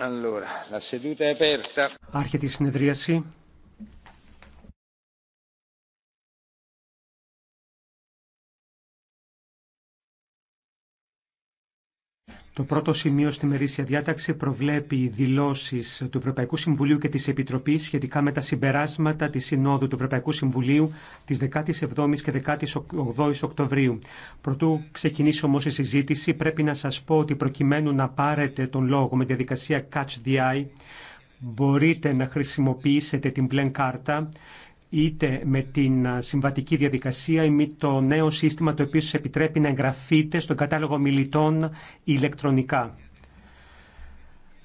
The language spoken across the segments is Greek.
Allora, la seduta è aperta. Άρχεται η συνεδρίαση. Το πρώτο σημείο στη μερίσια διάταξη προβλέπει δηλώσει του Ευρωπαϊκού Συμβουλίου και τη Επιτροπή σχετικά με τα συμπεράσματα τη Συνόδου του Ευρωπαϊκού Συμβουλίου τη 17η και 18η Οκτωβρίου. Προτού ξεκινήσει όμω η συζήτηση, πρέπει να σα πω ότι προκειμένου να πάρετε τον λόγο με τη διαδικασία Catch the Eye, μπορείτε να χρησιμοποιήσετε την πλέν κάρτα είτε με την συμβατική διαδικασία ή με το νέο σύστημα το οποίο σας επιτρέπει να εγγραφείτε στον κατάλογο μιλητών ηλεκτρονικά.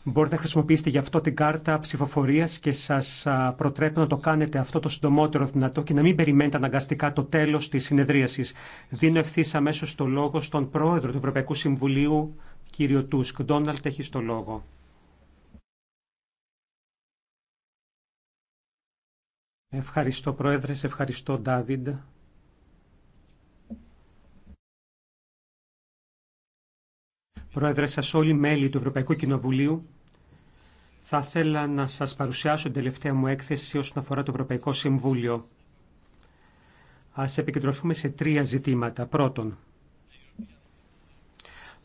Μπορείτε να χρησιμοποιήσετε γι' αυτό την κάρτα ψηφοφορίας και σας προτρέπω να το κάνετε αυτό το συντομότερο δυνατό και να μην περιμένετε αναγκαστικά το τέλος της συνεδρίασης. Δίνω ευθύ αμέσω το λόγο στον Πρόεδρο του Ευρωπαϊκού Συμβουλίου, κύριο Τούσκ. Ντόναλτ, έχει το λόγο. Ευχαριστώ Πρόεδρε, ευχαριστώ Ντάβιντ. Πρόεδρε σας όλοι μέλη του Ευρωπαϊκού Κοινοβουλίου, θα ήθελα να σας παρουσιάσω την τελευταία μου έκθεση όσον αφορά το Ευρωπαϊκό Συμβούλιο. Ας επικεντρωθούμε σε τρία ζητήματα. Πρώτον,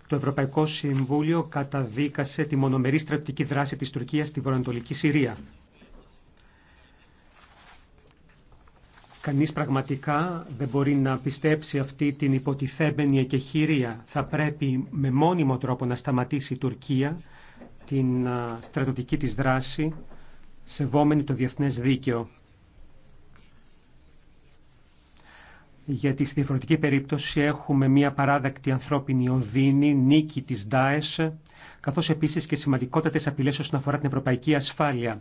το Ευρωπαϊκό Συμβούλιο καταδίκασε τη μονομερή στρατιωτική δράση της Τουρκίας στη βορειοανατολική Συρία. Κανείς πραγματικά δεν μπορεί να πιστέψει αυτή την υποτιθέμενη εκεχηρία. Θα πρέπει με μόνιμο τρόπο να σταματήσει η Τουρκία την στρατοτική της δράση σεβόμενη το διεθνές δίκαιο. γιατί στη διαφορετική περίπτωση έχουμε μια παράδεκτη ανθρώπινη οδύνη, νίκη της Δάες, καθώς επίσης και σημαντικότατες απειλές όσον αφορά την ευρωπαϊκή ασφάλεια.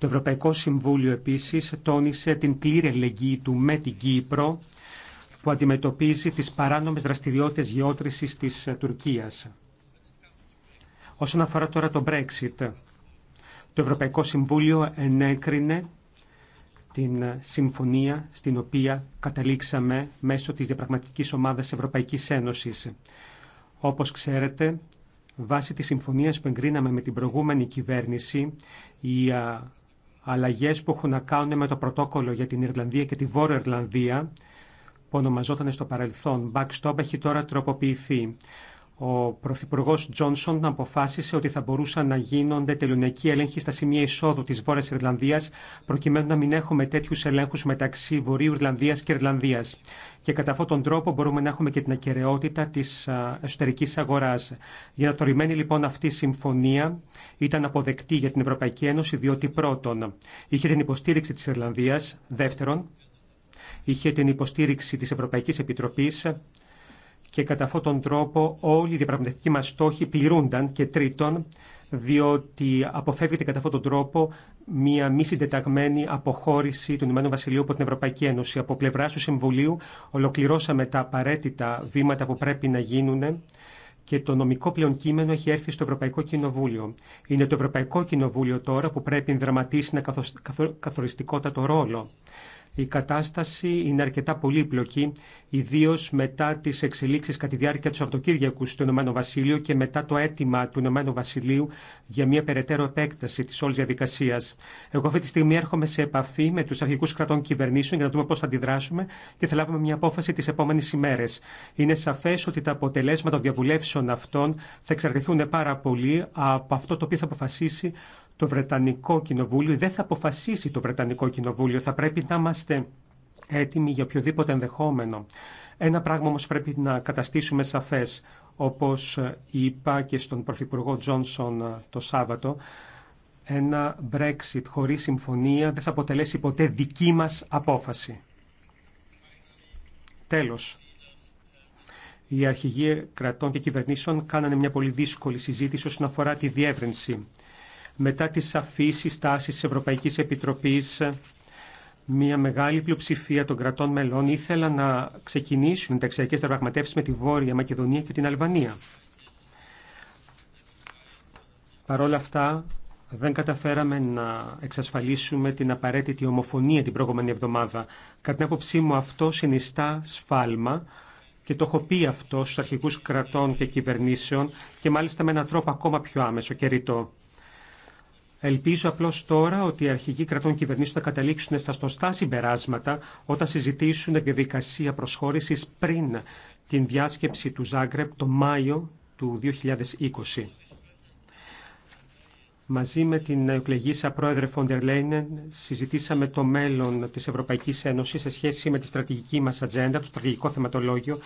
Το Ευρωπαϊκό Συμβούλιο επίσης τόνισε την πλήρη ελεγγύη του με την Κύπρο που αντιμετωπίζει τις παράνομες δραστηριότητες γεώτρησης της Τουρκίας. Όσον αφορά τώρα το Brexit, το Ευρωπαϊκό Συμβούλιο ενέκρινε την συμφωνία στην οποία καταλήξαμε μέσω της διαπραγματικής ομάδας Ευρωπαϊκής Ένωσης. Όπως ξέρετε, βάσει της συμφωνίας που εγκρίναμε με την προηγούμενη κυβέρνηση, η αλλαγές που έχουν να κάνουν με το πρωτόκολλο για την Ιρλανδία και τη Βόρεια Ιρλανδία που ονομαζόταν στο παρελθόν backstop έχει τώρα τροποποιηθεί ο Πρωθυπουργό Τζόνσον αποφάσισε ότι θα μπορούσαν να γίνονται τελειωνιακοί έλεγχοι στα σημεία εισόδου τη Βόρεια Ιρλανδία, προκειμένου να μην έχουμε τέτοιου ελέγχου μεταξύ Βορείου Ιρλανδία και Ιρλανδία. Και κατά αυτόν τον τρόπο μπορούμε να έχουμε και την ακαιρεότητα τη εσωτερική αγορά. Η αναθωρημένη λοιπόν αυτή συμφωνία ήταν αποδεκτή για την Ευρωπαϊκή Ένωση, διότι πρώτον είχε την υποστήριξη τη Ιρλανδία, δεύτερον είχε την υποστήριξη τη Ευρωπαϊκή Επιτροπή και κατά αυτόν τον τρόπο όλοι οι διαπραγματευτικοί μας στόχοι πληρούνταν και τρίτον διότι αποφεύγεται κατά αυτόν τον τρόπο μια μη συντεταγμένη αποχώρηση του Ηνωμένου Βασιλείου από την Ευρωπαϊκή Ένωση. Από πλευρά του Συμβουλίου ολοκληρώσαμε τα απαραίτητα βήματα που πρέπει να γίνουν και το νομικό πλέον κείμενο έχει έρθει στο Ευρωπαϊκό Κοινοβούλιο. Είναι το Ευρωπαϊκό Κοινοβούλιο τώρα που πρέπει να δραματίσει ένα καθοριστικότατο ρόλο η κατάσταση είναι αρκετά πολύπλοκη, ιδίω μετά τι εξελίξει κατά τη διάρκεια του Σαββατοκύριακου στο Ηνωμένο Βασίλειο και μετά το αίτημα του Ηνωμένου Βασιλείου για μια περαιτέρω επέκταση τη όλη διαδικασία. Εγώ αυτή τη στιγμή έρχομαι σε επαφή με του αρχικού κρατών κυβερνήσεων για να δούμε πώ θα αντιδράσουμε και θα λάβουμε μια απόφαση τι επόμενε ημέρε. Είναι σαφέ ότι τα αποτελέσματα των διαβουλεύσεων αυτών θα εξαρτηθούν πάρα πολύ από αυτό το οποίο θα αποφασίσει το Βρετανικό Κοινοβούλιο, δεν θα αποφασίσει το Βρετανικό Κοινοβούλιο. Θα πρέπει να είμαστε έτοιμοι για οποιοδήποτε ενδεχόμενο. Ένα πράγμα όμως πρέπει να καταστήσουμε σαφές, όπως είπα και στον Πρωθυπουργό Τζόνσον ε, το Σάββατο, ένα Brexit χωρίς συμφωνία δεν θα αποτελέσει ποτέ δική μας απόφαση. Τέλος, οι αρχηγοί κρατών και κυβερνήσεων κάνανε μια πολύ δύσκολη συζήτηση όσον αφορά τη διεύρυνση μετά τις σαφείς συστάσεις της Ευρωπαϊκής Επιτροπής μια μεγάλη πλειοψηφία των κρατών μελών ήθελα να ξεκινήσουν ταξιακές διαπραγματεύσει με τη Βόρεια Μακεδονία και την Αλβανία. Παρ' όλα αυτά δεν καταφέραμε να εξασφαλίσουμε την απαραίτητη ομοφωνία την προηγούμενη εβδομάδα. Κατά την άποψή μου αυτό συνιστά σφάλμα και το έχω πει αυτό στους αρχικούς κρατών και κυβερνήσεων και μάλιστα με έναν τρόπο ακόμα πιο άμεσο και ρητό. Ελπίζω απλώς τώρα ότι οι αρχηγοί κρατών κυβερνήσεων θα καταλήξουν στα σωστά συμπεράσματα όταν συζητήσουν την διαδικασία προσχώρηση πριν την διάσκεψη του Ζάγκρεπ το Μάιο του 2020. Μαζί με την εκλεγήσα πρόεδρε Φόντερ Λέινεν συζητήσαμε το μέλλον της Ευρωπαϊκής Ένωσης σε σχέση με τη στρατηγική μας ατζέντα, το στρατηγικό θεματολόγιο,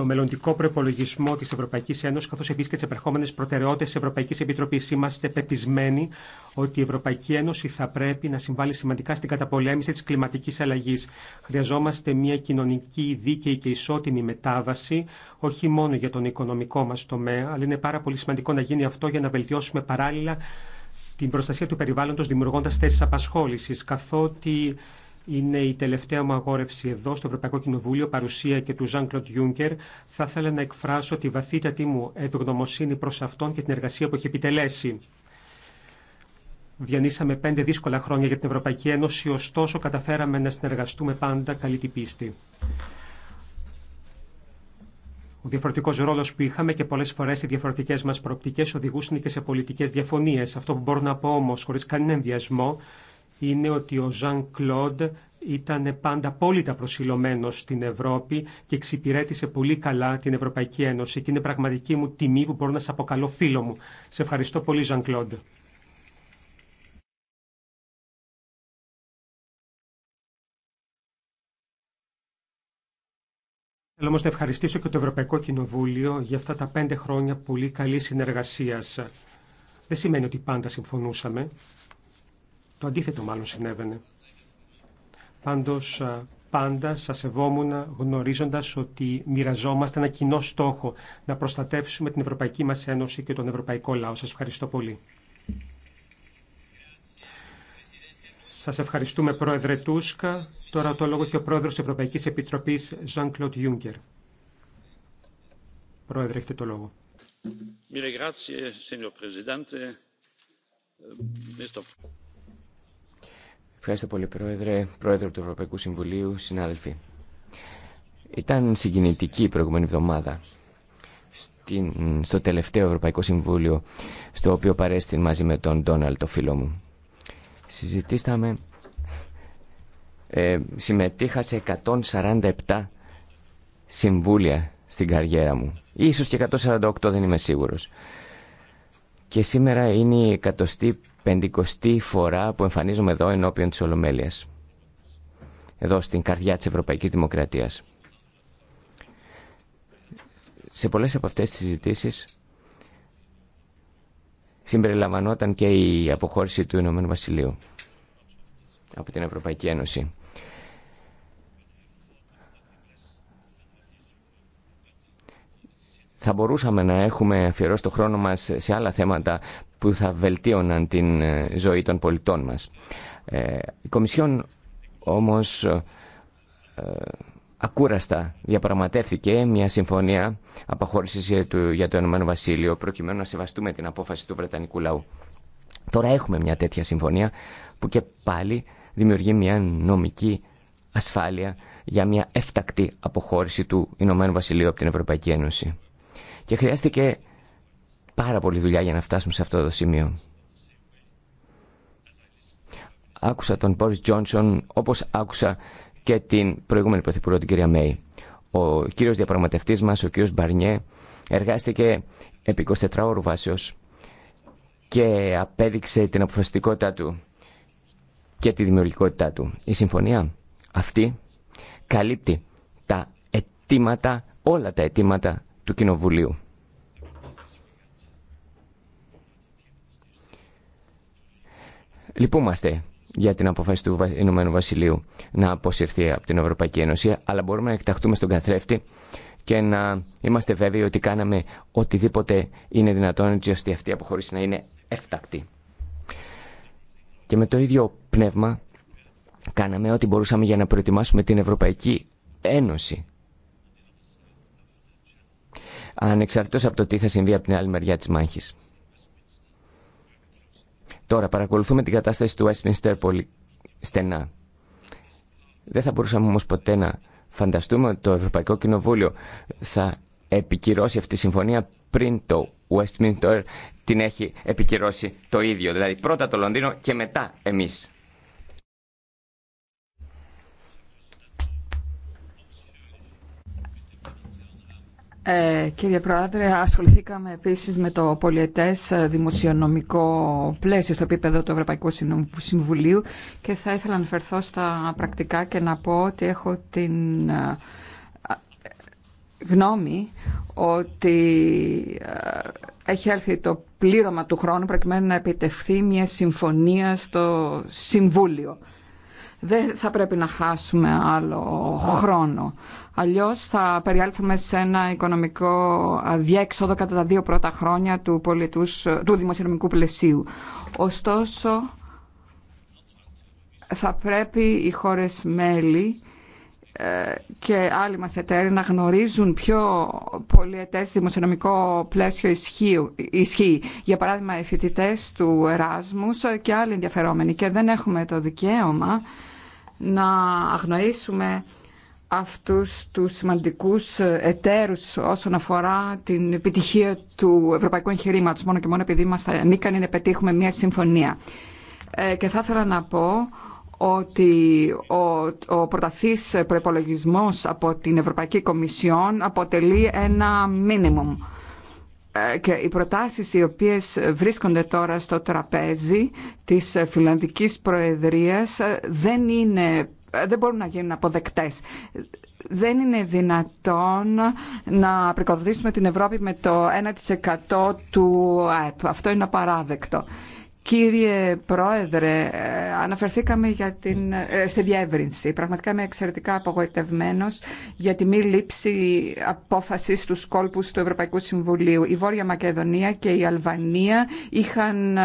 το μελλοντικό προπολογισμό τη Ευρωπαϊκή Ένωση, καθώ επίση και τι επερχόμενε προτεραιότητε τη Ευρωπαϊκή Επιτροπή. Είμαστε πεπισμένοι ότι η Ευρωπαϊκή Ένωση θα πρέπει να συμβάλλει σημαντικά στην καταπολέμηση τη κλιματική αλλαγή. Χρειαζόμαστε μια κοινωνική, δίκαιη και ισότιμη μετάβαση, όχι μόνο για τον οικονομικό μα τομέα, αλλά είναι πάρα πολύ σημαντικό να γίνει αυτό για να βελτιώσουμε παράλληλα την προστασία του περιβάλλοντος δημιουργώντας θέσεις απασχόλησης, καθότι είναι η τελευταία μου αγόρευση εδώ στο Ευρωπαϊκό Κοινοβούλιο, παρουσία και του Ζαν Κλοντ Γιούγκερ. Θα ήθελα να εκφράσω τη βαθύτατη μου ευγνωμοσύνη προς αυτόν και την εργασία που έχει επιτελέσει. Διανύσαμε πέντε δύσκολα χρόνια για την Ευρωπαϊκή Ένωση, ωστόσο καταφέραμε να συνεργαστούμε πάντα καλή την πίστη. Ο διαφορετικό ρόλο που είχαμε και πολλέ φορέ οι διαφορετικέ μα προοπτικέ οδηγούσαν και σε πολιτικέ διαφωνίε. Αυτό που μπορώ να πω όμω, χωρί κανένα ενδιασμό, είναι ότι ο Ζαν Κλοντ ήταν πάντα απόλυτα προσιλωμένο στην Ευρώπη και εξυπηρέτησε πολύ καλά την Ευρωπαϊκή Ένωση και είναι πραγματική μου τιμή που μπορώ να σε αποκαλώ φίλο μου. Σε ευχαριστώ πολύ Ζαν Κλοντ. Θέλω όμως να ευχαριστήσω και το Ευρωπαϊκό Κοινοβούλιο για αυτά τα πέντε χρόνια πολύ καλή συνεργασίας. Δεν σημαίνει ότι πάντα συμφωνούσαμε. Το αντίθετο μάλλον συνέβαινε. Πάντως πάντα σας σεβόμουν γνωρίζοντας ότι μοιραζόμαστε ένα κοινό στόχο να προστατεύσουμε την Ευρωπαϊκή μας Ένωση και τον Ευρωπαϊκό λαό. Σας ευχαριστώ πολύ. Σας ευχαριστούμε Πρόεδρε Τούσκα. Τώρα το λόγο έχει ο Πρόεδρος της Ευρωπαϊκής Ζαν Jean-Claude Juncker. Πρόεδρε, έχετε το λόγο. Ευχαριστώ πολύ, Πρόεδρε, Πρόεδρε του Ευρωπαϊκού Συμβουλίου, συνάδελφοι. Ήταν συγκινητική η προηγούμενη εβδομάδα στην, στο τελευταίο Ευρωπαϊκό Συμβούλιο, στο οποίο παρέστην μαζί με τον Ντόναλτ, το φίλο μου. Συζητήσαμε, ε, συμμετείχα σε 147 συμβούλια στην καριέρα μου. Ίσως και 148, δεν είμαι σίγουρος. Και σήμερα είναι η εκατοστή πεντηκοστή φορά που εμφανίζομαι εδώ ενώπιον της Ολομέλειας. Εδώ στην καρδιά της Ευρωπαϊκής Δημοκρατίας. Σε πολλές από αυτές τις συζητήσεις συμπεριλαμβανόταν και η αποχώρηση του Ηνωμένου Βασιλείου από την Ευρωπαϊκή Ένωση. θα μπορούσαμε να έχουμε αφιερώσει το χρόνο μας σε άλλα θέματα που θα βελτίωναν την ε, ζωή των πολιτών μας. Ε, η Κομισιόν όμως ε, ακούραστα διαπραγματεύθηκε μια συμφωνία απαχώρησης για το Ηνωμένο Βασίλειο προκειμένου να σεβαστούμε την απόφαση του Βρετανικού λαού. Τώρα έχουμε μια τέτοια συμφωνία που και πάλι δημιουργεί μια νομική ασφάλεια για μια εφτακτή αποχώρηση του Ηνωμένου Βασιλείου από την Ευρωπαϊκή Ένωση. Και χρειάστηκε πάρα πολλή δουλειά για να φτάσουμε σε αυτό το σημείο. Άκουσα τον Μπόρις Τζόνσον όπως άκουσα και την προηγούμενη Πρωθυπουργό την κυρία Μέη. Ο κύριος διαπραγματευτής μας, ο κύριος Μπαρνιέ, εργάστηκε επί 24 ώρου βάσεως και απέδειξε την αποφασιστικότητά του και τη δημιουργικότητά του. Η συμφωνία αυτή καλύπτει τα αιτήματα, όλα τα αιτήματα του Κοινοβουλίου. Λυπούμαστε για την αποφάση του Ηνωμένου Βασιλείου να αποσυρθεί από την Ευρωπαϊκή Ένωση, αλλά μπορούμε να εκταχτούμε στον καθρέφτη και να είμαστε βέβαιοι ότι κάναμε οτιδήποτε είναι δυνατόν έτσι ώστε αυτή η αποχώρηση να είναι εφτακτή. Και με το ίδιο πνεύμα κάναμε ό,τι μπορούσαμε για να προετοιμάσουμε την Ευρωπαϊκή Ένωση ανεξαρτήτως από το τι θα συμβεί από την άλλη μεριά της μάχης. Τώρα παρακολουθούμε την κατάσταση του Westminster πολύ στενά. Δεν θα μπορούσαμε όμως ποτέ να φανταστούμε ότι το Ευρωπαϊκό Κοινοβούλιο θα επικυρώσει αυτή τη συμφωνία πριν το Westminster την έχει επικυρώσει το ίδιο. Δηλαδή πρώτα το Λονδίνο και μετά εμείς. Ε, κύριε Πρόεδρε, ασχοληθήκαμε επίσης με το πολιετές ε, δημοσιονομικό πλαίσιο στο επίπεδο του Ευρωπαϊκού Συμβουλίου και θα ήθελα να φερθώ στα πρακτικά και να πω ότι έχω την ε, γνώμη ότι έχει έρθει το πλήρωμα του χρόνου προκειμένου να επιτευχθεί μια συμφωνία στο Συμβούλιο. Δεν θα πρέπει να χάσουμε άλλο χρόνο. Αλλιώς θα περιέλθουμε σε ένα οικονομικό διέξοδο κατά τα δύο πρώτα χρόνια του, πολιτούς, του δημοσιονομικού πλαισίου. Ωστόσο, θα πρέπει οι χώρες μέλη ε, και άλλοι μας εταίροι να γνωρίζουν πιο πολιετές δημοσιονομικό πλαίσιο ισχύει. Για παράδειγμα, οι φοιτητέ του Εράσμους και άλλοι ενδιαφερόμενοι. Και δεν έχουμε το δικαίωμα να αγνοήσουμε αυτούς τους σημαντικούς εταίρους όσον αφορά την επιτυχία του ευρωπαϊκού εγχειρήματος, μόνο και μόνο επειδή μας είναι να πετύχουμε μια συμφωνία. Ε, και θα ήθελα να πω ότι ο, ο προταθής από την Ευρωπαϊκή Κομισιόν αποτελεί ένα μίνιμουμ. Ε, και οι προτάσεις οι οποίες βρίσκονται τώρα στο τραπέζι της Φιλανδικής Προεδρίας ε, δεν είναι ε, δεν μπορούν να γίνουν αποδεκτές. Δεν είναι δυνατόν να πρικοδοτήσουμε την Ευρώπη με το 1% του ΑΕΠ. Αυτό είναι απαράδεκτο. Κύριε Πρόεδρε, ε, αναφερθήκαμε για την, ε, στη διεύρυνση. Πραγματικά είμαι εξαιρετικά απογοητευμένος για τη μη λήψη απόφασης στους κόλπους του Ευρωπαϊκού Συμβουλίου. Η Βόρεια Μακεδονία και η Αλβανία είχαν ε,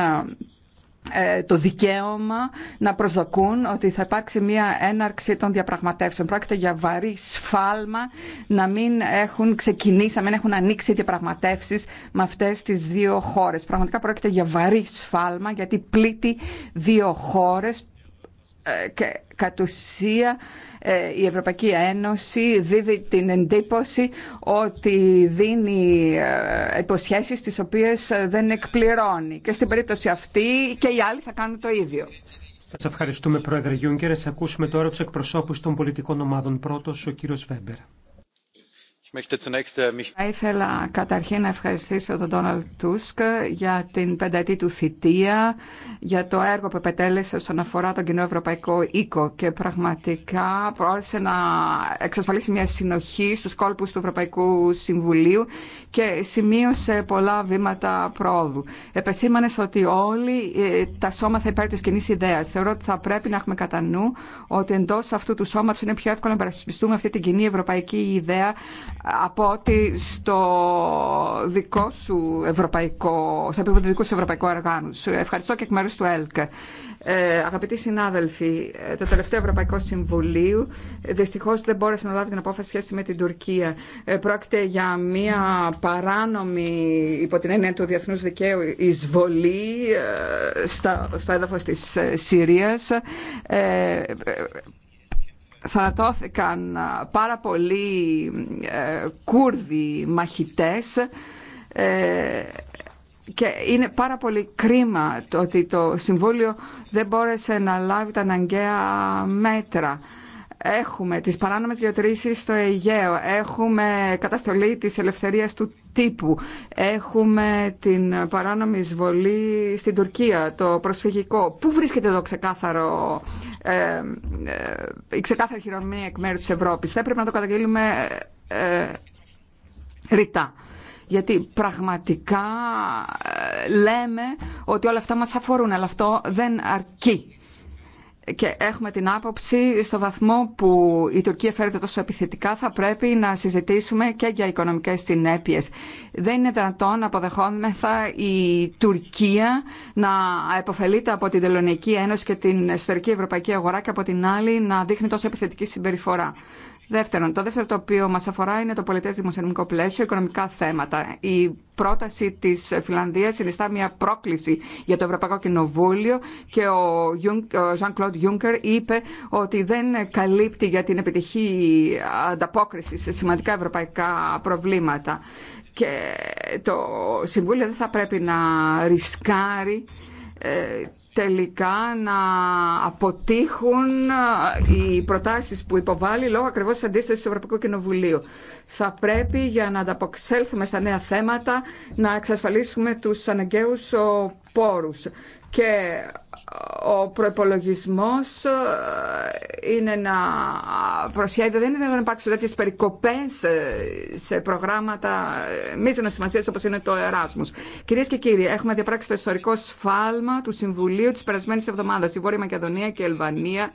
ε, το δικαίωμα να προσδοκούν ότι θα υπάρξει μια έναρξη των διαπραγματεύσεων. Πρόκειται για βαρύ σφάλμα να μην έχουν ξεκινήσει, να μην έχουν ανοίξει οι διαπραγματεύσεις με αυτές τις δύο χώρες. Πραγματικά πρόκειται για βαρύ σφάλμα γιατί πλήττει δύο χώρες ε, και κατ' ουσία ε, η Ευρωπαϊκή Ένωση δίδει την εντύπωση ότι δίνει ε, υποσχέσεις τις οποίες ε, δεν εκπληρώνει. Και στην περίπτωση αυτή και οι άλλοι θα κάνουν το ίδιο. Σας ευχαριστούμε Πρόεδρε Γιούγκερ. Ας ακούσουμε τώρα του εκπροσώπου των πολιτικών ομάδων. Πρώτος ο κύριος Βέμπερ. Äh, θα ήθελα καταρχήν να ευχαριστήσω τον Ντόναλτ Τούσκ για την πενταετή του θητεία, για το έργο που επετέλεσε όσον αφορά τον κοινό ευρωπαϊκό οίκο και πραγματικά πρόσθεσε να εξασφαλίσει μια συνοχή στους κόλπους του Ευρωπαϊκού Συμβουλίου και σημείωσε πολλά βήματα πρόοδου. Επεσήμανε ότι όλοι ε, τα σώματα υπέρ τη κοινή ιδέα. Θεωρώ ότι θα πρέπει να έχουμε κατά νου ότι εντό αυτού του σώματο είναι πιο εύκολο να υπερασπιστούμε αυτή την κοινή ευρωπαϊκή ιδέα από ότι στο δικό σου ευρωπαϊκό, στο επίπεδο του δικού σου ευρωπαϊκού ευχαριστώ και εκ μέρου του ΕΛΚ. Ε, αγαπητοί συνάδελφοι, ε, το τελευταίο Ευρωπαϊκό Συμβουλίο ε, δυστυχώ δεν μπόρεσε να λάβει την απόφαση σχέση με την Τουρκία. Ε, πρόκειται για μια παράνομη, υπό την έννοια του διεθνού δικαίου, εισβολή ε, στα, στο έδαφο τη Συρία θανατώθηκαν πάρα πολλοί ε, Κούρδοι μαχητές ε, και είναι πάρα πολύ κρίμα το ότι το Συμβούλιο δεν μπόρεσε να λάβει τα αναγκαία μέτρα. Έχουμε τις παράνομες γεωτρήσεις στο Αιγαίο, έχουμε καταστολή της ελευθερίας του τύπου, έχουμε την παράνομη εισβολή στην Τουρκία, το προσφυγικό. Πού βρίσκεται εδώ ξεκάθαρο, ε, ε, η ξεκάθαρη χειρονομία εκ μέρου της Ευρώπης. Θα πρέπει να το καταγγείλουμε ε, ρητά. Γιατί πραγματικά ε, λέμε ότι όλα αυτά μας αφορούν, αλλά αυτό δεν αρκεί και έχουμε την άποψη στο βαθμό που η Τουρκία φέρεται τόσο επιθετικά θα πρέπει να συζητήσουμε και για οικονομικές συνέπειες. Δεν είναι δυνατόν να αποδεχόμεθα η Τουρκία να επωφελείται από την Τελωνική Ένωση και την εσωτερική ευρωπαϊκή αγορά και από την άλλη να δείχνει τόσο επιθετική συμπεριφορά. Δεύτερον, το δεύτερο το οποίο μας αφορά είναι το πολιτέ δημοσιονομικό πλαίσιο, οικονομικά θέματα. Η πρόταση της Φιλανδίας συνιστά μια πρόκληση για το Ευρωπαϊκό Κοινοβούλιο και ο Jean-Claude Juncker είπε ότι δεν καλύπτει για την επιτυχή ανταπόκριση σε σημαντικά ευρωπαϊκά προβλήματα. Και το Συμβούλιο δεν θα πρέπει να ρισκάρει ε, τελικά να αποτύχουν ε, οι προτάσεις που υποβάλλει λόγω ακριβώς της αντίστασης του Ευρωπαϊκού Κοινοβουλίου. Θα πρέπει για να ανταποξέλθουμε στα νέα θέματα να εξασφαλίσουμε τους αναγκαίους ε, πόρους. Και ο προϋπολογισμός ε, είναι ένα προσχέδιο, δεν είναι να υπάρξουν τέτοιε περικοπές ε, σε προγράμματα ε, μείζωνος σημασία όπως είναι το Εράσμος. Κυρίες και κύριοι, έχουμε διαπράξει το ιστορικό σφάλμα του Συμβουλίου της περασμένης εβδομάδας. Η Βόρεια Μακεδονία και η Ελβανία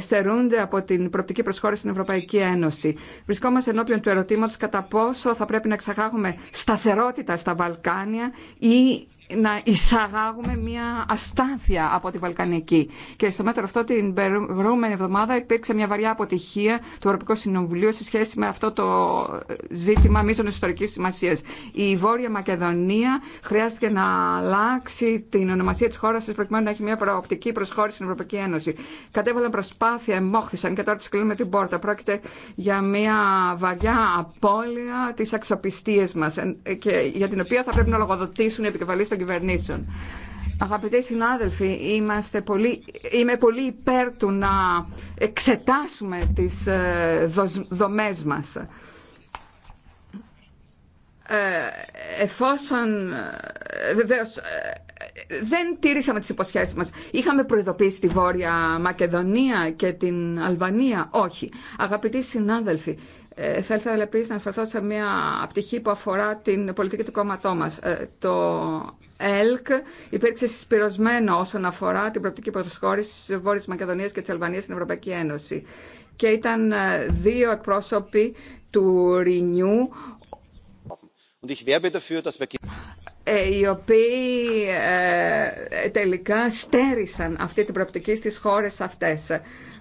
στερούνται από την προοπτική προσχώρηση στην Ευρωπαϊκή Ένωση. Βρισκόμαστε ενώπιον του ερωτήματος κατά πόσο θα πρέπει να εξαγάγουμε σταθερότητα στα Βαλκάνια ή να εισαγάγουμε μια αστάθεια από τη Βαλκανική. Και στο μέτρο αυτό την προηγούμενη εβδομάδα υπήρξε μια βαριά αποτυχία του Ευρωπαϊκού Συνοβουλίου σε σχέση με αυτό το ζήτημα μίσων ιστορική σημασία. Η Βόρεια Μακεδονία χρειάστηκε να αλλάξει την ονομασία τη χώρα τη προκειμένου να έχει μια προοπτική προσχώρηση στην Ευρωπαϊκή Ένωση. Κατέβαλαν προσπάθεια, εμόχθησαν και τώρα του κλείνουμε την πόρτα. Πρόκειται για μια βαριά απώλεια τη αξιοπιστία μα ε, και για την οποία θα πρέπει να λογοδοτήσουν οι επικεφαλεί των κυβερνήσεων. Αγαπητοί συνάδελφοι, είμαστε πολύ, είμαι πολύ υπέρ του να εξετάσουμε τις ε, δομές μας. Ε, εφόσον ε, βεβαίως δεν τηρήσαμε τις υποσχέσεις μας. Είχαμε προειδοποιήσει τη Βόρεια Μακεδονία και την Αλβανία. Όχι. Αγαπητοί συνάδελφοι, θα ήθελα επίσης να αναφερθώ σε μια πτυχή που αφορά την πολιτική του κόμματό μας. Το ΕΛΚ υπήρξε συσπηρωσμένο όσον αφορά την προοπτική προσχώρηση τη Βόρεια Μακεδονία και τη Αλβανία στην Ευρωπαϊκή Ένωση. Και ήταν ε, δύο εκπρόσωποι του Ρινιού, ε, οι οποίοι ε, τελικά στέρισαν αυτή την προοπτική στις χώρες αυτές.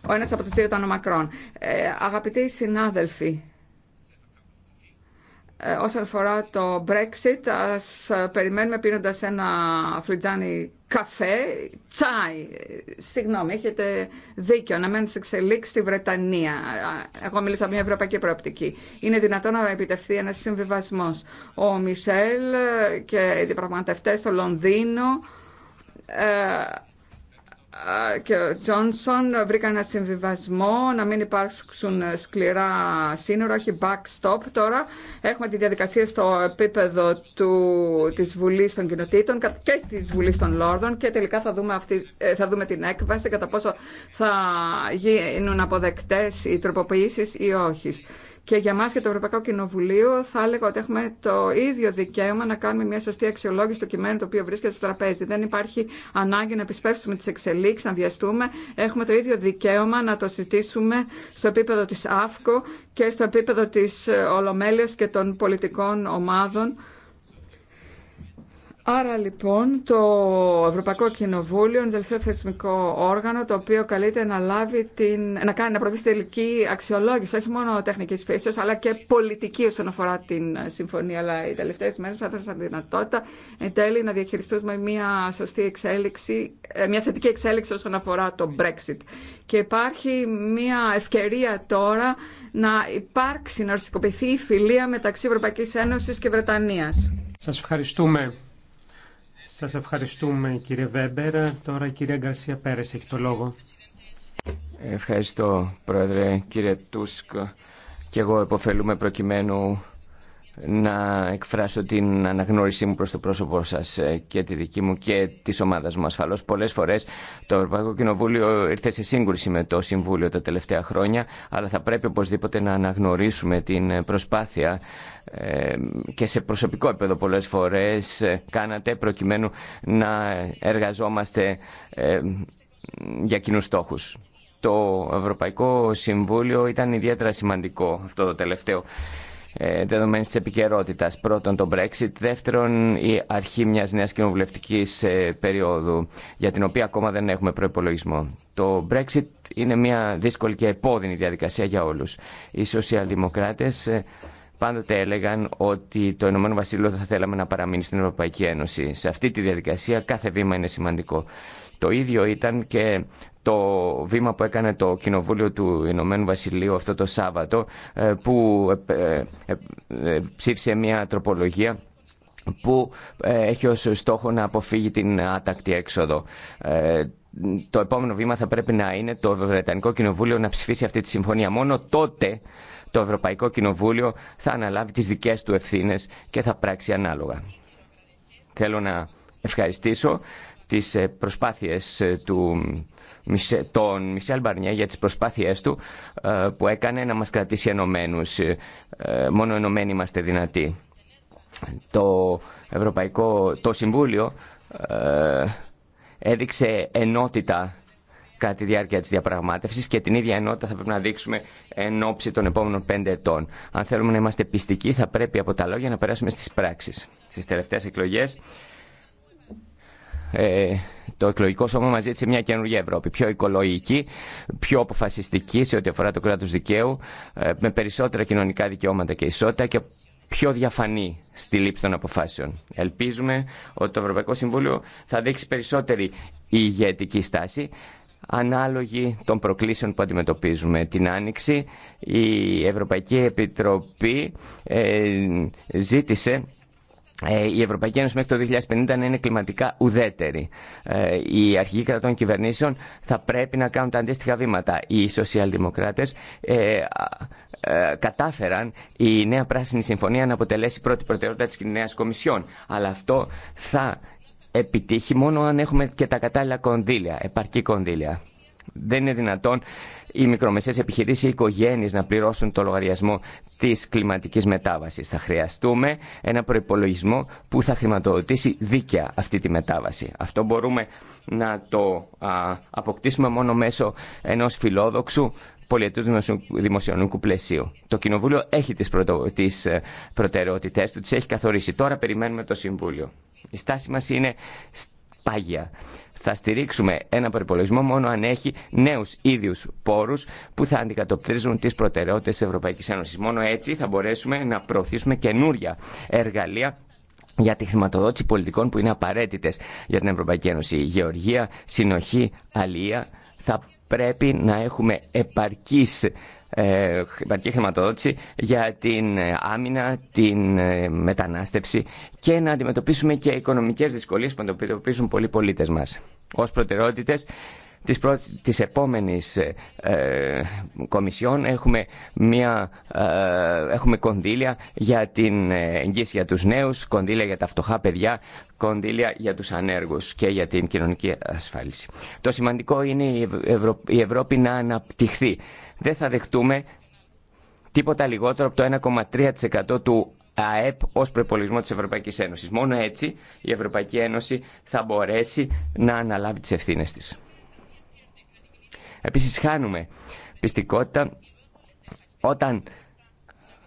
Ο ένας από τους δύο ήταν ο Μακρόν. Αγαπητοί συνάδελφοι, ε, όσον αφορά το Brexit, ας ε, περιμένουμε πίνοντας ένα φλιτζάνι καφέ, τσάι. Συγγνώμη, έχετε δίκιο να μένουν σε εξελίξει στη Βρετανία. Εγώ μίλησα από μια ευρωπαϊκή προοπτική. Είναι δυνατόν να επιτευχθεί ένα συμβιβασμός. Ο Μισελ και οι διαπραγματευτέ στο Λονδίνο ε, και ο Τζόνσον βρήκαν ένα συμβιβασμό να μην υπάρξουν σκληρά σύνορα, όχι backstop. Τώρα έχουμε τη διαδικασία στο επίπεδο του, της Βουλής των Κοινοτήτων και της βουλή των Λόρδων και τελικά θα δούμε, αυτή, ε, θα δούμε την έκβαση κατά πόσο θα γίνουν αποδεκτές οι τροποποιήσεις ή όχι. Και για μας και το Ευρωπαϊκό Κοινοβουλίο θα έλεγα ότι έχουμε το ίδιο δικαίωμα να κάνουμε μια σωστή αξιολόγηση του κειμένου το οποίο βρίσκεται στο τραπέζι. Δεν υπάρχει ανάγκη να επισπεύσουμε τις εξελίξεις, να βιαστούμε. Έχουμε το ίδιο δικαίωμα να το συζητήσουμε στο επίπεδο της ΑΦΚΟ και στο επίπεδο της ε, Ολομέλειας και των πολιτικών ομάδων Άρα λοιπόν το Ευρωπαϊκό Κοινοβούλιο είναι το τελευταίο θεσμικό όργανο το οποίο καλείται να, λάβει την, να, κάνει, να προωθήσει τελική αξιολόγηση όχι μόνο τεχνικής φύσεως αλλά και πολιτική όσον αφορά την συμφωνία. Αλλά οι τελευταίες μέρες θα έδωσαν δυνατότητα εν τέλει να διαχειριστούμε μια σωστή εξέλιξη, ε, μια θετική εξέλιξη όσον αφορά το Brexit. Και υπάρχει μια ευκαιρία τώρα να υπάρξει, να ορσικοποιηθεί η φιλία μεταξύ Ευρωπαϊκής Ένωσης και Βρετανίας. Σας ευχαριστούμε. Σας ευχαριστούμε κύριε Βέμπερ. Τώρα η κυρία Γκαρσία Πέρες έχει το λόγο. Ευχαριστώ πρόεδρε κύριε Τούσκ. Και εγώ εποφελούμε προκειμένου να εκφράσω την αναγνώρισή μου προς το πρόσωπό σας ε, και τη δική μου και της ομάδας μου ασφαλώς. Πολλές φορές το Ευρωπαϊκό Κοινοβούλιο ήρθε σε σύγκρουση με το Συμβούλιο τα τελευταία χρόνια, αλλά θα πρέπει οπωσδήποτε να αναγνωρίσουμε την προσπάθεια ε, και σε προσωπικό επίπεδο πολλές φορές ε, κάνατε προκειμένου να εργαζόμαστε για κοινού στόχους. Το Ευρωπαϊκό Συμβούλιο ήταν ιδιαίτερα σημαντικό αυτό το τελευταίο ε, δεδομένης της επικαιρότητα. Πρώτον το Brexit, δεύτερον η αρχή μιας νέας κοινοβουλευτική ε, περίοδου για την οποία ακόμα δεν έχουμε προπολογισμό. Το Brexit είναι μια δύσκολη και επώδυνη διαδικασία για όλους. Οι σοσιαλδημοκράτες ε, πάντοτε έλεγαν ότι το Ηνωμένο Βασίλειο θα θέλαμε να παραμείνει στην Ευρωπαϊκή Ένωση. Σε αυτή τη διαδικασία κάθε βήμα είναι σημαντικό. Το ίδιο ήταν και το βήμα που έκανε το Κοινοβούλιο του Ηνωμένου Βασιλείου αυτό το Σάββατο ε, που ε, ε, ψήφισε μια τροπολογία που έχει ως στόχο να αποφύγει την άτακτη έξοδο. Το επόμενο βήμα θα πρέπει να είναι το Βρετανικό Κοινοβούλιο να ψηφίσει αυτή τη συμφωνία. Μόνο τότε το Ευρωπαϊκό Κοινοβούλιο θα αναλάβει τις δικές του ευθύνες και θα πράξει ανάλογα. Θέλω να ευχαριστήσω τις προσπάθειες του τον Μισελ Μπαρνιέ για τις προσπάθειές του ε, που έκανε να μας κρατήσει ενωμένου. Ε, μόνο ενωμένοι είμαστε δυνατοί. Το, Ευρωπαϊκό, το Συμβούλιο ε, έδειξε ενότητα κατά τη διάρκεια της διαπραγμάτευσης και την ίδια ενότητα θα πρέπει να δείξουμε εν ώψη των επόμενων πέντε ετών. Αν θέλουμε να είμαστε πιστικοί θα πρέπει από τα λόγια να περάσουμε στις πράξεις. Στις τελευταίες εκλογές ε, το εκλογικό σώμα μας ζήτησε μια καινούργια Ευρώπη, πιο οικολογική, πιο αποφασιστική σε ό,τι αφορά το κράτος δικαίου, ε, με περισσότερα κοινωνικά δικαιώματα και ισότητα και πιο διαφανή στη λήψη των αποφάσεων. Ελπίζουμε ότι το Ευρωπαϊκό Συμβούλιο θα δείξει περισσότερη ηγετική στάση, ανάλογη των προκλήσεων που αντιμετωπίζουμε. Την Άνοιξη η Ευρωπαϊκή Επιτροπή ε, ζήτησε ε, η Ευρωπαϊκή Ένωση μέχρι το 2050 να είναι κλιματικά ουδέτερη. Ε, οι αρχηγοί κρατών κυβερνήσεων θα πρέπει να κάνουν τα αντίστοιχα βήματα. Οι σοσιαλδημοκράτες ε, κατάφεραν η νέα πράσινη συμφωνία να αποτελέσει πρώτη προτεραιότητα της νέας κομισιόν. Αλλά αυτό θα επιτύχει μόνο αν έχουμε και τα κατάλληλα κονδύλια, επαρκή κονδύλια δεν είναι δυνατόν οι μικρομεσαίες επιχειρήσεις, οι οικογένειε να πληρώσουν το λογαριασμό της κλιματικής μετάβασης. Θα χρειαστούμε ένα προπολογισμό που θα χρηματοδοτήσει δίκαια αυτή τη μετάβαση. Αυτό μπορούμε να το αποκτήσουμε μόνο μέσω ενός φιλόδοξου πολιτικού δημοσιονομικού πλαισίου. Το Κοινοβούλιο έχει τις, προτεραιότητε τις ε, του, τις έχει καθορίσει. Τώρα περιμένουμε το Συμβούλιο. Η στάση μας είναι πάγια. Θα στηρίξουμε ένα προπολογισμό μόνο αν έχει νέου ίδιου πόρου που θα αντικατοπτρίζουν τι προτεραιότητε τη Ευρωπαϊκή Ένωση. Μόνο έτσι θα μπορέσουμε να προωθήσουμε καινούρια εργαλεία για τη χρηματοδότηση πολιτικών που είναι απαραίτητε για την Ευρωπαϊκή Ένωση. Γεωργία, συνοχή, αλληλεία θα πρέπει να έχουμε επαρκής ε, επαρκή χρηματοδότηση για την ε, άμυνα, την ε, μετανάστευση και να αντιμετωπίσουμε και οικονομικές δυσκολίες που αντιμετωπίζουν πολλοί πολίτες μας. Ως προτεραιότητες της, πρώτης, της επόμενης ε, ε, κομισιόν έχουμε, μια, ε, έχουμε κονδύλια για την εγγύηση για τους νέους, κονδύλια για τα φτωχά παιδιά, κονδύλια για τους ανέργους και για την κοινωνική ασφάλιση. Το σημαντικό είναι η, η Ευρώπη να αναπτυχθεί. Δεν θα δεχτούμε τίποτα λιγότερο από το 1,3% του ΑΕΠ ως προπολογισμό της Ευρωπαϊκής Ένωσης. Μόνο έτσι η Ευρωπαϊκή Ένωση θα μπορέσει να αναλάβει τι ευθύνε τη. Επίσης χάνουμε πιστικότητα όταν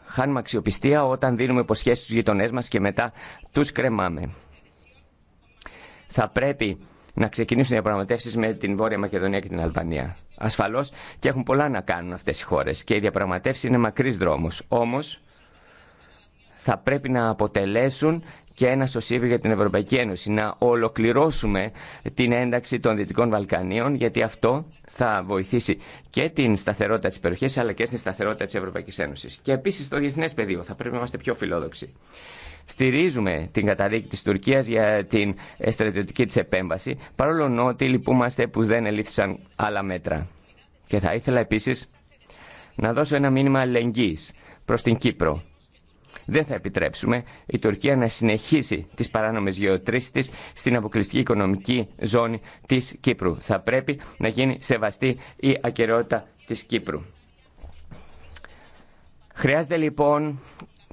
χάνουμε αξιοπιστία, όταν δίνουμε υποσχέσεις στους γειτονές μας και μετά τους κρεμάμε. Θα πρέπει να ξεκινήσουν οι διαπραγματεύσεις με την Βόρεια Μακεδονία και την Αλβανία. Ασφαλώς και έχουν πολλά να κάνουν αυτές οι χώρες και οι διαπραγματεύσεις είναι μακρύς δρόμος. Όμως θα πρέπει να αποτελέσουν και ένα σωσίβιο για την Ευρωπαϊκή Ένωση. Να ολοκληρώσουμε την ένταξη των Δυτικών Βαλκανίων, γιατί αυτό θα βοηθήσει και την σταθερότητα τη περιοχή, αλλά και στην σταθερότητα τη Ευρωπαϊκή Ένωση. Και επίση στο διεθνέ πεδίο θα πρέπει να είμαστε πιο φιλόδοξοι. Στηρίζουμε την καταδίκη της Τουρκίας για την στρατιωτική της επέμβαση, παρόλο ότι λυπούμαστε που δεν ελήφθησαν άλλα μέτρα. Και θα ήθελα επίσης να δώσω ένα μήνυμα αλληλεγγύης προς την Κύπρο δεν θα επιτρέψουμε η Τουρκία να συνεχίσει τις παράνομες γεωτρήσεις της στην αποκλειστική οικονομική ζώνη της Κύπρου. Θα πρέπει να γίνει σεβαστή η ακαιρεότητα της Κύπρου. Χρειάζεται λοιπόν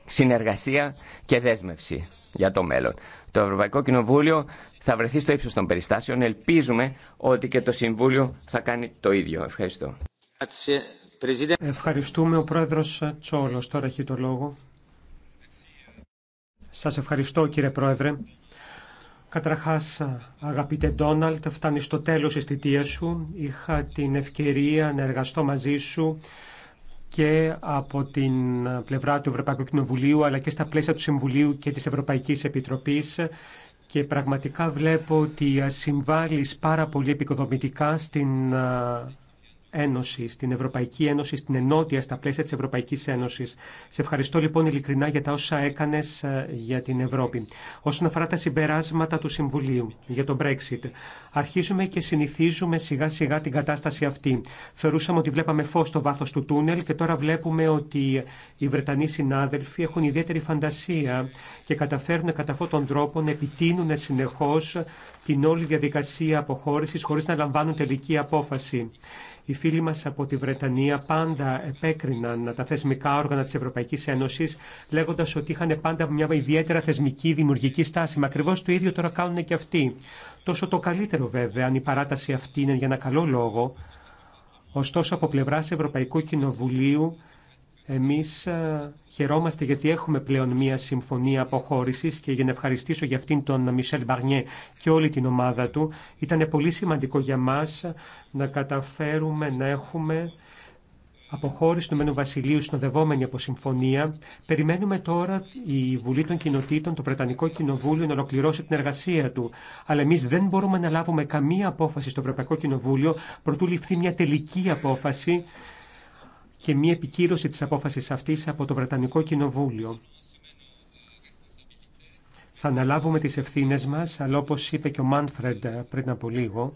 συνεργασία και δέσμευση για το μέλλον. Το Ευρωπαϊκό Κοινοβούλιο θα βρεθεί στο ύψος των περιστάσεων. Ελπίζουμε ότι και το Συμβούλιο θα κάνει το ίδιο. Ευχαριστώ. Ευχαριστούμε. Ο πρόεδρος Τσόλος τώρα έχει το λόγο. Σας ευχαριστώ κύριε Πρόεδρε. Καταρχάς, αγαπητέ Ντόναλτ, φτάνει στο τέλος της θητείας σου. Είχα την ευκαιρία να εργαστώ μαζί σου και από την πλευρά του Ευρωπαϊκού Κοινοβουλίου αλλά και στα πλαίσια του Συμβουλίου και της Ευρωπαϊκής Επιτροπής και πραγματικά βλέπω ότι συμβάλλεις πάρα πολύ επικοδομητικά στην Ένωση, στην Ευρωπαϊκή Ένωση, στην ενότητα στα πλαίσια τη Ευρωπαϊκή Ένωση. Σε ευχαριστώ λοιπόν ειλικρινά για τα όσα έκανε ε, για την Ευρώπη. Όσον αφορά τα συμπεράσματα του Συμβουλίου για τον Brexit, αρχίζουμε και συνηθίζουμε σιγά σιγά την κατάσταση αυτή. Θεωρούσαμε ότι βλέπαμε φω στο βάθο του τούνελ και τώρα βλέπουμε ότι οι Βρετανοί συνάδελφοι έχουν ιδιαίτερη φαντασία και καταφέρουν κατά αυτόν τον τρόπο να επιτείνουν συνεχώ την όλη διαδικασία αποχώρηση χωρί να λαμβάνουν τελική απόφαση. Οι φίλοι μας από τη Βρετανία πάντα επέκριναν τα θεσμικά όργανα της Ευρωπαϊκής Ένωσης λέγοντας ότι είχαν πάντα μια ιδιαίτερα θεσμική δημιουργική στάση. Μα ακριβώ το ίδιο τώρα κάνουν και αυτοί. Τόσο το καλύτερο βέβαια αν η παράταση αυτή είναι για ένα καλό λόγο. Ωστόσο από πλευράς Ευρωπαϊκού Κοινοβουλίου εμείς ε, χαιρόμαστε γιατί έχουμε πλέον μία συμφωνία αποχώρησης και για να ευχαριστήσω για αυτήν τον Μισελ Μπαρνιέ και όλη την ομάδα του. Ήταν πολύ σημαντικό για μας να καταφέρουμε να έχουμε αποχώρηση του Μένου Βασιλείου συνοδευόμενη από συμφωνία. Περιμένουμε τώρα η Βουλή των Κοινοτήτων, το Βρετανικό Κοινοβούλιο, να ολοκληρώσει την εργασία του. Αλλά εμεί δεν μπορούμε να λάβουμε καμία απόφαση στο Ευρωπαϊκό Κοινοβούλιο προτού ληφθεί μια τελική απόφαση και μία επικύρωση της απόφασης αυτής από το Βρετανικό Κοινοβούλιο. Θα αναλάβουμε τις ευθύνες μας, αλλά όπως είπε και ο Μάνφρεντ πριν από λίγο,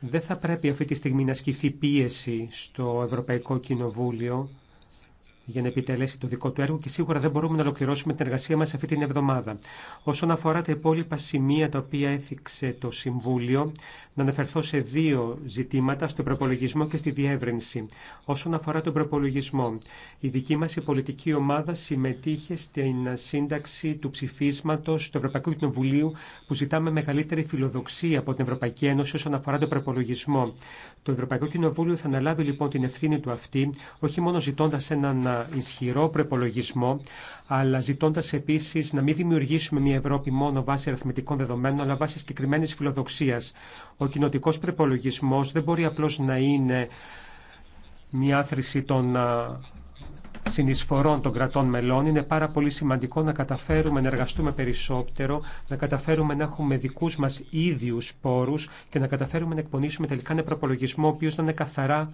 δεν θα πρέπει αυτή τη στιγμή να ασκηθεί πίεση στο Ευρωπαϊκό Κοινοβούλιο για να επιτελέσει το δικό του έργο και σίγουρα δεν μπορούμε να ολοκληρώσουμε την εργασία μας αυτή την εβδομάδα. Όσον αφορά τα υπόλοιπα σημεία τα οποία έθιξε το Συμβούλιο, να αναφερθώ σε δύο ζητήματα, στον προπολογισμό και στη διεύρυνση. Όσον αφορά τον προπολογισμό, η δική μα πολιτική ομάδα συμμετείχε στην σύνταξη του ψηφίσματος του Ευρωπαϊκού Κοινοβουλίου που ζητάμε μεγαλύτερη φιλοδοξία από την Ευρωπαϊκή Ένωση όσον αφορά τον προπολογισμό. Το Ευρωπαϊκό Κοινοβούλιο θα αναλάβει λοιπόν την ευθύνη του αυτή, όχι μόνο ζητώντα έναν ισχυρό προπολογισμό, αλλά ζητώντα επίση να μην δημιουργήσουμε μια Ευρώπη μόνο βάσει αριθμητικών δεδομένων, αλλά βάσει συγκεκριμένη φιλοδοξία. Ο κοινοτικό προπολογισμό δεν μπορεί απλώ να είναι μια άθρηση των συνεισφορών των κρατών μελών. Είναι πάρα πολύ σημαντικό να καταφέρουμε να εργαστούμε περισσότερο, να καταφέρουμε να έχουμε δικού μα ίδιου πόρου και να καταφέρουμε να εκπονήσουμε τελικά ένα προπολογισμό ο οποίο να είναι καθαρά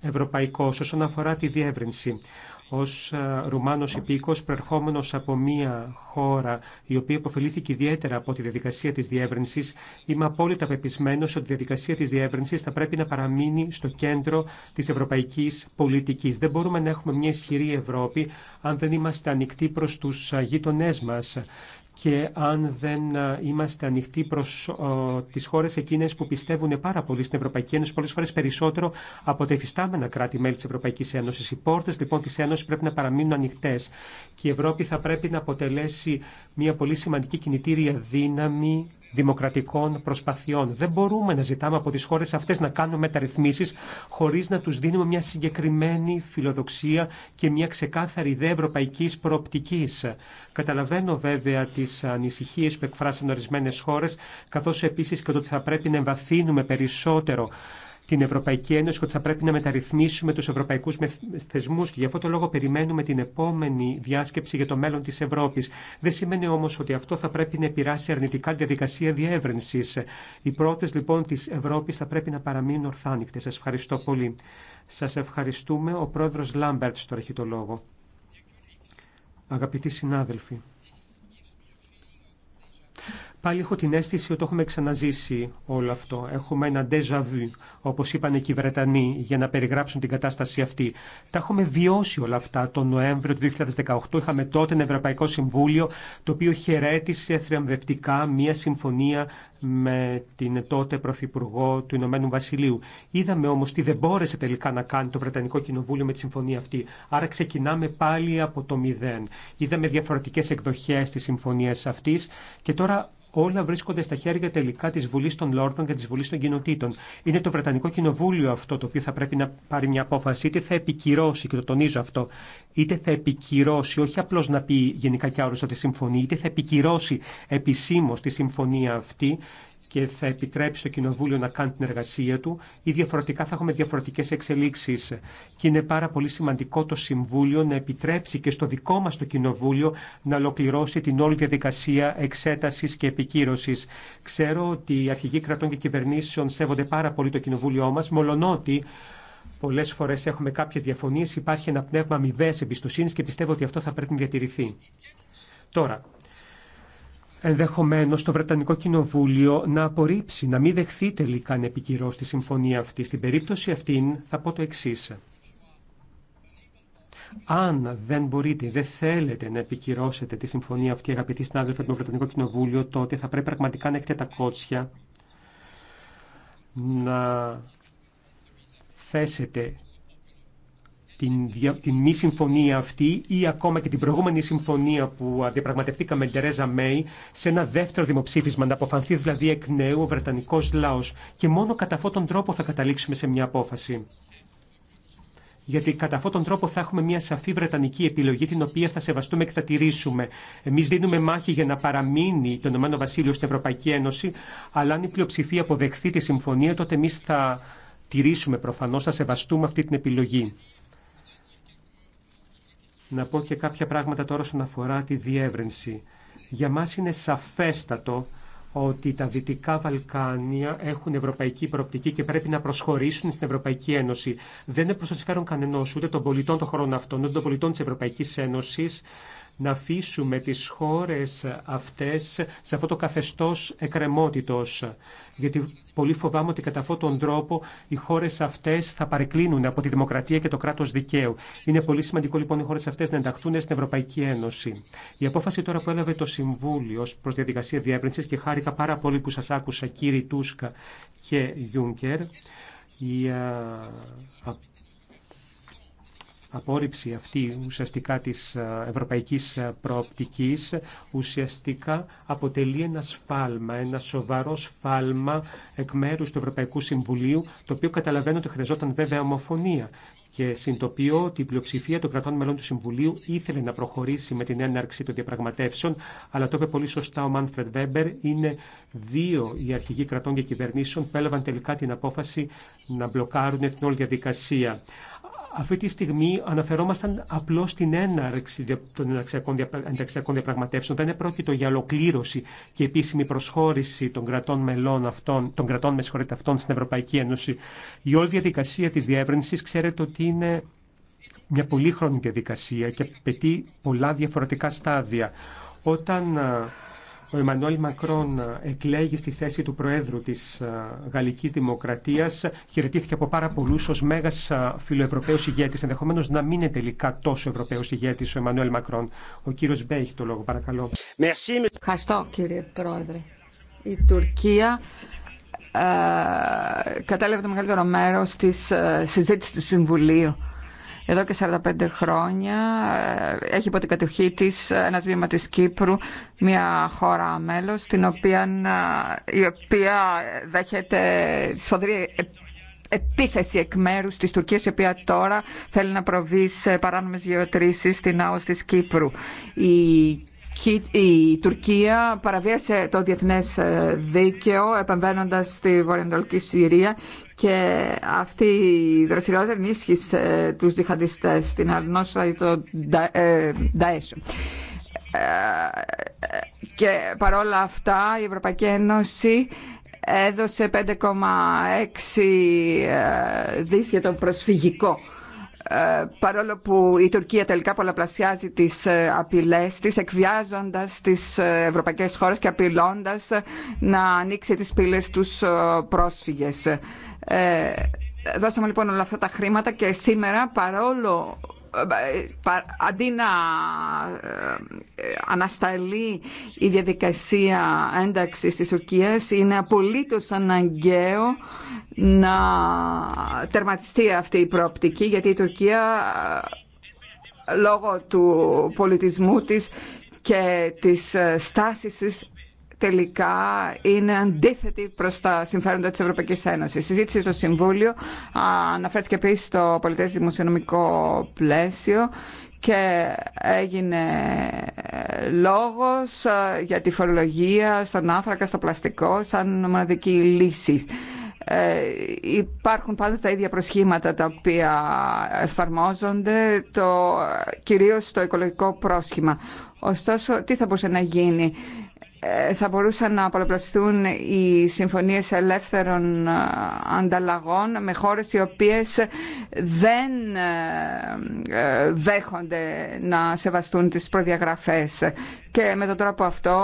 ευρωπαϊκό όσον αφορά τη διεύρυνση ως ε, Ρουμάνος υπήκος προερχόμενος από μια χώρα η οποία υποφελήθηκε ιδιαίτερα από τη διαδικασία της διεύρυνσης είμαι απόλυτα πεπισμένος ότι η διαδικασία της διεύρυνσης θα πρέπει να παραμείνει στο κέντρο της ευρωπαϊκής πολιτικής. Δεν μπορούμε να έχουμε μια ισχυρή Ευρώπη αν δεν είμαστε ανοιχτοί προς τους ε, γείτονές μας και αν δεν ε, είμαστε ανοιχτοί προ ε, τι χώρε εκείνε που πιστεύουν πάρα πολύ στην Ευρωπαϊκή Ένωση, πολλέ φορέ περισσότερο από τα υφιστάμενα κράτη-μέλη τη Ευρωπαϊκή Ένωση. Οι πόρτε λοιπόν τη Ένωση πρέπει να παραμείνουν ανοιχτέ και η Ευρώπη θα πρέπει να αποτελέσει μια πολύ σημαντική κινητήρια δύναμη δημοκρατικών προσπαθειών. Δεν μπορούμε να ζητάμε από τις χώρες αυτές να κάνουν μεταρρυθμίσεις χωρίς να τους δίνουμε μια συγκεκριμένη φιλοδοξία και μια ξεκάθαρη ιδέα ευρωπαϊκής προοπτικής. Καταλαβαίνω βέβαια τις ανησυχίες που εκφράσαν ορισμένες χώρες, καθώς επίσης και το ότι θα πρέπει να εμβαθύνουμε περισσότερο την Ευρωπαϊκή Ένωση ότι θα πρέπει να μεταρρυθμίσουμε του ευρωπαϊκού θεσμού και γι' αυτό το λόγο περιμένουμε την επόμενη διάσκεψη για το μέλλον τη Ευρώπη. Δεν σημαίνει όμω ότι αυτό θα πρέπει να επηρεάσει αρνητικά τη διαδικασία διεύρυνση. Οι πρώτε λοιπόν τη Ευρώπη θα πρέπει να παραμείνουν ορθάνικτε. Σα ευχαριστώ πολύ. Σα ευχαριστούμε. Ο πρόεδρο Λάμπερτ τώρα έχει το λόγο. Αγαπητοί συνάδελφοι. Πάλι έχω την αίσθηση ότι έχουμε ξαναζήσει όλο αυτό. Έχουμε ένα déjà vu, όπως είπαν και οι Βρετανοί, για να περιγράψουν την κατάσταση αυτή. Τα έχουμε βιώσει όλα αυτά. Τον Νοέμβριο του 2018 είχαμε τότε ένα Ευρωπαϊκό Συμβούλιο, το οποίο χαιρέτησε θριαμβευτικά μια συμφωνία με την τότε Πρωθυπουργό του Ηνωμένου Βασιλείου. Είδαμε όμω τι δεν μπόρεσε τελικά να κάνει το Βρετανικό Κοινοβούλιο με τη συμφωνία αυτή. Άρα ξεκινάμε πάλι από το μηδέν. Είδαμε διαφορετικέ εκδοχέ τη συμφωνία αυτή και τώρα όλα βρίσκονται στα χέρια τελικά τη Βουλή των Λόρδων και τη Βουλή των Κοινοτήτων. Είναι το Βρετανικό Κοινοβούλιο αυτό το οποίο θα πρέπει να πάρει μια απόφαση, είτε θα επικυρώσει, και το τονίζω αυτό, είτε θα επικυρώσει, όχι απλώς να πει γενικά και άρρωστα τη συμφωνία, είτε θα επικυρώσει επισήμως τη συμφωνία αυτή και θα επιτρέψει το Κοινοβούλιο να κάνει την εργασία του ή διαφορετικά θα έχουμε διαφορετικές εξελίξεις. Και είναι πάρα πολύ σημαντικό το Συμβούλιο να επιτρέψει και στο δικό μας το Κοινοβούλιο να ολοκληρώσει την όλη διαδικασία εξέτασης και επικύρωσης. Ξέρω ότι οι αρχηγοί κρατών και κυβερνήσεων σέβονται πάρα πολύ το Κοινοβούλιο μας, μολονότι Πολλέ φορέ έχουμε κάποιε διαφωνίε, υπάρχει ένα πνεύμα αμοιβαία εμπιστοσύνη και πιστεύω ότι αυτό θα πρέπει να διατηρηθεί. Τώρα, ενδεχομένω το Βρετανικό Κοινοβούλιο να απορρίψει, να μην δεχθεί τελικά να επικυρώσει τη συμφωνία αυτή. Στην περίπτωση αυτή θα πω το εξή. Αν δεν μπορείτε, δεν θέλετε να επικυρώσετε τη συμφωνία αυτή, αγαπητοί συνάδελφοι, από το Βρετανικό Κοινοβούλιο, τότε θα πρέπει πραγματικά να έχετε τα κότσια να θέσετε την, την μη συμφωνία αυτή ή ακόμα και την προηγούμενη συμφωνία που αντιπραγματευτήκαμε με την Τερέζα Μέη σε ένα δεύτερο δημοψήφισμα, να αποφανθεί δηλαδή εκ νέου ο Βρετανικό λαό. Και μόνο κατά αυτόν τον τρόπο θα καταλήξουμε σε μια απόφαση. Γιατί κατά αυτόν τον τρόπο θα έχουμε μια σαφή βρετανική επιλογή την οποία θα σεβαστούμε και θα τηρήσουμε. Εμεί δίνουμε μάχη για να παραμείνει το Ηνωμένο Βασίλειο στην Ευρωπαϊκή Ένωση, αλλά αν η πλειοψηφία αποδεχθεί τη συμφωνία, τότε εμεί θα τηρήσουμε προφανώς, θα σεβαστούμε αυτή την επιλογή. Να πω και κάποια πράγματα τώρα όσον αφορά τη διεύρυνση. Για μας είναι σαφέστατο ότι τα Δυτικά Βαλκάνια έχουν ευρωπαϊκή προοπτική και πρέπει να προσχωρήσουν στην Ευρωπαϊκή Ένωση. Δεν είναι προ το συμφέρον κανενό, ούτε των πολιτών των χωρών αυτών, ούτε των πολιτών τη Ευρωπαϊκή Ένωση, να αφήσουμε τις χώρες αυτές σε αυτό το καθεστώς εκκρεμότητος. Γιατί πολύ φοβάμαι ότι κατά αυτόν τον τρόπο οι χώρες αυτές θα παρεκκλίνουν από τη δημοκρατία και το κράτος δικαίου. Είναι πολύ σημαντικό λοιπόν οι χώρες αυτές να ενταχθούν στην Ευρωπαϊκή Ένωση. Η απόφαση τώρα που έλαβε το Συμβούλιο ως προς διαδικασία διεύρυνσης και χάρηκα πάρα πολύ που σας άκουσα κύριοι Τούσκα και Γιούνκερ, η απόρριψη αυτή ουσιαστικά της ε, ευρωπαϊκής ε, προοπτικής ουσιαστικά αποτελεί ένα σφάλμα, ένα σοβαρό σφάλμα εκ μέρου του Ευρωπαϊκού Συμβουλίου, το οποίο καταλαβαίνω ότι χρειαζόταν βέβαια ομοφωνία και συντοπίω ότι η πλειοψηφία των κρατών μελών του Συμβουλίου ήθελε να προχωρήσει με την έναρξη των διαπραγματεύσεων, αλλά το είπε πολύ σωστά ο Μάνφρετ Βέμπερ. Είναι δύο οι αρχηγοί κρατών και κυβερνήσεων που έλαβαν τελικά την απόφαση να μπλοκάρουν την όλη διαδικασία. Αυτή τη στιγμή αναφερόμασταν απλώ στην έναρξη των ενταξιακών διαπραγματεύσεων. Δεν πρόκειτο για ολοκλήρωση και επίσημη προσχώρηση των κρατών μελών αυτών, των κρατών με αυτών στην Ευρωπαϊκή Ένωση. Η όλη διαδικασία τη διεύρυνση ξέρετε ότι είναι μια πολύχρονη διαδικασία και απαιτεί πολλά διαφορετικά στάδια. Όταν ο Εμμανουέλ Μακρόν εκλέγει στη θέση του Προέδρου της ε, Γαλλικής Δημοκρατίας. Χαιρετήθηκε από πάρα πολλούς ως μέγας ε, φιλοευρωπαίος ηγέτης. Ενδεχομένως να μην είναι τελικά τόσο ευρωπαίος ηγέτης ο Εμμανουέλ Μακρόν. Ο κύριος Μπέ έχει το λόγο, παρακαλώ. Ευχαριστώ κύριε Πρόεδρε. Η Τουρκία ε, το μεγαλύτερο μέρος της ε, συζήτησης του Συμβουλίου εδώ και 45 χρόνια ε, έχει υπό την κατοχή τη, ένα τμήμα τη Κύπρου μια χώρα μέλος την οποία, ε, η οποία δέχεται σφοδρή επίθεση εκ μέρους της Τουρκίας η οποία τώρα θέλει να προβεί σε παράνομες γεωτρήσεις στην ΑΟΣ της Κύπρου. Η η Τουρκία παραβίασε το διεθνές ε, δίκαιο επεμβαίνοντας στη βορειοανατολική Συρία και αυτή η δραστηριότητα ενίσχυσε ε, τους διχαντιστές στην Αρνόσα ή το ε, Νταέσο. Και παρόλα αυτά η Ευρωπαϊκή Ένωση έδωσε 5,6 δις για το προσφυγικό ε, παρόλο που η Τουρκία τελικά πολλαπλασιάζει τις ε, απειλές της, εκβιάζοντας τις ε, ευρωπαϊκές χώρες και απειλώντας να ανοίξει τις πύλες τους πρόσφυγες. Δώσαμε λοιπόν όλα αυτά τα χρήματα και σήμερα παρόλο αντί να ε, ανασταλεί η διαδικασία ένταξης της Τουρκίας είναι απολύτως αναγκαίο να τερματιστεί αυτή η προοπτική γιατί η Τουρκία ε, λόγω του πολιτισμού της και της ε, στάσης της τελικά είναι αντίθετη προς τα συμφέροντα της Ευρωπαϊκής Ένωσης. Η συζήτηση στο Συμβούλιο αναφέρθηκε επίσης στο πολιτέ δημοσιονομικό πλαίσιο και έγινε ε, λόγος ε, για τη φορολογία στον άνθρακα, στο πλαστικό, σαν μοναδική λύση. Ε, υπάρχουν πάντα τα ίδια προσχήματα τα οποία εφαρμόζονται, το, ε, κυρίως το οικολογικό πρόσχημα. Ωστόσο, τι θα μπορούσε να γίνει ε, θα μπορούσαν να πολλαπλαστούν οι συμφωνίες ελεύθερων ε, ανταλλαγών με χώρες οι οποίες δεν ε, δέχονται να σεβαστούν τις προδιαγραφές και με τον τρόπο αυτό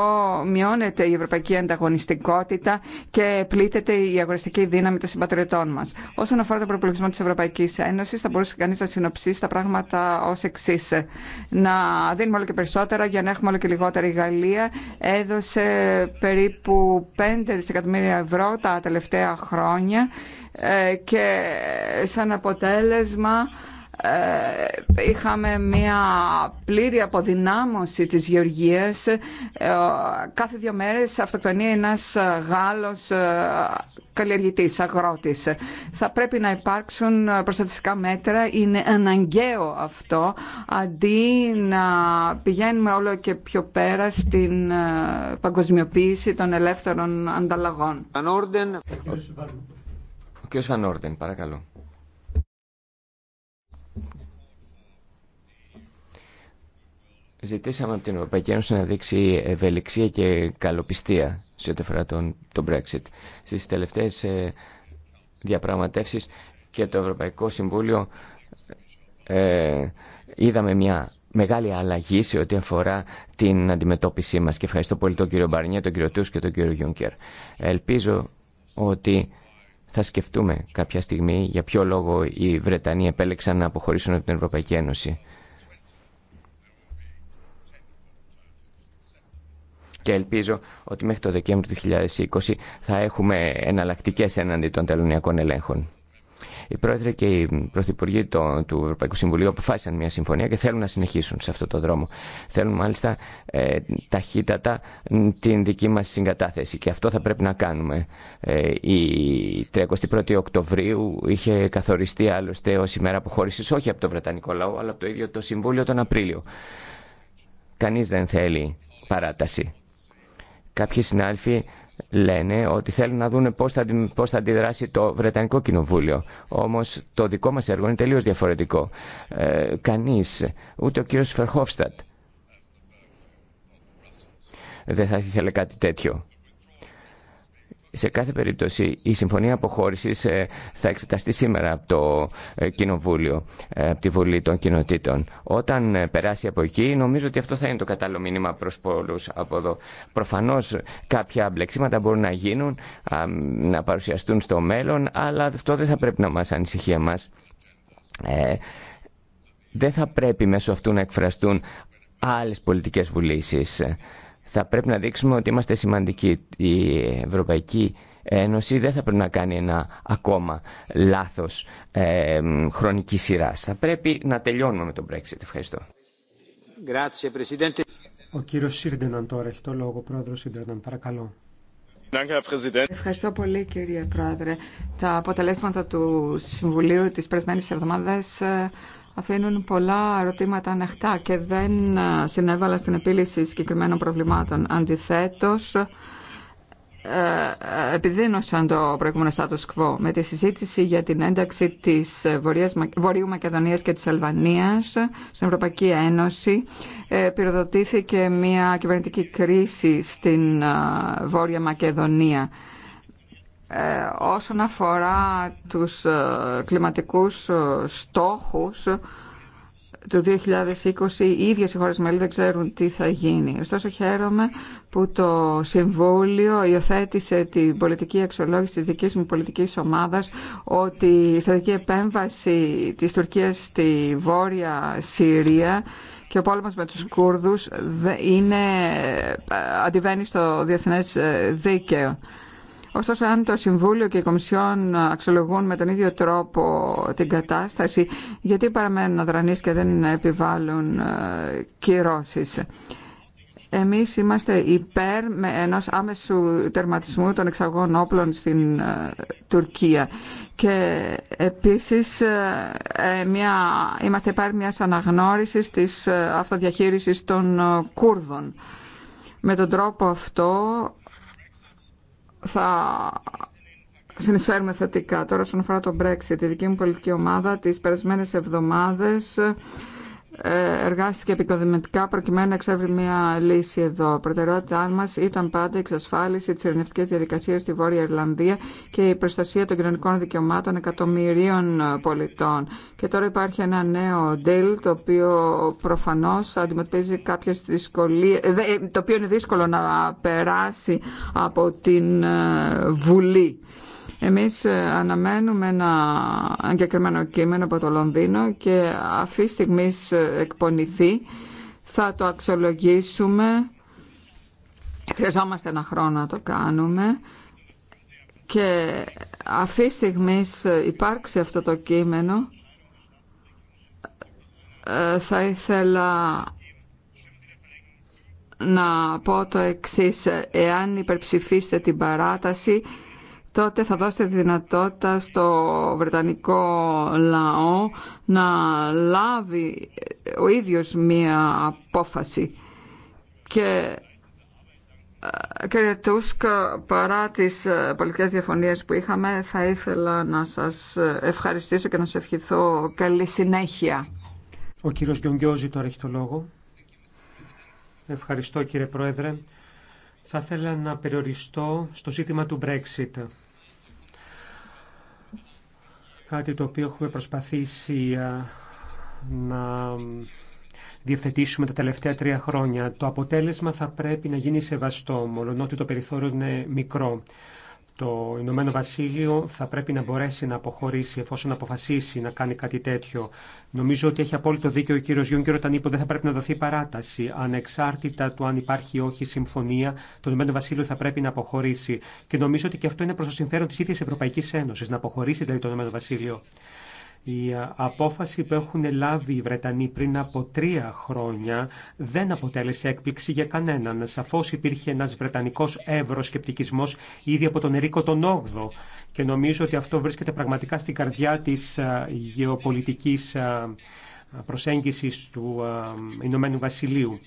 μειώνεται η ευρωπαϊκή ανταγωνιστικότητα και πλήττεται η αγοραστική δύναμη των συμπατριωτών μα. Όσον αφορά τον προπολογισμό τη Ευρωπαϊκή Ένωση, θα μπορούσε κανεί να συνοψίσει τα πράγματα ω εξή. Να δίνουμε όλο και περισσότερα για να έχουμε όλο και λιγότερα. Η Γαλλία έδωσε περίπου 5 δισεκατομμύρια ευρώ τα τελευταία χρόνια ε, και σαν αποτέλεσμα ε, είχαμε μια πλήρη αποδυνάμωση της γεωργίας. Ε, κάθε δύο μέρες αυτοκτονεί ένας Γάλλος ε, καλλιεργητής, αγρότης. Θα πρέπει να υπάρξουν προστατευτικά μέτρα, είναι αναγκαίο αυτό, αντί να πηγαίνουμε όλο και πιο πέρα στην παγκοσμιοποίηση των ελεύθερων ανταλλαγών. Ο κ. Φανόρντεν, παρακαλώ. Ζητήσαμε από την Ευρωπαϊκή Ένωση να δείξει ευελιξία και καλοπιστία σε ό,τι αφορά τον, τον Brexit. Στις τελευταίες ε, διαπραγματεύσεις και το Ευρωπαϊκό Συμβούλιο ε, είδαμε μια μεγάλη αλλαγή σε ό,τι αφορά την αντιμετώπιση μας. Και ευχαριστώ πολύ τον κύριο Μπαρνιέ, τον κύριο Τούς και τον κύριο Γιούνκερ. Ελπίζω ότι θα σκεφτούμε κάποια στιγμή για ποιο λόγο οι Βρετανοί επέλεξαν να αποχωρήσουν από την Ευρωπαϊκή Ένωση. και ελπίζω ότι μέχρι το Δεκέμβριο του 2020 θα έχουμε εναλλακτικές έναντι των τελωνιακών ελέγχων. Οι πρόεδροι και οι πρωθυπουργοί του Ευρωπαϊκού Συμβουλίου αποφάσισαν μια συμφωνία και θέλουν να συνεχίσουν σε αυτό το δρόμο. Θέλουν μάλιστα ε, ταχύτατα την δική μας συγκατάθεση και αυτό θα πρέπει να κάνουμε. Ε, η 31η Οκτωβρίου είχε καθοριστεί άλλωστε ως ημέρα αποχώρησης όχι από το Βρετανικό λαό αλλά από το ίδιο το Συμβούλιο τον Απρίλιο. Κανείς δεν θέλει παράταση. Κάποιοι συνάδελφοι λένε ότι θέλουν να δουν πώς θα, πώς αντιδράσει το Βρετανικό Κοινοβούλιο. Όμως το δικό μας έργο είναι τελείως διαφορετικό. Ε, κανείς, ούτε ο κύριος Φερχόφστατ, δεν θα ήθελε κάτι τέτοιο. Σε κάθε περίπτωση η συμφωνία αποχώρησης ε, θα εξεταστεί σήμερα από το ε, Κοινοβούλιο, ε, από τη Βουλή των Κοινοτήτων. Όταν περάσει από εκεί νομίζω ότι αυτό θα είναι το κατάλληλο μήνυμα προς πολλούς από εδώ. Προφανώς κάποια μπλεξίματα μπορούν να γίνουν, να παρουσιαστούν στο μέλλον, αλλά αυτό δεν θα πρέπει να μας ανησυχεί εμάς. δεν θα πρέπει μέσω αυτού να εκφραστούν άλλες πολιτικές βουλήσεις θα πρέπει να δείξουμε ότι είμαστε σημαντικοί. Η Ευρωπαϊκή Ένωση δεν θα πρέπει να κάνει ένα ακόμα λάθος ε, χρονική σειρά. Θα πρέπει να τελειώνουμε με τον Brexit. Ευχαριστώ. Ο κύριος Σίρντεναν τώρα έχει το λόγο. Πρόεδρος Σίρντεναν, παρακαλώ. Ευχαριστώ πολύ κύριε Πρόεδρε. Τα αποτελέσματα του Συμβουλίου της περασμένης εβδομάδας ε, αφήνουν πολλά ερωτήματα ανοιχτά και δεν ε, συνέβαλα στην επίλυση συγκεκριμένων προβλημάτων. Αντιθέτως, ε, ε, επιδίνωσαν το προηγούμενο status quo με τη συζήτηση για την ένταξη της Βορείου Μακεδονίας και της Αλβανίας στην Ευρωπαϊκή Ένωση. Πυροδοτήθηκε μια κυβερνητική κρίση στην Βόρεια Μακεδονία. Ε, όσον αφορά τους ε, κλιματικούς ε, στόχους του 2020 οι ίδιες οι χώρες μέλη δεν ξέρουν τι θα γίνει. Ωστόσο χαίρομαι που το Συμβούλιο υιοθέτησε την πολιτική αξιολόγηση της δικής μου πολιτικής ομάδας ότι η στρατηγική επέμβαση της Τουρκίας στη Βόρεια Συρία και ο πόλεμος με τους Κούρδους είναι, αντιβαίνει στο διεθνές δίκαιο. Ωστόσο, αν το Συμβούλιο και η Κομισιόν αξιολογούν με τον ίδιο τρόπο την κατάσταση, γιατί παραμένουν αδρανείς και δεν επιβάλλουν ε, κυρώσεις. Εμείς είμαστε υπέρ με ενός άμεσου τερματισμού των εξαγών όπλων στην ε, Τουρκία και επίσης ε, μια, είμαστε υπέρ μιας αναγνώρισης της αυτοδιαχείρισης των Κούρδων. Με τον τρόπο αυτό θα συνεισφέρουμε θετικά. Τώρα, σχετικά αφορά το Brexit, η δική μου πολιτική ομάδα τις περασμένες εβδομάδες ε, εργάστηκε επικοδημητικά προκειμένου να εξεύρει μια λύση εδώ. Προτεραιότητά μα ήταν πάντα η εξασφάλιση τη ειρηνευτική διαδικασία στη Βόρεια Ιρλανδία και η προστασία των κοινωνικών δικαιωμάτων εκατομμυρίων πολιτών. Και τώρα υπάρχει ένα νέο deal το οποίο προφανώ αντιμετωπίζει κάποιε δυσκολίε, ε, ε, το οποίο είναι δύσκολο να περάσει από την Βουλή. Εμείς ε, αναμένουμε ένα εγκεκριμένο κείμενο από το Λονδίνο και αυτή στιγμή ε, εκπονηθεί. Θα το αξιολογήσουμε. Χρειαζόμαστε ένα χρόνο να το κάνουμε. Και αυτή στιγμή ε, υπάρξει αυτό το κείμενο. Θα ήθελα να πω το εξής. Εάν υπερψηφίσετε την παράταση, τότε θα δώσετε τη δυνατότητα στο βρετανικό λαό να λάβει ε, ο ίδιος μία απόφαση. Και ε, κύριε Τούσκ, παρά τις ε, πολιτικές διαφωνίες που είχαμε, θα ήθελα να σας ευχαριστήσω και να σας ευχηθώ καλή συνέχεια. Ο κύριος Γιονγκιόζη τώρα έχει το λόγο. Ευχαριστώ κύριε Πρόεδρε. Θα ήθελα να περιοριστώ στο ζήτημα του Brexit κάτι το οποίο έχουμε προσπαθήσει να διευθετήσουμε τα τελευταία τρία χρόνια. Το αποτέλεσμα θα πρέπει να γίνει σεβαστό, μόνο ότι το περιθώριο είναι μικρό το Ηνωμένο Βασίλειο θα πρέπει να μπορέσει να αποχωρήσει εφόσον αποφασίσει να κάνει κάτι τέτοιο. Νομίζω ότι έχει απόλυτο δίκιο ο κύριο Γιούγκερ όταν είπε ότι δεν θα πρέπει να δοθεί παράταση. Ανεξάρτητα του αν υπάρχει ή όχι συμφωνία, το Ηνωμένο Βασίλειο θα πρέπει να αποχωρήσει. Και νομίζω ότι και αυτό είναι προ το συμφέρον τη ίδια Ευρωπαϊκή Ένωση, να αποχωρήσει δηλαδή το Ηνωμένο Βασίλειο. Η απόφαση που έχουν λάβει οι Βρετανοί πριν από τρία χρόνια δεν αποτέλεσε έκπληξη για κανέναν. Σαφώ υπήρχε ένα βρετανικό ευρωσκεπτικισμό ήδη από τον Ερίκο τον 8ο και νομίζω ότι αυτό βρίσκεται πραγματικά στην καρδιά τη ε, γεωπολιτική ε, προσέγγιση του ε, Ηνωμένου Βασιλείου.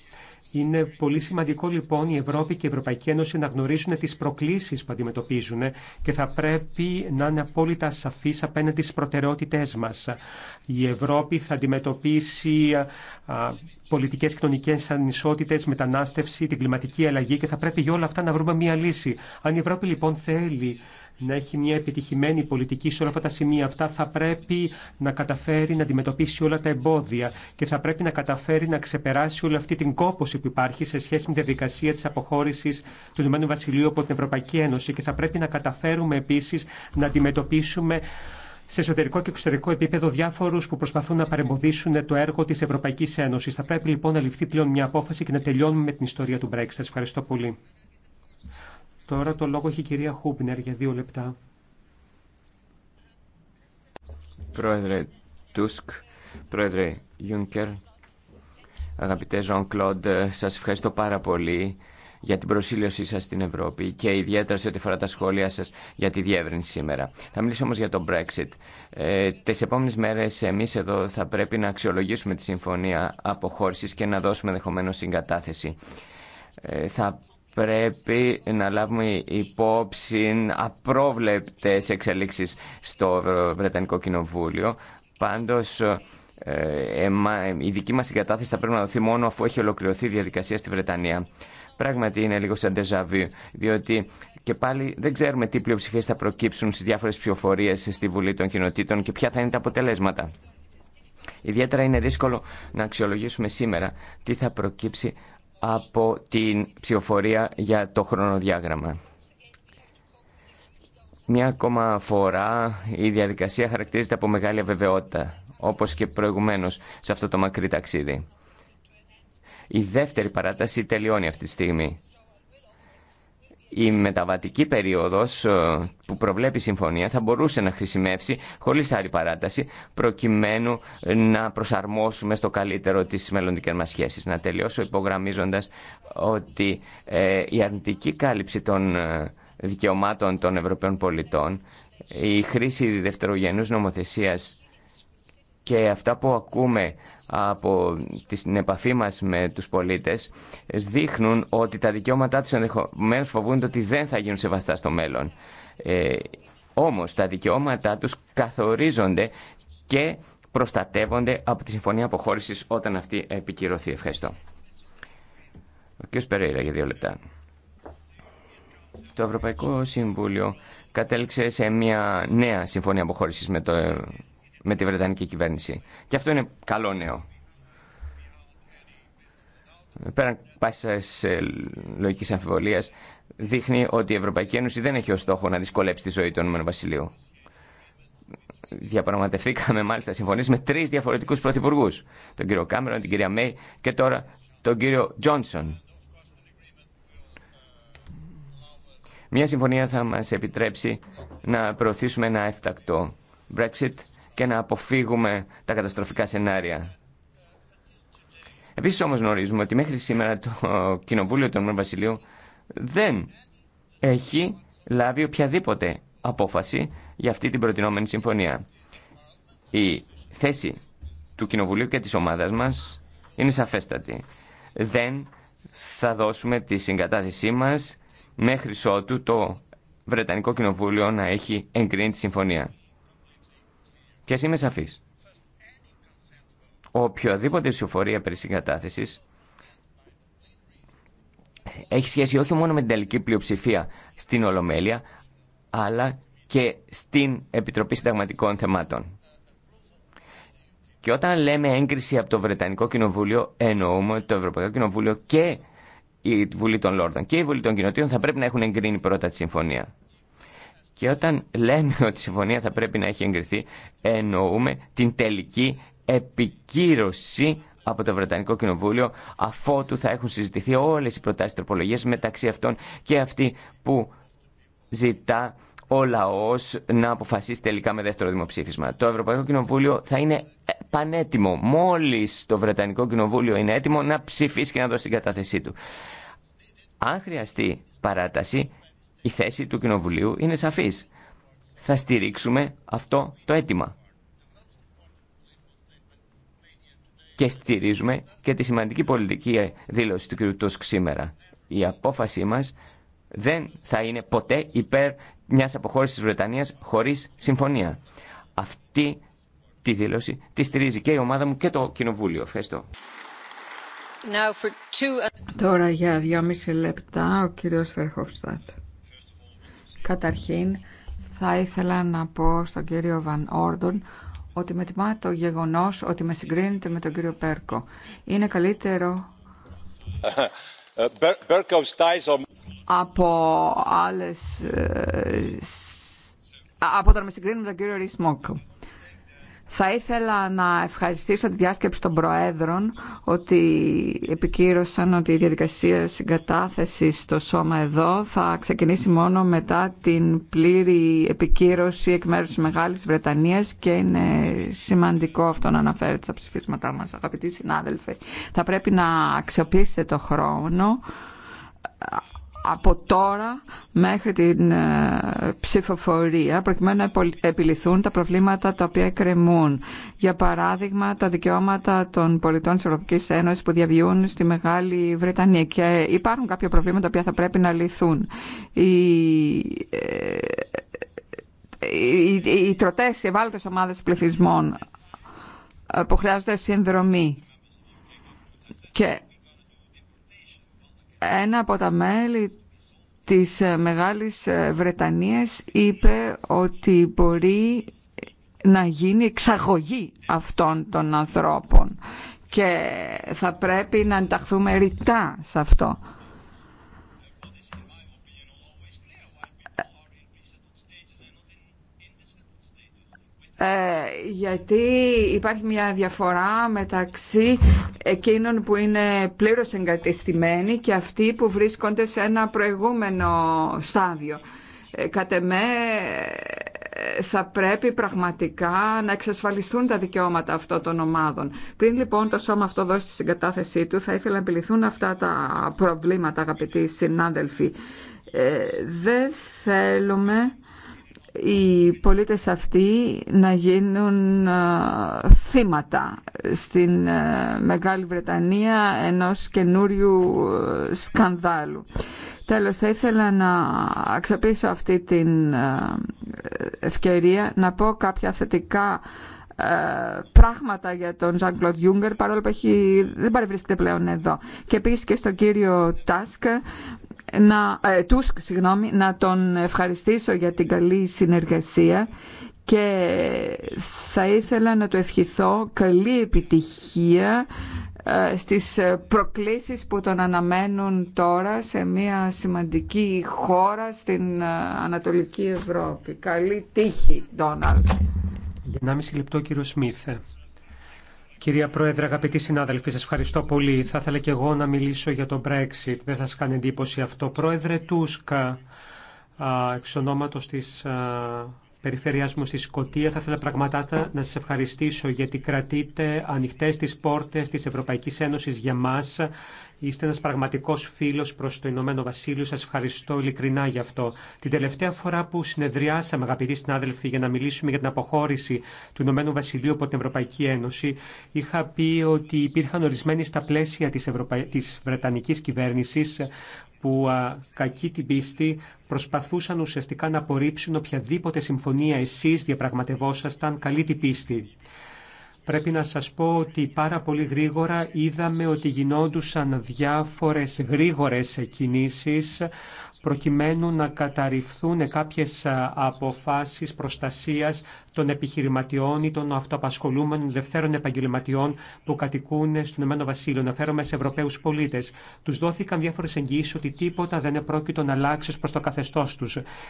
Είναι πολύ σημαντικό λοιπόν η Ευρώπη και η Ευρωπαϊκή Ένωση να γνωρίζουν τι προκλήσει που αντιμετωπίζουν και θα πρέπει να είναι απόλυτα σαφεί απέναντι στι προτεραιότητέ μα. Η Ευρώπη θα αντιμετωπίσει πολιτικέ κοινωνικέ ανισότητε, μετανάστευση, την κλιματική αλλαγή και θα πρέπει για όλα αυτά να βρούμε μία λύση. Αν η Ευρώπη λοιπόν θέλει να έχει μια επιτυχημένη πολιτική σε όλα αυτά τα σημεία. Αυτά θα πρέπει να καταφέρει να αντιμετωπίσει όλα τα εμπόδια και θα πρέπει να καταφέρει να ξεπεράσει όλη αυτή την κόποση που υπάρχει σε σχέση με τη διαδικασία τη αποχώρηση του Ηνωμένου Βασιλείου από την Ευρωπαϊκή Ένωση. Και θα πρέπει να καταφέρουμε επίση να αντιμετωπίσουμε σε εσωτερικό και εξωτερικό επίπεδο διάφορους που προσπαθούν να παρεμποδίσουν το έργο της Ευρωπαϊκής Ένωσης. Θα πρέπει λοιπόν να ληφθεί πλέον μια απόφαση και να τελειώνουμε με την ιστορία του Brexit. ευχαριστώ πολύ. Τώρα το λόγο έχει η κυρία Χούπνερ για δύο λεπτά. Πρόεδρε Τούσκ, Πρόεδρε Γιούνκερ, αγαπητέ Ζων Κλοντ, σας ευχαριστώ πάρα πολύ για την προσήλωσή σας στην Ευρώπη και ιδιαίτερα σε ό,τι αφορά τα σχόλια σας για τη διεύρυνση σήμερα. Θα μιλήσω όμως για το Brexit. Ε, τις επόμενες μέρες εμείς εδώ θα πρέπει να αξιολογήσουμε τη συμφωνία αποχώρησης και να δώσουμε ενδεχομένω συγκατάθεση. Ε, θα πρέπει να λάβουμε υπόψη απρόβλεπτες εξελίξεις στο Βρετανικό Κοινοβούλιο. Πάντως, ε, η δική μας συγκατάθεση θα πρέπει να δοθεί μόνο αφού έχει ολοκληρωθεί η διαδικασία στη Βρετανία. Πράγματι είναι λίγο σαν τεζαβί, διότι και πάλι δεν ξέρουμε τι πλειοψηφίες θα προκύψουν στις διάφορες ψηφοφορίες στη Βουλή των Κοινοτήτων και ποια θα είναι τα αποτελέσματα. Ιδιαίτερα είναι δύσκολο να αξιολογήσουμε σήμερα τι θα προκύψει από την ψηφοφορία για το χρονοδιάγραμμα. Μια ακόμα φορά η διαδικασία χαρακτηρίζεται από μεγάλη αβεβαιότητα, όπως και προηγουμένως σε αυτό το μακρύ ταξίδι. Η δεύτερη παράταση τελειώνει αυτή τη στιγμή η μεταβατική περίοδος ε, που προβλέπει η συμφωνία θα μπορούσε να χρησιμεύσει χωρίς άλλη παράταση προκειμένου να προσαρμόσουμε στο καλύτερο τις μελλοντικές μας σχέσει. Να τελειώσω υπογραμμίζοντας ότι ε, η αρνητική κάλυψη των ε, δικαιωμάτων των Ευρωπαίων πολιτών, η χρήση δευτερογενούς νομοθεσίας και αυτά που ακούμε από την επαφή μας με τους πολίτες δείχνουν ότι τα δικαιώματά τους ενδεχομένω φοβούνται ότι δεν θα γίνουν σεβαστά στο μέλλον. Ε, όμως τα δικαιώματά τους καθορίζονται και προστατεύονται από τη Συμφωνία Αποχώρησης όταν αυτή επικυρωθεί. Ευχαριστώ. Ο κ. Περέιρα για δύο λεπτά. Το Ευρωπαϊκό Συμβούλιο κατέληξε σε μια νέα Συμφωνία Αποχώρησης με το με τη Βρετανική κυβέρνηση. Και αυτό είναι καλό νέο. Πέραν πάση λογική αμφιβολία, δείχνει ότι η Ευρωπαϊκή Ένωση δεν έχει ως στόχο να δυσκολέψει τη ζωή του Ηνωμένου Βασιλείου. Διαπραγματευθήκαμε μάλιστα συμφωνίε με τρει διαφορετικού πρωθυπουργού. Τον κύριο Κάμερον, την κυρία Μέη και τώρα τον κύριο Τζόνσον. Μια συμφωνία θα μας επιτρέψει να προωθήσουμε ένα έφτακτο Brexit και να αποφύγουμε τα καταστροφικά σενάρια. Επίσης όμως γνωρίζουμε ότι μέχρι σήμερα το Κοινοβούλιο του Ηνωμένου δεν έχει λάβει οποιαδήποτε απόφαση για αυτή την προτινόμενη συμφωνία. Η θέση του Κοινοβουλίου και της ομάδας μας είναι σαφέστατη. Δεν θα δώσουμε τη συγκατάθεσή μας μέχρι ότου το Βρετανικό Κοινοβούλιο να έχει εγκρίνει τη συμφωνία. Και ας είμαι σαφής. Οποιοδήποτε ψηφοφορία περί συγκατάθεσης έχει σχέση όχι μόνο με την τελική πλειοψηφία στην Ολομέλεια, αλλά και στην Επιτροπή Συνταγματικών Θεμάτων. Και όταν λέμε έγκριση από το Βρετανικό Κοινοβούλιο, εννοούμε το Ευρωπαϊκό Κοινοβούλιο και η Βουλή των Λόρδων και η Βουλή των Κοινοτήτων θα πρέπει να έχουν εγκρίνει πρώτα τη συμφωνία. Και όταν λέμε ότι η συμφωνία θα πρέπει να έχει εγκριθεί, εννοούμε την τελική επικύρωση από το Βρετανικό Κοινοβούλιο, αφότου θα έχουν συζητηθεί όλες οι προτάσεις τροπολογίας, μεταξύ αυτών και αυτή που ζητά ο λαό να αποφασίσει τελικά με δεύτερο δημοψήφισμα. Το Ευρωπαϊκό Κοινοβούλιο θα είναι πανέτοιμο, μόλις το Βρετανικό Κοινοβούλιο είναι έτοιμο να ψηφίσει και να δώσει την κατάθεσή του. Αν χρειαστεί παράταση, η θέση του Κοινοβουλίου είναι σαφής. Θα στηρίξουμε αυτό το αίτημα. Και στηρίζουμε και τη σημαντική πολιτική δήλωση του κ. Τούσκ σήμερα. Η απόφασή μας δεν θα είναι ποτέ υπέρ μιας αποχώρησης της Βρετανίας χωρίς συμφωνία. Αυτή τη δήλωση τη στηρίζει και η ομάδα μου και το Κοινοβούλιο. Ευχαριστώ. Τώρα για δυόμιση λεπτά ο κύριος Φερχοφστάτ. Καταρχήν, θα ήθελα να πω στον κύριο Βαν Όρντον ότι με τιμά το γεγονός ότι με συγκρίνεται με τον κύριο Πέρκο. Είναι καλύτερο από άλλες... Ε, από όταν με συγκρίνουν τον κύριο Ρίσμοκ. Θα ήθελα να ευχαριστήσω τη διάσκεψη των Προέδρων ότι επικύρωσαν ότι η διαδικασία συγκατάθεσης στο σώμα εδώ θα ξεκινήσει μόνο μετά την πλήρη επικύρωση εκ μέρους της Μεγάλης Βρετανίας και είναι σημαντικό αυτό να αναφέρεται στα ψηφίσματά μας. Αγαπητοί συνάδελφοι, θα πρέπει να αξιοποιήσετε το χρόνο από τώρα μέχρι την ε, ψηφοφορία προκειμένου να επιληθούν τα προβλήματα τα οποία κρεμούν. Για παράδειγμα, τα δικαιώματα των πολιτών της Ευρωπαϊκής Ένωσης που διαβιούν στη Μεγάλη Βρετανία και υπάρχουν κάποια προβλήματα τα οποία θα πρέπει να λυθούν. Οι, ε, οι, οι τροτές, οι ευάλωτες ομάδες πληθυσμών ε, που χρειάζονται συνδρομή και ένα από τα μέλη της Μεγάλης Βρετανίας είπε ότι μπορεί να γίνει εξαγωγή αυτών των ανθρώπων και θα πρέπει να ενταχθούμε ρητά σε αυτό. Ε, γιατί υπάρχει μια διαφορά μεταξύ εκείνων που είναι πλήρως εγκατεστημένοι και αυτοί που βρίσκονται σε ένα προηγούμενο στάδιο. Ε, κατ' εμέ ε, θα πρέπει πραγματικά να εξασφαλιστούν τα δικαιώματα αυτών των ομάδων. Πριν λοιπόν το σώμα αυτό δώσει τη συγκατάθεσή του, θα ήθελα να επιληθούν αυτά τα προβλήματα, αγαπητοί συνάδελφοι. Ε, δεν θέλουμε οι πολίτες αυτοί να γίνουν θύματα στην Μεγάλη Βρετανία ενός καινούριου σκανδάλου. Τέλος, θα ήθελα να αξιοποιήσω αυτή την ευκαιρία να πω κάποια θετικά πράγματα για τον Ζαν Κλοντ Γιούγκερ παρόλο που δεν παρευρίσκεται πλέον εδώ. Και επίσης και στον κύριο Τάσκ να, ε, να τον ευχαριστήσω για την καλή συνεργασία και θα ήθελα να του ευχηθώ καλή επιτυχία ε, στις προκλήσεις που τον αναμένουν τώρα σε μια σημαντική χώρα στην ε, Ανατολική Ευρώπη. Καλή τύχη, Ντόναλτ. Για 1,5 λεπτό, κύριο Σμίθε. Κυρία Πρόεδρε, αγαπητοί συνάδελφοι, σας ευχαριστώ πολύ. Θα ήθελα και εγώ να μιλήσω για το Brexit. Δεν θα σας κάνει εντύπωση αυτό. Πρόεδρε Τούσκα, εξ ονόματος της περιφέρειάς μου στη Σκωτία. Θα ήθελα πραγματικά να σας ευχαριστήσω γιατί κρατείτε ανοιχτές τις πόρτες της Ευρωπαϊκής Ένωσης για μας, Είστε ένα πραγματικό φίλο προ το Ηνωμένο Βασίλειο. Σα ευχαριστώ ειλικρινά γι' αυτό. Την τελευταία φορά που συνεδριάσαμε, αγαπητοί συνάδελφοι, για να μιλήσουμε για την αποχώρηση του Ηνωμένου Βασιλείου από την Ευρωπαϊκή Ένωση, είχα πει ότι υπήρχαν ορισμένοι στα πλαίσια τη της Βρετανική κυβέρνηση που α, κακή την πίστη προσπαθούσαν ουσιαστικά να απορρίψουν οποιαδήποτε συμφωνία εσείς διαπραγματευόσασταν καλή την πίστη. Πρέπει να σας πω ότι πάρα πολύ γρήγορα είδαμε ότι γινόντουσαν διάφορες γρήγορες κινήσεις προκειμένου να καταρριφθούν κάποιες αποφάσεις προστασίας των επιχειρηματιών ή των αυτοαπασχολούμενων δευτέρων επαγγελματιών που κατοικούν στον Ηνωμένο Βασίλειο. Αναφέρομαι σε Ευρωπαίου πολίτε. Του δόθηκαν διάφορε εγγυήσει ότι τίποτα δεν επρόκειτο να αλλάξει προ το καθεστώ του.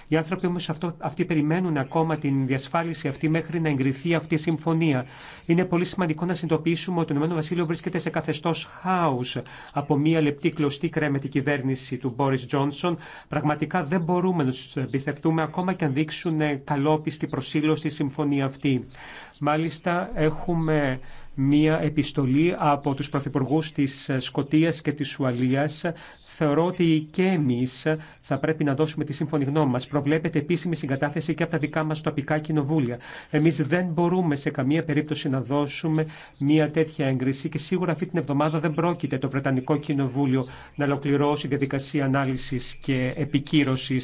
Οι άνθρωποι όμω αυτοί περιμένουν ακόμα την διασφάλιση αυτή μέχρι να εγκριθεί αυτή η συμφωνία. Είναι πολύ σημαντικό να συνειδητοποιήσουμε ότι το Ηνωμένο Βασίλειο βρίσκεται σε καθεστώ χάου από μία λεπτή κλωστή κρέμετη κυβέρνηση του Μπόρι Τζόνσον. Πραγματικά δεν μπορούμε να του εμπιστευτούμε ακόμα και αν δείξουν καλόπιστη προσήλωση συμφωνία αυτή. Μάλιστα έχουμε μία επιστολή από τους πρωθυπουργούς της Σκοτίας και της Ουαλίας θεωρώ ότι και εμεί θα πρέπει να δώσουμε τη σύμφωνη γνώμη μα. Προβλέπεται επίσημη συγκατάθεση και από τα δικά μα τοπικά κοινοβούλια. Εμεί δεν μπορούμε σε καμία περίπτωση να δώσουμε μια τέτοια έγκριση και σίγουρα αυτή την εβδομάδα δεν πρόκειται το Βρετανικό Κοινοβούλιο να ολοκληρώσει διαδικασία ανάλυση και επικύρωση.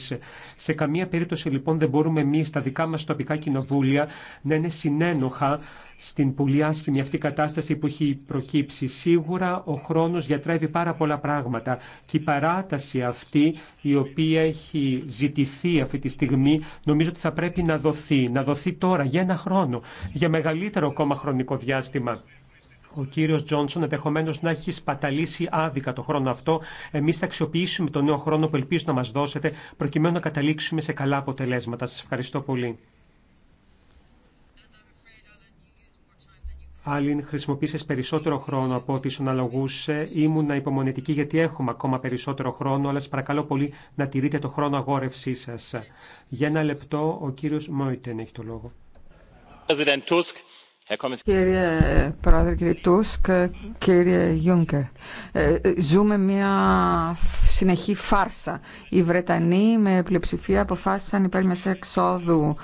Σε καμία περίπτωση λοιπόν δεν μπορούμε εμεί τα δικά μα τοπικά κοινοβούλια να είναι συνένοχα στην πολύ άσχημη αυτή κατάσταση που έχει προκύψει. Σίγουρα ο χρόνος γιατρεύει πάρα πολλά πράγματα και η παράταση αυτή η οποία έχει ζητηθεί αυτή τη στιγμή νομίζω ότι θα πρέπει να δοθεί, να δοθεί τώρα για ένα χρόνο, για μεγαλύτερο ακόμα χρονικό διάστημα ο κύριος Τζόνσον ενδεχομένω να έχει σπαταλήσει άδικα το χρόνο αυτό. Εμείς θα αξιοποιήσουμε τον νέο χρόνο που ελπίζω να μας δώσετε προκειμένου να καταλήξουμε σε καλά αποτελέσματα. Σας ευχαριστώ πολύ. Άλλην χρησιμοποίησε περισσότερο χρόνο από ό,τι σου αναλογούσε. Ήμουνα υπομονετική γιατί έχουμε ακόμα περισσότερο χρόνο, αλλά σα παρακαλώ πολύ να τηρείτε το χρόνο αγόρευσή σα. Για ένα λεπτό, ο κύριο Μόιτεν έχει το λόγο. Κύριε ε, Πρόεδρε, κύριε Τούσκ, ε, κύριε Γιούγκερ, ε, ζούμε μια συνεχή φάρσα. Οι Βρετανοί με πλειοψηφία αποφάσισαν υπέρ μιας εξόδου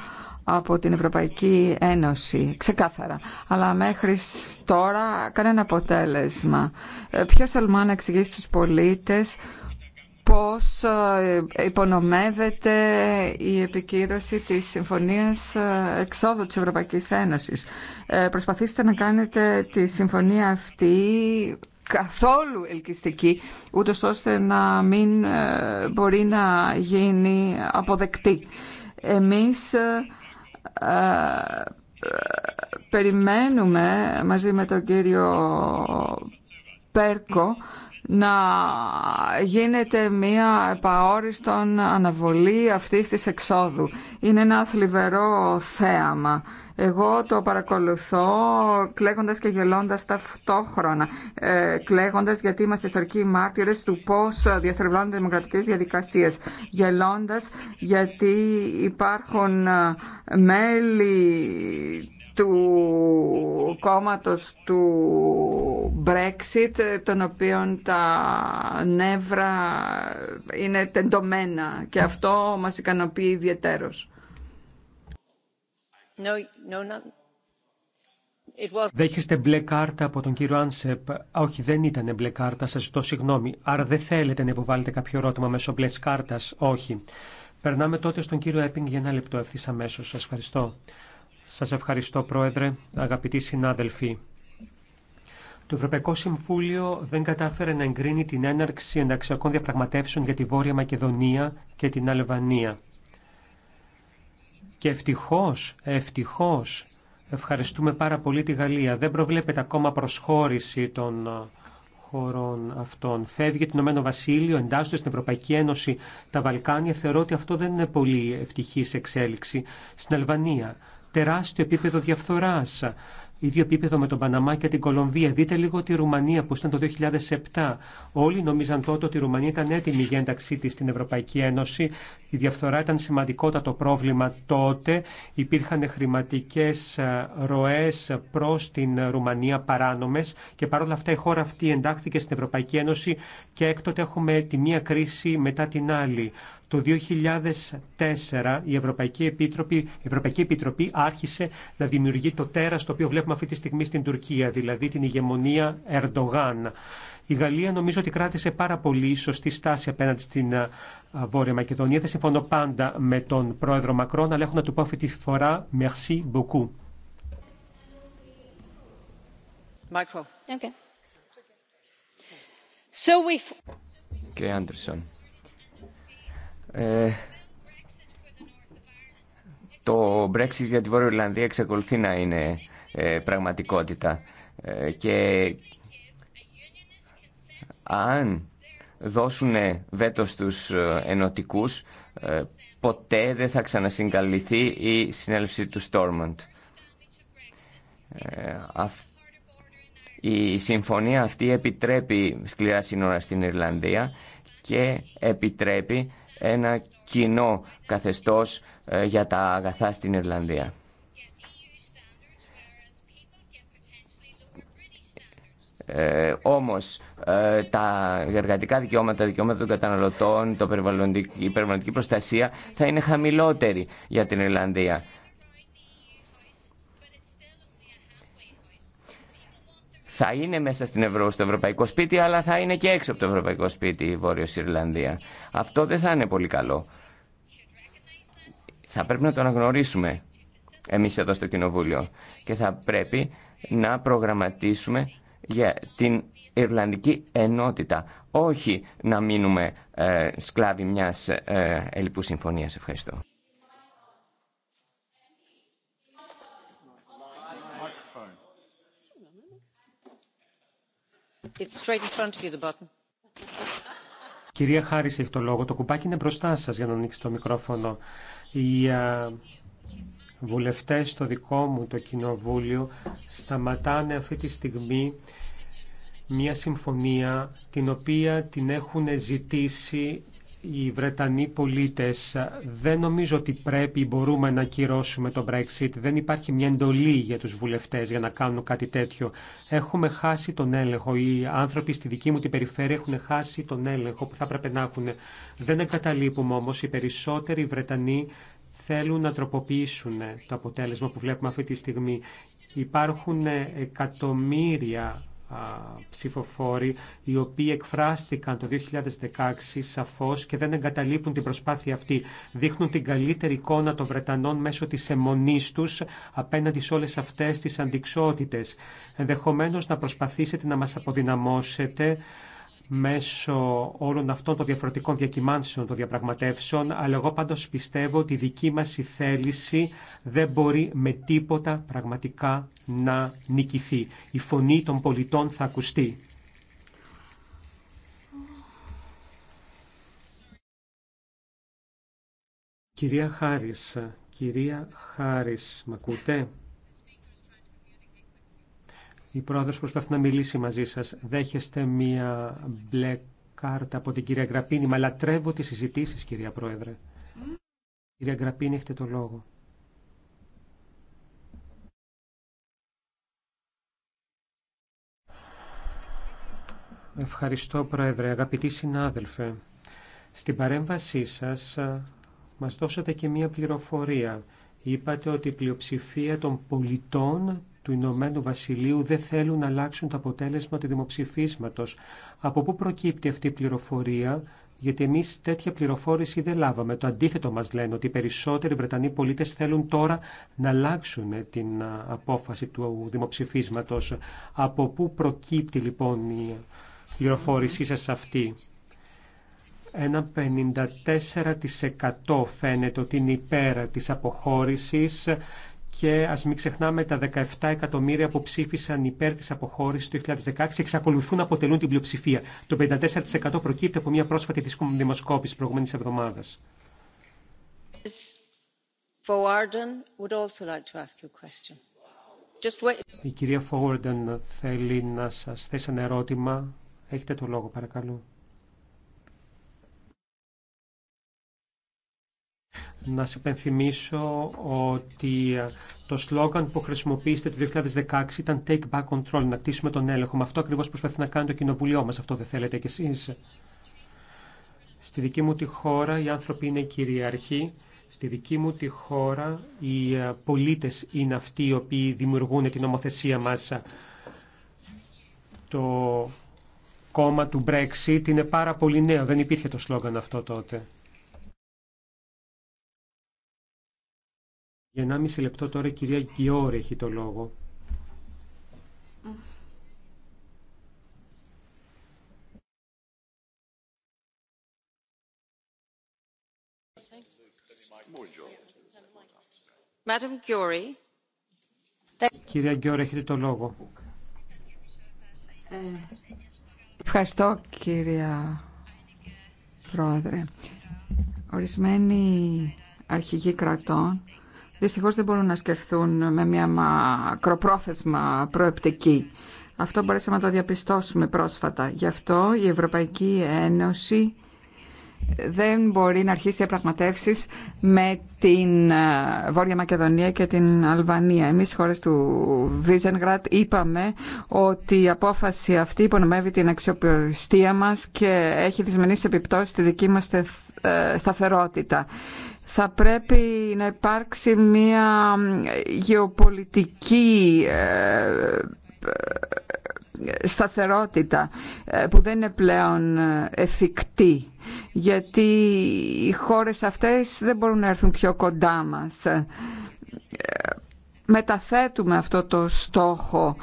από την Ευρωπαϊκή Ένωση, ξεκάθαρα. Αλλά μέχρι τώρα κανένα αποτέλεσμα. Ε, ποιος θέλουμε να εξηγήσει στους πολίτες πώς ε, υπονομεύεται η επικύρωση της Συμφωνίας ε, Εξόδου της Ευρωπαϊκής Ένωσης. Προσπαθήστε να κάνετε τη συμφωνία αυτή καθόλου ελκυστική, ούτως ώστε να μην μπορεί να γίνει αποδεκτή. Εμείς περιμένουμε μαζί με τον κύριο Πέρκο να γίνεται μία επαόριστον αναβολή αυτής της εξόδου. Είναι ένα θλιβερό θέαμα. Εγώ το παρακολουθώ κλαίγοντας και γελώντας ταυτόχρονα. Ε, κλαίγοντας γιατί είμαστε ιστορικοί μάρτυρες του πώς διαστρεβλώνουν δημοκρατικές διαδικασίες. Γελώντας γιατί υπάρχουν ε, μέλη του κόμματος του Brexit των οποίων τα νεύρα είναι τεντωμένα και αυτό μας ικανοποιεί ιδιαίτερος. Δέχεστε μπλε κάρτα από τον κύριο Άνσεπ. όχι, δεν ήταν μπλε κάρτα, σας ζητώ συγγνώμη. Άρα δεν θέλετε να υποβάλλετε κάποιο ερώτημα μέσω μπλε κάρτας. Όχι. Περνάμε τότε στον κύριο Έπινγκ για ένα λεπτό ευθύ αμέσω. Σα ευχαριστώ. Σας ευχαριστώ Πρόεδρε, αγαπητοί συνάδελφοι. Το Ευρωπαϊκό Συμβούλιο δεν κατάφερε να εγκρίνει την έναρξη ενταξιακών διαπραγματεύσεων για τη Βόρεια Μακεδονία και την Αλβανία. Και ευτυχώς, ευτυχώς, ευχαριστούμε πάρα πολύ τη Γαλλία. Δεν προβλέπεται ακόμα προσχώρηση των ε, χωρών αυτών. Φεύγει το Ηνωμένο Βασίλειο, εντάσσεται στην Ευρωπαϊκή Ένωση τα Βαλκάνια. Θεωρώ ότι αυτό δεν είναι πολύ ευτυχή εξέλιξη. Στην Αλβανία τεράστιο επίπεδο διαφθοράς. Ίδιο επίπεδο με τον Παναμά και την Κολομβία. Δείτε λίγο τη Ρουμανία που ήταν το 2007. Όλοι νομίζαν τότε ότι η Ρουμανία ήταν έτοιμη για ένταξή τη στην Ευρωπαϊκή Ένωση. Η διαφθορά ήταν σημαντικότατο πρόβλημα τότε. Υπήρχαν χρηματικέ ε, ροέ προ την Ρουμανία παράνομε και παρόλα αυτά η χώρα αυτή εντάχθηκε στην Ευρωπαϊκή Ένωση και έκτοτε έχουμε τη μία κρίση μετά την άλλη. Το 2004 η Ευρωπαϊκή Επιτροπή, Ευρωπαϊκή Επιτροπή άρχισε να δημιουργεί το τέρας το οποίο βλέπουμε αυτή τη στιγμή στην Τουρκία, δηλαδή την ηγεμονία Ερντογάν. Η Γαλλία νομίζω ότι κράτησε πάρα πολύ σωστή στάση απέναντι στην Βόρεια Μακεδονία. Δεν συμφωνώ πάντα με τον πρόεδρο Μακρόν, αλλά έχω να του πω αυτή τη φορά merci beaucoup. Okay. Κύριε ε, το Brexit για τη Βόρεια Ιρλανδία εξακολουθεί να είναι ε, πραγματικότητα. Ε, και αν δώσουν βέτο στους ενωτικούς, ποτέ δεν θα ξανασυγκαλυθεί η συνέλευση του Στόρμοντ. Η συμφωνία αυτή επιτρέπει σκληρά σύνορα στην Ιρλανδία και επιτρέπει ένα κοινό καθεστώς ε, για τα αγαθά στην Ιρλανδία. Ε, όμως ε, τα εργατικά δικαιώματα, τα δικαιώματα των καταναλωτών, το η περιβαλλοντική προστασία θα είναι χαμηλότερη για την Ιρλανδία. θα είναι μέσα στην Ευρώ, στο ευρωπαϊκό σπίτι, αλλά θα είναι και έξω από το ευρωπαϊκό σπίτι η Βόρειο Ιρλανδία. Αυτό δεν θα είναι πολύ καλό. Θα πρέπει να το αναγνωρίσουμε εμείς εδώ στο Κοινοβούλιο και θα πρέπει να προγραμματίσουμε για την Ιρλανδική ενότητα, όχι να μείνουμε ε, σκλάβοι μιας ε, συμφωνίας. Ευχαριστώ. Κυρία Χάρης το λόγο. Το κουμπάκι είναι μπροστά σας για να ανοίξει το μικρόφωνο. Οι α, βουλευτές στο δικό μου το κοινοβούλιο σταματάνε αυτή τη στιγμή μια συμφωνία την οποία την έχουν ζητήσει οι Βρετανοί πολίτες δεν νομίζω ότι πρέπει ή μπορούμε να κυρώσουμε το Brexit. Δεν υπάρχει μια εντολή για τους βουλευτές για να κάνουν κάτι τέτοιο. Έχουμε χάσει τον έλεγχο. Οι άνθρωποι στη δική μου την περιφέρεια έχουν χάσει τον έλεγχο που θα πρέπει να έχουν. Δεν εγκαταλείπουμε όμως. Οι περισσότεροι Βρετανοί θέλουν να τροποποιήσουν το αποτέλεσμα που βλέπουμε αυτή τη στιγμή. Υπάρχουν εκατομμύρια ψηφοφόροι οι οποίοι εκφράστηκαν το 2016 σαφώς και δεν εγκαταλείπουν την προσπάθεια αυτή. Δείχνουν την καλύτερη εικόνα των Βρετανών μέσω της αιμονής τους απέναντι σε όλες αυτές τις αντικσότητες. Ενδεχομένως να προσπαθήσετε να μας αποδυναμώσετε μέσω όλων αυτών των διαφορετικών διακυμάνσεων των διαπραγματεύσεων, αλλά εγώ πάντως πιστεύω ότι η δική μας η θέληση δεν μπορεί με τίποτα πραγματικά να νικηθεί. Η φωνή των πολιτών θα ακουστεί. Κυρία Χάρης, κυρία Χάρης, μ' ακούτε? Η πρόεδρος προσπαθεί να μιλήσει μαζί σας. Δέχεστε μία μπλε κάρτα από την κυρία Γραπίνη, μα λατρεύω τις συζητήσεις, κυρία Πρόεδρε. Κυρία Γραπίνη, έχετε το λόγο. Ευχαριστώ, Πρόεδρε. Αγαπητοί συνάδελφε, στην παρέμβασή σας μας δώσατε και μία πληροφορία. Είπατε ότι η πλειοψηφία των πολιτών του Ηνωμένου Βασιλείου δεν θέλουν να αλλάξουν το αποτέλεσμα του δημοψηφίσματος. Από πού προκύπτει αυτή η πληροφορία, γιατί εμείς τέτοια πληροφόρηση δεν λάβαμε. Το αντίθετο μας λένε ότι οι περισσότεροι Βρετανοί πολίτες θέλουν τώρα να αλλάξουν ε, την απόφαση του δημοψηφίσματος. Από πού προκύπτει λοιπόν η πληροφόρησή σας αυτή. Ένα 54% φαίνεται ότι είναι υπέρα της αποχώρησης, και ας μην ξεχνάμε τα 17 εκατομμύρια που ψήφισαν υπέρ της αποχώρησης το 2016 εξακολουθούν να αποτελούν την πλειοψηφία. Το 54% προκύπτει από μια πρόσφατη δημοσκόπηση προηγούμενης εβδομάδας. Η κυρία Φόρντεν θέλει να σας θέσει ένα ερώτημα. Έχετε το λόγο παρακαλώ. να σας υπενθυμίσω ότι το σλόγγαν που χρησιμοποιήσετε το 2016 ήταν «Take back control», να κτίσουμε τον έλεγχο. Με αυτό ακριβώς προσπαθεί να κάνει το κοινοβουλίο μας. Αυτό δεν θέλετε κι εσείς. Στη δική μου τη χώρα οι άνθρωποι είναι κυριαρχοί. Στη δική μου τη χώρα οι ε, πολίτες είναι αυτοί οι οποίοι δημιουργούν την νομοθεσία μας. Το κόμμα του Brexit είναι πάρα πολύ νέο. Δεν υπήρχε το σλόγγαν αυτό τότε. Για 1,5 λεπτό τώρα η κυρία Γκιόρη έχει το λόγο. Κυρία Γκιόρη, έχετε το λόγο. Ε, ευχαριστώ, κυρία Πρόεδρε. Ορισμένοι αρχηγοί κρατών Δυστυχώ δεν μπορούν να σκεφτούν με μια μακροπρόθεσμα προεπτική. Αυτό μπορέσαμε να το διαπιστώσουμε πρόσφατα. Γι' αυτό η Ευρωπαϊκή Ένωση δεν μπορεί να αρχίσει διαπραγματεύσει με την ε, Βόρεια Μακεδονία και την Αλβανία. Εμείς χώρες του Βίζενγκρατ, είπαμε ότι η απόφαση αυτή υπονομεύει την αξιοπιστία μα και έχει δυσμενεί επιπτώσει στη δική μα ε, σταθερότητα θα πρέπει να υπάρξει μια γεωπολιτική ε, ε, σταθερότητα ε, που δεν είναι πλέον εφικτή γιατί οι χώρες αυτές δεν μπορούν να έρθουν πιο κοντά μας. Μεταθέτουμε αυτό το στόχο,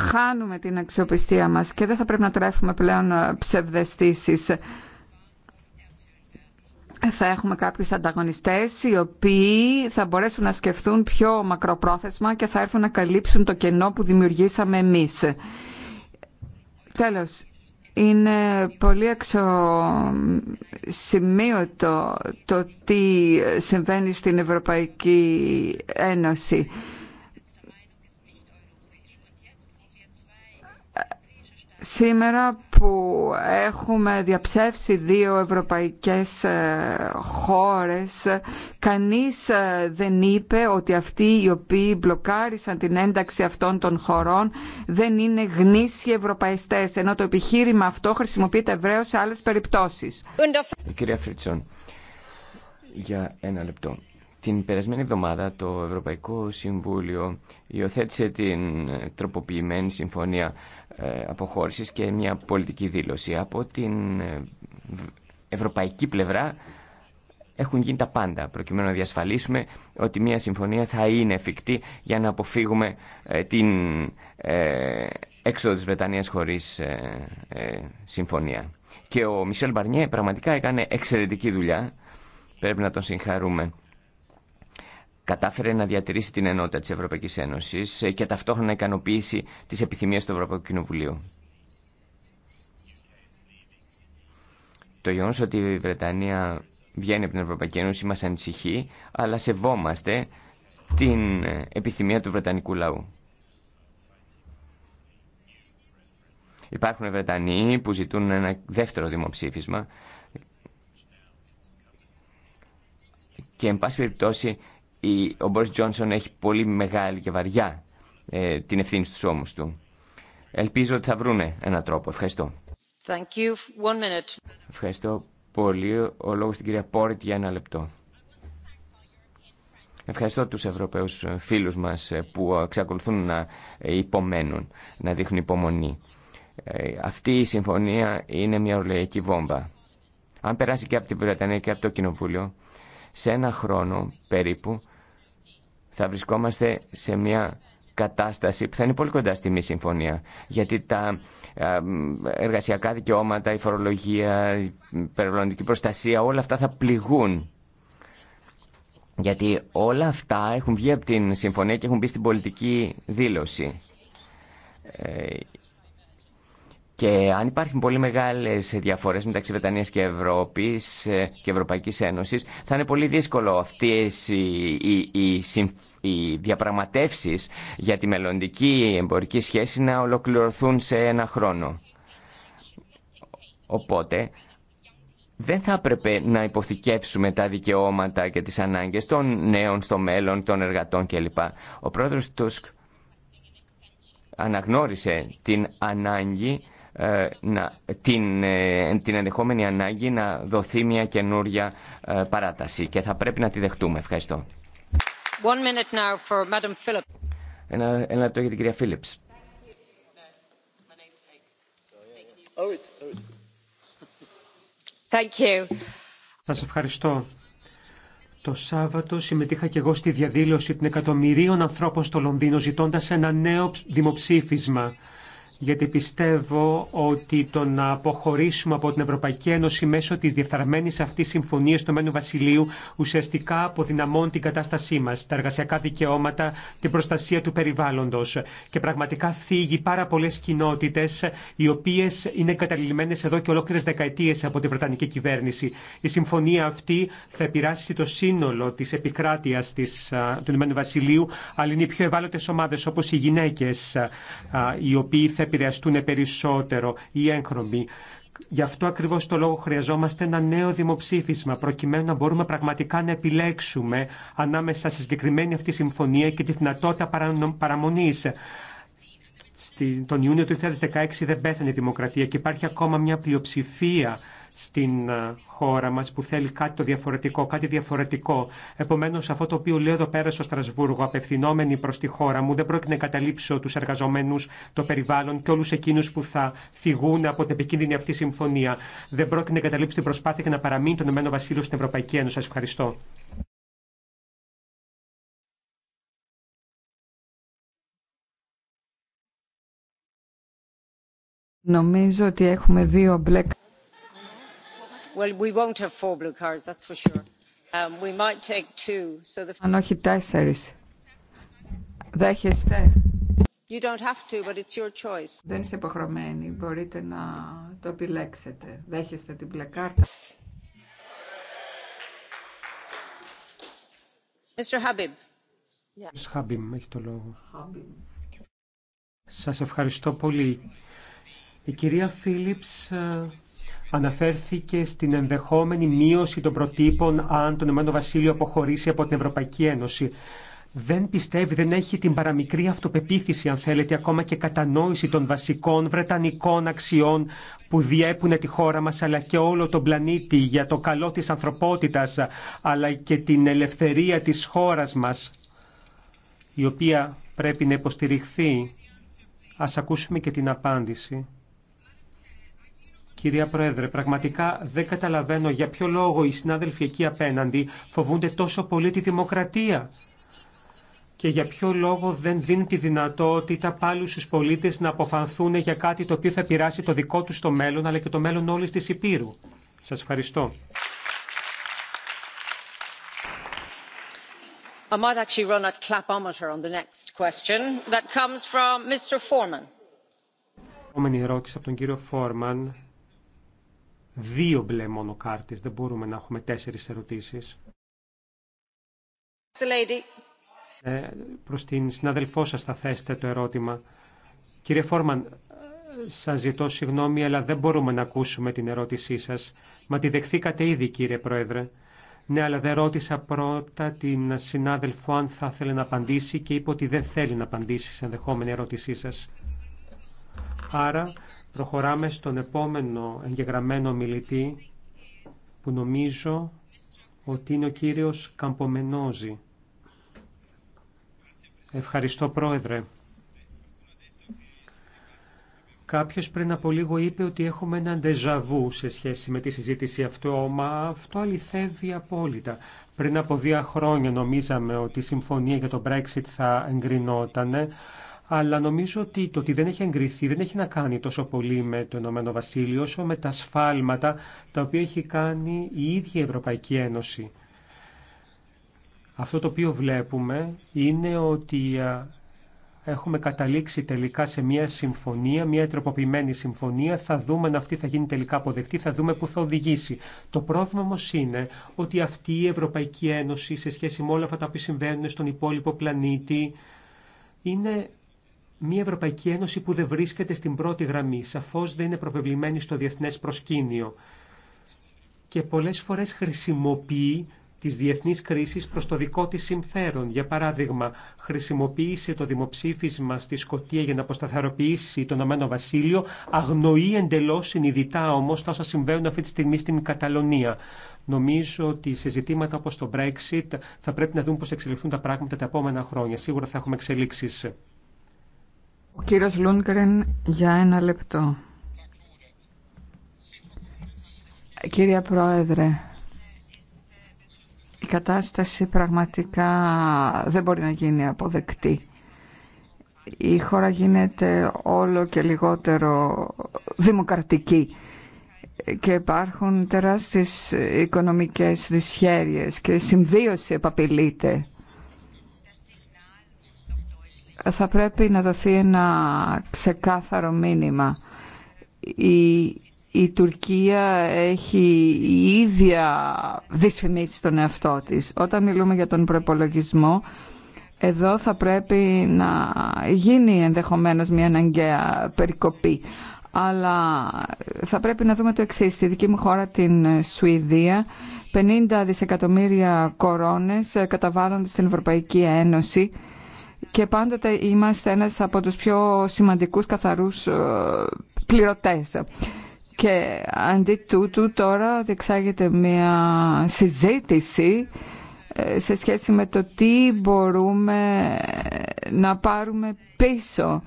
χάνουμε την αξιοπιστία μας και δεν θα πρέπει να τρέφουμε πλέον ψευδεστήσεις θα έχουμε κάποιους ανταγωνιστές οι οποίοι θα μπορέσουν να σκεφτούν πιο μακροπρόθεσμα και θα έρθουν να καλύψουν το κενό που δημιουργήσαμε εμείς. Τέλος, είναι πολύ αξιοσημείωτο το τι συμβαίνει στην Ευρωπαϊκή Ένωση. Σήμερα που έχουμε διαψεύσει δύο ευρωπαϊκές ε, χώρες, κανείς ε, δεν είπε ότι αυτοί οι οποίοι μπλοκάρισαν την ένταξη αυτών των χωρών δεν είναι γνήσιοι ευρωπαϊστές, ενώ το επιχείρημα αυτό χρησιμοποιείται ευρέως σε άλλες περιπτώσεις. Κυρία Φρίτσον, για ένα λεπτό. Την περασμένη εβδομάδα το Ευρωπαϊκό Συμβούλιο υιοθέτησε την τροποποιημένη συμφωνία ε, αποχώρησης και μια πολιτική δήλωση. Από την ε, ευρωπαϊκή πλευρά έχουν γίνει τα πάντα προκειμένου να διασφαλίσουμε ότι μια συμφωνία θα είναι εφικτή για να αποφύγουμε ε, την έξοδο της Βρετανίας χωρίς συμφωνία. Και ο Μισελ Μπαρνιέ πραγματικά έκανε εξαιρετική δουλειά. Πρέπει να τον συγχαρούμε κατάφερε να διατηρήσει την ενότητα της Ευρωπαϊκής Ένωσης ε, και ταυτόχρονα να ικανοποιήσει τις επιθυμίες του Ευρωπαϊκού Κοινοβουλίου. Το γεγονό ότι η Βρετανία βγαίνει από την Ευρωπαϊκή Ένωση μας ανησυχεί, αλλά σεβόμαστε την ε, επιθυμία του Βρετανικού λαού. Υπάρχουν Βρετανοί που ζητούν ένα δεύτερο δημοψήφισμα και εν πάση περιπτώσει ο Μπόρις Τζόνσον έχει πολύ μεγάλη και βαριά ε, την ευθύνη στους ώμους του. Ελπίζω ότι θα βρούνε έναν τρόπο. Ευχαριστώ. Thank you. One minute. Ευχαριστώ πολύ. Ο λόγος στην κυρία Πόριτ για ένα λεπτό. Ευχαριστώ τους Ευρωπαίους φίλους μας ε, που εξακολουθούν να ε, υπομένουν, να δείχνουν υπομονή. Αυτή η συμφωνία είναι μια ορλαϊκή βόμβα. Αν περάσει και από την Βρετανία και από το Κοινοβούλιο, σε ένα χρόνο περίπου θα βρισκόμαστε σε μια κατάσταση που θα είναι πολύ κοντά στη μη συμφωνία. Γιατί τα εργασιακά δικαιώματα, η φορολογία, η περιβαλλοντική προστασία, όλα αυτά θα πληγούν. Γιατί όλα αυτά έχουν βγει από την συμφωνία και έχουν μπει στην πολιτική δήλωση. Ε, και αν υπάρχουν πολύ μεγάλες διαφορές μεταξύ Βετανίας και Ευρώπης ε, και Ευρωπαϊκής Ένωσης, θα είναι πολύ δύσκολο αυτέ οι, οι, για τη μελλοντική εμπορική σχέση να ολοκληρωθούν σε ένα χρόνο. Οπότε, δεν θα έπρεπε να υποθηκεύσουμε τα δικαιώματα και τις ανάγκες των νέων στο μέλλον, των εργατών κλπ. Ο πρόεδρος Τούσκ αναγνώρισε την ανάγκη ε, να, την, ε, την ενδεχόμενη ανάγκη να δοθεί μια καινούρια ε, παράταση και θα πρέπει να τη δεχτούμε. Ευχαριστώ. One minute now for Madam Phillips. Ένα, ένα λεπτό για την κυρία Φίλιπς. Σα Σας ευχαριστώ. Το Σάββατο συμμετείχα και εγώ στη διαδήλωση των εκατομμυρίων ανθρώπων στο Λονδίνο ζητώντας ένα νέο δημοψήφισμα γιατί πιστεύω ότι το να αποχωρήσουμε από την Ευρωπαϊκή Ένωση μέσω τη διεφθαρμένη αυτή συμφωνίας του Μένου Βασιλείου ουσιαστικά αποδυναμώνει την κατάστασή μα τα εργασιακά δικαιώματα, την προστασία του περιβάλλοντο. και πραγματικά θίγει πάρα πολλέ κοινότητε, οι οποίε είναι εγκαταλειμμένε εδώ και ολόκληρε δεκαετίες από την Βρετανική κυβέρνηση. Η συμφωνία αυτή θα επηράσει το σύνολο τη επικράτεια του Ηνωμένου Βασιλείου, αλλά είναι οι πιο ομάδε, όπω οι γυναίκε οι οποίοι επηρεαστούν περισσότερο οι έγχρωμοι. Γι' αυτό ακριβώς το λόγο χρειαζόμαστε ένα νέο δημοψήφισμα, προκειμένου να μπορούμε πραγματικά να επιλέξουμε ανάμεσα στη συγκεκριμένη αυτή συμφωνία και τη δυνατότητα παραμονής τον Ιούνιο του 2016 δεν πέθανε η δημοκρατία και υπάρχει ακόμα μια πλειοψηφία στην ε, χώρα μας που θέλει κάτι το διαφορετικό, κάτι διαφορετικό. Επομένως αυτό το οποίο λέω εδώ πέρα στο Στρασβούργο, απευθυνόμενοι προς τη χώρα μου, δεν πρόκειται να καταλήψω τους εργαζομένους, το περιβάλλον και όλους εκείνους που θα φυγούν από την επικίνδυνη αυτή συμφωνία. Δεν πρόκειται να καταλήψω την προσπάθεια και να παραμείνει τον Ηνωμένο Βασίλειο στην Ευρωπαϊκή Ένωση. Σας ευχαριστώ. Νομίζω ότι έχουμε δύο μπλε αν όχι τέσσερις. Δέχεστε. You don't have to, but it's your choice. Δεν είστε υποχρεωμένοι. Μπορείτε να το επιλέξετε. Δέχεστε την μπλε κάρτα. Mr. Habib. Yeah. Habib, έχει το λόγο. Habib. Σας ευχαριστώ πολύ. Η κυρία Φίλιπς ε, αναφέρθηκε στην ενδεχόμενη μείωση των προτύπων αν το Ηνωμένο Βασίλειο αποχωρήσει από την Ευρωπαϊκή Ένωση. Δεν πιστεύει, δεν έχει την παραμικρή αυτοπεποίθηση, αν θέλετε, ακόμα και κατανόηση των βασικών βρετανικών αξιών που διέπουν τη χώρα μας, αλλά και όλο τον πλανήτη για το καλό της ανθρωπότητας, αλλά και την ελευθερία της χώρας μας, η οποία πρέπει να υποστηριχθεί. Ας ακούσουμε και την απάντηση. Κυρία Πρόεδρε, πραγματικά δεν καταλαβαίνω για ποιο λόγο οι συνάδελφοι εκεί απέναντι φοβούνται τόσο πολύ τη δημοκρατία και για ποιο λόγο δεν δίνει τη δυνατότητα πάλι στους πολίτες να αποφανθούν για κάτι το οποίο θα πειράσει το δικό τους το μέλλον αλλά και το μέλλον όλης της Υπήρου. Σας ευχαριστώ. I might actually run clapometer on the next question that comes from Mr. Foreman. Επόμενη ερώτηση από τον κύριο Φόρμαν δύο μπλε μόνο κάρτες. Δεν μπορούμε να έχουμε τέσσερις ερωτήσεις. The lady. Ε, προς την συναδελφό σας θα θέσετε το ερώτημα. Κύριε Φόρμαν, σας ζητώ συγγνώμη, αλλά δεν μπορούμε να ακούσουμε την ερώτησή σας. Μα τη δεχθήκατε ήδη, κύριε Πρόεδρε. Ναι, αλλά δεν ρώτησα πρώτα την συνάδελφο αν θα ήθελε να απαντήσει και είπε ότι δεν θέλει να απαντήσει σε ενδεχόμενη ερώτησή σας. Άρα Προχωράμε στον επόμενο εγγεγραμμένο μιλητή που νομίζω ότι είναι ο κύριος Καμπομενόζη. Ευχαριστώ πρόεδρε. Κάποιος πριν από λίγο είπε ότι έχουμε έναν ντεζαβού σε σχέση με τη συζήτηση αυτό, μα αυτό αληθεύει απόλυτα. Πριν από δύο χρόνια νομίζαμε ότι η συμφωνία για το Brexit θα εγκρινότανε αλλά νομίζω ότι το ότι δεν έχει εγκριθεί δεν έχει να κάνει τόσο πολύ με το Ηνωμένο Βασίλειο όσο με τα σφάλματα τα οποία έχει κάνει η ίδια η Ευρωπαϊκή Ένωση. Αυτό το οποίο βλέπουμε είναι ότι έχουμε καταλήξει τελικά σε μια συμφωνία, μια τροποποιημένη συμφωνία. Θα δούμε αν αυτή θα γίνει τελικά αποδεκτή, θα δούμε που θα οδηγήσει. Το πρόβλημα όμω είναι ότι αυτή η Ευρωπαϊκή Ένωση σε σχέση με όλα αυτά που συμβαίνουν στον υπόλοιπο πλανήτη είναι μια Ευρωπαϊκή Ένωση που δεν βρίσκεται στην πρώτη γραμμή. Σαφώς δεν είναι προβεβλημένη στο διεθνές προσκήνιο. Και πολλές φορές χρησιμοποιεί τις διεθνείς κρίσεις προς το δικό της συμφέρον. Για παράδειγμα, χρησιμοποίησε το δημοψήφισμα στη Σκοτία για να αποσταθεροποιήσει τον Αμένο Βασίλειο, αγνοεί εντελώς συνειδητά όμως τα όσα συμβαίνουν αυτή τη στιγμή στην Καταλωνία. Νομίζω ότι σε ζητήματα όπως το Brexit θα πρέπει να δούμε πώς θα εξελιχθούν τα πράγματα τα επόμενα χρόνια. Σίγουρα θα έχουμε εξελίξεις. Ο κύριος Λούνγκρεν για ένα λεπτό. Κύριε Πρόεδρε, η κατάσταση πραγματικά δεν μπορεί να γίνει αποδεκτή. Η χώρα γίνεται όλο και λιγότερο δημοκρατική και υπάρχουν τεράστιες οικονομικές δυσχέρειες και η συμβίωση επαπειλείται θα πρέπει να δοθεί ένα ξεκάθαρο μήνυμα. Η, η Τουρκία έχει η ίδια δυσφημίσει τον εαυτό της. Όταν μιλούμε για τον προπολογισμό, εδώ θα πρέπει να γίνει ενδεχομένως μια αναγκαία περικοπή. Αλλά θα πρέπει να δούμε το εξής. Στη δική μου χώρα, την Σουηδία, 50 δισεκατομμύρια κορώνες ε, καταβάλλονται στην Ευρωπαϊκή Ένωση και πάντοτε είμαστε ένας από τους πιο σημαντικούς καθαρούς ε, πληρωτές. Και αντί τούτου τώρα διεξάγεται μια συζήτηση ε, σε σχέση με το τι μπορούμε να πάρουμε πίσω.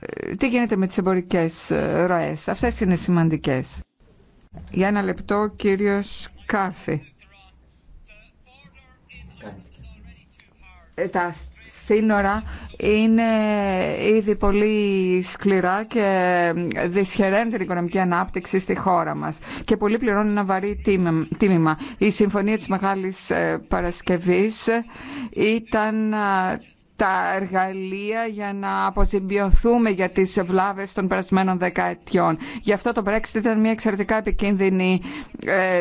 Ε, τι γίνεται με τις εμπορικές ροές. Αυτές είναι σημαντικές. Για ένα λεπτό, κύριος Κάρθη. Τα σύνορα είναι ήδη πολύ σκληρά και δυσχεραίνουν την οικονομική ανάπτυξη στη χώρα μας και πολύ πληρώνουν ένα βαρύ τίμημα. Η Συμφωνία της Μεγάλης ε, Παρασκευής ήταν τα εργαλεία για να αποζημιωθούμε για τις βλάβες των περασμένων δεκαετιών. Γι' αυτό το Brexit ήταν μια εξαιρετικά επικίνδυνη ε,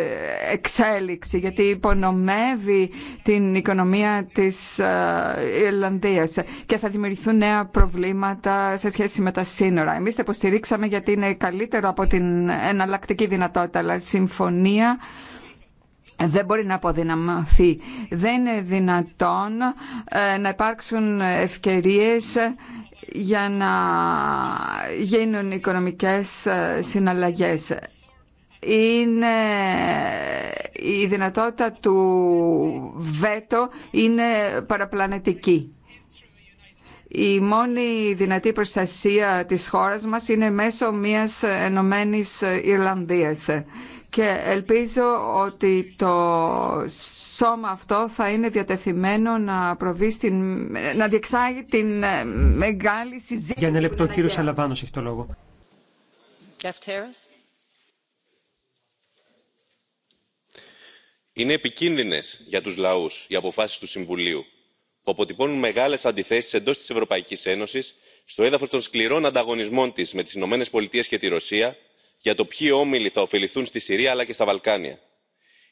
εξέλιξη, γιατί υπονομεύει την οικονομία της ε, Ιρλανδίας και θα δημιουργηθούν νέα προβλήματα σε σχέση με τα σύνορα. Εμείς τα υποστηρίξαμε γιατί είναι καλύτερο από την εναλλακτική δυνατότητα, αλλά συμφωνία δεν μπορεί να αποδυναμωθεί. Δεν είναι δυνατόν ε, να υπάρξουν ευκαιρίες ε, για να γίνουν οικονομικές ε, συναλλαγές. η δυνατότητα του βέτο είναι παραπλανητική. Η μόνη δυνατή προστασία της χώρας μας είναι μέσω μιας ενωμένης Ιρλανδίας και ελπίζω ότι το σώμα αυτό θα είναι διατεθειμένο να, στην, να διεξάγει την μεγάλη συζήτηση. Για ένα λεπτό, κύριο Αλαβάνος έχει το λόγο. Είναι επικίνδυνε για τους λαούς οι αποφάσει του Συμβουλίου που αποτυπώνουν μεγάλες αντιθέσεις εντό τη Ευρωπαϊκής Ένωσης στο έδαφος των σκληρών ανταγωνισμών της με τις Ηνωμένες και τη Ρωσία για το ποιοι όμιλοι θα ωφεληθούν στη συρία αλλά και στα βαλκάνια.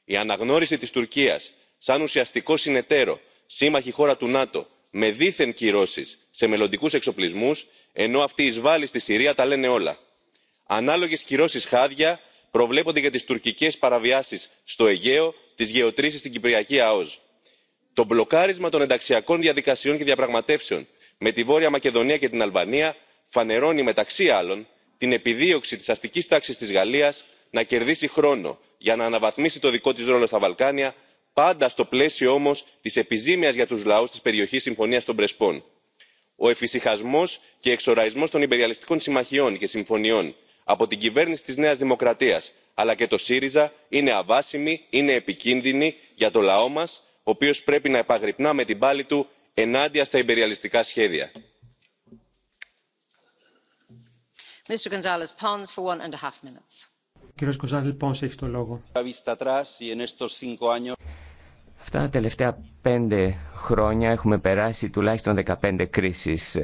η αναγνώριση της τουρκίας σαν ουσιαστικό συνεταίρο σύμμαχη χώρα του νάτο με δίθεν κυρώσει σε μελλοντικού εξοπλισμού, ενώ αυτή εισβάλλει στη συρία τα λένε όλα. Ανάλογε κυρώσει χάδια προβλέπονται για τις τουρκικές παραβιάσεις στο αιγαίο τι γεωτρήσει στην κυπριακή αόζ. το μπλοκάρισμα των ενταξιακών διαδικασιών και διαπραγματεύσεων με τη βόρεια μακεδονία και την αλβανία φανερώνει μεταξύ άλλων την επιδίωξη της αστικής τάξης της γαλλίας να κερδίσει χρόνο για να αναβαθμίσει το δικό της ρόλο στα βαλκάνια πάντα στο πλαίσιο όμως της επιζήμιας για τους λαούς της περιοχής συμφωνίας των πρεσπών. ο εφησυχασμός και εξοραϊσμός των υπεριαλιστικών συμμαχιών και συμφωνιών από την κυβέρνηση της νέας δημοκρατίας αλλά και το σύριζα είναι αβάσιμη, είναι επικίνδυνη για το λαό μας ο οποίος πρέπει να επαγρυπνά με την πάλη του ενάντια στα υπεριαλιστικά σχέδια. Κύριος πώς έχει το λόγο. Αυτά τα τελευταία πέντε χρόνια έχουμε περάσει τουλάχιστον 15 κρίσεις.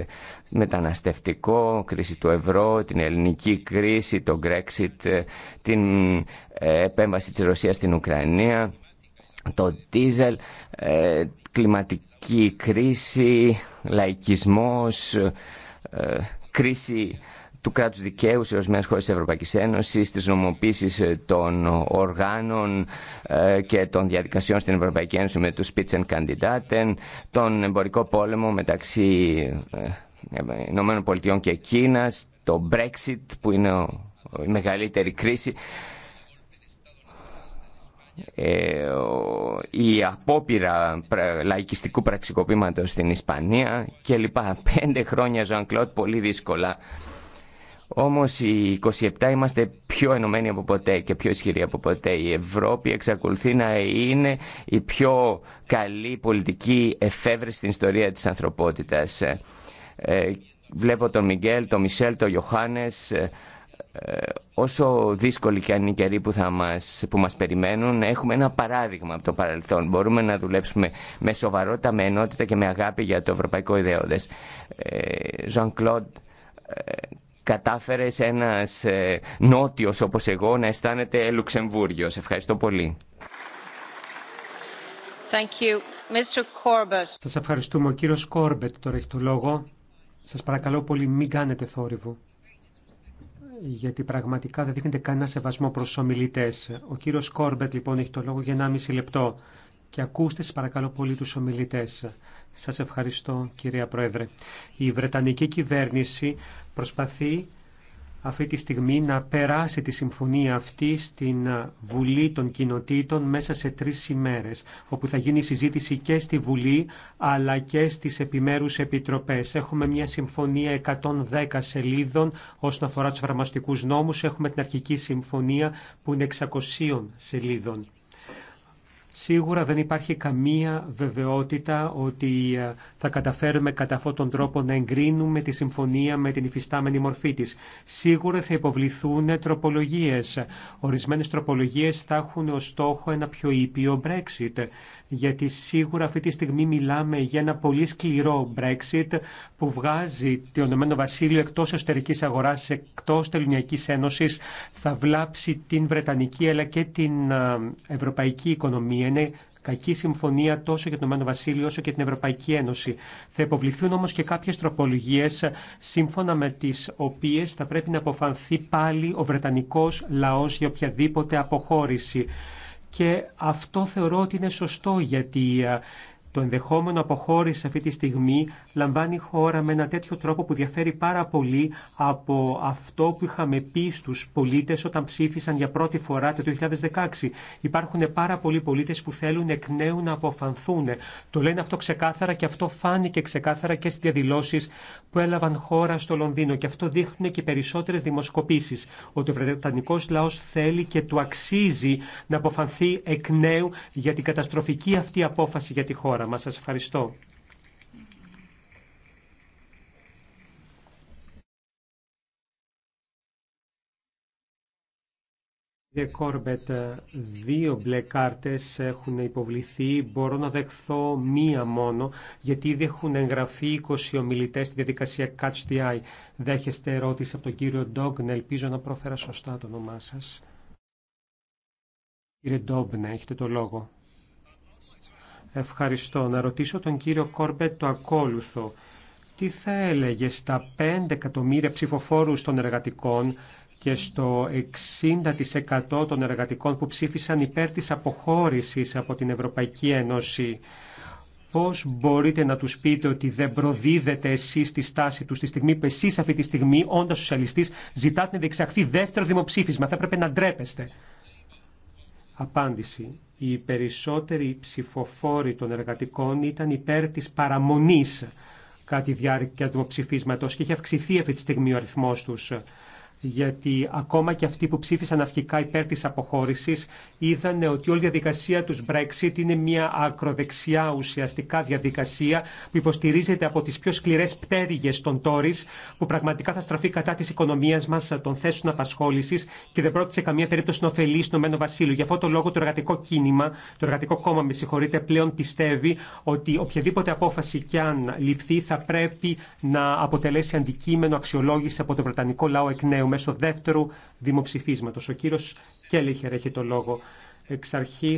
Μεταναστευτικό, κρίση του ευρώ, την ελληνική κρίση, το Brexit, την ε, επέμβαση της Ρωσίας στην Ουκρανία, το δίζελ, ε, κλιματική κρίση, λαϊκισμός, ε, κρίση του κράτους δικαίου σε ορισμένες χώρες της Ευρωπαϊκής Ένωσης, της νομοποίησης ε, των ε, οργάνων ε, και των διαδικασιών στην Ευρωπαϊκή Ένωση με τους Spitzenkandidaten, τον εμπορικό πόλεμο μεταξύ Ηνωμένων Πολιτειών και Κίνας, το Brexit που είναι η μεγαλύτερη κρίση, η απόπειρα λαϊκιστικού πραξικοπήματος στην Ισπανία και λοιπά. Πέντε χρόνια Ζωάν Κλώτ πολύ δύσκολα όμως οι 27 είμαστε πιο ενωμένοι από ποτέ και πιο ισχυροί από ποτέ. Η Ευρώπη εξακολουθεί να είναι η πιο καλή πολιτική εφεύρεση στην ιστορία της ανθρωπότητας. Ε, βλέπω τον Μιγγέλ, τον Μισελ, τον Ιωάννες, ε, ε, όσο δύσκολοι και αν είναι οι καιροί που, θα μας, που μας περιμένουν, έχουμε ένα παράδειγμα από το παρελθόν. Μπορούμε να δουλέψουμε με σοβαρότητα, με ενότητα και με αγάπη για το ευρωπαϊκό κατάφερε ένας ε, νότιος όπως εγώ να αισθάνεται Σε Ευχαριστώ πολύ. Thank Σας ευχαριστούμε. Ο κύριος Κόρμπετ τώρα έχει το λόγο. Σας παρακαλώ πολύ μην κάνετε θόρυβο. Γιατί πραγματικά δεν δείχνετε κανένα σεβασμό προς τους ομιλητές. Ο κύριος Κόρμπετ λοιπόν έχει το λόγο για 1,5 λεπτό. Και ακούστε σας παρακαλώ πολύ τους ομιλητές. Σας ευχαριστώ κυρία Πρόεδρε. Η Βρετανική κυβέρνηση προσπαθεί αυτή τη στιγμή να περάσει τη συμφωνία αυτή στην Βουλή των Κοινοτήτων μέσα σε τρεις ημέρες, όπου θα γίνει συζήτηση και στη Βουλή αλλά και στις επιμέρους επιτροπές. Έχουμε μια συμφωνία 110 σελίδων όσον αφορά τους φαρμαστικούς νόμους. Έχουμε την αρχική συμφωνία που είναι 600 σελίδων. Σίγουρα δεν υπάρχει καμία βεβαιότητα ότι ε, θα καταφέρουμε κατά αυτόν τον τρόπο να εγκρίνουμε τη συμφωνία με την υφιστάμενη μορφή της. Σίγουρα θα υποβληθούν τροπολογίες. Ορισμένες τροπολογίες θα έχουν ως στόχο ένα πιο ήπιο Brexit γιατί σίγουρα αυτή τη στιγμή μιλάμε για ένα πολύ σκληρό Brexit που βγάζει το Ηνωμένο Βασίλειο εκτός εσωτερικής αγοράς, εκτός Τελωνιακής Ένωσης, θα βλάψει την Βρετανική αλλά και την Ευρωπαϊκή οικονομία. Είναι κακή συμφωνία τόσο για το Ηνωμένο Βασίλειο όσο και την Ευρωπαϊκή Ένωση. Θα υποβληθούν όμω και κάποιε τροπολογίε, σύμφωνα με τι οποίε θα πρέπει να αποφανθεί πάλι ο Βρετανικό λαό για οποιαδήποτε αποχώρηση και αυτό θεωρώ ότι είναι σωστό γιατί το ενδεχόμενο αποχώρηση αυτή τη στιγμή λαμβάνει χώρα με ένα τέτοιο τρόπο που διαφέρει πάρα πολύ από αυτό που είχαμε πει στου πολίτε όταν ψήφισαν για πρώτη φορά το 2016. Υπάρχουν πάρα πολλοί πολίτε που θέλουν εκ νέου να αποφανθούν. Το λένε αυτό ξεκάθαρα και αυτό φάνηκε ξεκάθαρα και στι διαδηλώσει που έλαβαν χώρα στο Λονδίνο. Και αυτό δείχνουν και περισσότερε δημοσκοπήσεις. Ότι ο Βρετανικό λαό θέλει και του αξίζει να αποφανθεί εκ νέου για την καταστροφική αυτή απόφαση για τη χώρα πρόγραμμα. Σας ευχαριστώ. Κύριε Κόρμπετ, δύο μπλε κάρτες έχουν υποβληθεί. Μπορώ να δεχθώ μία μόνο, γιατί ήδη έχουν εγγραφεί 20 ομιλητές στη διαδικασία Catch the Eye. Δέχεστε ερώτηση από τον κύριο Ντόγκνε. Ελπίζω να πρόφερα σωστά το όνομά σας. Κύριε Ντόμπνε, έχετε το λόγο. Ευχαριστώ. Να ρωτήσω τον κύριο Κόρμπετ το ακόλουθο. Τι θα έλεγε στα 5 εκατομμύρια ψηφοφόρους των εργατικών και στο 60% των εργατικών που ψήφισαν υπέρ της αποχώρησης από την Ευρωπαϊκή Ένωση. Πώς μπορείτε να τους πείτε ότι δεν προδίδετε εσείς τη στάση τους τη στιγμή που εσείς αυτή τη στιγμή, όντας σοσιαλιστής, ζητάτε να διεξαχθεί δεύτερο δημοψήφισμα. Θα έπρεπε να ντρέπεστε. Απάντηση οι περισσότεροι ψηφοφόροι των εργατικών ήταν υπέρ της παραμονής κατά τη διάρκεια του ψηφίσματος και είχε αυξηθεί αυτή τη στιγμή ο αριθμός τους γιατί ακόμα και αυτοί που ψήφισαν αρχικά υπέρ της αποχώρησης είδαν ότι όλη η διαδικασία τους Brexit είναι μια ακροδεξιά ουσιαστικά διαδικασία που υποστηρίζεται από τις πιο σκληρές πτέρυγες των Tories που πραγματικά θα στραφεί κατά της οικονομίας μας των θέσεων απασχόλησης και δεν πρόκειται σε καμία περίπτωση να ωφελεί το Μένο Βασίλειο. Γι' αυτό το λόγο το εργατικό κίνημα, το εργατικό κόμμα με συγχωρείτε πλέον πιστεύει ότι οποιαδήποτε απόφαση κι αν ληφθεί θα πρέπει να αποτελέσει αντικείμενο αξιολόγηση από το Βρετανικό λαό εκ νέου μέσω δεύτερου δημοψηφίσματος. Ο κύριο Κέλιχερ έχει το λόγο. Εξ αρχή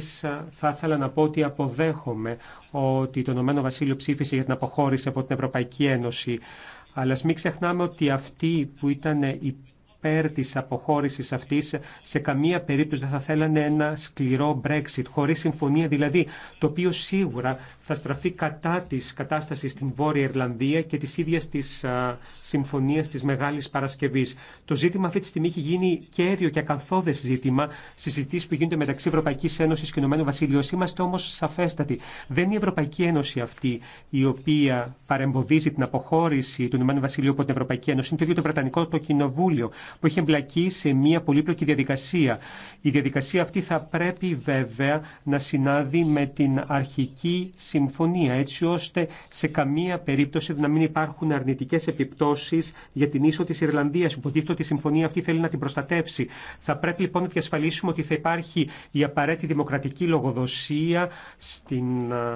θα ήθελα να πω ότι αποδέχομαι ότι το Ηνωμένο Βασίλειο ψήφισε για την αποχώρηση από την Ευρωπαϊκή Ένωση. Αλλά μην ξεχνάμε ότι αυτοί που ήταν υπέρ τη αποχώρησης αυτής σε καμία περίπτωση δεν θα θέλανε ένα σκληρό Brexit, Χωρί συμφωνία δηλαδή, το οποίο σίγουρα θα στραφεί κατά τη κατάσταση στην Βόρεια Ιρλανδία και τη ίδια τη συμφωνία τη μεγάλη παρασκευή. Το ζήτημα αυτή τη στιγμή έχει γίνει κέριο και ακαθόδε ζήτημα στι συζητήσει που γίνονται μεταξύ Ευρωπαϊκή Ένωση και Ηνωμένου Βασίλειου. Είμαστε όμω σαφέστατοι. Δεν είναι η Ευρωπαϊκή Ένωση αυτή η οποία παρεμποδίζει την αποχώρηση του Ηνωμένου Βασιλείου από την Ευρωπαϊκή Ένωση. Είναι το ίδιο το Βρετανικό το Κοινοβούλιο που έχει εμπλακεί σε μια πολύπλοκη διαδικασία. Η διαδικασία αυτή θα πρέπει βέβαια να συνάδει με την αρχική συμφωνία, έτσι ώστε σε καμία περίπτωση να μην υπάρχουν αρνητικές επιπτώσεις για την ίσο της Ιρλανδίας. Υποτίθεται ότι η συμφωνία αυτή θέλει να την προστατεύσει. Θα πρέπει λοιπόν να διασφαλίσουμε ότι θα υπάρχει η απαραίτητη δημοκρατική λογοδοσία στην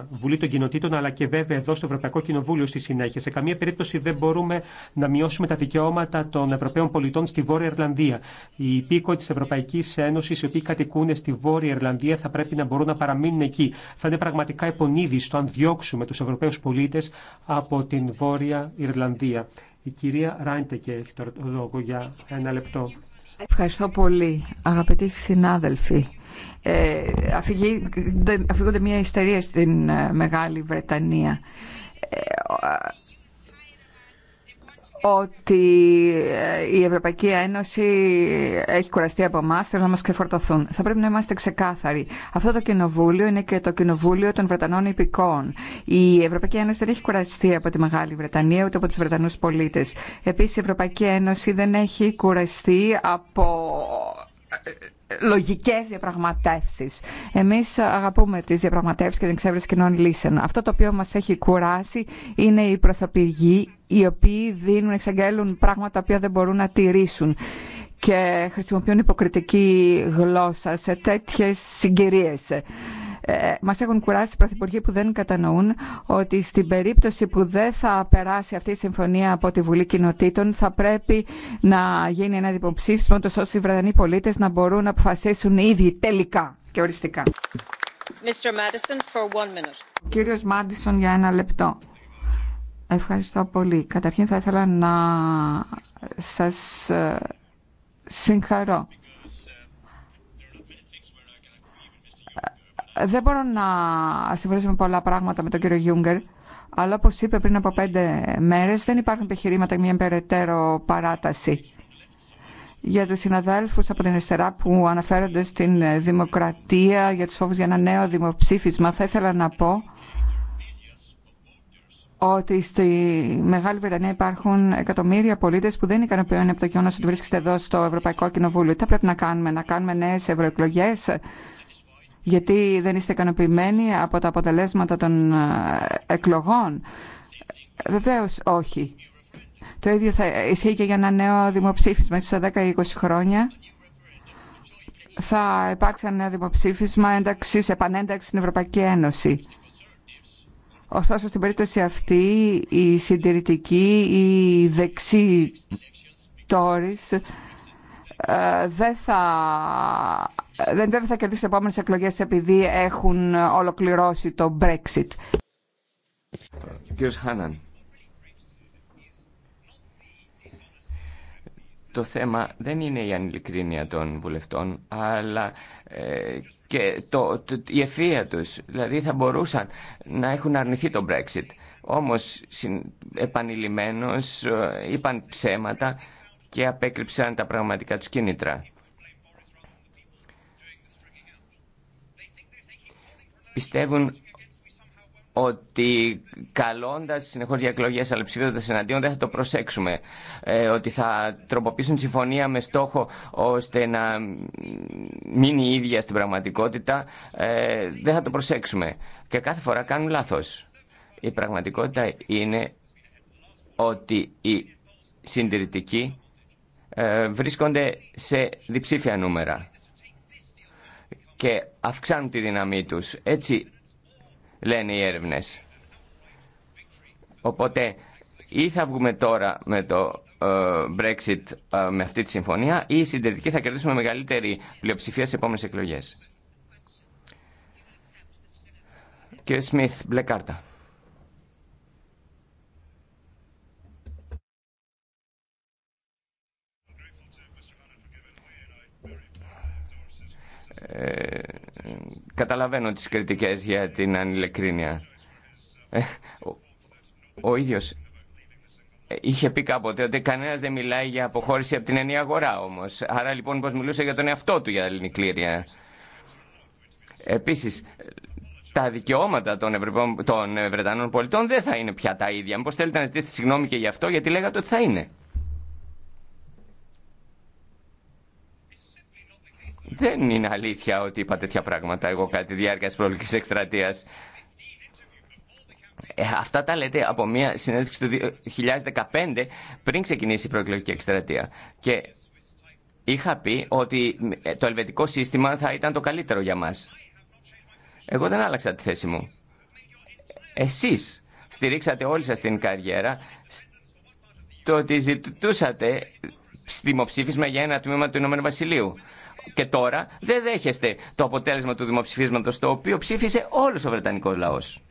Βουλή των Κοινοτήτων, αλλά και βέβαια εδώ στο Ευρωπαϊκό Κοινοβούλιο στη συνέχεια. Σε καμία περίπτωση δεν μπορούμε να μειώσουμε τα δικαιώματα των Ευρωπαίων πολιτών στη στη Βόρεια Ιρλανδία. Οι υπήκοοι τη Ευρωπαϊκή Ένωση, οι οποίοι κατοικούν στη Βόρεια Ιρλανδία, θα πρέπει να μπορούν να παραμείνουν εκεί. Θα είναι πραγματικά στο αν διώξουμε του Ευρωπαίου πολίτε από την Βόρεια Ιρλανδία. Η κυρία Ράιντεκε έχει το λόγο για ένα λεπτό. Ευχαριστώ πολύ, αγαπητοί συνάδελφοι. Ε, αφηγούνται, αφηγούνται μια ιστερία στην ε, Μεγάλη Βρετανία ε, ότι ε, η Ευρωπαϊκή Ένωση έχει κουραστεί από εμά, θέλουν να μα ξεφορτωθούν. Θα πρέπει να είμαστε ξεκάθαροι. Αυτό το κοινοβούλιο είναι και το κοινοβούλιο των Βρετανών υπηκών. Η Ευρωπαϊκή Ένωση δεν έχει κουραστεί από τη Μεγάλη Βρετανία ούτε από του Βρετανού πολίτε. Επίση, η Ευρωπαϊκή Ένωση δεν έχει κουραστεί από λογικές διαπραγματεύσει. Εμείς αγαπούμε τις διαπραγματεύσει και την εξέβρεση κοινών λύσεων. Αυτό το οποίο μα έχει κουράσει είναι οι πρωθυπουργοί οι οποίοι δίνουν, εξαγγέλουν πράγματα τα οποία δεν μπορούν να τηρήσουν και χρησιμοποιούν υποκριτική γλώσσα σε τέτοιες συγκυρίες. Ε, ε, μας έχουν κουράσει οι πρωθυπουργοί που δεν κατανοούν ότι στην περίπτωση που δεν θα περάσει αυτή η συμφωνία από τη Βουλή Κοινοτήτων θα πρέπει να γίνει ένα διποψήφισμα ώστε οι Βρετανοί πολίτες να μπορούν να αποφασίσουν ήδη τελικά και οριστικά. Mr. Madison, for minute. κύριος Μάντισον για ένα λεπτό. Ευχαριστώ πολύ. Καταρχήν θα ήθελα να σας ε, συγχαρώ δεν μπορώ να συμφωνήσω με πολλά πράγματα με τον κύριο Γιούγκερ, αλλά όπως είπε πριν από πέντε μέρες δεν υπάρχουν επιχειρήματα για μια περαιτέρω παράταση. Για τους συναδέλφους από την αριστερά που αναφέρονται στην δημοκρατία, για τους φόβους για ένα νέο δημοψήφισμα, θα ήθελα να πω ότι στη Μεγάλη Βρετανία υπάρχουν εκατομμύρια πολίτε που δεν ικανοποιούν από το γεγονό ότι βρίσκεστε εδώ στο Ευρωπαϊκό Κοινοβούλιο. Τι θα πρέπει να κάνουμε, να κάνουμε νέε ευρωεκλογέ, γιατί δεν είστε ικανοποιημένοι από τα αποτελέσματα των ε, εκλογών. Βεβαίως όχι. Το ίδιο θα ισχύει και για ένα νέο δημοψήφισμα, ίσως σε 10-20 χρόνια. Θα υπάρξει ένα νέο δημοψήφισμα ένταξης, επανένταξη στην Ευρωπαϊκή Ένωση. Ωστόσο, στην περίπτωση αυτή, η συντηρητικη η δεξί τόρις, ε, δεν θα, δεν, θα κερδίσουν τι επόμενε εκλογέ επειδή έχουν ολοκληρώσει το Brexit. Χάναν, το θέμα δεν είναι η ανηλικρίνεια των βουλευτών, αλλά ε, και το, το, η ευφυΐα τους. Δηλαδή θα μπορούσαν να έχουν αρνηθεί το Brexit. Όμως επανειλημμένως ε, είπαν ψέματα και απέκρυψαν τα πραγματικά τους κίνητρα. Πιστεύουν ότι καλώντα συνεχώ για εκλογέ αλλά ψηφίζοντα εναντίον δεν θα το προσέξουμε. Ε, ότι θα τροποποιήσουν συμφωνία με στόχο ώστε να μείνει η ίδια στην πραγματικότητα ε, δεν θα το προσέξουμε. Και κάθε φορά κάνουν λάθο. Η πραγματικότητα είναι ότι οι συντηρητικοί ε, βρίσκονται σε διψήφια νούμερα και αυξάνουν τη δύναμή τους. Έτσι λένε οι έρευνες. Οπότε ή θα βγούμε τώρα με το ε, Brexit ε, με αυτή τη συμφωνία ή οι συντηρητικοί θα κερδίσουμε μεγαλύτερη πλειοψηφία σε επόμενες εκλογές. Κύριε Σμιθ, μπλε κάρτα. Ε, καταλαβαίνω τις κριτικές για την ανηλεκρίνεια. Ε, ο, ο ίδιος ε, είχε πει κάποτε ότι κανένα δεν μιλάει για αποχώρηση από την ενή αγορά όμως Άρα λοιπόν πως μιλούσε για τον εαυτό του για την κλήρια. επίσης τα δικαιώματα των, των Βρετανών πολιτών δεν θα είναι πια τα ίδια. μήπως θέλετε να ζητήσετε συγγνώμη και γι' αυτό, γιατί λέγατε ότι θα είναι. Δεν είναι αλήθεια ότι είπα τέτοια πράγματα εγώ κατά διάρκεια της προεκλογικής εκστρατείας. Ε, αυτά τα λέτε από μια συνέντευξη του 2015 πριν ξεκινήσει η προεκλογική εκστρατεία. Και είχα πει ότι ε, το ελβετικό σύστημα θα ήταν το καλύτερο για μας. Εγώ δεν άλλαξα τη θέση μου. Εσείς στηρίξατε όλη σας την καριέρα το ότι ζητούσατε δημοψήφισμα για ένα τμήμα του Ηνωμένου Βασιλείου και τώρα δεν δέχεστε το αποτέλεσμα του δημοψηφίσματος το οποίο ψήφισε όλος ο Βρετανικός λαός.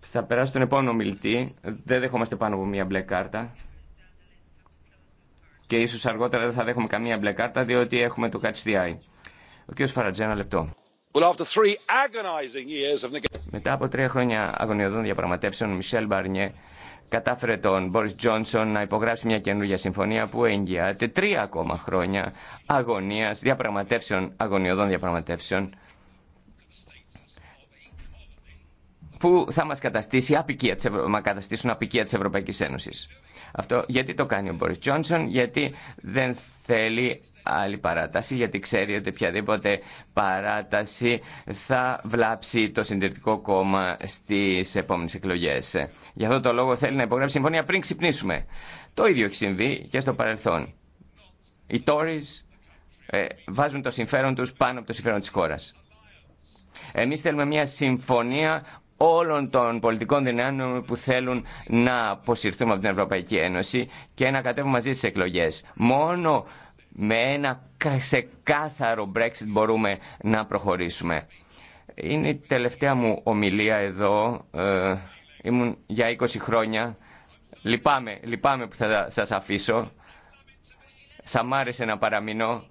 Θα περάσω στον επόμενο μιλητή. Δεν δεχόμαστε πάνω από μία μπλε κάρτα. Και ίσω αργότερα δεν θα δέχουμε καμία μπλε κάρτα, διότι έχουμε το Catch the Eye. Ο κ. Φαρατζέ, λεπτό. Μετά από τρία χρόνια αγωνιωδών διαπραγματεύσεων, Μισελ Μπαρνιέ κατάφερε τον Μπόρις Τζόνσον να υπογράψει μια καινούργια συμφωνία που εγγυάται τρία ακόμα χρόνια αγωνίας, διαπραγματεύσεων, αγωνιωδών διαπραγματεύσεων που θα μας καταστήσει απικία, καταστήσουν απικία της Ευρωπαϊκής Ένωσης. Αυτό γιατί το κάνει ο Μπόρις Τζόνσον, γιατί δεν θέλει άλλη παράταση, γιατί ξέρει ότι οποιαδήποτε παράταση θα βλάψει το συντηρητικό κόμμα στις επόμενες εκλογές. Γι' αυτό το λόγο θέλει να υπογράψει συμφωνία πριν ξυπνήσουμε. Το ίδιο έχει συμβεί και στο παρελθόν. Οι Tories ε, βάζουν το συμφέρον τους πάνω από το συμφέρον της χώρας. Εμείς θέλουμε μια συμφωνία όλων των πολιτικών δυνάμεων που θέλουν να αποσυρθούμε από την Ευρωπαϊκή Ένωση και να κατέβουμε μαζί στις εκλογές. Μόνο με ένα ξεκάθαρο Brexit μπορούμε να προχωρήσουμε. Είναι η τελευταία μου ομιλία εδώ. Ε, ήμουν για 20 χρόνια. Λυπάμαι, λυπάμαι που θα σας αφήσω. Θα μ' άρεσε να παραμείνω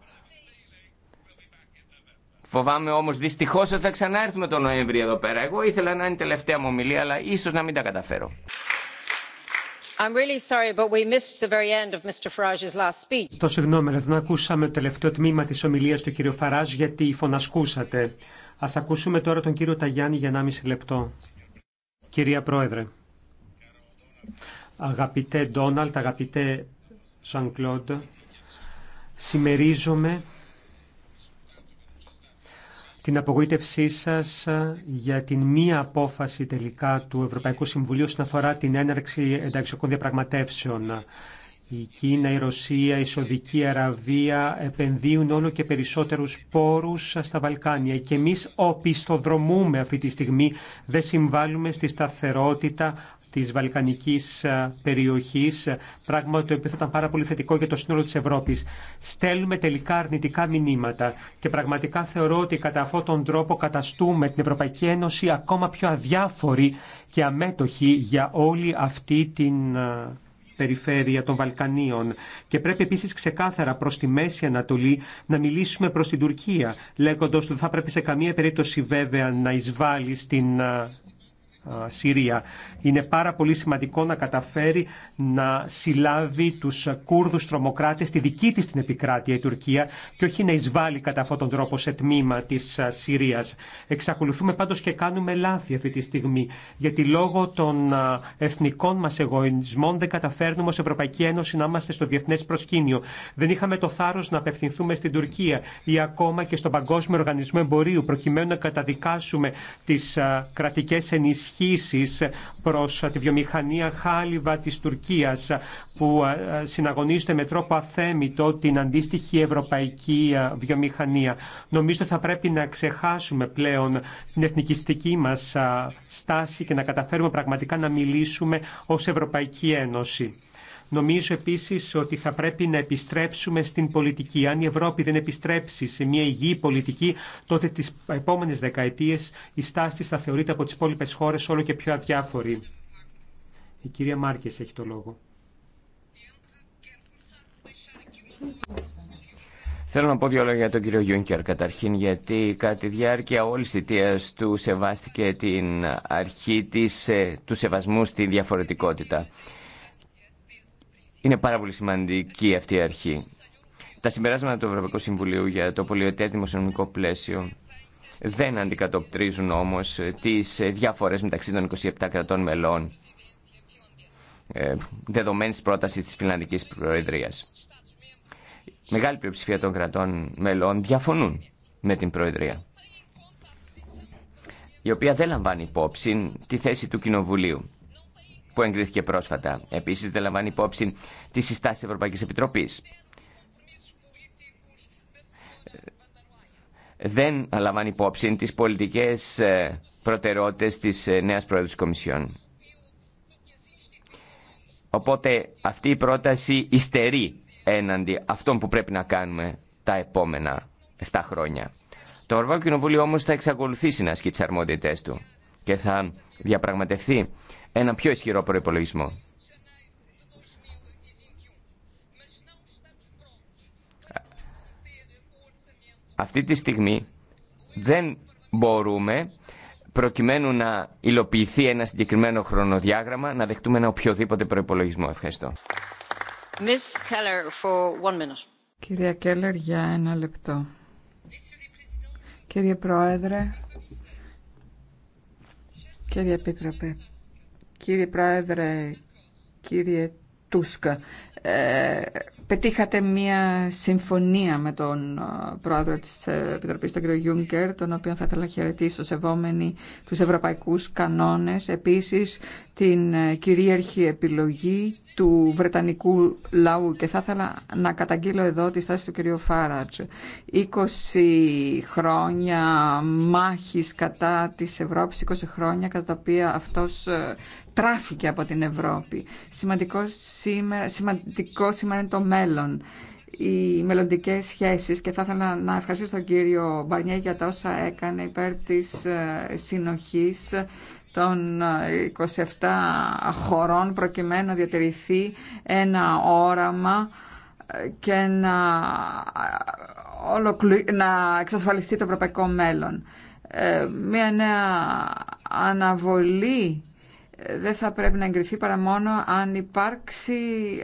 Φοβάμαι όμω δυστυχώ ότι θα ξανάρθουμε τον Νοέμβρη εδώ πέρα. Εγώ ήθελα να είναι η τελευταία μου ομιλία, αλλά ίσω να μην τα καταφέρω. Στο συγγνώμη, δεν ακούσαμε το τελευταίο τμήμα τη ομιλία του κύριου Φαράζ γιατί φωνασκούσατε. Α ακούσουμε τώρα τον κύριο Ταγιάννη για 1,5 λεπτό. Κυρία Πρόεδρε, αγαπητέ Ντόναλτ, αγαπητέ Ζαν Κλοντ, συμμερίζομαι την απογοήτευσή σας ε, για την μία απόφαση τελικά του Ευρωπαϊκού Συμβουλίου όσον αφορά την έναρξη ενταξιακών διαπραγματεύσεων. Η Κίνα, η Ρωσία, η Σοδική Αραβία επενδύουν όλο και περισσότερους πόρους στα Βαλκάνια και εμείς οπισθοδρομούμε αυτή τη στιγμή, δεν συμβάλλουμε στη σταθερότητα της Βαλκανικής ε, περιοχής, πράγμα το οποίο θα ήταν πάρα πολύ θετικό για το σύνολο της Ευρώπης. Στέλνουμε τελικά αρνητικά μηνύματα και πραγματικά θεωρώ ότι κατά αυτόν τον τρόπο καταστούμε την Ευρωπαϊκή Ένωση ακόμα πιο αδιάφορη και αμέτωχη για όλη αυτή την ε, περιφέρεια των Βαλκανίων. Και πρέπει επίση ξεκάθαρα προς τη Μέση Ανατολή να μιλήσουμε προς την Τουρκία, λέγοντας ότι θα πρέπει σε καμία περίπτωση βέβαια να εισβάλλει στην ε, Συρία. Είναι πάρα πολύ σημαντικό να καταφέρει να συλλάβει τους Κούρδους τρομοκράτες στη δική της την επικράτεια η Τουρκία και όχι να εισβάλλει κατά αυτόν τον τρόπο σε τμήμα της Συρίας. Εξακολουθούμε πάντως και κάνουμε λάθη αυτή τη στιγμή γιατί λόγω των εθνικών μας εγωισμών δεν καταφέρνουμε ως Ευρωπαϊκή Ένωση να είμαστε στο διεθνές προσκήνιο. Δεν είχαμε το θάρρος να απευθυνθούμε στην Τουρκία ή ακόμα και στον Παγκόσμιο Οργανισμό Εμπορίου προκειμένου να καταδικάσουμε τις κρατικές ενισχύσεις ενισχύσεις προς τη βιομηχανία χάλιβα της Τουρκίας που ε, συναγωνίζεται με τρόπο αθέμητο την αντίστοιχη ευρωπαϊκή ε, βιομηχανία. Νομίζω ότι θα πρέπει να ξεχάσουμε πλέον την εθνικιστική μας ε, στάση και να καταφέρουμε πραγματικά να μιλήσουμε ως Ευρωπαϊκή Ένωση. Νομίζω επίση ότι θα πρέπει να επιστρέψουμε στην πολιτική. Αν η Ευρώπη δεν επιστρέψει σε μια υγιή πολιτική, τότε τι επόμενε δεκαετίε η στάση θα θεωρείται από τι υπόλοιπε χώρε όλο και πιο αδιάφορη. Η κυρία Μάρκε έχει το λόγο. Θέλω να πω δύο λόγια για τον κύριο Γιούνκερ καταρχήν γιατί κατά τη διάρκεια όλης της θητείας του σεβάστηκε την αρχή ε, του σεβασμού στη διαφορετικότητα. Είναι πάρα πολύ σημαντική αυτή η αρχή. Τα συμπεράσματα του Ευρωπαϊκού Συμβουλίου για το πολιετές δημοσιονομικό πλαίσιο δεν αντικατοπτρίζουν όμως τις διαφορές μεταξύ των 27 κρατών μελών ε, δεδομένης πρότασης της Φιλανδικής Προεδρίας. Μεγάλη πλειοψηφία των κρατών μελών διαφωνούν με την Προεδρία η οποία δεν λαμβάνει υπόψη τη θέση του Κοινοβουλίου που εγκρίθηκε πρόσφατα. Επίσης δεν λαμβάνει υπόψη τη συστάση της Ευρωπαϊκής Επιτροπής. Δεν λαμβάνει υπόψη τις πολιτικές ε, προτεραιότητες της ε, νέας Πρόεδρου της Κομισιόν. Οπότε αυτή η πρόταση υστερεί έναντι αυτών που πρέπει να κάνουμε τα επόμενα 7 χρόνια. Το Ευρωπαϊκό Κοινοβούλιο όμως θα εξακολουθήσει να ασκεί τις αρμόδιτες του και θα διαπραγματευτεί ένα πιο ισχυρό προϋπολογισμό. Αυτή τη στιγμή δεν μπορούμε προκειμένου να υλοποιηθεί ένα συγκεκριμένο χρονοδιάγραμμα να δεχτούμε ένα οποιοδήποτε προϋπολογισμό. Ευχαριστώ. Κυρία Κέλλερ, για ένα λεπτό. Κύριε Πρόεδρε, κύριε Επίτροπε, Κύριε Πρόεδρε, κύριε Τούσκα, ε, πετύχατε μία συμφωνία με τον ε, πρόεδρο της Επιτροπής, τον κύριο Γιούγκερ, τον οποίο θα ήθελα να χαιρετήσω σεβόμενοι τους ευρωπαϊκούς κανόνες, επίσης την ε, κυρίαρχη επιλογή του Βρετανικού λαού και θα ήθελα να καταγγείλω εδώ τη στάση του κυρίου Φάρατζ. 20 χρόνια μάχης κατά της Ευρώπης, 20 χρόνια κατά τα οποία αυτός ε, τράφηκε από την Ευρώπη. Σημαντικό σήμερα, σημαντικό σήμερα είναι το μέλλον οι μελλοντικέ σχέσεις και θα ήθελα να ευχαριστήσω τον κύριο Μπαρνιέ για τα όσα έκανε υπέρ της ε, συνοχής των 27 ε, χωρών προκειμένου να διατηρηθεί ένα όραμα ε, και να, ε, να εξασφαλιστεί το ευρωπαϊκό μέλλον. Ε, Μία νέα αναβολή δεν θα πρέπει να εγκριθεί παρά μόνο αν υπάρξει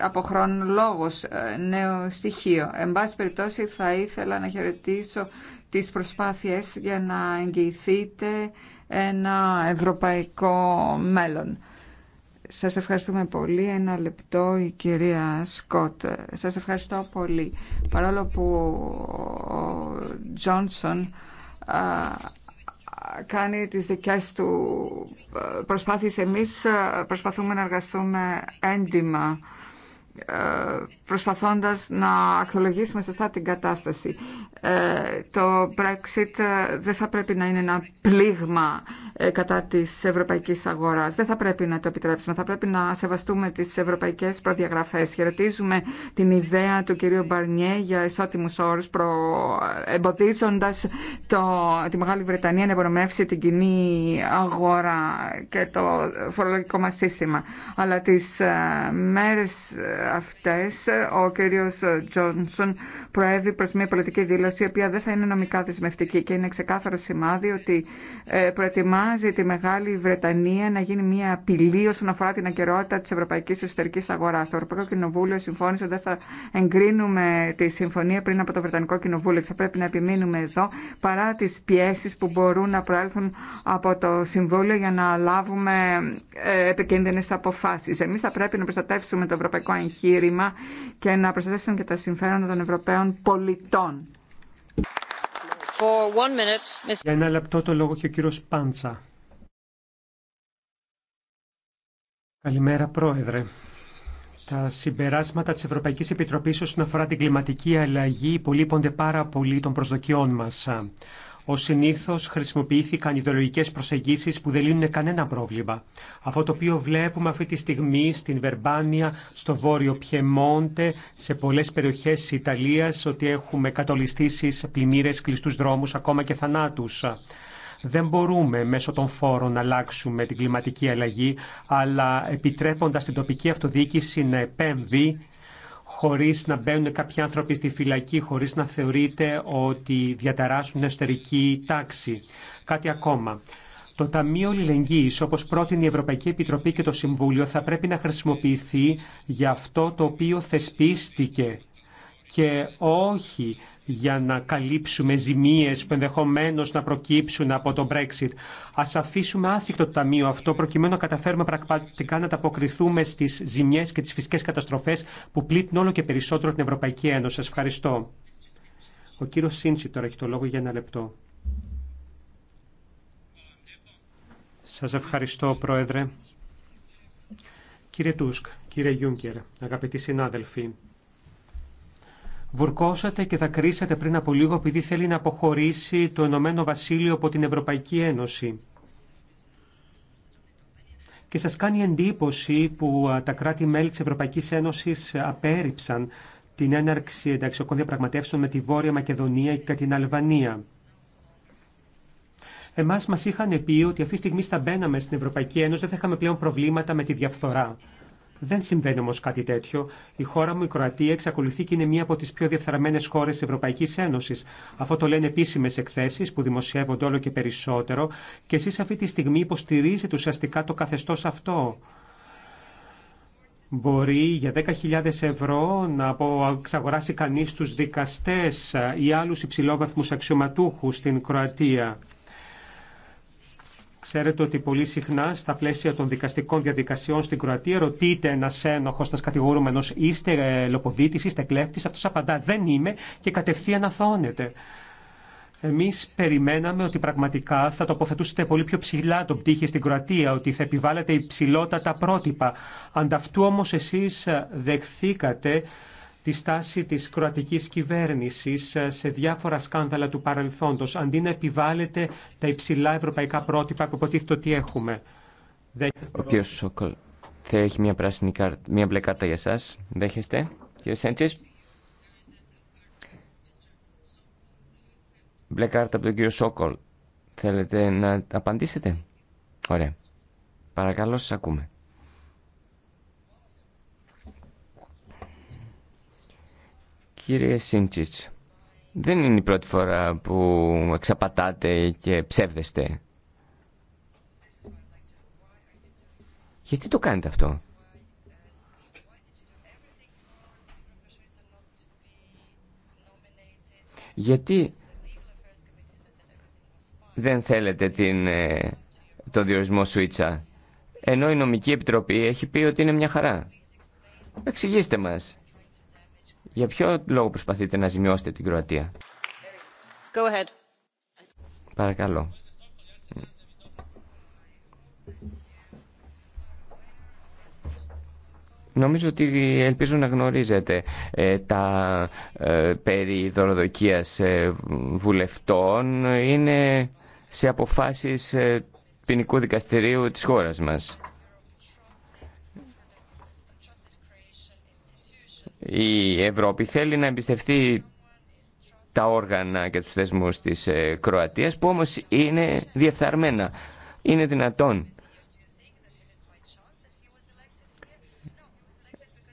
από χρόνο λόγος νέο στοιχείο. Εν πάση περιπτώσει θα ήθελα να χαιρετήσω τις προσπάθειες για να εγγυηθείτε ένα ευρωπαϊκό μέλλον. Σας ευχαριστούμε πολύ. Ένα λεπτό η κυρία Σκότ. Σας ευχαριστώ πολύ. Παρόλο που ο Τζόνσον κάνει τις δικές του προσπάθειες, εμείς προσπαθούμε να εργαστούμε έντιμα προσπαθώντας να αξιολογήσουμε σωστά την κατάσταση. Ε, το Brexit ε, δεν θα πρέπει να είναι ένα πλήγμα ε, κατά της ευρωπαϊκής αγοράς. Δεν θα πρέπει να το επιτρέψουμε. Θα πρέπει να σεβαστούμε τις ευρωπαϊκές προδιαγραφές. Χαιρετίζουμε την ιδέα του κυρίου Μπαρνιέ για ισότιμους όρους προ... εμποδίζοντας το... τη Μεγάλη Βρετανία να υπονομεύσει την κοινή αγορά και το φορολογικό μας σύστημα. Αλλά τις μέρες αυτές ο κ. Τζόνσον προέβη προς μια πολιτική δήλωση η οποία δεν θα είναι νομικά δεσμευτική και είναι ξεκάθαρο σημάδι ότι ε, προετοιμάζει τη Μεγάλη Βρετανία να γίνει μια απειλή όσον αφορά την ακαιρεότητα της ευρωπαϊκής εσωτερικής αγοράς. Το Ευρωπαϊκό Κοινοβούλιο συμφώνησε ότι δεν θα εγκρίνουμε τη συμφωνία πριν από το Βρετανικό Κοινοβούλιο και θα πρέπει να επιμείνουμε εδώ παρά τις πιέσεις που μπορούν να προέλθουν από το Συμβούλιο για να λάβουμε ε, επικίνδυνε αποφάσεις. Εμείς θα πρέπει να προστατεύσουμε το ευρωπαϊκό εγχείρημα και να προστατεύσουν και τα συμφέροντα των Ευρωπαίων πολιτών. Για ένα λεπτό το λόγο και ο κύριος Πάντσα. Καλημέρα Πρόεδρε. Τα συμπεράσματα της Ευρωπαϊκής Επιτροπής όσον αφορά την κλιματική αλλαγή υπολείπονται πάρα πολύ των προσδοκιών μας. Ω συνήθω χρησιμοποιήθηκαν ιδεολογικέ προσεγγίσεις που δεν λύνουν κανένα πρόβλημα. Αυτό το οποίο βλέπουμε αυτή τη στιγμή στην Βερμπάνια, στο βόρειο Πιεμόντε, σε πολλέ περιοχέ τη Ιταλία, ότι έχουμε κατολιστήσει, πλημμύρε, κλειστού δρόμου, ακόμα και θανάτου. Δεν μπορούμε μέσω των φόρων να αλλάξουμε την κλιματική αλλαγή, αλλά επιτρέποντας την τοπική αυτοδιοίκηση να επέμβει, χωρίς να μπαίνουν κάποιοι άνθρωποι στη φυλακή, χωρίς να θεωρείται ότι διαταράσσουν εσωτερική τάξη. Κάτι ακόμα. Το Ταμείο Λιλεγγύης, όπως πρότεινε η Ευρωπαϊκή Επιτροπή και το Συμβούλιο, θα πρέπει να χρησιμοποιηθεί για αυτό το οποίο θεσπίστηκε και όχι για να καλύψουμε ζημίες που ενδεχομένω να προκύψουν από το Brexit. Α αφήσουμε άθικτο το Ταμείο αυτό προκειμένου να καταφέρουμε πραγματικά να ταποκριθούμε στις ζημιές και τι φυσικές καταστροφές που πλήττουν όλο και περισσότερο την Ευρωπαϊκή Ένωση. Σα ευχαριστώ. Ο κύριος Σίντσι τώρα έχει το λόγο για ένα λεπτό. Σας ευχαριστώ, Πρόεδρε. Κύριε Τούσκ, κύριε Γιούγκερ, αγαπητοί συνάδελφοι, Βουρκώσατε και θα κρίσατε πριν από λίγο επειδή θέλει να αποχωρήσει το Ενωμένο Βασίλειο από την Ευρωπαϊκή Ένωση. Και σας κάνει εντύπωση που τα κράτη-μέλη της Ευρωπαϊκής Ένωσης απέρριψαν την έναρξη ενταξιακών διαπραγματεύσεων με τη Βόρεια Μακεδονία και την Αλβανία. Εμάς μας είχαν πει ότι αυτή τη στιγμή στα μπαίναμε στην Ευρωπαϊκή Ένωση δεν θα είχαμε πλέον προβλήματα με τη διαφθορά. Δεν συμβαίνει όμω κάτι τέτοιο. Η χώρα μου, η Κροατία, εξακολουθεί και είναι μία από τι πιο διεφθαρμένε χώρε τη Ευρωπαϊκή Ένωση. Αυτό το λένε επίσημε εκθέσει που δημοσιεύονται όλο και περισσότερο και εσεί αυτή τη στιγμή υποστηρίζετε ουσιαστικά το καθεστώ αυτό. Μπορεί για 10.000 ευρώ να εξαγοράσει κανείς τους δικαστές ή άλλους υψηλόβαθμους αξιωματούχους στην Κροατία. Ξέρετε ότι πολύ συχνά στα πλαίσια των δικαστικών διαδικασιών στην Κροατία ρωτείται ένα ένοχο, ένα κατηγορούμενο, είστε ε, λοποδίτη, είστε κλέφτη. Αυτό απαντά δεν είμαι και κατευθείαν αθώνεται. Εμεί περιμέναμε ότι πραγματικά θα τοποθετούσετε πολύ πιο ψηλά τον πτήχη στην Κροατία, ότι θα επιβάλλετε υψηλότατα πρότυπα. Ανταυτού όμω εσεί δεχθήκατε τη στάση της κροατικής κυβέρνησης ε, σε διάφορα σκάνδαλα του παρελθόντος, αντί να επιβάλλεται τα υψηλά ευρωπαϊκά πρότυπα που υποτίθεται ότι έχουμε. Ο κ. Σόκολ, θα έχει μια, πράσινη μια μπλε κάρτα για σας. Δέχεστε, κ. Σέντσες. Μπλε κάρτα από τον κύριο Σόκολ. Θέλετε να απαντήσετε. Ωραία. Παρακαλώ, σας ακούμε. Κύριε Σίντσιτς, δεν είναι η πρώτη φορά που εξαπατάτε και ψεύδεστε. Γιατί το κάνετε αυτό. Γιατί δεν θέλετε την, ε, το διορισμό Σουίτσα, ενώ η νομική επιτροπή έχει πει ότι είναι μια χαρά. Εξηγήστε μας. Για ποιο λόγο προσπαθείτε να ζημιώσετε την Κροατία. Go ahead. Παρακαλώ. Νομίζω ότι ελπίζω να γνωρίζετε ε, τα ε, περί δωροδοκίας ε, βουλευτών είναι σε αποφάσεις ε, ποινικού δικαστηρίου της χώρας μας. Η Ευρώπη θέλει να εμπιστευτεί τα όργανα και τους θεσμούς της ε, Κροατίας που όμως είναι διεφθαρμένα. Είναι δυνατόν.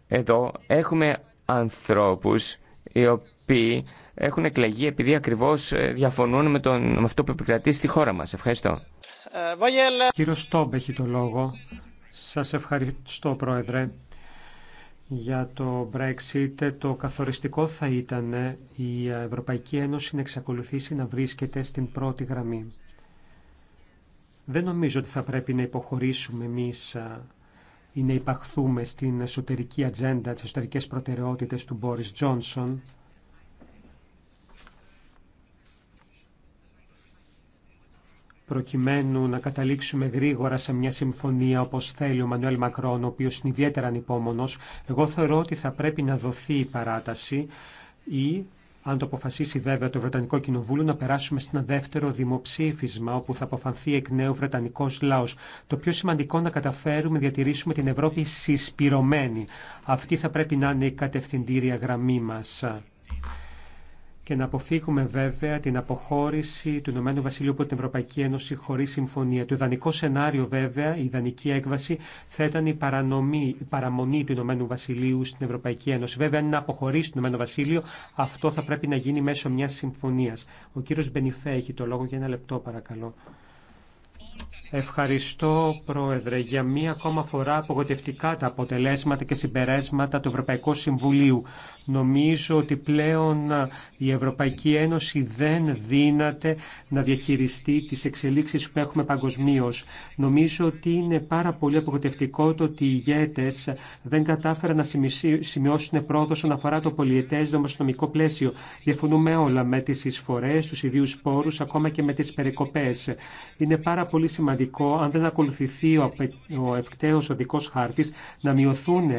Εδώ έχουμε ανθρώπους οι οποίοι έχουν εκλεγεί επειδή ακριβώς ε, διαφωνούν με, τον, με αυτό που επικρατεί στη χώρα μας. Ευχαριστώ. Ε, Κύριο Στόμπ έχει το λόγο. Σας ευχαριστώ, Πρόεδρε για το Brexit το καθοριστικό θα ήταν η Ευρωπαϊκή Ένωση να εξακολουθήσει να βρίσκεται στην πρώτη γραμμή. Δεν νομίζω ότι θα πρέπει να υποχωρήσουμε εμείς ή να υπαχθούμε στην εσωτερική ατζέντα, τις εσωτερικές προτεραιότητες του Μπόρις Τζόνσον προκειμένου να καταλήξουμε γρήγορα σε μια συμφωνία όπως θέλει ο Μανουέλ Μακρόν, ο οποίος είναι ιδιαίτερα ανυπόμονος, εγώ θεωρώ ότι θα πρέπει να δοθεί η παράταση ή, αν το αποφασίσει βέβαια το Βρετανικό Κοινοβούλιο, να περάσουμε σε ένα δεύτερο δημοψήφισμα όπου θα αποφανθεί εκ νέου Βρετανικός λαός. Το πιο σημαντικό να καταφέρουμε να διατηρήσουμε την Ευρώπη συσπηρωμένη. Αυτή θα πρέπει να είναι η κατευθυντήρια γραμμή μας και να αποφύγουμε βέβαια την αποχώρηση του Ηνωμένου Βασιλείου από την Ευρωπαϊκή Ένωση χωρί συμφωνία. Το ιδανικό σενάριο βέβαια, η ιδανική έκβαση θα ήταν η, παρανομή, η παραμονή του Ηνωμένου Βασιλείου στην Ευρωπαϊκή Ένωση. Βέβαια, αν είναι να αποχωρήσει το Ηνωμένο Βασίλειο, αυτό θα πρέπει να γίνει μέσω μια συμφωνία. Ο κύριο Μπενιφέ έχει το λόγο για ένα λεπτό, παρακαλώ. Ευχαριστώ, Πρόεδρε. Για μία ακόμα φορά απογοτευτικά τα αποτελέσματα και συμπεράσματα του Ευρωπαϊκού Συμβουλίου. Νομίζω ότι πλέον η Ευρωπαϊκή Ένωση δεν δύναται να διαχειριστεί τις εξελίξεις που έχουμε παγκοσμίω. Νομίζω ότι είναι πάρα πολύ απογοητευτικό το ότι οι ηγέτες δεν κατάφεραν να σημειώσουν πρόοδο όσον αφορά το πολιετές δομοσυνομικό πλαίσιο. Διαφωνούμε όλα με τις εισφορές, τους ιδίους πόρους, ακόμα και με τις περικοπές. Είναι πάρα πολύ σημαντικό, αν δεν ακολουθηθεί ο, ο ευκταίος οδικός χάρτης, να μειωθούν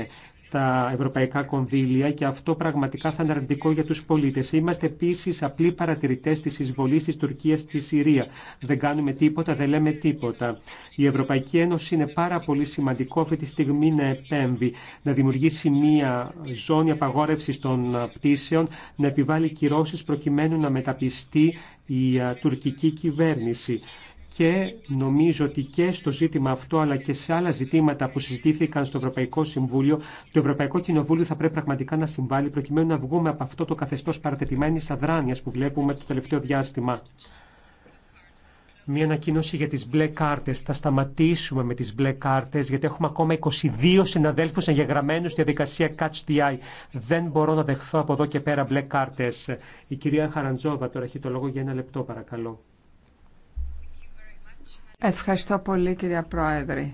τα ευρωπαϊκά κονδύλια και αυτό πραγματικά θα είναι αρνητικό για τους πολίτες. Είμαστε επίσης απλοί παρατηρητές της εισβολής της Τουρκίας στη Συρία. Δεν κάνουμε τίποτα, δεν λέμε τίποτα. Η Ευρωπαϊκή Ένωση είναι πάρα πολύ σημαντικό αυτή τη στιγμή να επέμβει, να δημιουργήσει μία ζώνη απαγόρευσης των πτήσεων, να επιβάλλει κυρώσεις προκειμένου να μεταπιστεί η τουρκική κυβέρνηση και νομίζω ότι και στο ζήτημα αυτό αλλά και σε άλλα ζητήματα που συζητήθηκαν στο Ευρωπαϊκό Συμβούλιο, το Ευρωπαϊκό Κοινοβούλιο θα πρέπει πραγματικά να συμβάλλει προκειμένου να βγούμε από αυτό το καθεστώ παρατετημένη αδράνεια που βλέπουμε το τελευταίο διάστημα. Μία ανακοίνωση για τις μπλε κάρτες. Θα σταματήσουμε με τις μπλε κάρτες γιατί έχουμε ακόμα 22 συναδέλφους εγγεγραμμένους στη διαδικασία Catch the Eye. Δεν μπορώ να δεχθώ από εδώ και πέρα μπλε κάρτε. Η κυρία Χαραντζόβα τώρα έχει το λόγο για ένα λεπτό παρακαλώ. Ευχαριστώ πολύ κύριε Πρόεδρε.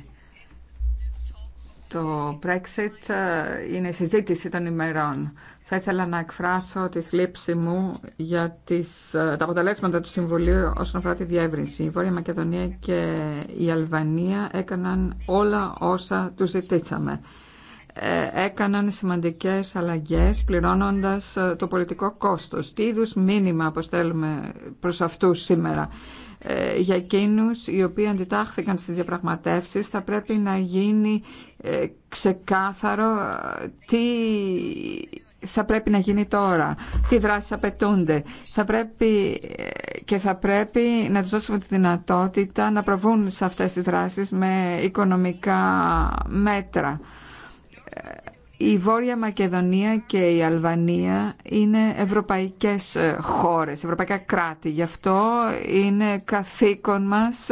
Το Brexit ε, είναι η συζήτηση των ημερών. Θα ήθελα να εκφράσω τη θλίψη μου για τις, ε, τα αποτελέσματα του Συμβουλίου όσον αφορά τη διεύρυνση. Η Βόρεια Μακεδονία και η Αλβανία έκαναν όλα όσα τους ζητήσαμε. Ε, έκαναν σημαντικές αλλαγές πληρώνοντας το πολιτικό κόστος. Τι είδους μήνυμα αποστέλουμε προς αυτούς σήμερα. Ε, για εκείνους οι οποίοι αντιτάχθηκαν στις διαπραγματεύσεις θα πρέπει να γίνει ε, ξεκάθαρο ε, τι θα πρέπει να γίνει τώρα, τι δράσεις απαιτούνται. Θα πρέπει και θα πρέπει να τους δώσουμε τη δυνατότητα να προβούν σε αυτές τις δράσεις με οικονομικά μέτρα η Βόρεια Μακεδονία και η Αλβανία είναι ευρωπαϊκές ε, χώρες, ευρωπαϊκά κράτη. Γι' αυτό είναι καθήκον μας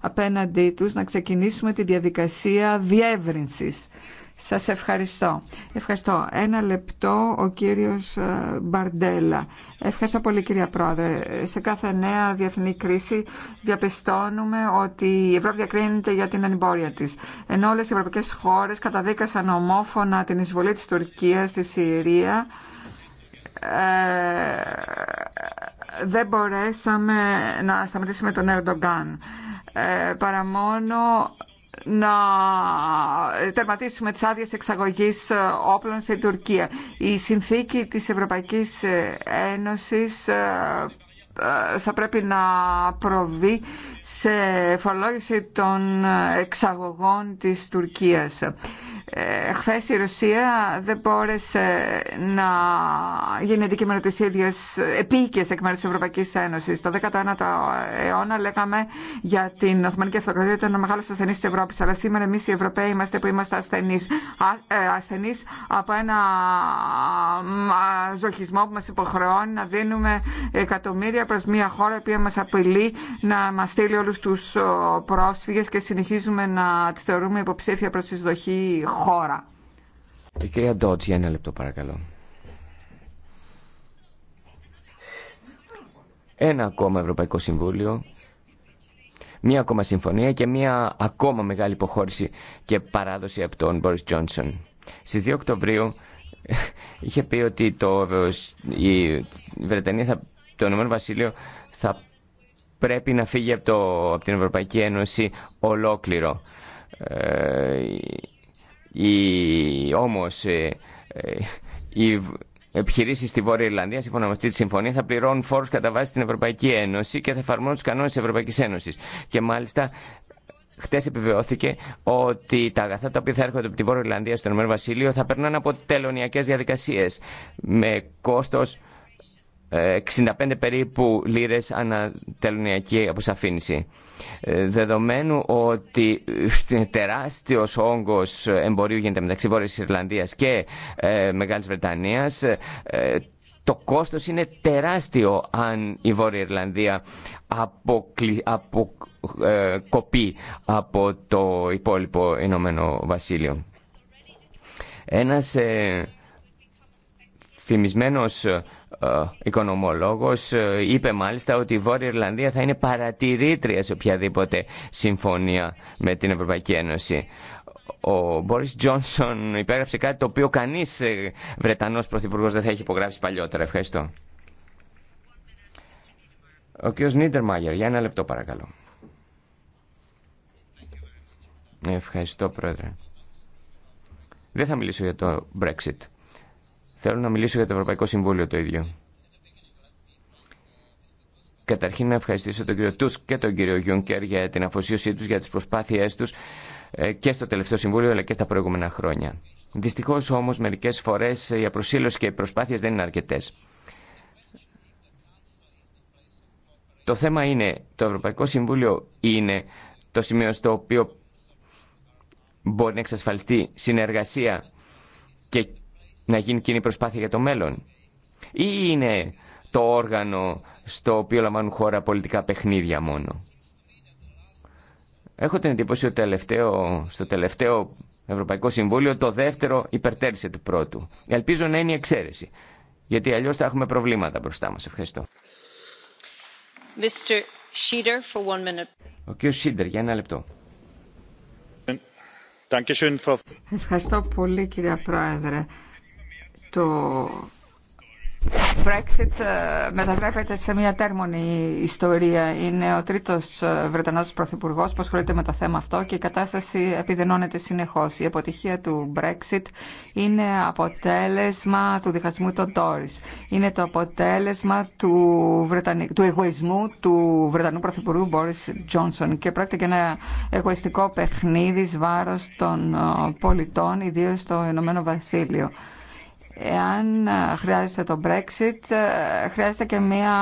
απέναντί τους να ξεκινήσουμε τη διαδικασία διεύρυνσης. Σας ευχαριστώ. Ευχαριστώ. Ένα λεπτό ο κύριος ε, Μπαρντέλα. Ευχαριστώ πολύ κυρία Πρόεδρε. Σε κάθε νέα διεθνή κρίση διαπιστώνουμε ότι η Ευρώπη διακρίνεται για την ανυμπόρια της. Ενώ όλες οι ευρωπαϊκές χώρες καταδίκασαν ομόφωνα την εισβολή της Τουρκίας στη Συρία, ε, δεν μπορέσαμε να σταματήσουμε τον Ερντογκάν. Ε, παρά να τερματίσουμε τις άδειε εξαγωγής ε, όπλων στην Τουρκία. Η συνθήκη της Ευρωπαϊκής ε, Ένωσης ε, θα πρέπει να προβεί σε φορολόγηση των εξαγωγών της Τουρκίας. Ε, η Ρωσία δεν μπόρεσε να γίνει αντικείμενο τη ίδιας επίκαιες εκ μέρου τη Ευρωπαϊκή Ένωση. Το 19ο αιώνα λέγαμε για την Οθωμανική Αυτοκρατία ότι ήταν ο μεγάλο ασθενής της Ευρώπης. Αλλά σήμερα εμεί, οι Ευρωπαίοι είμαστε που είμαστε ασθενεί, ε, Ασθενεί από ένα ζωχισμό που μα υποχρεώνει να δίνουμε εκατομμύρια προ μια χώρα η οποία μας απειλεί να μα στείλει όλου του πρόσφυγε και συνεχίζουμε να τη θεωρούμε υποψήφια προς εισδοχή χώρα. Η κυρία Ντότζ, για ένα λεπτό παρακαλώ. Ένα ακόμα Ευρωπαϊκό Συμβούλιο, μία ακόμα συμφωνία και μία ακόμα μεγάλη υποχώρηση και παράδοση από τον Μπόρις Τζόνσον. Στι 2 Οκτωβρίου είχε πει ότι το, η Βρετανία, θα, το Ηνωμένο Βασίλειο θα πρέπει να φύγει από, το, την Ευρωπαϊκή Ένωση ολόκληρο. Ε, η, όμως ε, ε, οι επιχειρήσει στη Βόρεια Ιρλανδία, σύμφωνα με αυτή τη συμφωνία, θα πληρώνουν φόρου κατά βάση στην Ευρωπαϊκή Ένωση και θα εφαρμόζουν του κανόνε τη Ευρωπαϊκή Ένωση. Και μάλιστα χτε επιβεβαιώθηκε ότι τα αγαθά τα οποία θα έρχονται από τη Βόρεια Ιρλανδία στο Ηνωμένο Βασίλειο θα περνάνε από τελωνιακέ διαδικασίε με κόστο 65 ε, περίπου λίρες ανατελωνιακή αποσαφήνιση. Ε, δεδομένου ότι ε, τεράστιος όγκος εμπορίου γίνεται μεταξύ Βόρειας Ιρλανδίας και Μεγάλης Βρετανίας, το κόστος είναι τεράστιο αν η Βόρεια Ιρλανδία αποκλει... απο... από το υπόλοιπο Ηνωμένο Βασίλειο. Ένας ε... φημισμένος ε, οικονομολόγος ε, είπε μάλιστα ότι η Βόρεια Ιρλανδία θα είναι παρατηρήτρια σε οποιαδήποτε συμφωνία με την Ευρωπαϊκή Ένωση. Ο Μπόρις Τζόνσον υπέγραψε κάτι το οποίο κανεί ε, Βρετανός Πρωθυπουργός δεν θα έχει υπογράψει παλιότερα. Ευχαριστώ. Ο κ. Νίτερ Μάγερ, για ένα λεπτό παρακαλώ. Ευχαριστώ, Πρόεδρε. Δεν θα μιλήσω για το Brexit. Θέλω να μιλήσω για το Ευρωπαϊκό Συμβούλιο το ίδιο. Καταρχήν να ευχαριστήσω τον κύριο Τούσκ και τον κύριο Γιούνκερ για την αφοσίωσή τους, για τις προσπάθειές τους ε, και στο τελευταίο Συμβούλιο αλλά και στα προηγούμενα χρόνια. Δυστυχώ όμως μερικές φορές η απροσύλωση και οι προσπάθειες δεν είναι αρκετές. Το θέμα είναι, το Ευρωπαϊκό Συμβούλιο είναι το σημείο στο οποίο μπορεί να εξασφαλιστεί συνεργασία και να γίνει κοινή προσπάθεια για το μέλλον. Ή είναι το όργανο στο οποίο λαμβάνουν χώρα πολιτικά παιχνίδια μόνο. Έχω την εντύπωση ότι τελευταίο, στο τελευταίο Ευρωπαϊκό Συμβούλιο το δεύτερο υπερτέρησε του πρώτου. Ελπίζω να είναι η εξαίρεση, γιατί αλλιώς θα έχουμε προβλήματα μπροστά μας. Ευχαριστώ. Mr. Schieder, for one minute. Ο κ. Σίντερ, για ένα λεπτό. Ευχαριστώ πολύ κυρία Πρόεδρε το Brexit ε, μεταγράφεται σε μια τέρμονη ιστορία. Είναι ο τρίτος ε, Βρετανός Πρωθυπουργό που ασχολείται με το θέμα αυτό και η κατάσταση επιδενώνεται συνεχώς. Η αποτυχία του Brexit είναι αποτέλεσμα του διχασμού των Τόρις. Είναι το αποτέλεσμα του, του εγωισμού του Βρετανού Πρωθυπουργού Boris Τζόνσον και πρόκειται για ένα εγωιστικό παιχνίδι βάρος των ε, πολιτών, ιδίως στο Ηνωμένο Βασίλειο. Εάν ε, χρειάζεται το Brexit, ε, χρειάζεται και μια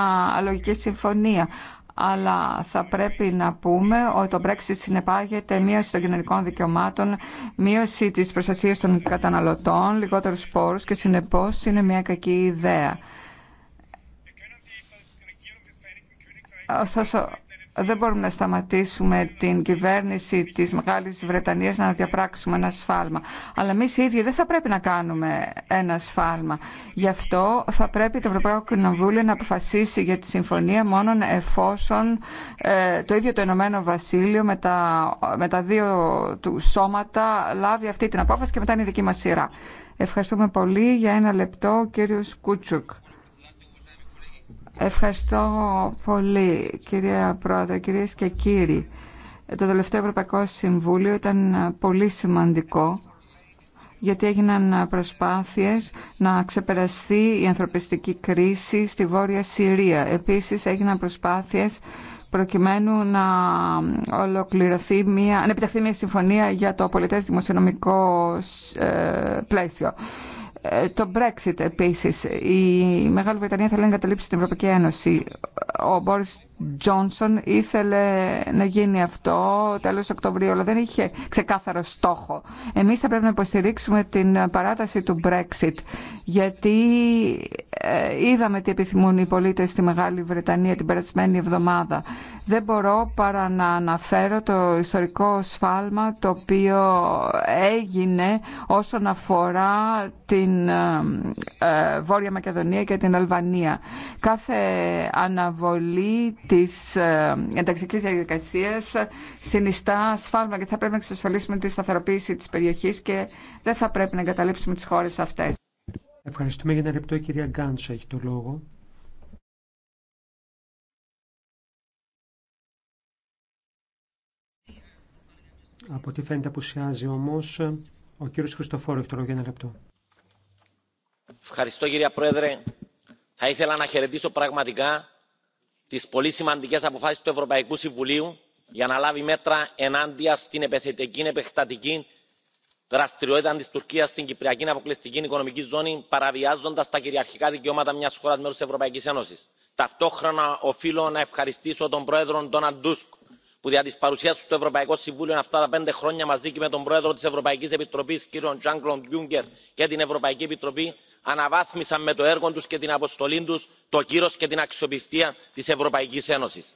λογική συμφωνία. Αλλά θα πρέπει να πούμε ότι το Brexit συνεπάγεται μείωση των κοινωνικών δικαιωμάτων, μείωση της προστασίας των καταναλωτών, λιγότερους πόρους και συνεπώς είναι μια κακή ιδέα. Ε, δεν μπορούμε να σταματήσουμε την κυβέρνηση της Μεγάλης Βρετανίας να διαπράξουμε ένα σφάλμα. Αλλά εμεί οι ίδιοι δεν θα πρέπει να κάνουμε ένα σφάλμα. Γι' αυτό θα πρέπει το Ευρωπαϊκό Κοινοβούλιο να αποφασίσει για τη συμφωνία μόνο εφόσον ε, το ίδιο το Ηνωμένο Βασίλειο με τα, με τα δύο του σώματα λάβει αυτή την απόφαση και μετά είναι η δική μας σειρά. Ευχαριστούμε πολύ. Για ένα λεπτό, ο κύριος Κούτσουκ. Ευχαριστώ πολύ κυρία Πρόεδρε, κυρίες και κύριοι. Το τελευταίο Ευρωπαϊκό Συμβούλιο ήταν πολύ σημαντικό γιατί έγιναν προσπάθειες να ξεπεραστεί η ανθρωπιστική κρίση στη Βόρεια Συρία. Επίσης έγιναν προσπάθειες προκειμένου να ολοκληρωθεί μια, να επιταχθεί μια συμφωνία για το πολιτές δημοσιονομικό ε, πλαίσιο το Brexit επίσης. Η Μεγάλη Βρετανία θέλει να εγκαταλείψει την Ευρωπαϊκή Ένωση. Ο Μπόρις Τζόνσον ήθελε να γίνει αυτό τέλος Οκτωβρίου, αλλά δεν είχε ξεκάθαρο στόχο. Εμείς θα πρέπει να υποστηρίξουμε την παράταση του Brexit, γιατί ε, είδαμε τι επιθυμούν οι πολίτες στη Μεγάλη Βρετανία την περασμένη εβδομάδα. Δεν μπορώ παρά να αναφέρω το ιστορικό σφάλμα το οποίο έγινε όσον αφορά την ε, ε, Βόρεια Μακεδονία και την Αλβανία. Κάθε αναβολή της ε, ενταξικής διαδικασίας συνιστά σφάλμα και θα πρέπει να εξασφαλίσουμε τη σταθεροποίηση της περιοχής και δεν θα πρέπει να εγκαταλείψουμε τις χώρες αυτές. Ευχαριστούμε για ένα λεπτό. Η κυρία Γκάντσα έχει το λόγο. Από τι φαίνεται απουσιάζει όμως ο κύριος Χριστοφόρου έχει το λόγο για ένα λεπτό. Ευχαριστώ κυρία Πρόεδρε. Θα ήθελα να χαιρετήσω πραγματικά τις πολύ σημαντικές αποφάσεις του Ευρωπαϊκού Συμβουλίου για να λάβει μέτρα ενάντια στην επιθετική επεκτατική δραστηριότητα της Τουρκίας στην Κυπριακή Αποκλειστική Οικονομική Ζώνη, παραβιάζοντας τα κυριαρχικά δικαιώματα μιας χώρας μέλους της Ευρωπαϊκής Ένωσης. Ταυτόχρονα οφείλω να ευχαριστήσω τον πρόεδρο Ντόναλντ Τούσκ που δια τη παρουσία του στο Ευρωπαϊκό Συμβούλιο αυτά τα πέντε χρόνια μαζί και με τον πρόεδρο τη Ευρωπαϊκή Επιτροπή, κ. ζαν κλοντ και την Ευρωπαϊκή Επιτροπή, αναβάθμισαν με το έργο τους και την αποστολή τους το κύρος και την αξιοπιστία της ευρωπαϊκής ένωσης.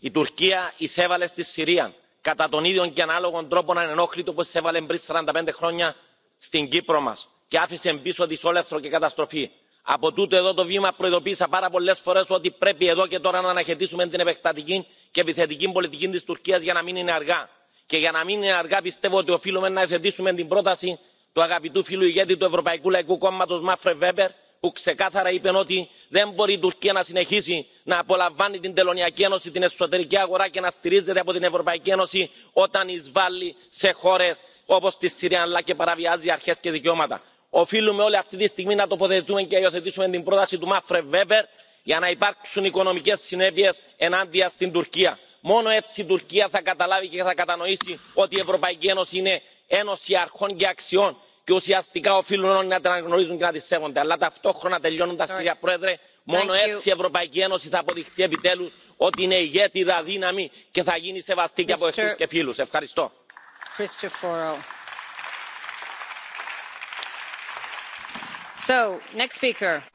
η τουρκία εισέβαλε στη συρία κατά τον ίδιο και ανάλογον τρόπο ανενόχλητο που εισέβαλε πριν 45 χρόνια στην κύπρο μας και άφησε πίσω τη όλεθρο και καταστροφή. από τούτο εδώ το βήμα προειδοποίησα πάρα πολλές φορές ότι πρέπει εδώ και τώρα να αναχαιτήσουμε την επεκτατική και επιθετική πολιτική της Τουρκίας για να μην είναι αργά. και για να μην είναι αργά πιστεύω ότι οφείλουμε να υιοθετήσουμε την πρόταση του αγαπητού φίλου ηγέτη του Ευρωπαϊκού Λαϊκού Κόμματο Μάφρε Βέμπερ, που ξεκάθαρα είπε ότι δεν μπορεί η Τουρκία να συνεχίσει να απολαμβάνει την Τελωνιακή Ένωση, την εσωτερική αγορά και να στηρίζεται από την Ευρωπαϊκή Ένωση όταν εισβάλλει σε χώρε όπω τη Συρία αλλά και παραβιάζει αρχέ και δικαιώματα. Οφείλουμε όλοι αυτή τη στιγμή να τοποθετούμε και να υιοθετήσουμε την πρόταση του Μάφρε Βέμπερ για να υπάρξουν οικονομικέ συνέπειε ενάντια στην Τουρκία. Μόνο έτσι η Τουρκία θα καταλάβει και θα κατανοήσει ότι η Ευρωπαϊκή Ένωση είναι ένωση αρχών και αξιών και ουσιαστικά οφείλουν όλοι να την αναγνωρίζουν και να τη σέβονται. αλλά ταυτόχρονα τελειώνουν τα κυρία πρόεδρε μόνο έτσι η ευρωπαϊκή ένωση θα αποδειχθεί επιτέλου ότι είναι ηγέτιδα δύναμη και θα γίνει σεβαστή και από εχθρού και φίλου. ευχαριστώ.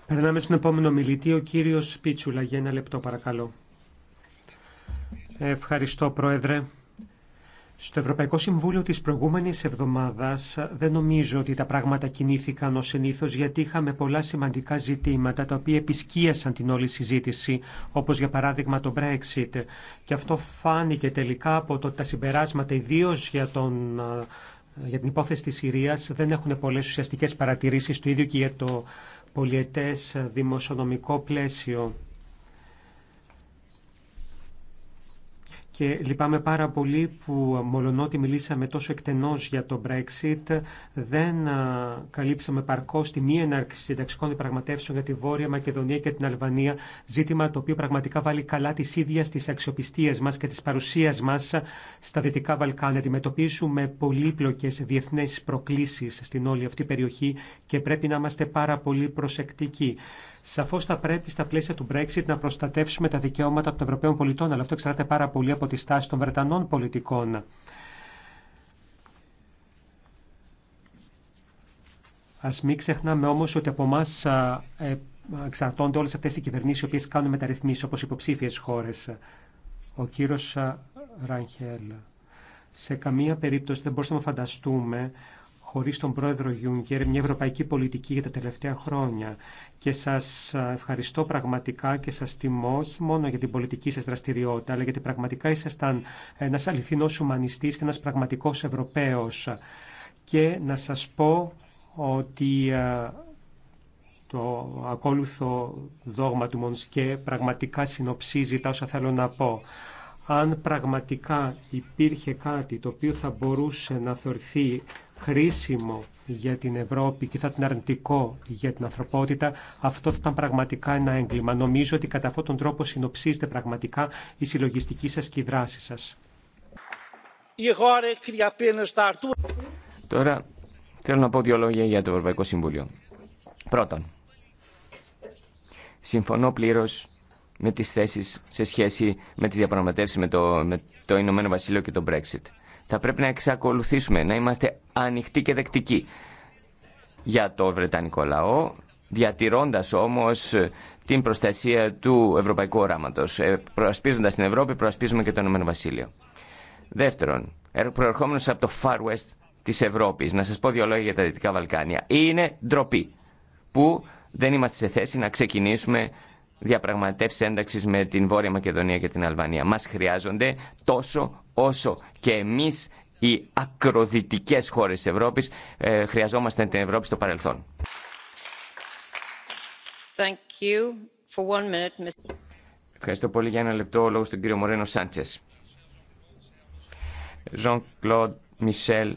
Περνάμε στον επόμενο μιλητή, ο Ευχαριστώ, Πρόεδρε. Στο Ευρωπαϊκό Συμβούλιο της προηγούμενης εβδομάδας δεν νομίζω ότι τα πράγματα κινήθηκαν ως συνήθως γιατί είχαμε πολλά σημαντικά ζητήματα τα οποία επισκίασαν την όλη συζήτηση όπως για παράδειγμα το Brexit και αυτό φάνηκε τελικά από το, τα συμπεράσματα ιδίω για τον ε, για την υπόθεση της Συρίας δεν έχουν πολλές ουσιαστικές παρατηρήσεις, το ίδιο και για το πολιετές δημοσιονομικό πλαίσιο. και λυπάμαι πάρα πολύ που μολονότι μιλήσαμε τόσο εκτενώς για το Brexit δεν καλύψαμε παρκώς τη μη έναρξη συνταξικών διαπραγματεύσεων για τη Βόρεια Μακεδονία και την Αλβανία ζήτημα το οποίο πραγματικά βάλει καλά τις ίδιες τις αξιοπιστίες μας και τις παρουσίες μας στα Δυτικά Βαλκάνια. Αντιμετωπίζουμε πολύπλοκες διεθνές προκλήσεις στην όλη αυτή περιοχή και πρέπει να είμαστε πάρα πολύ προσεκτικοί. Σαφώ θα πρέπει στα πλαίσια του Brexit να προστατεύσουμε τα δικαιώματα των Ευρωπαίων πολιτών, αλλά αυτό εξαρτάται πάρα πολύ από τη στάση των Βρετανών πολιτικών. Α μην ξεχνάμε όμω ότι από εμά ε, εξαρτώνται όλε αυτέ οι κυβερνήσει οι οποίε κάνουν μεταρρυθμίσει, όπω υποψήφιε χώρε. Ο κύριο Ρανχέλ. Σε καμία περίπτωση δεν μπορούσαμε να φανταστούμε χωρίς τον πρόεδρο Γιούγκερ μια ευρωπαϊκή πολιτική για τα τελευταία χρόνια. Και σας ευχαριστώ πραγματικά και σας τιμώ όχι μόνο για την πολιτική σας δραστηριότητα, αλλά γιατί πραγματικά ήσασταν ένας αληθινός ουμανιστής και ένας πραγματικός Ευρωπαίος. Και να σας πω ότι ε, το ακόλουθο δόγμα του Μονσκέ πραγματικά συνοψίζει τα όσα θέλω να πω. Αν πραγματικά υπήρχε κάτι το οποίο θα μπορούσε να θεωρηθεί χρήσιμο για την Ευρώπη και θα ήταν αρνητικό για την ανθρωπότητα, αυτό θα ήταν πραγματικά ένα έγκλημα. Νομίζω ότι κατά αυτόν τον τρόπο συνοψίζετε πραγματικά η συλλογιστική σας και η δράση σας. Τώρα θέλω να πω δύο λόγια για το Ευρωπαϊκό Συμβούλιο. Πρώτον, συμφωνώ πλήρως με τις θέσεις σε σχέση με τις διαπραγματεύσεις με το, με το Ηνωμένο Βασίλειο και το Brexit. Θα πρέπει να εξακολουθήσουμε να είμαστε ανοιχτοί και δεκτικοί για το βρετανικό λαό, διατηρώντας όμως την προστασία του ευρωπαϊκού οράματος. Ε, προασπίζοντας την Ευρώπη, προασπίζουμε και το Ηνωμένο Βασίλειο. Δεύτερον, προερχόμενος από το Far West της Ευρώπης, να σας πω δύο λόγια για τα Δυτικά Βαλκάνια, είναι ντροπή που δεν είμαστε σε θέση να ξεκινήσουμε διαπραγματεύσει ένταξη με την Βόρεια Μακεδονία και την Αλβανία. Μα χρειάζονται τόσο όσο και εμεί οι ακροδυτικέ χώρε τη Ευρώπη ε, χρειαζόμαστε την Ευρώπη στο παρελθόν. Thank you. For one minute, Mr. Ευχαριστώ πολύ για ένα λεπτό ο λόγος στον κύριο Μορένο Σάντσες. Ζων Κλοντ Μισελ,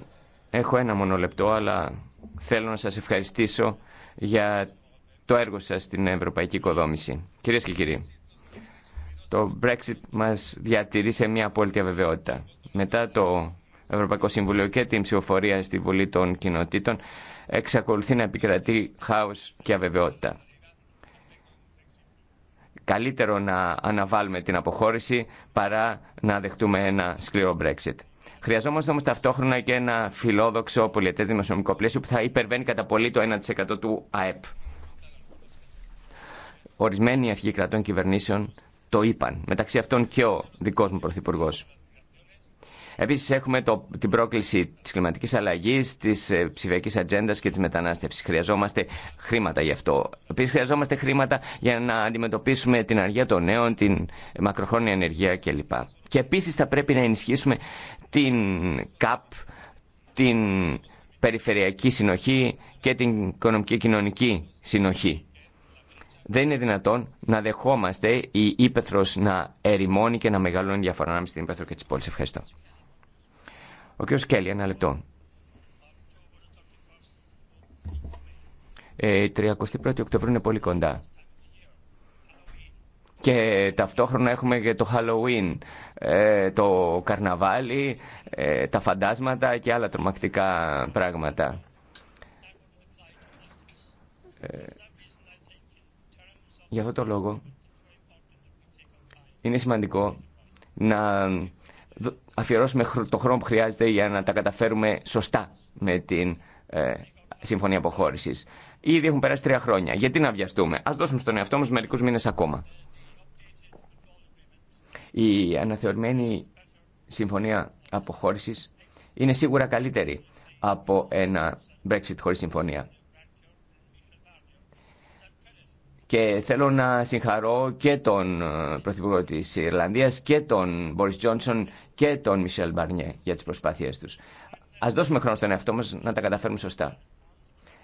έχω ένα μόνο λεπτό, αλλά θέλω να σας ευχαριστήσω για το έργο σας στην ευρωπαϊκή οικοδόμηση. Κυρίες και κύριοι, το Brexit μας διατηρεί σε μια απόλυτη αβεβαιότητα. Μετά το Ευρωπαϊκό Συμβουλίο και την ψηφοφορία στη Βουλή των Κοινοτήτων εξακολουθεί να επικρατεί χάος και αβεβαιότητα. Καλύτερο να αναβάλουμε την αποχώρηση παρά να δεχτούμε ένα σκληρό Brexit. Χρειαζόμαστε όμω ταυτόχρονα και ένα φιλόδοξο πολιετέ δημοσιονομικό πλαίσιο που θα υπερβαίνει κατά πολύ το 1% του ΑΕΠ. Ορισμένοι αρχηγοί κρατών κυβερνήσεων το είπαν, μεταξύ αυτών και ο δικό μου Πρωθυπουργό. Επίση έχουμε το, την πρόκληση τη κλιματική αλλαγή, τη ε, ψηφιακής ατζέντα και τη μετανάστευση. Χρειαζόμαστε χρήματα γι' αυτό. Επίση χρειαζόμαστε χρήματα για να αντιμετωπίσουμε την αργία των νέων, την μακροχρόνια ενεργεία κλπ. Και επίση θα πρέπει να ενισχύσουμε την ΚΑΠ, την περιφερειακή συνοχή και την οικονομική κοινωνική συνοχή. Δεν είναι δυνατόν να δεχόμαστε η ύπεθρο να ερημώνει και να μεγαλώνει διαφορά ανάμεσα στην ύπεθρο και τις πόλεις. Ευχαριστώ. Ο κ. Σκέλη, ένα λεπτό. Ε, η 31η Οκτωβρίου είναι πολύ κοντά. Και ταυτόχρονα έχουμε και το Halloween, ε, το καρναβάλι, ε, τα φαντάσματα και άλλα τρομακτικά πράγματα. Για αυτό το λόγο είναι σημαντικό να αφιερώσουμε το χρόνο που χρειάζεται για να τα καταφέρουμε σωστά με την ε, Συμφωνία Αποχώρηση. Ήδη έχουν περάσει τρία χρόνια. Γιατί να βιαστούμε. Α δώσουμε στον εαυτό μα μερικού μήνε ακόμα. Η αναθεωρημένη Συμφωνία Αποχώρηση είναι σίγουρα καλύτερη από ένα Brexit χωρίς συμφωνία. Και θέλω να συγχαρώ και τον ε, Πρωθυπουργό της Ιρλανδίας και τον Μπόρις Τζόνσον και τον Μισελ Μπαρνιέ για τι προσπάθειε τους. Α δώσουμε χρόνο στον εαυτό μα να τα καταφέρουμε σωστά.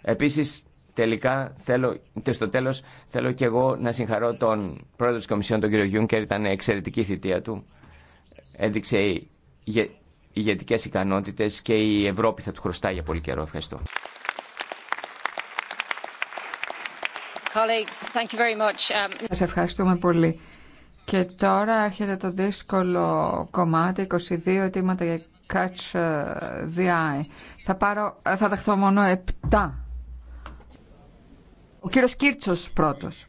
Επίσης, τελικά, θέλω, και στο τέλο, θέλω και εγώ να συγχαρώ τον πρόεδρο τη Κομισιόν, τον κύριο Γιούνκερ, ήταν εξαιρετική θητεία του. Έδειξε οι ικανότητε και η Ευρώπη θα του χρωστά για πολύ καιρό. Ευχαριστώ. Um, ευχαριστούμε πολύ. Και τώρα έρχεται το δύσκολο κομμάτι, 22 αιτήματα για catch ε, the eye. Θα, πάρω, ε, θα δεχθώ μόνο 7. Ο κύριος Κίρτσος πρώτος.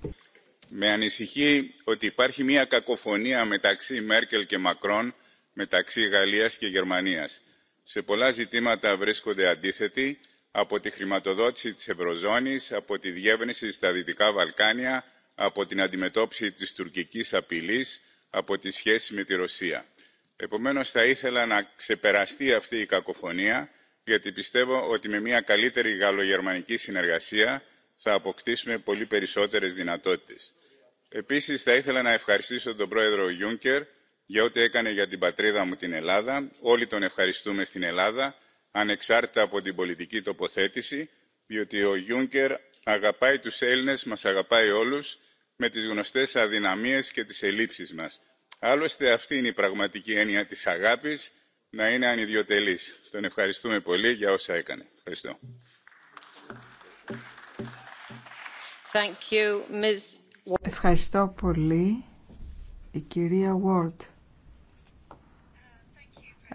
Με ανησυχεί ότι υπάρχει μια κακοφωνία μεταξύ Μέρκελ και Μακρόν, μεταξύ Γαλλίας και Γερμανίας. Σε πολλά ζητήματα βρίσκονται αντίθετοι από τη χρηματοδότηση της ευρωζώνης από τη διεύρυνση στα δυτικά βαλκάνια από την αντιμετώπιση της τουρκικής απειλής από τη σχέση με τη ρωσία. επομένως θα ήθελα να ξεπεραστεί αυτή η κακοφωνία γιατί πιστεύω ότι με μια καλύτερη γαλλογερμανική συνεργασία θα αποκτήσουμε πολύ περισσότερες δυνατότητες. Επίσης θα ήθελα να ευχαριστήσω τον πρόεδρο Γιούνκερ για ό,τι έκανε για την πατρίδα μου την Ελλάδα. Όλοι τον ευχαριστούμε στην Ελλάδα ανεξάρτητα από την πολιτική τοποθέτηση διότι ο Γιούγκερ αγαπάει τους έλληνες μας αγαπάει όλους με τις γνωστές αδυναμίες και τις ελλείψεις μας. άλλωστε αυτή είναι η πραγματική έννοια της αγάπης να είναι ανιδιοτελής. τον ευχαριστούμε πολύ για όσα έκανε. ευχαριστώ. Ευχαριστώ πολύ. Η κυρία Βόρτ.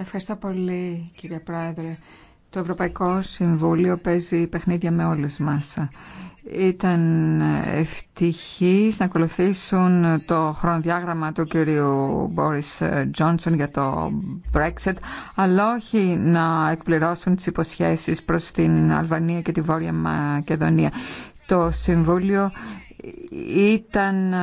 Ευχαριστώ πολύ κύριε Πρόεδρε. Το Ευρωπαϊκό Συμβούλιο παίζει παιχνίδια με όλες μας. Ήταν ευτυχής να ακολουθήσουν το χρονοδιάγραμμα του κυρίου Μπόρις Τζόνσον για το Brexit, αλλά όχι να εκπληρώσουν τις υποσχέσεις προς την Αλβανία και τη Βόρεια Μακεδονία. Το Συμβούλιο ήταν ε,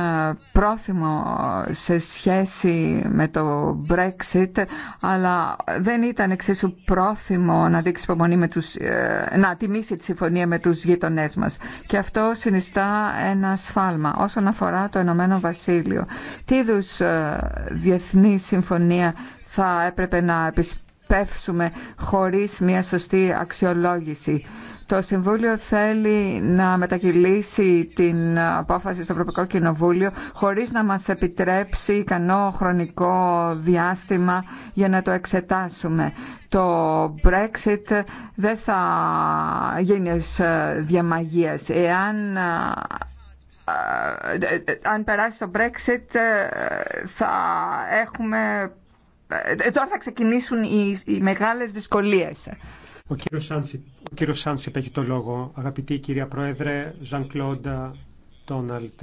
πρόθυμο σε σχέση με το Brexit αλλά δεν ήταν εξίσου πρόθυμο να δείξει υπομονή με τους, ε, να τιμήσει τη συμφωνία με τους γείτονές μας και αυτό συνιστά ένα σφάλμα όσον αφορά το Ενωμένο Βασίλειο τι είδου ε, διεθνή συμφωνία θα έπρεπε να επισπεύσουμε χωρίς μια σωστή αξιολόγηση το Συμβούλιο θέλει να μετακυλήσει την απόφαση στο Ευρωπαϊκό Κοινοβούλιο χωρίς να μας επιτρέψει ικανό χρονικό διάστημα για να το εξετάσουμε. Το Brexit δεν θα γίνει ως διαμαγείας. Εάν αν περάσει το Brexit ε, θα έχουμε... Ε, τώρα θα ξεκινήσουν οι μεγάλες δυσκολίες. Ο κύριος Σάνσιπ, ο έχει το λόγο. Αγαπητή κυρία Πρόεδρε, Ζαν Κλόντ Τόναλτ.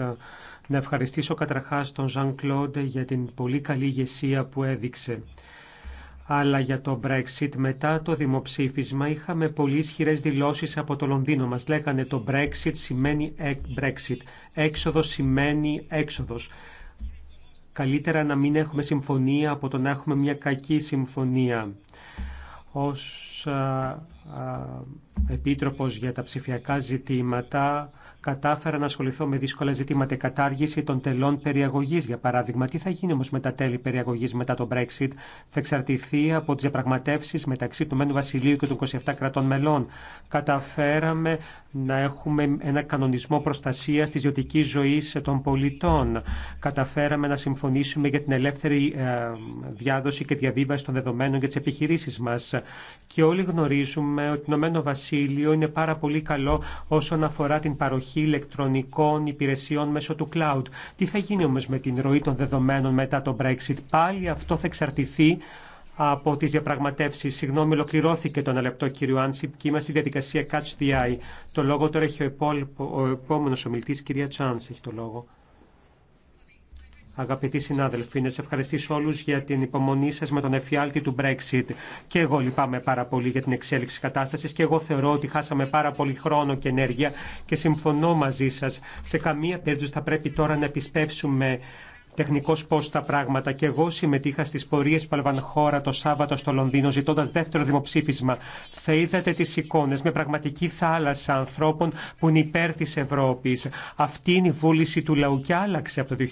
Να ευχαριστήσω καταρχάς τον Ζαν Κλόντ για την πολύ καλή ηγεσία που έδειξε. Αλλά για το Brexit μετά το δημοψήφισμα είχαμε πολύ ισχυρέ δηλώσεις από το Λονδίνο. Μας λέγανε το Brexit σημαίνει Brexit. Έξοδος σημαίνει έξοδος. Καλύτερα να μην έχουμε συμφωνία από το να έχουμε μια κακή συμφωνία. Ως Επίτροπος για τα ψηφιακά ζητήματα κατάφερα να ασχοληθώ με δύσκολα ζητήματα κατάργηση των τελών περιαγωγή, για παράδειγμα. Τι θα γίνει όμω με τα τέλη περιαγωγή μετά τον Brexit, θα εξαρτηθεί από τι διαπραγματεύσει μεταξύ του Μένου Βασιλείου και των 27 κρατών μελών. Καταφέραμε να έχουμε ένα κανονισμό προστασία τη ιδιωτική ζωή των πολιτών. Καταφέραμε να συμφωνήσουμε για την ελεύθερη ε, διάδοση και διαβίβαση των δεδομένων για τι επιχειρήσει μα. Και όλοι γνωρίζουμε ότι το Μένο Βασίλειο είναι πάρα πολύ καλό όσον αφορά την παροχή παροχή ηλεκτρονικών υπηρεσιών μέσω του cloud. Τι θα γίνει όμως με την ροή των δεδομένων μετά το Brexit. Πάλι αυτό θα εξαρτηθεί από τις διαπραγματεύσεις. Συγγνώμη, ολοκληρώθηκε το ένα λεπτό, κύριο Άνσιπ, και είμαστε στη διαδικασία Catch the Eye. Το λόγο τώρα έχει ο, επόμενο ομιλητής, κυρία Τσάνς, έχει το λόγο. Αγαπητοί συνάδελφοι, να σε ευχαριστήσω όλου για την υπομονή σα με τον εφιάλτη του Brexit. Και εγώ λυπάμαι πάρα πολύ για την εξέλιξη κατάσταση και εγώ θεωρώ ότι χάσαμε πάρα πολύ χρόνο και ενέργεια και συμφωνώ μαζί σα. Σε καμία περίπτωση θα πρέπει τώρα να επισπεύσουμε τεχνικό πώ τα πράγματα και εγώ συμμετείχα στι πορείε που έλαβαν χώρα το Σάββατο στο Λονδίνο ζητώντα δεύτερο δημοψήφισμα. Θα είδατε τι εικόνε με πραγματική θάλασσα ανθρώπων που είναι υπέρ τη Ευρώπη. Αυτή είναι η βούληση του λαού και άλλαξε από το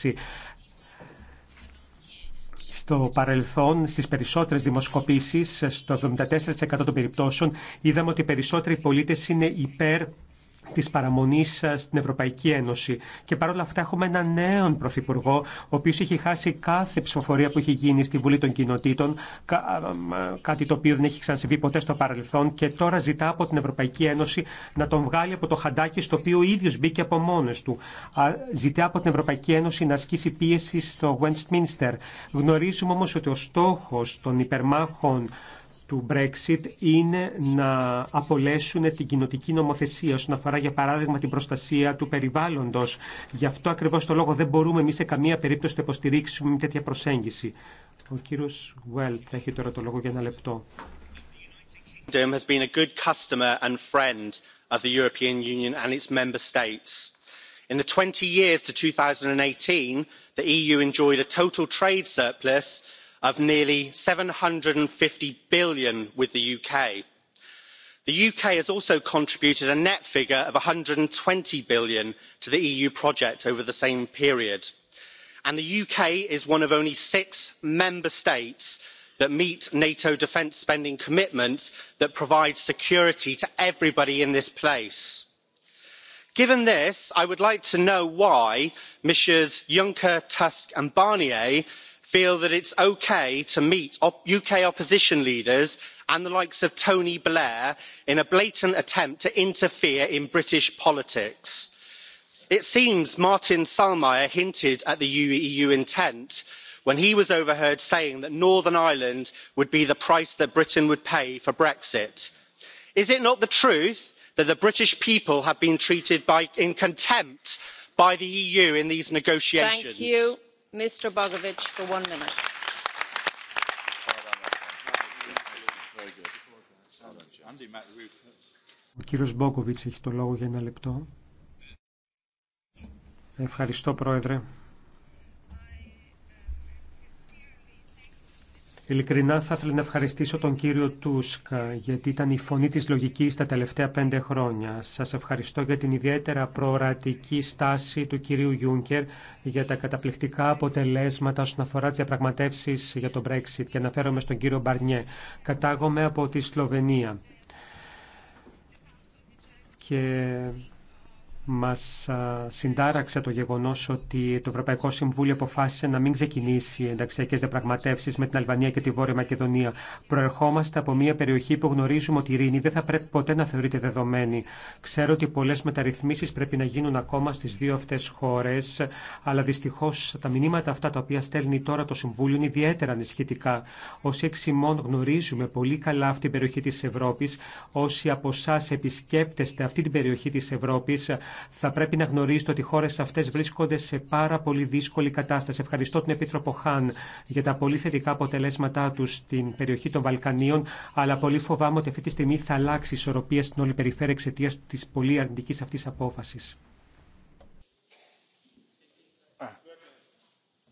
2016 στο παρελθόν, στις περισσότερες δημοσκοπήσεις, στο 74% των περιπτώσεων, είδαμε ότι οι περισσότεροι πολίτες είναι υπέρ τη παραμονή ε, στην Ευρωπαϊκή Ένωση. Και παρόλα αυτά έχουμε έναν νέο Πρωθυπουργό, ο οποίο έχει χάσει κάθε ψηφοφορία που έχει γίνει στη Βουλή των Κοινοτήτων, κάτι το οποίο δεν έχει ξανασυμβεί ποτέ στο παρελθόν, και τώρα ζητά από την Ευρωπαϊκή Ένωση να τον βγάλει από το χαντάκι στο οποίο ο ίδιο μπήκε από μόνο του. Ζητά από την Ευρωπαϊκή Ένωση να ασκήσει πίεση στο Westminster. Γνωρίζουμε όμω ότι ο στόχο των υπερμάχων του Brexit είναι να απολέσουν την κοινοτική νομοθεσία όσον αφορά για παράδειγμα την προστασία του περιβάλλοντος. Γι' αυτό ακριβώς το λόγο δεν μπορούμε εμείς σε καμία περίπτωση να υποστηρίξουμε μια τέτοια προσέγγιση. Ο κύριος θα έχει τώρα το λόγο για ένα λεπτό. Has been a good customer and friend of the European Union and its member states. In the 20 years to 2018, the EU enjoyed a total trade surplus of nearly gbp seven hundred and fifty billion with the uk. the uk has also contributed a net figure of EUR one hundred and twenty billion to the eu project over the same period and the uk is one of only six member states that meet nato defence spending commitments that provide security to everybody in this place. given this i would like to know why messrs juncker tusk and barnier feel that it's ok to meet uk opposition leaders and the likes of tony blair in a blatant attempt to interfere in british politics. it seems martin selmayr hinted at the eu intent when he was overheard saying that northern ireland would be the price that britain would pay for brexit. is it not the truth that the british people have been treated in contempt by the eu in these negotiations? Ο κύριος Μπόκοβιτς έχει το λόγο για ένα λεπτό. Ευχαριστώ, Πρόεδρε. Ειλικρινά θα ήθελα να ευχαριστήσω τον κύριο Τούσκα γιατί ήταν η φωνή της λογικής τα τελευταία πέντε χρόνια. Σας ευχαριστώ για την ιδιαίτερα προορατική στάση του κυρίου Γιούνκερ για τα καταπληκτικά αποτελέσματα όσον αφορά τις διαπραγματεύσεις για τον Brexit και αναφέρομαι στον κύριο Μπαρνιέ. Κατάγομαι από τη Σλοβενία. Και μας συντάραξε το γεγονός ότι το Ευρωπαϊκό Συμβούλιο αποφάσισε να μην ξεκινήσει ενταξιακέ διαπραγματεύσεις με την Αλβανία και τη Βόρεια Μακεδονία. Προερχόμαστε από μια περιοχή που γνωρίζουμε ότι η ειρήνη δεν θα πρέπει ποτέ να θεωρείται δεδομένη. Ξέρω ότι πολλές μεταρρυθμίσεις πρέπει να γίνουν ακόμα στις δύο αυτές χώρες, αλλά δυστυχώς τα μηνύματα αυτά τα οποία στέλνει τώρα το Συμβούλιο είναι ιδιαίτερα ανησυχητικά. Όσοι εξημών γνωρίζουμε πολύ καλά αυτή την περιοχή της Ευρώπης, όσοι από εσά επισκέπτεστε αυτή την περιοχή της Ευρώπης, θα πρέπει να γνωρίζετε ότι οι χώρε αυτέ βρίσκονται σε πάρα πολύ δύσκολη κατάσταση. Ευχαριστώ την Επίτροπο Χάν για τα πολύ θετικά αποτελέσματά του στην περιοχή των Βαλκανίων, αλλά πολύ φοβάμαι ότι αυτή τη στιγμή θα αλλάξει η ισορροπία στην όλη περιφέρεια εξαιτία τη πολύ αρνητική αυτή απόφαση.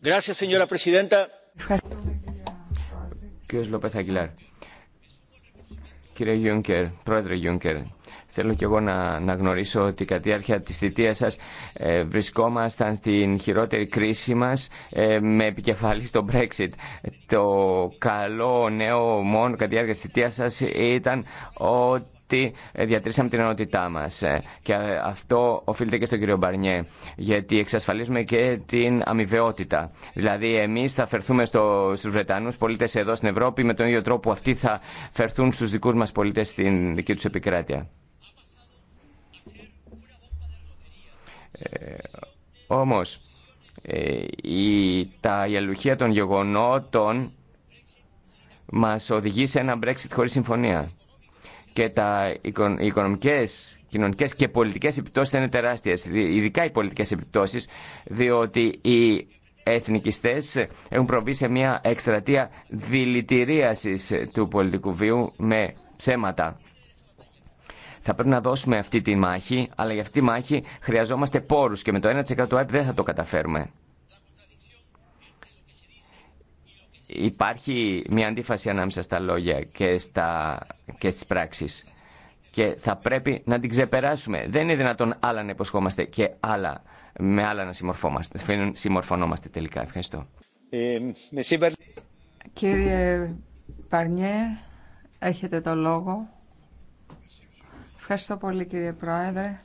Gracias, señora presidenta. Λόπεθ Αγγιλάρ. Κύριε Γιούνκερ, πρόεδρε Γιούνκερ, θέλω κι εγώ να, γνωρίσω ότι κατά τη διάρκεια της θητείας σας ε, βρισκόμασταν στην χειρότερη κρίση μας ε, με επικεφαλή στο Brexit. Το καλό νέο μόνο κατά τη διάρκεια της θητείας σας ήταν ότι τι ε, διατρήσαμε την ενότητά μα. Ε, και ε, αυτό οφείλεται και στον κύριο Μπαρνιέ, γιατί εξασφαλίζουμε και την αμοιβαιότητα. Δηλαδή, εμεί θα φερθούμε στο, στου Βρετανού πολίτε εδώ στην Ευρώπη με τον ίδιο τρόπο αυτοί θα φερθούν στου δικού μα πολίτε στην δική του επικράτεια. Ε, όμως, ε, τα ιαλουχία των γεγονότων μας οδηγεί σε ένα Brexit χωρίς συμφωνία και τα οικονομικές, κοινωνικές και πολιτικές επιπτώσεις θα είναι τεράστιες, ειδικά οι πολιτικές επιπτώσεις, διότι οι εθνικιστές έχουν προβεί σε μια εκστρατεία δηλητηρίασης του πολιτικού βίου με ψέματα. Θα πρέπει να δώσουμε αυτή τη μάχη, αλλά για αυτή τη μάχη χρειαζόμαστε πόρους και με το 1% του ΑΕΠ δεν θα το καταφέρουμε. υπάρχει μια αντίφαση ανάμεσα στα λόγια και, στα, και στις πράξεις και θα πρέπει να την ξεπεράσουμε. Δεν είναι δυνατόν άλλα να υποσχόμαστε και άλλα, με άλλα να συμμορφόμαστε. Συμμορφωνόμαστε τελικά. Ευχαριστώ. Ε, κύριε Παρνιέ, έχετε το λόγο. Ευχαριστώ πολύ κύριε Πρόεδρε.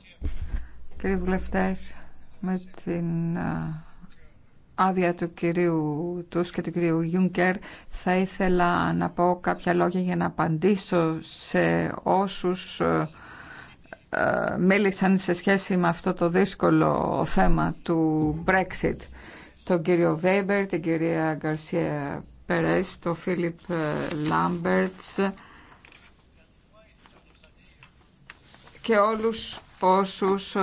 Κύριοι βουλευτές, με την άδεια του κυρίου Τους και του κυρίου Γιούγκερ θα ήθελα να πω κάποια λόγια για να απαντήσω σε όσους ε, ε, μίλησαν σε σχέση με αυτό το δύσκολο θέμα του Brexit. Τον κύριο Βέιμπερ, την κυρία Γκαρσία Περές, τον Φίλιπ Λάμπερτς και όλους πόσους ε,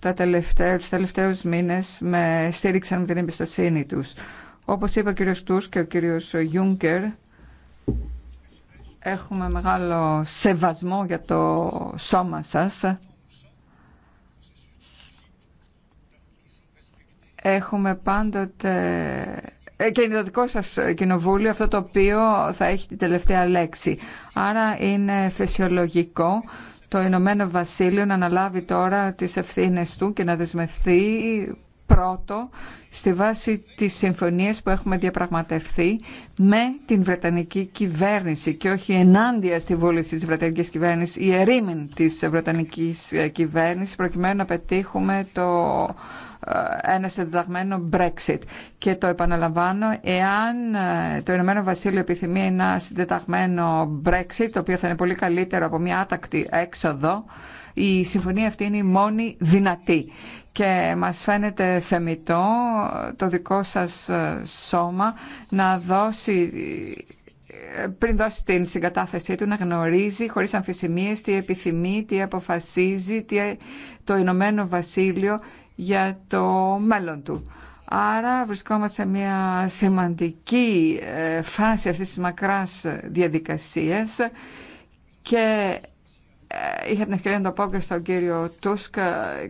τα τελευταία τους τελευταίους μήνες με στήριξαν την εμπιστοσύνη τους. Όπως είπε ο κύριος Τούς και ο κύριος Γιούγκερ, έχουμε μεγάλο σεβασμό για το σώμα σας. Έχουμε πάντοτε ε, και είναι το δικό σα κοινοβούλιο αυτό το οποίο θα έχει την τελευταία λέξη. Άρα είναι φυσιολογικό το Ηνωμένο Βασίλειο να αναλάβει τώρα τις ευθύνες του και να δεσμευθεί πρώτο στη βάση της συμφωνίας που έχουμε διαπραγματευθεί με την Βρετανική κυβέρνηση και όχι ενάντια στη βούληση της Βρετανικής κυβέρνησης ή ερήμην της Βρετανικής κυβέρνησης προκειμένου να πετύχουμε το ε, ένα συντεταγμένο Brexit. Και το επαναλαμβάνω, εάν ε, το Ηνωμένο Βασίλειο επιθυμεί ένα συντεταγμένο Brexit, το οποίο θα είναι πολύ καλύτερο από μια άτακτη έξοδο, η συμφωνία αυτή είναι η μόνη δυνατή. Και μας φαίνεται θεμητό ε, το δικό σας σώμα να δώσει πριν δώσει την συγκατάθεσή του να γνωρίζει χωρίς αμφισημίες τι επιθυμεί, τι αποφασίζει, τι το Ηνωμένο Βασίλειο για το μέλλον του. Άρα βρισκόμαστε σε μια σημαντική ε, φάση αυτής της μακράς διαδικασίας και ε, είχα την ευκαιρία να το πω και στον κύριο Τούσκ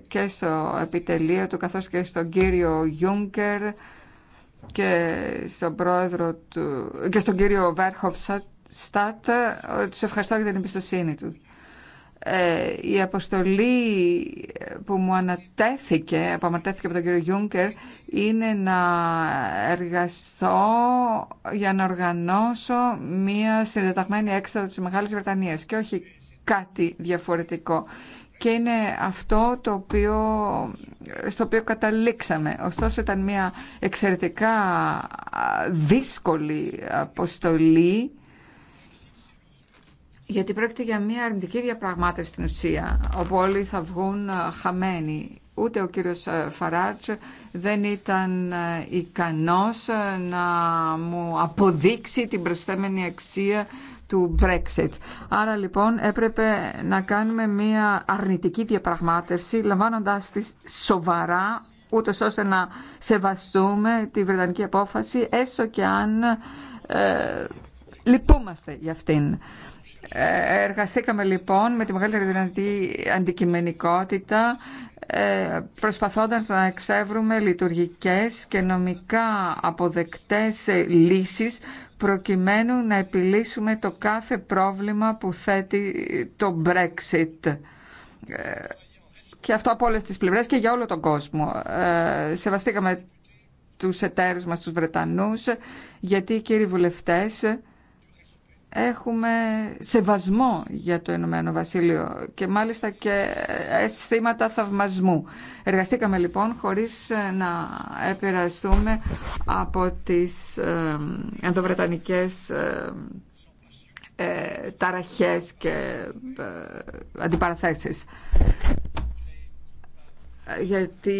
και στο επιτελείο του καθώς και στον κύριο Γιούγκερ και στον πρόεδρο του, και στον κύριο Βέρχοφ Στάτ, ε, τους ευχαριστώ για την εμπιστοσύνη του. Ε, η αποστολή που μου ανατέθηκε, που από τον κύριο Γιούνκερ, είναι να εργαστώ για να οργανώσω μία συνδεταγμένη έξοδο της Μεγάλης Βρετανίας και όχι κάτι διαφορετικό. Και είναι αυτό το οποίο, στο οποίο καταλήξαμε. Ωστόσο ήταν μια εξαιρετικά δύσκολη αποστολή γιατί πρόκειται για μια αρνητική διαπραγμάτευση στην ουσία, όπου όλοι θα βγουν ε, χαμένοι. Ούτε ο κύριος ε, Φαράτζ δεν ήταν ε, ικανός να μου αποδείξει την προσθέμενη αξία του Brexit. Άρα λοιπόν έπρεπε να κάνουμε μια αρνητική διαπραγμάτευση, λαμβάνοντας τη σοβαρά, ούτως ώστε να σεβαστούμε τη Βρετανική απόφαση, έστω και αν ε, λυπούμαστε για αυτήν. Ε, εργαστήκαμε λοιπόν με τη μεγαλύτερη δυνατή αντικειμενικότητα ε, προσπαθώντας να εξεύρουμε λειτουργικές και νομικά αποδεκτές λύσεις προκειμένου να επιλύσουμε το κάθε πρόβλημα που θέτει το Brexit. Ε, και αυτό από όλες τις πλευρές και για όλο τον κόσμο. Σεβαστήκαμε τους εταίρους μας, τους Βρετανούς, γιατί κύριοι βουλευτές έχουμε σεβασμό για το Ηνωμένο Βασίλειο και μάλιστα και αισθήματα θαυμασμού. Εργαστήκαμε λοιπόν χωρίς ε, να επηρεαστούμε από τις ε, ενδοβρετανικές ε, ταραχές και αντιπαραθέσεις. Γιατί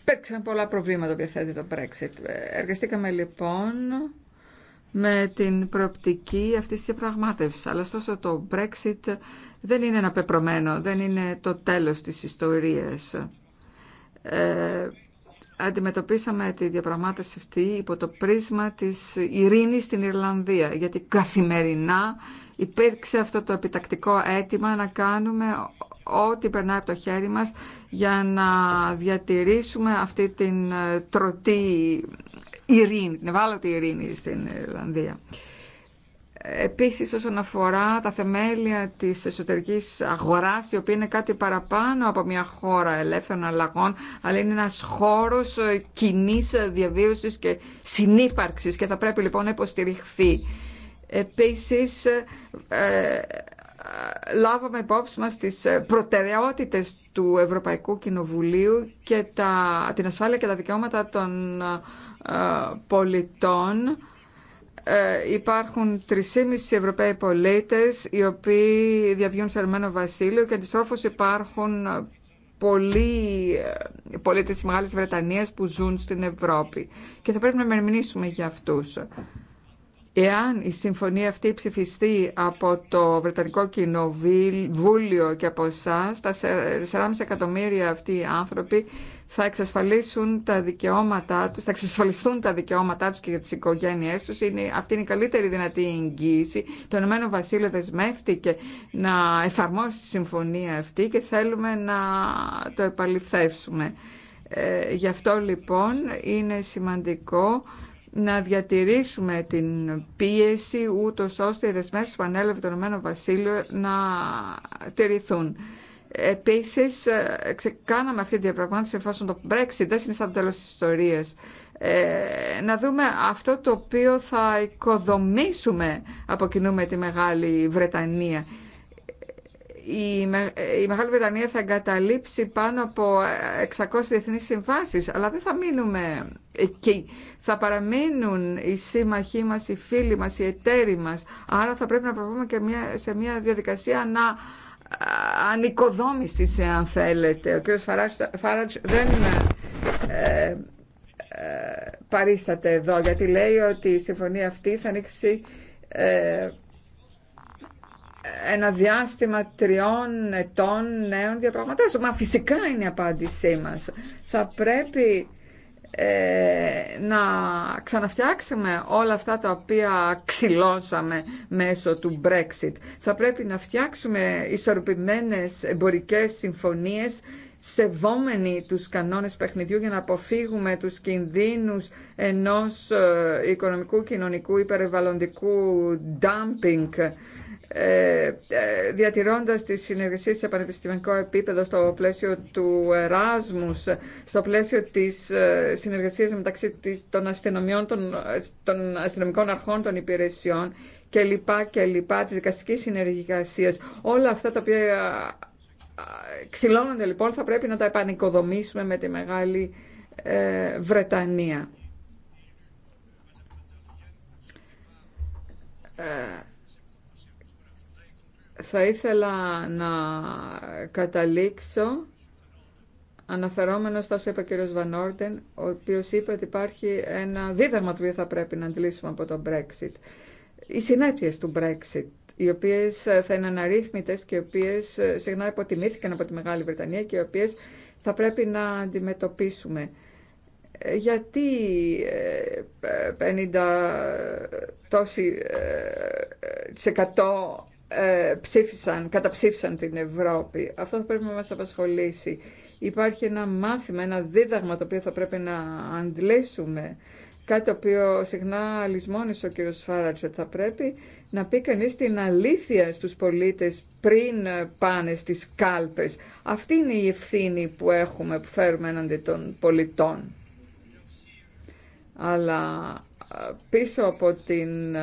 υπήρξαν πολλά προβλήματα που θέτει το Brexit. Εργαστήκαμε λοιπόν με την προοπτική αυτής της διαπραγμάτευσης. Αλλά ωστόσο το Brexit δεν είναι ένα πεπρωμένο, δεν είναι το τέλος της ιστορίας. Ε, αντιμετωπίσαμε τη διαπραγμάτευση αυτή υπό το πρίσμα της ειρήνης στην Ιρλανδία, γιατί καθημερινά υπήρξε αυτό το επιτακτικό αίτημα να κάνουμε ό,τι περνάει από το χέρι μας για να διατηρήσουμε αυτή την ε, τροτή ειρήνη, την ευάλωτη ειρήνη στην Ιρλανδία. Επίσης όσον αφορά τα θεμέλια της εσωτερικής αγοράς η οποία είναι κάτι παραπάνω από μια χώρα ελεύθερων αλλαγών αλλά είναι ένας χώρος κοινής διαβίωσης και συνύπαρξης και θα πρέπει λοιπόν να υποστηριχθεί. Επίσης ε, λάβαμε υπόψη μας τις προτεραιότητες του Ευρωπαϊκού Κοινοβουλίου και την ασφάλεια και τα δικαιώματα των ε, πολιτών ε, υπάρχουν 3,5 Ευρωπαίοι πολίτες οι οποίοι διαβιούν σε Αρμένο Βασίλειο και αντιστρόφως υπάρχουν πολλοί ε, πολίτες της Μεγάλης Βρετανίας που ζουν στην Ευρώπη και θα πρέπει να μερμηνήσουμε για αυτούς. Εάν η συμφωνία αυτή ψηφιστεί από το Βρετανικό Κοινοβούλιο και από εσά, τα 4,5 εκατομμύρια αυτοί οι άνθρωποι θα εξασφαλίσουν τα δικαιώματά τους, θα εξασφαλιστούν τα δικαιώματά τους και για τις οικογένειές τους. Είναι, αυτή είναι η καλύτερη δυνατή εγγύηση. Το Ηνωμένο Βασίλειο δεσμεύτηκε να εφαρμόσει τη συμφωνία αυτή και θέλουμε να το επαληθεύσουμε. Ε, γι' αυτό λοιπόν είναι σημαντικό να διατηρήσουμε την πίεση ούτως ώστε οι δεσμεύσεις που ανέλαβε το Ηνωμένο Βασίλειο να τηρηθούν. Επίση, ε, κάναμε αυτή την διαπραγμάτευση εφόσον το Brexit δεν είναι σαν το τέλος τη ιστορία. Ε, να δούμε αυτό το οποίο θα οικοδομήσουμε από κοινού με τη Μεγάλη Βρετανία. Η, η Μεγάλη Βρετανία θα εγκαταλείψει πάνω από 600 ε, διεθνείς συμβάσεις, αλλά δεν θα μείνουμε εκεί. Θα παραμείνουν οι σύμμαχοί μας, οι φίλοι μας, οι εταίροι μας. Άρα θα πρέπει να προβούμε και μια, σε μια διαδικασία να Ανοικοδόμηση, αν θέλετε. Ο κ. Φάραντς δεν ε, ε, παρίσταται εδώ γιατί λέει ότι η συμφωνία αυτή θα ανοίξει ε, ένα διάστημα τριών ετών νέων διαπραγματεύσεων. Μα φυσικά είναι η απάντησή μας. Θα πρέπει ε, να ξαναφτιάξουμε όλα αυτά τα οποία ξυλώσαμε μέσω του Brexit. Θα πρέπει να φτιάξουμε ισορροπημένες εμπορικές συμφωνίες σεβόμενοι τους κανόνες παιχνιδιού για να αποφύγουμε τους κινδύνους ενός ε, οικονομικού, κοινωνικού, υπερεβαλλοντικού dumping ε, ε, διατηρώντας τις συνεργασίες σε πανεπιστημιακό επίπεδο στο πλαίσιο του Εράσμους, στο πλαίσιο της ε, συνεργασίας μεταξύ των, αστυνομιών, των, των αστυνομικών αρχών των υπηρεσιών και λοιπά και λοιπά, της δικαστικής συνεργασίας. Όλα αυτά τα οποία ξυλώνονται λοιπόν θα πρέπει να τα επανοικοδομήσουμε με τη Μεγάλη Βρετανία θα ήθελα να καταλήξω αναφερόμενο στα όσο είπε ο κ. Βανόρντεν, ο οποίο είπε ότι υπάρχει ένα δίδαγμα το οποίο θα πρέπει να αντλήσουμε από το Brexit. Οι συνέπειε του Brexit, οι οποίε θα είναι αναρρύθμιτε και οι οποίε συχνά υποτιμήθηκαν από τη Μεγάλη Βρετανία και οι οποίε θα πρέπει να αντιμετωπίσουμε. Γιατί 50 ε, τόσοι, 100 ε, ε, ε, ψήφισαν, καταψήφισαν την Ευρώπη. Αυτό θα πρέπει να μας απασχολήσει. Υπάρχει ένα μάθημα, ένα δίδαγμα το οποίο θα πρέπει να αντλήσουμε. Κάτι το οποίο συχνά λησμόνησε ο κύριος φάρατ ότι θα πρέπει να πει κανείς την αλήθεια στους πολίτες πριν πάνε στις κάλπες. Αυτή είναι η ευθύνη που έχουμε, που φέρουμε έναντι των πολιτών. Αλλά πίσω από την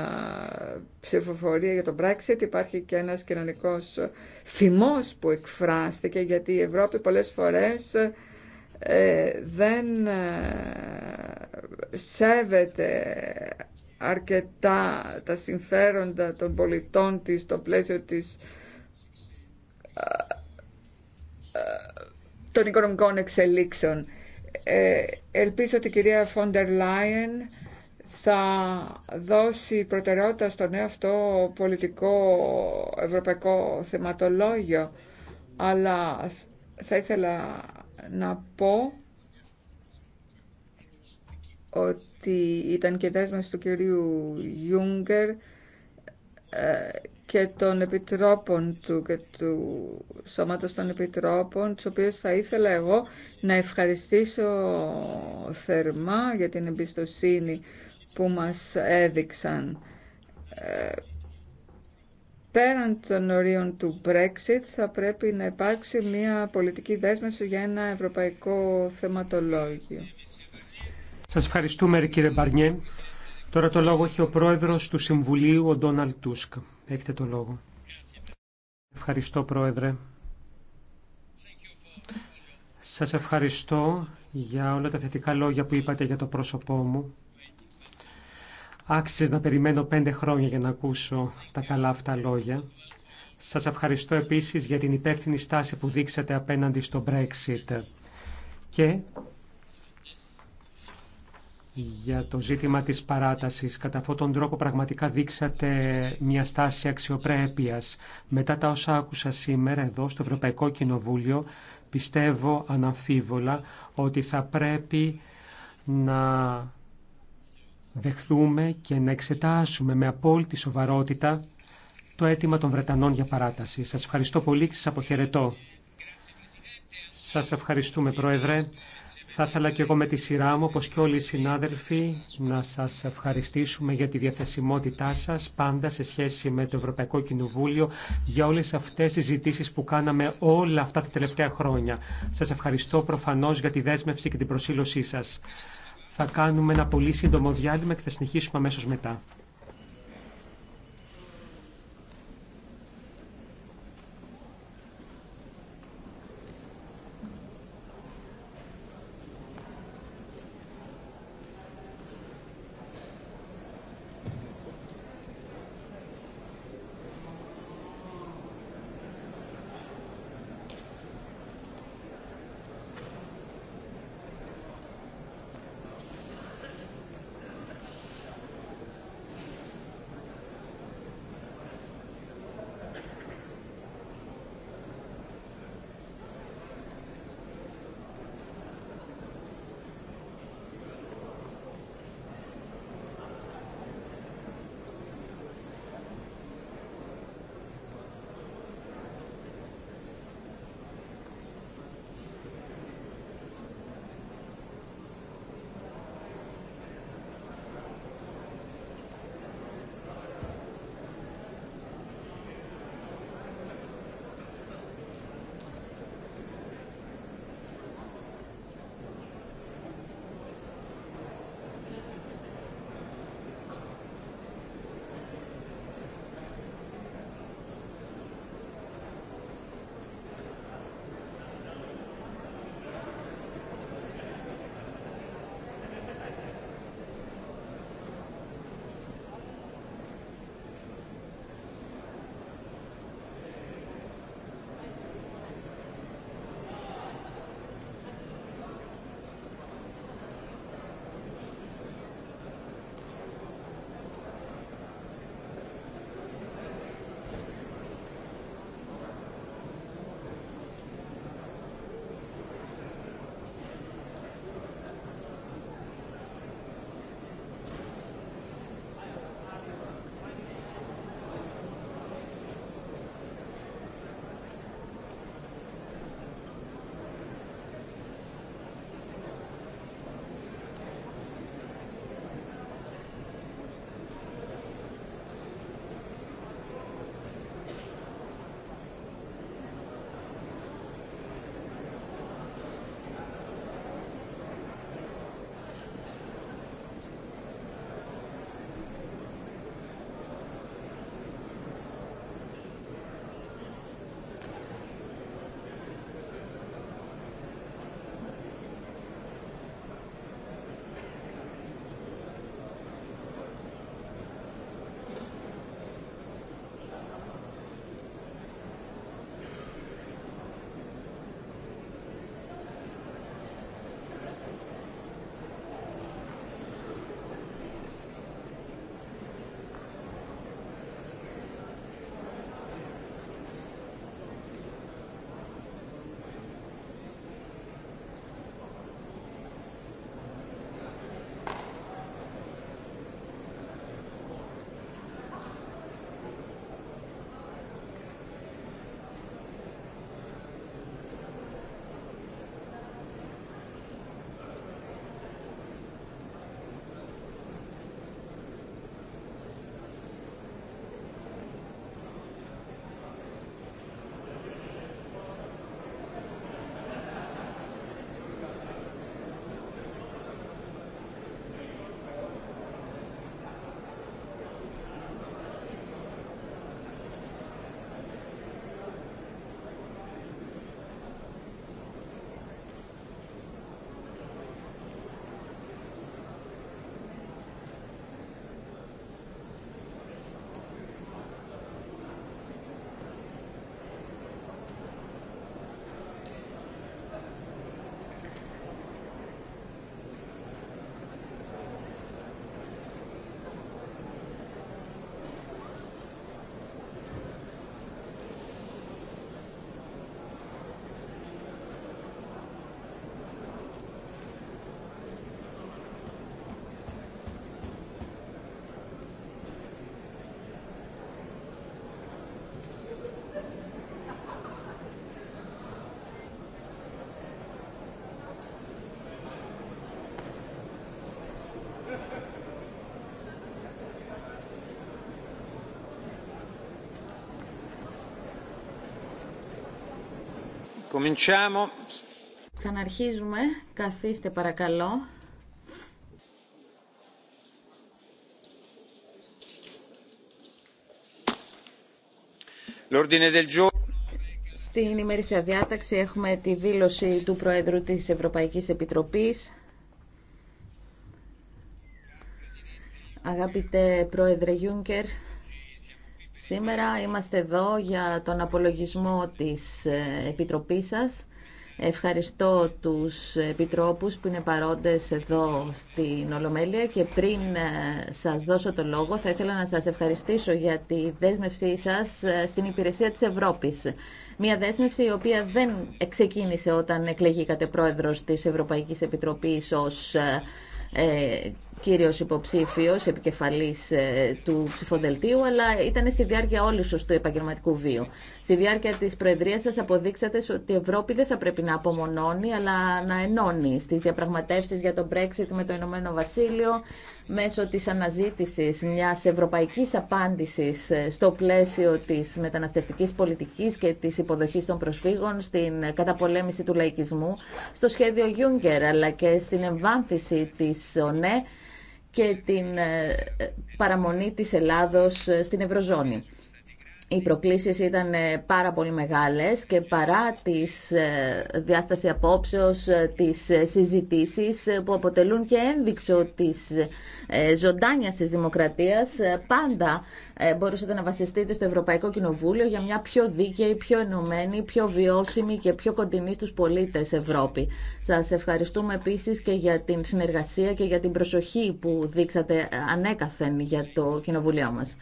ψηφοφορία για τον Brexit υπάρχει και ένας κοινωνικός θυμός που εκφράστηκε γιατί η Ευρώπη πολλές φορές ε, δεν ε, σέβεται αρκετά τα συμφέροντα των πολιτών της στο πλαίσιο της των οικονομικών εξελίξεων. Ε, ελπίζω ότι η κυρία Φόντερ Λάιεν θα δώσει προτεραιότητα στο νέο αυτό πολιτικό ευρωπαϊκό θεματολόγιο αλλά θα ήθελα να πω ότι ήταν και δέσμευση του κυρίου Γιούγκερ ε, και των επιτρόπων του και του σώματος των επιτρόπων, τους οποίους θα ήθελα εγώ να ευχαριστήσω θερμά για την εμπιστοσύνη που μας έδειξαν. Ε, πέραν των ορίων του Brexit θα πρέπει να υπάρξει μια πολιτική δέσμευση για ένα ευρωπαϊκό θεματολόγιο. Σας ευχαριστούμε κύριε Μπαρνιέ. Τώρα το λόγο έχει ο πρόεδρος του Συμβουλίου, ο Ντόναλτ Τούσκ. Έχετε το λόγο. Ευχαριστώ πρόεδρε. Σας ευχαριστώ για όλα τα θετικά λόγια που είπατε για το πρόσωπό μου. Άξιζε να περιμένω πέντε χρόνια για να ακούσω τα καλά αυτά λόγια. Σας ευχαριστώ επίσης για την υπεύθυνη στάση που δείξατε απέναντι στο Brexit και για το ζήτημα της παράτασης. Κατά αυτόν τον τρόπο πραγματικά δείξατε μια στάση αξιοπρέπειας. Μετά τα όσα άκουσα σήμερα εδώ στο Ευρωπαϊκό Κοινοβούλιο, πιστεύω αναμφίβολα ότι θα πρέπει να δεχθούμε και να εξετάσουμε με απόλυτη σοβαρότητα το αίτημα των Βρετανών για παράταση. Σας ευχαριστώ πολύ και σας αποχαιρετώ. Σας ευχαριστούμε, Πρόεδρε. Θα ήθελα και εγώ με τη σειρά μου, όπως και όλοι οι συνάδελφοι, να σας ευχαριστήσουμε για τη διαθεσιμότητά σας πάντα σε σχέση με το Ευρωπαϊκό Κοινοβούλιο για όλες αυτές τις ζητήσεις που κάναμε όλα αυτά τα τελευταία χρόνια. Σας ευχαριστώ προφανώς για τη δέσμευση και την προσήλωσή σας. Θα κάνουμε ένα πολύ σύντομο διάλειμμα και θα συνεχίσουμε αμέσως μετά. Cominciamo. Ξαναρχίζουμε. Καθίστε παρακαλώ. Στην ημερήσια διάταξη έχουμε τη δήλωση του Προέδρου της Ευρωπαϊκής Επιτροπής. Αγαπητέ Πρόεδρε Γιούνκερ, Σήμερα είμαστε εδώ για τον απολογισμό της ε, Επιτροπής σας. Ευχαριστώ τους επιτρόπους που είναι παρόντες εδώ στην Ολομέλεια και πριν ε, σας δώσω το λόγο θα ήθελα να σας ευχαριστήσω για τη δέσμευσή σας ε, στην υπηρεσία της Ευρώπης. Μια δέσμευση η οποία δεν ξεκίνησε όταν εκλεγήκατε πρόεδρος της Ευρωπαϊκής Επιτροπής ως κύριος υποψήφιος, επικεφαλής ε, του ψηφοδελτίου, αλλά ήταν στη διάρκεια όλου του επαγγελματικού βίου. Στη διάρκεια τη Προεδρία σα αποδείξατε ότι η Ευρώπη δεν θα πρέπει να απομονώνει, αλλά να ενώνει στις διαπραγματεύσει για τον Brexit με το Ηνωμένο Βασίλειο, μέσω τη αναζήτηση μια ευρωπαϊκή απάντηση ε, στο πλαίσιο τη μεταναστευτική πολιτική και τη υποδοχή των προσφύγων, στην καταπολέμηση του λαϊκισμού, στο σχέδιο Juncker, αλλά και στην εμβάνθηση τη ΟΝΕ, και την ε, παραμονή της Ελλάδος ε, στην Ευρωζώνη οι προκλήσεις ήταν ε, πάρα πολύ μεγάλες και παρά τις ε, διάσταση απόψεως, ε, τις συζητήσεις που αποτελούν και ένδειξο της ζωντάνιας της δημοκρατίας, πάντα μπορούσατε να βασιστείτε στο Ευρωπαϊκό Κοινοβούλιο για μια πιο δίκαιη, πιο ενωμένη, πιο βιώσιμη και πιο κοντινή στους πολίτες Ευρώπη. Σας ευχαριστούμε επίσης και για την συνεργασία και για την προσοχή που δείξατε ανέκαθεν για το Κοινοβουλίο μας.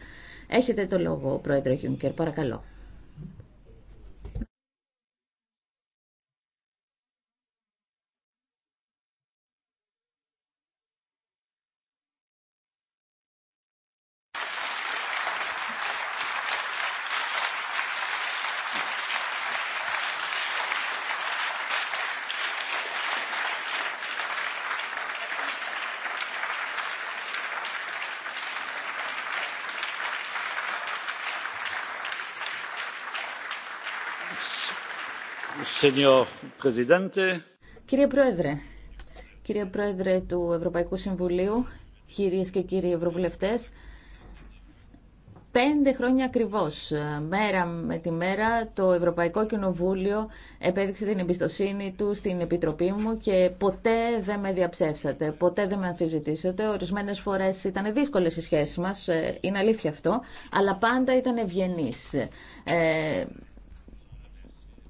Έχετε το λόγο, Πρόεδρε Γιούνκερ, παρακαλώ. Κύριε Πρόεδρε, κύριε Πρόεδρε του Ευρωπαϊκού Συμβουλίου, κυρίες και κύριοι Ευρωβουλευτές, Πέντε χρόνια ακριβώς, μέρα με τη μέρα, το Ευρωπαϊκό Κοινοβούλιο επέδειξε την εμπιστοσύνη του στην Επιτροπή μου και ποτέ δεν με διαψεύσατε, ποτέ δεν με αμφισβητήσατε. Ορισμένες φορές ήταν δύσκολες οι σχέσεις μας, ε, είναι αλήθεια αυτό, αλλά πάντα ήταν ευγενείς. Ε,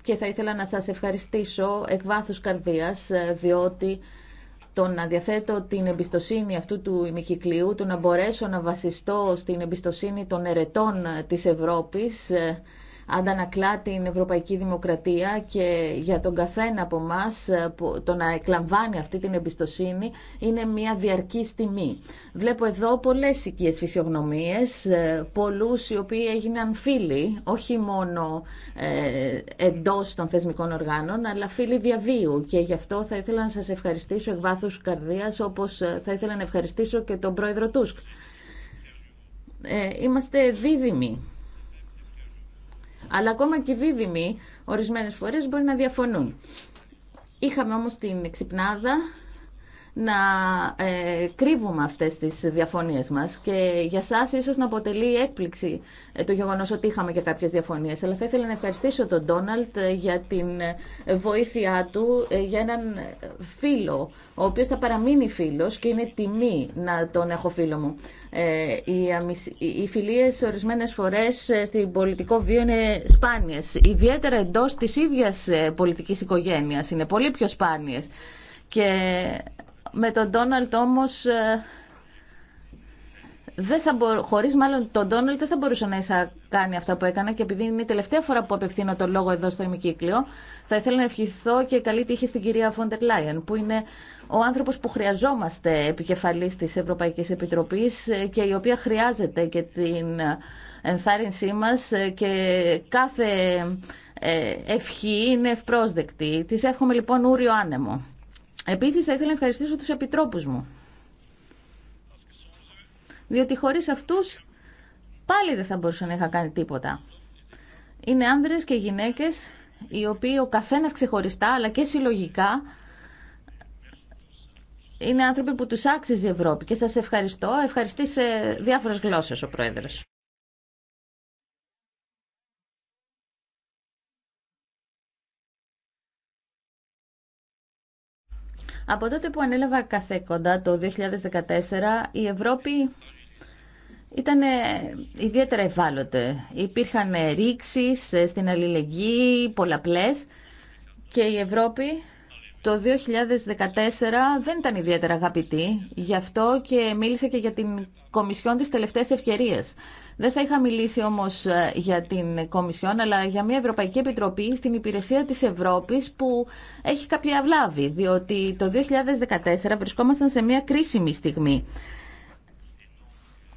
και θα ήθελα να σας ευχαριστήσω εκ βάθους καρδίας, ε, διότι το να διαθέτω την εμπιστοσύνη αυτού του ημικυκλίου, το να μπορέσω να βασιστώ στην εμπιστοσύνη των ερετών ε, της Ευρώπης, ε, αντανακλά την ευρωπαϊκή δημοκρατία και για τον καθένα από εμά το να εκλαμβάνει αυτή την εμπιστοσύνη είναι μια διαρκή τιμή. Βλέπω εδώ πολλέ οικίες φυσιογνωμίες, ε, πολλού οι οποίοι έγιναν φίλοι, όχι μόνο ε, εντό των θεσμικών οργάνων, αλλά φίλοι διαβίου και γι' αυτό θα ήθελα να σα ευχαριστήσω εκ βάθου καρδία, όπω ε, θα ήθελα να ευχαριστήσω και τον πρόεδρο Τούσκ. είμαστε δίδυμοι αλλά ακόμα και οι δίδυμοι ορισμένες φορές μπορεί να διαφωνούν. Είχαμε όμως την ξυπνάδα να ε, κρύβουμε αυτές τις διαφωνίες μας και για σας ίσως να αποτελεί έκπληξη ε, το γεγονός ότι είχαμε και κάποιες διαφωνίες αλλά θα ήθελα να ευχαριστήσω τον Ντόναλτ ε, για την βοήθειά του για έναν φίλο ο οποίος θα παραμείνει φίλος και είναι τιμή να τον έχω φίλο μου ε, οι, αμυσ... οι φιλίες ορισμένες φορές στην πολιτικό βίο είναι σπάνιες ιδιαίτερα εντός της ίδιας πολιτικής οικογένειας είναι πολύ πιο σπάνιες και με τον Ντόναλτ όμως ε, δεν θα χωρίς μάλλον τον Ντόναλτ δεν θα μπορούσα να ίσα κάνει αυτά που έκανα και επειδή είναι η τελευταία φορά που απευθύνω τον λόγο εδώ στο ημικύκλιο, θα ήθελα να ευχηθώ και καλή τύχη στην κυρία Φόντερ Λάιεν, που είναι ο άνθρωπος που χρειαζόμαστε επικεφαλής της Ευρωπαϊκής Επιτροπής ε, και η οποία χρειάζεται και την ενθάρρυνσή μας ε, και κάθε ευχή είναι ευπρόσδεκτη. Της εύχομαι λοιπόν ούριο άνεμο. Επίσης θα ήθελα να ευχαριστήσω τους επιτρόπους μου. Διότι χωρίς αυτούς πάλι δεν θα μπορούσα να είχα κάνει τίποτα. Είναι άνδρες και γυναίκες οι οποίοι ο καθένας ξεχωριστά αλλά και συλλογικά είναι άνθρωποι που τους άξιζε η Ευρώπη και σας ευχαριστώ. Ευχαριστή σε διάφορες γλώσσες ο Πρόεδρος. Από τότε που ανέλαβα καθέκοντα το 2014, η Ευρώπη ήταν ιδιαίτερα ευάλωτη. Υπήρχαν ρήξει ε, στην αλληλεγγύη, πολλαπλές και η Ευρώπη το 2014 δεν ήταν ιδιαίτερα αγαπητή, γι' αυτό και μίλησε και για την Κομισιόν της τελευταίας ευκαιρίας. Δεν θα είχα μιλήσει όμως ε, για την Κομισιόν, αλλά για μια Ευρωπαϊκή Επιτροπή στην υπηρεσία της Ευρώπης που έχει κάποια βλάβη, διότι το 2014 βρισκόμασταν σε μια κρίσιμη στιγμή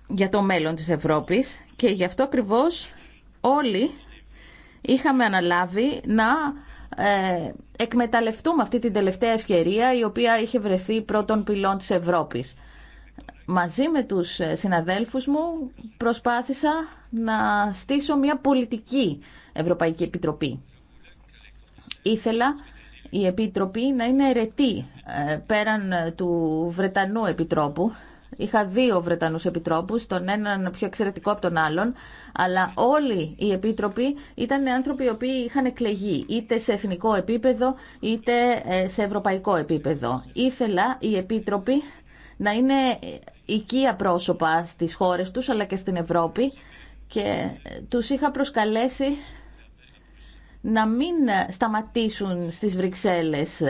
για το μέλλον της Ευρώπης και γι' αυτό ακριβώς όλοι είχαμε αναλάβει να ε, εκμεταλλευτούμε αυτή την τελευταία ευκαιρία η οποία είχε βρεθεί πρώτων πυλών της Ευρώπης μαζί με τους ε, συναδέλφους μου προσπάθησα να στήσω μια πολιτική Ευρωπαϊκή Επιτροπή. Ήθελα η Επιτροπή να είναι ερετή. Ε, πέραν ε, του Βρετανού Επιτρόπου. Είχα δύο Βρετανούς Επιτρόπους, τον έναν πιο εξαιρετικό από τον άλλον, αλλά όλοι οι Επίτροποι ήταν άνθρωποι οι οποίοι είχαν εκλεγεί είτε σε εθνικό επίπεδο είτε σε ευρωπαϊκό επίπεδο. Ήθελα η Επίτροπη να είναι οικία πρόσωπα στις χώρες τους αλλά και στην Ευρώπη και τους είχα προσκαλέσει να μην σταματήσουν στις Βρυξέλλες,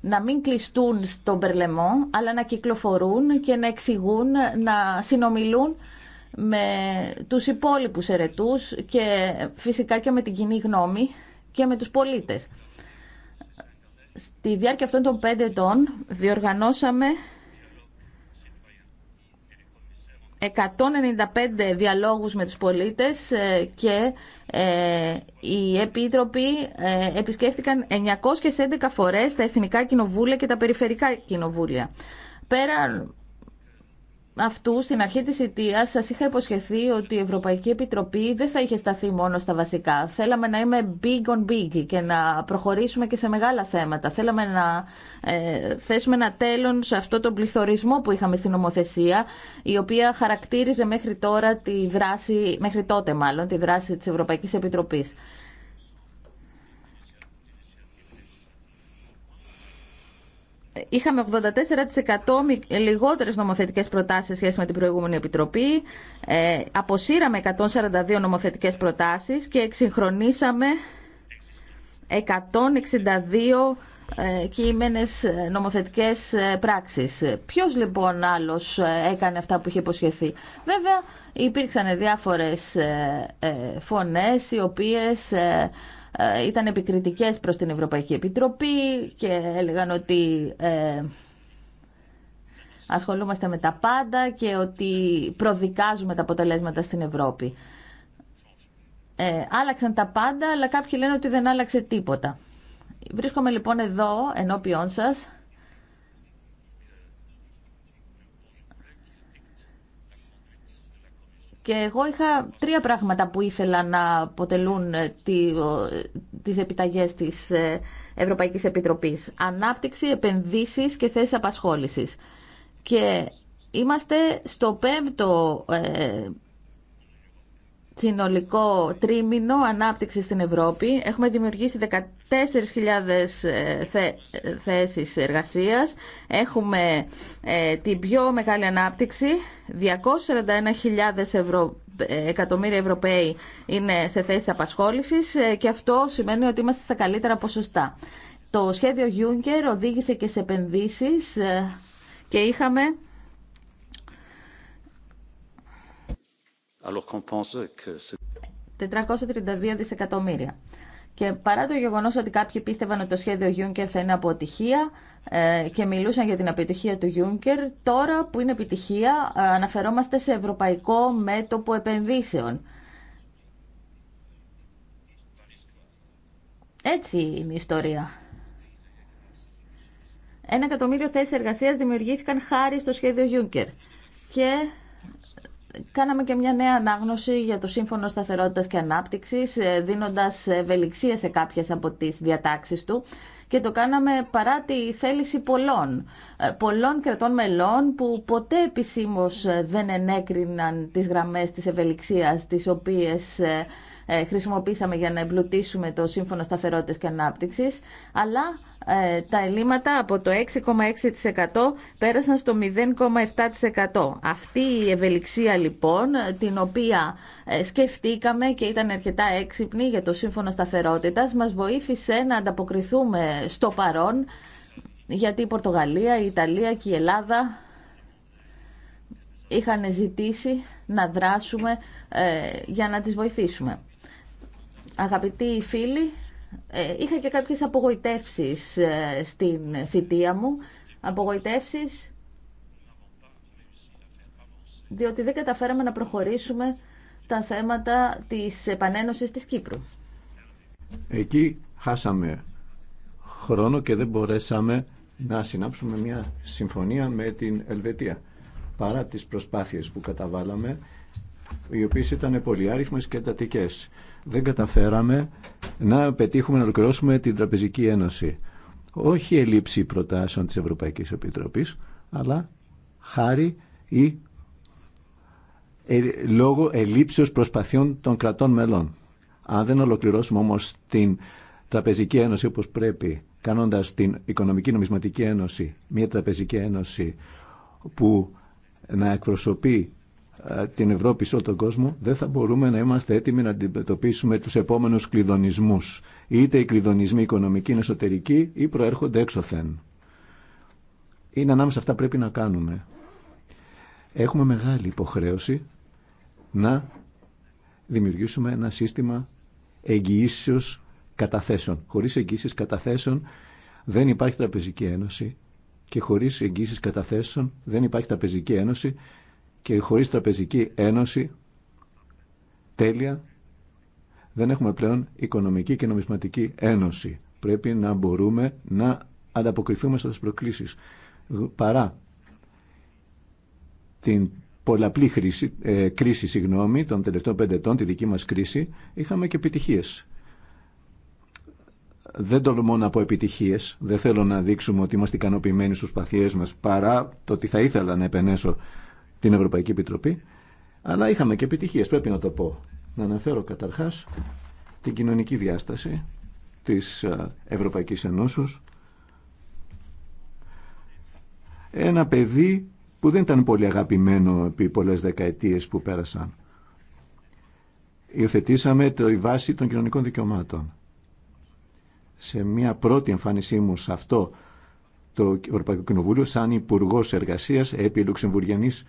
να μην κλειστούν στον Περλεμό, αλλά να κυκλοφορούν και να εξηγούν, να συνομιλούν με τους υπόλοιπους ερετούς και φυσικά και με την κοινή γνώμη και με τους πολίτες. Στη διάρκεια αυτών των πέντε ετών διοργανώσαμε 195 διαλόγους με τους πολίτες ε, και ε, οι επίτροποι ε, επισκέφτηκαν 911 φορές τα εθνικά κοινοβούλια και τα περιφερικά κοινοβούλια. Πέραν αυτού στην αρχή της ηττίας σας είχα υποσχεθεί ότι η Ευρωπαϊκή Επιτροπή δεν θα είχε σταθεί μόνο στα βασικά. Θέλαμε να είμαι big on big και να προχωρήσουμε και σε μεγάλα θέματα. Θέλαμε να ε, θέσουμε ένα τέλος σε αυτό τον πληθωρισμό που είχαμε στην νομοθεσία, η οποία χαρακτήριζε μέχρι τώρα τη δράση, μέχρι τότε μάλλον, τη δράση της Ευρωπαϊκής Επιτροπής. Είχαμε 84% λιγότερες νομοθετικές προτάσεις σχέση με την προηγούμενη Επιτροπή. Ε, αποσύραμε 142 νομοθετικές προτάσεις και εξυγχρονίσαμε 162 ε, κείμενες ε, νομοθετικές ε, πράξεις. Ποιος λοιπόν άλλος έκανε αυτά που είχε υποσχεθεί. Βέβαια υπήρξαν διάφορες φωνές οι οποίες ε, ήταν επικριτικές προς την Ευρωπαϊκή Επιτροπή και έλεγαν ότι ε, ασχολούμαστε με τα πάντα και ότι προδικάζουμε τα αποτελέσματα στην Ευρώπη. Ε, άλλαξαν τα πάντα, αλλά κάποιοι λένε ότι δεν άλλαξε τίποτα. Βρίσκομαι λοιπόν εδώ ενώπιόν σας Και εγώ είχα τρία πράγματα που ήθελα να αποτελούν ε, τις επιταγές της ε, Ευρωπαϊκής Επιτροπής. Ανάπτυξη, επενδύσεις και θέσεις απασχόλησης. Και είμαστε στο πέμπτο ε, συνολικό τρίμηνο ανάπτυξη στην Ευρώπη. Έχουμε δημιουργήσει 14.000 ε, ε, θέσεις εργασίας. Έχουμε ε, την πιο μεγάλη ανάπτυξη. 241.000 ευρώ, εκατομμύρια Ευρωπαίοι είναι σε θέσεις απασχόλησης και αυτό σημαίνει ότι είμαστε στα καλύτερα ποσοστά. Το σχέδιο Juncker οδήγησε και σε επενδύσεις και είχαμε 432 δισεκατομμύρια. Και παρά το γεγονός ότι κάποιοι πίστευαν ότι το σχέδιο Juncker θα είναι αποτυχία ε, και μιλούσαν για την επιτυχία του Juncker, τώρα που είναι επιτυχία ε, αναφερόμαστε σε ευρωπαϊκό μέτωπο επενδύσεων. Έτσι είναι η ιστορία. Ένα εκατομμύριο θέσεις εργασία δημιουργήθηκαν χάρη στο σχέδιο Juncker. Και Κάναμε και μια νέα ανάγνωση για το Σύμφωνο Σταθερότητας και Ανάπτυξης, ε, δίνοντας ευελιξία σε κάποιες από τις διατάξεις του και το κάναμε παρά τη θέληση πολλών. Ε, πολλών κρατών μελών που ποτέ επισήμως ε, δεν ενέκριναν τις γραμμές της ευελιξίας τις οποίες χρησιμοποίησαμε για να εμπλουτίσουμε το Σύμφωνο Σταθερότητας και Ανάπτυξης, αλλά ε, τα ελλείμματα από το 6,6% πέρασαν στο 0,7%. Αυτή η ευελιξία λοιπόν, την οποία ε, σκεφτήκαμε και ήταν αρκετά έξυπνη για το Σύμφωνο Σταθερότητας, μας βοήθησε να ανταποκριθούμε στο παρόν, γιατί η Πορτογαλία, η Ιταλία και η Ελλάδα είχαν ζητήσει να δράσουμε ε, για να τις βοηθήσουμε. Αγαπητοί φίλοι, ε, είχα και κάποιες απογοητεύσεις ε, στην θητεία μου. Απογοητεύσεις διότι δεν καταφέραμε να προχωρήσουμε τα θέματα της επανένωσης της Κύπρου. Εκεί χάσαμε χρόνο και δεν μπορέσαμε να συνάψουμε μια συμφωνία με την Ελβετία. Παρά τις προσπάθειες που καταβάλαμε, οι οποίες ήταν πολυάριθμες και εντατικές. Δεν καταφέραμε να πετύχουμε να ολοκληρώσουμε την Τραπεζική Ένωση. Όχι ελήψη προτάσεων της Ευρωπαϊκής Επιτροπής, αλλά χάρη ή ε, λόγω ελλείψεως προσπαθειών των κρατών μελών. Αν δεν ολοκληρώσουμε όμως την Τραπεζική Ένωση όπως πρέπει, κάνοντας την Οικονομική Νομισματική Ένωση, μια Τραπεζική Ένωση που να εκπροσωπεί ε, την Ευρώπη σε όλο τον κόσμο, δεν θα μπορούμε να είμαστε έτοιμοι να αντιμετωπίσουμε τους επόμενους κλειδονισμούς. Είτε οι κλειδονισμοί οικονομικοί είναι εσωτερικοί ή προέρχονται έξωθεν. Είναι ανάμεσα αυτά πρέπει να κάνουμε. Έχουμε μεγάλη υποχρέωση να δημιουργήσουμε ένα σύστημα εγγυήσεως καταθέσεων. Χωρίς εγγύσει καταθέσεων δεν υπάρχει τραπεζική ένωση και χωρίς εγγύσει καταθέσεων δεν υπάρχει τραπεζική ένωση και χωρίς τραπεζική ένωση τέλεια δεν έχουμε πλέον οικονομική και νομισματική ένωση. Πρέπει να μπορούμε να ανταποκριθούμε στις προκλήσεις παρά την πολλαπλή ε, κρίση συγγνώμη, των τελευταίων πέντε ετών, τη δική μας κρίση, είχαμε και επιτυχίες. Δεν τολμώ να πω επιτυχίε. δεν θέλω να δείξουμε ότι είμαστε ικανοποιημένοι στου παθιέ μα, παρά το ότι θα ήθελα να επενέσω την Ευρωπαϊκή Επιτροπή, αλλά είχαμε και επιτυχίες, πρέπει να το πω. Να αναφέρω καταρχάς την κοινωνική διάσταση της ε, Ευρωπαϊκής Ενώσεως. Ένα παιδί που δεν ήταν πολύ αγαπημένο επί πολλές δεκαετίες που πέρασαν. Υιοθετήσαμε το, η βάση των κοινωνικών δικαιωμάτων. Σε μια πρώτη εμφάνισή μου σε αυτό το Ευρωπαϊκό Κοινοβούλιο, σαν Υπουργό Εργασία επί Λουξεμβουργιανής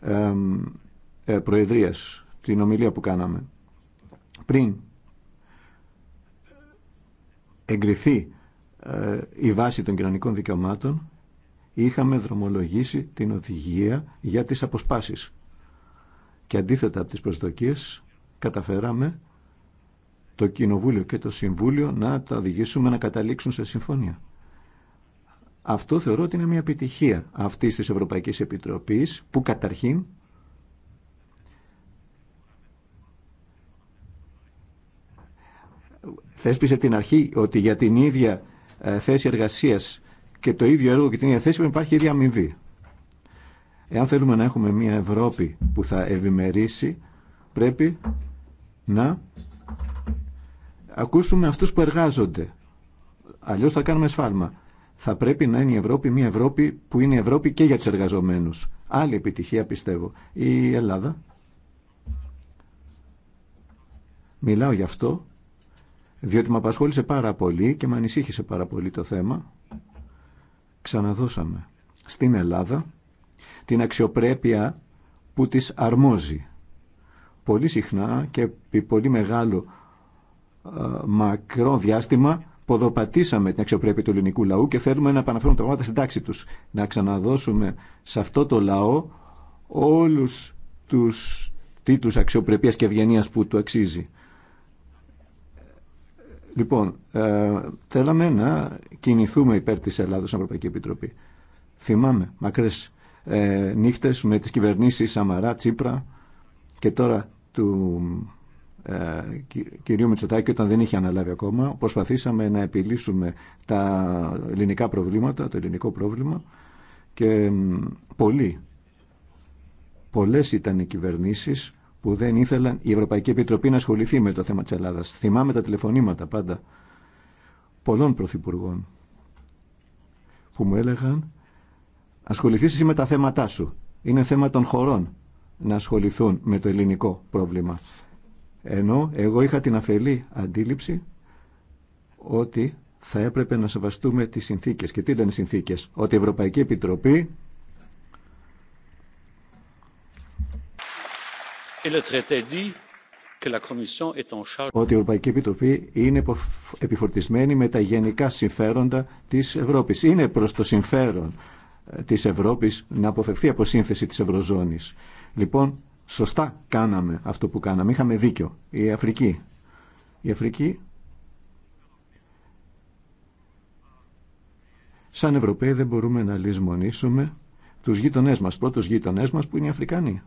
ε, Προεδρίας, την ομιλία που κάναμε. Πριν εγκριθεί ε, η βάση των κοινωνικών δικαιωμάτων, είχαμε δρομολογήσει την οδηγία για τις αποσπάσεις. Και αντίθετα από τις προσδοκίες, καταφέραμε το Κοινοβούλιο και το Συμβούλιο να τα οδηγήσουμε να καταλήξουν σε συμφωνία. Αυτό θεωρώ ότι είναι μια επιτυχία αυτή τη Ευρωπαϊκή Επιτροπή που καταρχήν θέσπισε την αρχή ότι για την ίδια ε, θέση εργασίας και το ίδιο έργο και την ίδια θέση πρέπει να υπάρχει ίδια αμοιβή. Εάν θέλουμε να έχουμε μια Ευρώπη που θα ευημερήσει πρέπει να ακούσουμε αυτούς που εργάζονται. Αλλιώς θα κάνουμε σφάλμα θα πρέπει να είναι η Ευρώπη μια Ευρώπη που είναι η Ευρώπη και για τους εργαζομένους. Άλλη επιτυχία πιστεύω. Η Ελλάδα. Μιλάω γι' αυτό διότι με απασχόλησε πάρα πολύ και με ανησύχησε πάρα πολύ το θέμα. Ξαναδώσαμε στην Ελλάδα την αξιοπρέπεια που της αρμόζει. Πολύ συχνά και επί πολύ μεγάλο ε, μακρό διάστημα ποδοπατήσαμε την αξιοπρέπεια του ελληνικού λαού και θέλουμε να επαναφέρουμε τα πράγματα στην τάξη τους. Να ξαναδώσουμε σε αυτό το λαό όλους τους τίτλους αξιοπρεπίας και ευγενία που του αξίζει. Λοιπόν, ε, θέλαμε να κινηθούμε υπέρ της Ελλάδος στην Ευρωπαϊκή Επιτροπή. Θυμάμαι μακρές ε, νύχτες με τις κυβερνήσεις Σαμαρά, Τσίπρα και τώρα του ε, κυρίου Μητσοτάκη όταν δεν είχε αναλάβει ακόμα προσπαθήσαμε να επιλύσουμε τα ελληνικά προβλήματα, το ελληνικό πρόβλημα και πολλοί, πολλές ήταν οι κυβερνήσεις που δεν ήθελαν η Ευρωπαϊκή Επιτροπή να ασχοληθεί με το θέμα της Ελλάδας. Θυμάμαι τα τηλεφωνήματα πάντα πολλών πρωθυπουργών που μου έλεγαν ασχοληθείς εσύ με τα θέματά σου. Είναι θέμα των χωρών να ασχοληθούν με το ελληνικό πρόβλημα. Ενώ εγώ είχα την αφελή αντίληψη ότι θα έπρεπε να σεβαστούμε τις συνθήκες. Και τι ήταν οι συνθήκες. Ότι η Ευρωπαϊκή Επιτροπή ότι η Ευρωπαϊκή Επιτροπή είναι επιφορτισμένη με τα γενικά συμφέροντα της Ευρώπης. Είναι προς το συμφέρον ε, της Ευρώπης να αποφευθεί από σύνθεση της Ευρωζώνης. Λοιπόν, Σωστά κάναμε αυτό που κάναμε. Είχαμε δίκιο. Η Αφρική. Η Αφρική Σαν Ευρωπαίοι δεν μπορούμε να λησμονήσουμε τους γείτονές μας, πρώτους γείτονές μας που είναι οι Αφρικανοί.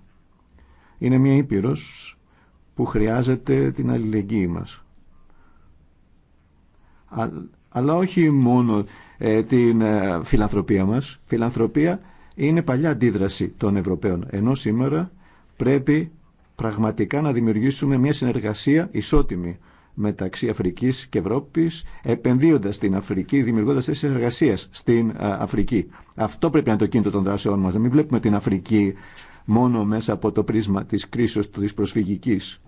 Είναι μια ήπειρος που χρειάζεται την αλληλεγγύη μας. αλλά όχι μόνο ε, την ε, φιλανθρωπία μας. Φιλανθρωπία είναι παλιά αντίδραση των Ευρωπαίων, ενώ σήμερα Πρέπει πραγματικά να δημιουργήσουμε μια συνεργασία ισότιμη μεταξύ Αφρικής και Ευρώπης, επενδύοντας στην Αφρική, δημιουργώντας θέσεις εργασία στην ε, Αφρική. Αυτό πρέπει να είναι το κίνητο των δράσεών μας, να μην βλέπουμε την Αφρική μόνο μέσα από το πρίσμα της κρίσης της προσφυγικής.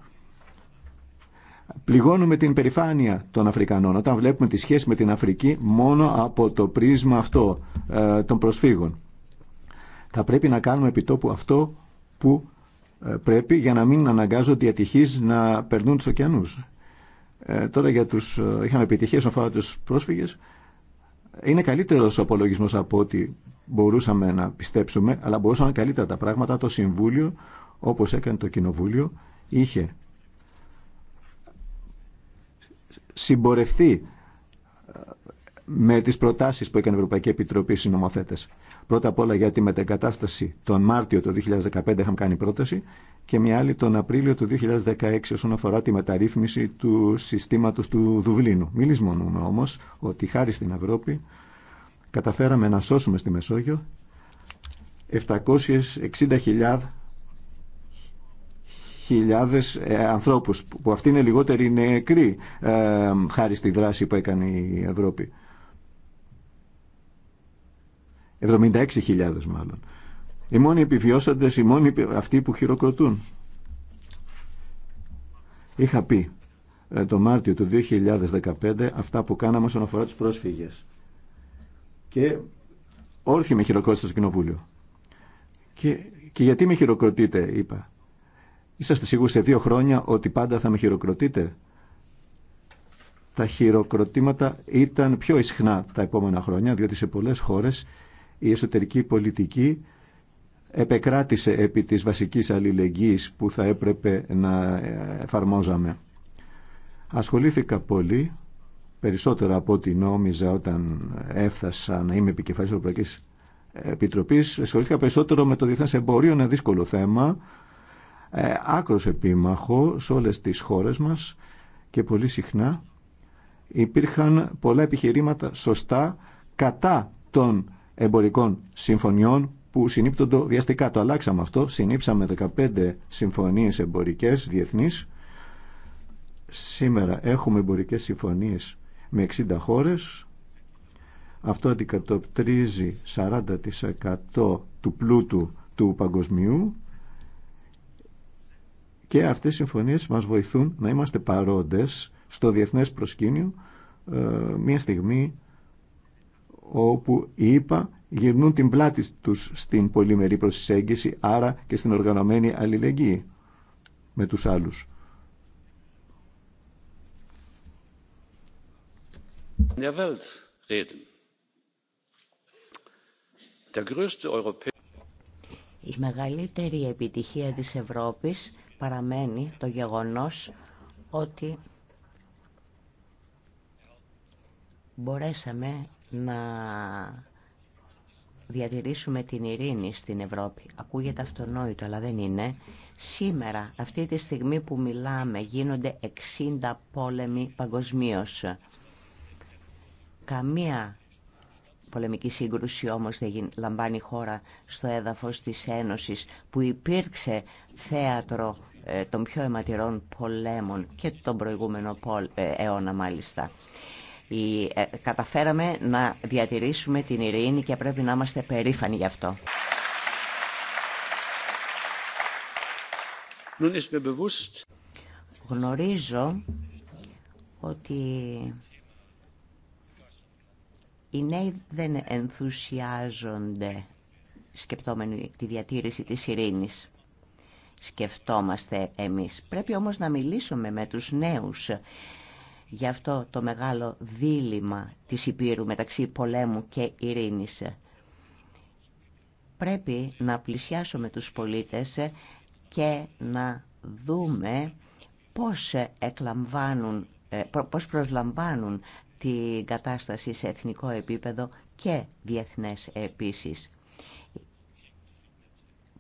Πληγώνουμε την περηφάνεια των Αφρικανών όταν βλέπουμε τη σχέση με την Αφρική μόνο από το πρίσμα αυτό ε, των προσφύγων. Θα πρέπει να κάνουμε επιτόπου αυτό που ε, πρέπει για να μην αναγκάζονται οι ατυχείς να περνούν του ωκεανούς. Ε, τώρα για τους, ε, είχαμε επιτυχίες όσον αφορά τους πρόσφυγες. Είναι καλύτερος ο απολογισμός από ό,τι μπορούσαμε να πιστέψουμε, αλλά μπορούσαν καλύτερα τα πράγματα. Το Συμβούλιο, όπως έκανε το Κοινοβούλιο, είχε συμπορευτεί με τις προτάσεις που έκανε η Ευρωπαϊκή Επιτροπή στους νομοθέτες. Πρώτα απ' όλα για τη μετεγκατάσταση τον Μάρτιο του 2015 είχαμε κάνει πρόταση και μια άλλη τον Απρίλιο του 2016 όσον αφορά τη μεταρρύθμιση του συστήματος του Δουβλίνου. Μιλείς όμω όμως ότι χάρη στην Ευρώπη καταφέραμε να σώσουμε στη Μεσόγειο 760.000 χιλιάδες ε, ανθρώπους που αυτοί είναι λιγότεροι νεκροί ε, χάρη στη δράση που έκανε η Ευρώπη. 76.000 μάλλον. Οι μόνοι επιβιώσαντες, οι μόνοι αυτοί που χειροκροτούν. Είχα πει ε, το Μάρτιο του 2015 αυτά που κάναμε όσον αφορά τους πρόσφυγες. Και όρθιοι με χειροκρότησαν στο κοινοβούλιο. Και, και γιατί με χειροκροτείτε, είπα. Είσαστε σίγουροι σε δύο χρόνια ότι πάντα θα με χειροκροτείτε. Τα χειροκροτήματα ήταν πιο ισχνά τα επόμενα χρόνια, διότι σε πολλές χώρες η εσωτερική πολιτική επεκράτησε επί της βασικής αλληλεγγύης που θα έπρεπε να εφαρμόζαμε. Ασχολήθηκα πολύ, περισσότερο από ό,τι νόμιζα όταν έφτασα να είμαι επικεφαλής της Ευρωπαϊκής Επιτροπής, ασχολήθηκα περισσότερο με το διεθνές εμπορίο, ένα δύσκολο θέμα, ε, άκρος επίμαχο σε όλες τις χώρες μας και πολύ συχνά υπήρχαν πολλά επιχειρήματα σωστά κατά των εμπορικών συμφωνιών που συνήπτονται βιαστικά. Το αλλάξαμε αυτό, συνήψαμε 15 συμφωνίες εμπορικές διεθνείς. Σήμερα έχουμε εμπορικές συμφωνίες με 60 χώρες. Αυτό αντικατοπτρίζει 40% του πλούτου του παγκοσμίου και αυτές οι συμφωνίες μας βοηθούν να είμαστε παρόντες στο διεθνές προσκήνιο ε, μια στιγμή όπου οι ΙΠΑ γυρνούν την πλάτη τους στην πολυμερή προσέγγιση, άρα και στην οργανωμένη αλληλεγγύη με τους άλλους. Η μεγαλύτερη επιτυχία της Ευρώπης παραμένει το γεγονός ότι μπορέσαμε να διατηρήσουμε την ειρήνη στην Ευρώπη. Ακούγεται αυτονόητο, αλλά δεν είναι. Σήμερα, αυτή τη στιγμή που μιλάμε, γίνονται 60 πόλεμοι παγκοσμίω. Καμία πολεμική σύγκρουση όμως δεν λαμβάνει χώρα στο έδαφος της Ένωσης που υπήρξε θέατρο ε, των πιο αιματηρών πολέμων και τον προηγούμενο ε, αιώνα μάλιστα. Ε, καταφέραμε να διατηρήσουμε την ειρήνη και πρέπει να είμαστε περήφανοι γι' αυτό. Γνωρίζω ότι οι νέοι δεν ενθουσιάζονται σκεπτόμενοι τη διατήρηση της ειρήνης. Σκεφτόμαστε εμείς. Πρέπει όμως να μιλήσουμε με τους νέους Γι' αυτό το μεγάλο δίλημα της Υπήρου μεταξύ πολέμου και ειρήνης. Πρέπει να πλησιάσουμε τους πολίτες και να δούμε πώς, εκλαμβάνουν, ε, πώς προσλαμβάνουν την κατάσταση σε εθνικό επίπεδο και διεθνές επίσης.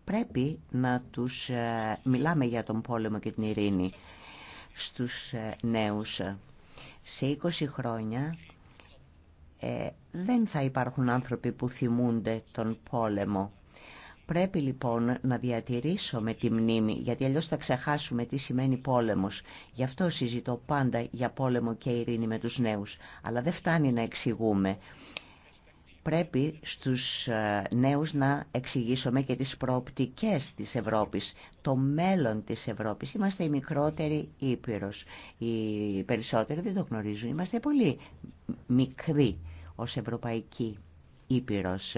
Πρέπει να τους ε, μιλάμε για τον πόλεμο και την ειρήνη στους ε, νέους. Σε 20 χρόνια ε, δεν θα υπάρχουν άνθρωποι που θυμούνται τον πόλεμο. Πρέπει λοιπόν να διατηρήσουμε τη μνήμη, γιατί αλλιώς θα ξεχάσουμε τι σημαίνει πόλεμος. Γι' αυτό συζητώ πάντα για πόλεμο και ειρήνη με τους νέους. Αλλά δεν φτάνει να εξηγούμε πρέπει στους ε, νέους να εξηγήσουμε και τις προοπτικές της Ευρώπης, το μέλλον της Ευρώπης. Είμαστε η μικρότερη Ήπειρος. Οι περισσότεροι δεν το γνωρίζουν. Είμαστε πολύ μικροί ως Ευρωπαϊκή Ήπειρος.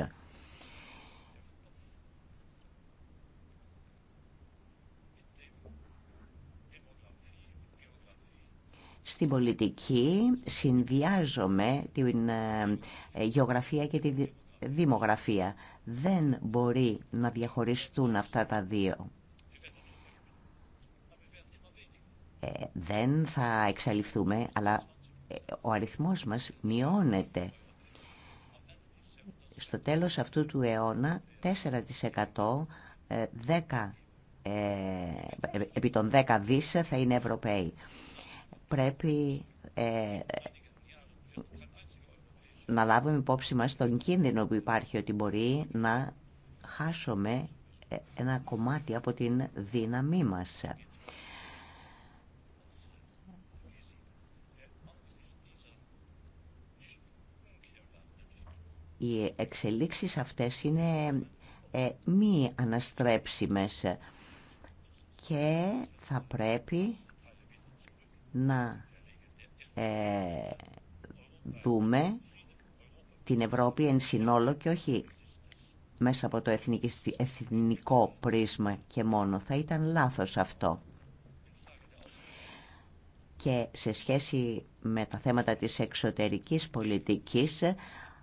Στην πολιτική συνδυάζομαι την ε, γεωγραφία και τη δημογραφία. Δεν μπορεί να διαχωριστούν αυτά τα δύο. Ε, δεν θα εξαλειφθούμε, αλλά ε, ο αριθμός μας μειώνεται. Στο τέλος αυτού του αιώνα, 4% 10, επί των 10 δις θα είναι Ευρωπαίοι πρέπει ε, να λάβουμε υπόψη μας τον κίνδυνο που υπάρχει ότι μπορεί να χάσουμε ε, ένα κομμάτι από την δύναμή μας. Οι εξελίξεις αυτές είναι ε, μη αναστρέψιμες και θα πρέπει να ε, δούμε την Ευρώπη εν συνόλο και όχι μέσα από το εθνικό πρίσμα και μόνο. Θα ήταν λάθος αυτό. Και σε σχέση με τα θέματα της εξωτερικής πολιτικής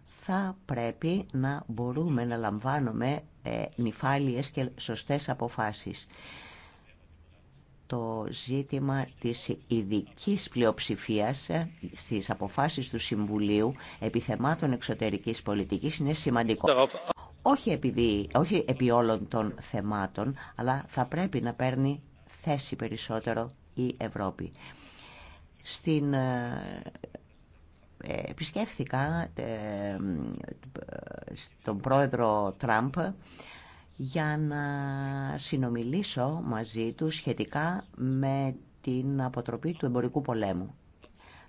θα πρέπει να μπορούμε να λαμβάνουμε ε, νυφάλιες και σωστές αποφάσεις το ζήτημα της ειδική πλειοψηφίας ε, στις αποφάσεις του Συμβουλίου επιθεμάτων εξωτερικής πολιτικής είναι σημαντικό. Όχι, επειδή, όχι επί όλων των θεμάτων, αλλά θα πρέπει να παίρνει θέση περισσότερο η Ευρώπη. Στην, ε, ε, επισκέφθηκα τον πρόεδρο Τραμπ για να συνομιλήσω μαζί του σχετικά με την αποτροπή του εμπορικού πολέμου.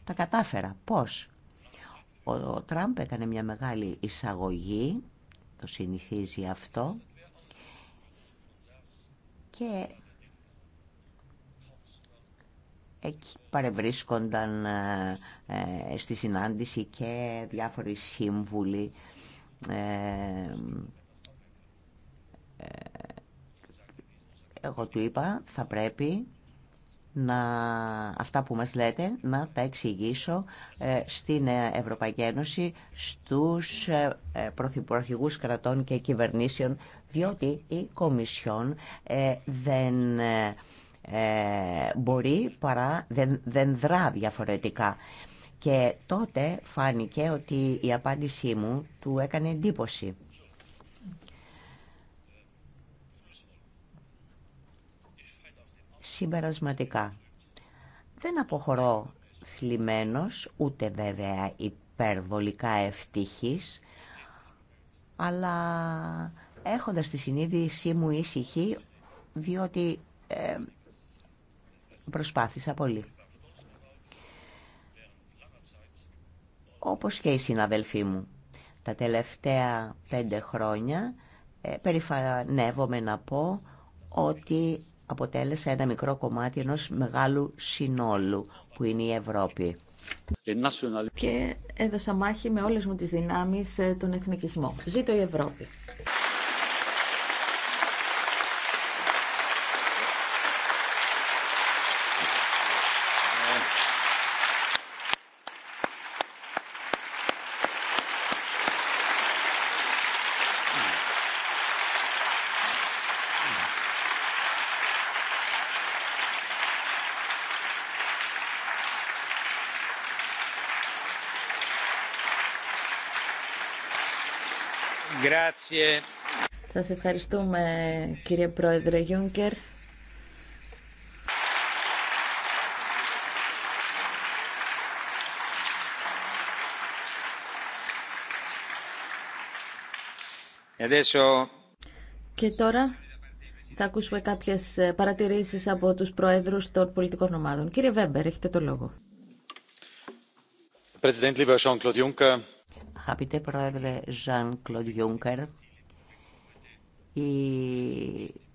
Τα κατάφερα. Πώς. Ο Τραμπ έκανε μια μεγάλη εισαγωγή, το συνηθίζει αυτό, και εκεί παρευρίσκονταν ε, στη συνάντηση και διάφοροι σύμβουλοι ε, εγώ του είπα θα πρέπει να, αυτά που μας λέτε να τα εξηγήσω ε, στην ε, Ευρωπαϊκή Ένωση στους ε, ε κρατών και κυβερνήσεων διότι η Κομισιόν δεν μπορεί παρά δεν, δεν δρά διαφορετικά. Και τότε φάνηκε ότι η απάντησή μου του έκανε εντύπωση. συμπερασματικά. Δεν αποχωρώ θλιμμένος, ούτε βέβαια υπερβολικά ευτυχής, αλλά έχοντας τη συνείδησή μου ήσυχη, διότι ε, προσπάθησα πολύ. Όπως και οι συναδελφοί μου. Τα τελευταία πέντε χρόνια ε, περηφανεύομαι να πω ότι Αποτέλεσε ένα μικρό κομμάτι ενός μεγάλου συνόλου που είναι η Ευρώπη. Και έδωσα μάχη με όλες μου τις δυνάμεις ε, τον εθνικισμό. Ζήτω η Ευρώπη. Σας ευχαριστούμε κύριε Πρόεδρε Γιούνκερ. Και τώρα θα ακούσουμε κάποιες παρατηρήσεις από τους Προέδρους των πολιτικών ομάδων. Κύριε Βέμπερ, έχετε το λόγο. Πρόεδρε lieber Αγαπητέ Πρόεδρε Ζαν Κλοντ Γιούγκερ, η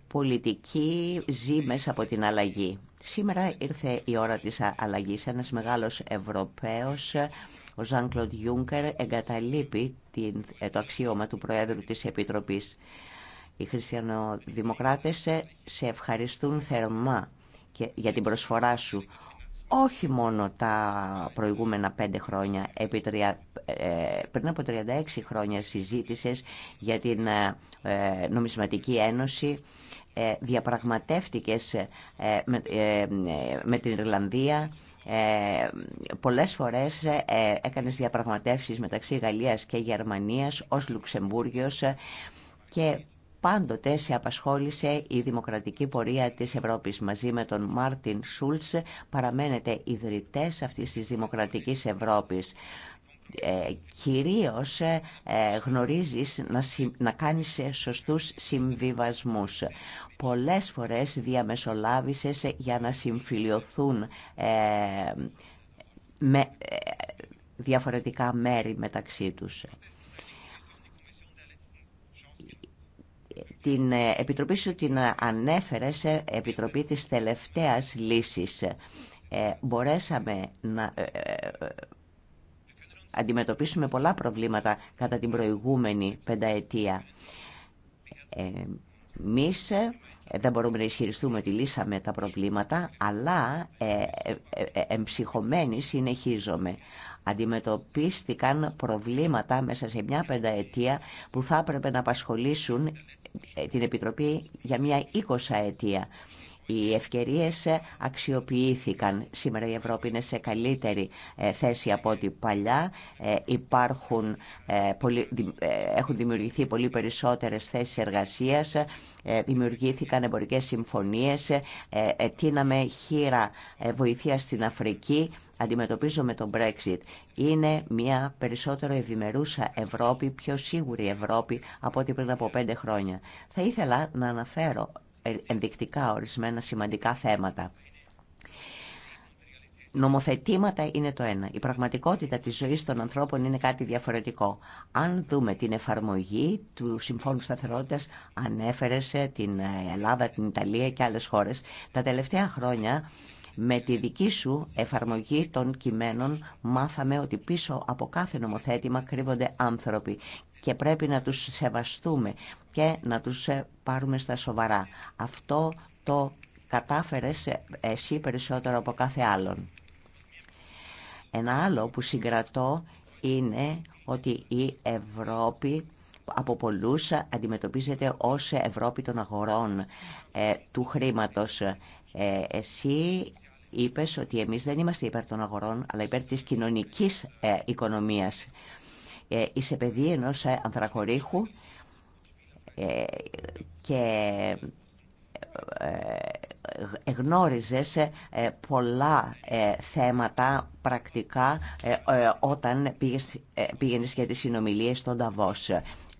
πολιτική ζει μέσα από την αλλαγή. Σήμερα ήρθε η ώρα της αλλαγής. Ένας μεγάλος Ευρωπαίος, ο Ζαν Κλοντ Γιούγκερ, εγκαταλείπει ε, το αξίωμα του Προέδρου της Επιτροπής. Οι χριστιανοδημοκράτες σε ευχαριστούν θερμά για την προσφορά σου όχι μόνο τα προηγούμενα πέντε χρόνια, επί ε, πριν από 36 χρόνια συζήτησες για την ε, ε, νομισματική ένωση, διαπραγματεύτηκες με την Ιρλανδία, ε, πολλές φορές ε, έκανες διαπραγματεύσεις μεταξύ Γαλλίας και Γερμανίας ως Λουξεμβούργιος και Πάντοτε σε απασχόλησε η δημοκρατική πορεία της Ευρώπης. Μαζί με τον Μάρτιν Σούλτς παραμένετε ιδρυτές αυτής της δημοκρατικής Ευρώπης. Ε, κυρίως ε, γνωρίζεις να, να κάνεις σωστούς συμβιβασμούς. Πολλές φορές διαμεσολάβησες για να συμφιλειωθούν ε, με, ε, διαφορετικά μέρη μεταξύ τους. την ε, Επιτροπή σου την ε, ανέφερε σε Επιτροπή της τελευταίας λύσης. Ε, μπορέσαμε να αντιμετωπίσουμε πολλά προβλήματα κατά την προηγούμενη πενταετία. Εμεί δεν μπορούμε να ισχυριστούμε ότι λύσαμε τα προβλήματα, αλλά εμψυχωμένοι συνεχίζομαι αντιμετωπίστηκαν προβλήματα μέσα σε μια πενταετία που θα έπρεπε να απασχολήσουν ε, την Επιτροπή για μια είκοσα αιτία. Οι ευκαιρίες ε, αξιοποιήθηκαν. Σήμερα η Ευρώπη είναι σε καλύτερη ε, θέση από ό,τι παλιά. Υπάρχουν, έχουν δημιουργηθεί πολύ περισσότερες θέσεις εργασίας, δημιουργήθηκαν εμπορικές συμφωνίες, τίναμε χείρα βοηθεία στην Αφρική αντιμετωπίζω με τον Brexit είναι μια περισσότερο ευημερούσα Ευρώπη, πιο σίγουρη Ευρώπη από ό,τι πριν από πέντε χρόνια. Θα ήθελα να αναφέρω ενδεικτικά ορισμένα σημαντικά θέματα. Νομοθετήματα είναι το ένα. Η πραγματικότητα της ζωής των ανθρώπων είναι κάτι διαφορετικό. Αν δούμε την εφαρμογή του Συμφώνου Σταθερότητας, ανέφερε σε την Ελλάδα, την Ιταλία και άλλες χώρες, τα τελευταία χρόνια με τη δική σου εφαρμογή των κειμένων μάθαμε ότι πίσω από κάθε νομοθέτημα κρύβονται άνθρωποι και πρέπει να τους σεβαστούμε και να τους ε, πάρουμε στα σοβαρά. Αυτό το κατάφερες ε, εσύ περισσότερο από κάθε άλλον. Ένα άλλο που συγκρατώ είναι ότι η Ευρώπη από πολλούς αντιμετωπίζεται ως Ευρώπη των αγορών, ε, του χρήματος. Είπε ότι εμείς δεν είμαστε υπέρ των αγορών, αλλά υπέρ της κοινωνικής ε, οικονομίας. Ε, είσαι παιδί ενός ε, ανθρακορίχου και εγνώριζες πολλά θέματα πρακτικά όταν πήγαινες για τις συνομιλίες στον Ταβός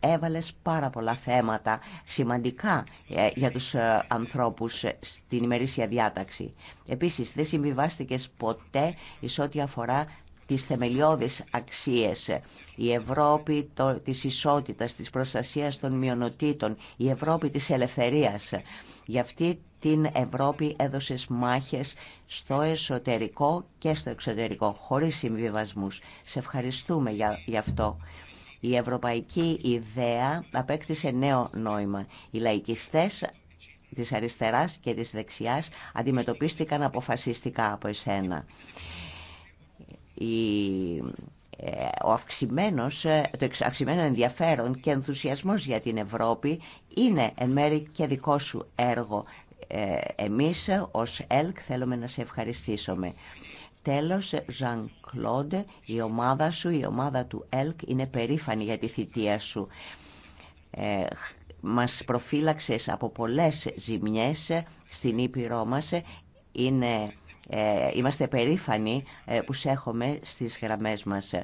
έβαλες πάρα πολλά θέματα σημαντικά ε, για τους ε, ανθρώπους ε, στην ημερήσια διάταξη. Επίσης, δεν συμβιβάστηκες ποτέ εις ό,τι αφορά τις θεμελιώδεις αξίες. Η Ευρώπη το, της ισότητας, της προστασίας των μειονοτήτων, η Ευρώπη της ελευθερίας. Γι' αυτή την Ευρώπη έδωσες μάχες στο εσωτερικό και στο εξωτερικό, χωρίς συμβιβασμούς. Σε ευχαριστούμε για, αυτό. Η ευρωπαϊκή ιδέα απέκτησε νέο νόημα. Οι λαϊκιστές της αριστεράς και της δεξιάς αντιμετωπίστηκαν αποφασιστικά από εσένα. Ε, ο αυξημένος, ε, το αυξημένο ενδιαφέρον και ενθουσιασμός για την Ευρώπη είναι εν μέρη και δικό σου έργο. Ε, εμείς ως ΕΛΚ θέλουμε να σε ευχαριστήσουμε. Τέλος, Ζαν Κλόντ, η ομάδα σου, η ομάδα του ΕΛΚ είναι περήφανη για τη θητεία σου. Ε, μας προφύλαξες από πολλές ζημιές ε, στην Ήπειρό μας. Ε, είναι, ε, είμαστε περήφανοι που σε έχουμε στις γραμμές μας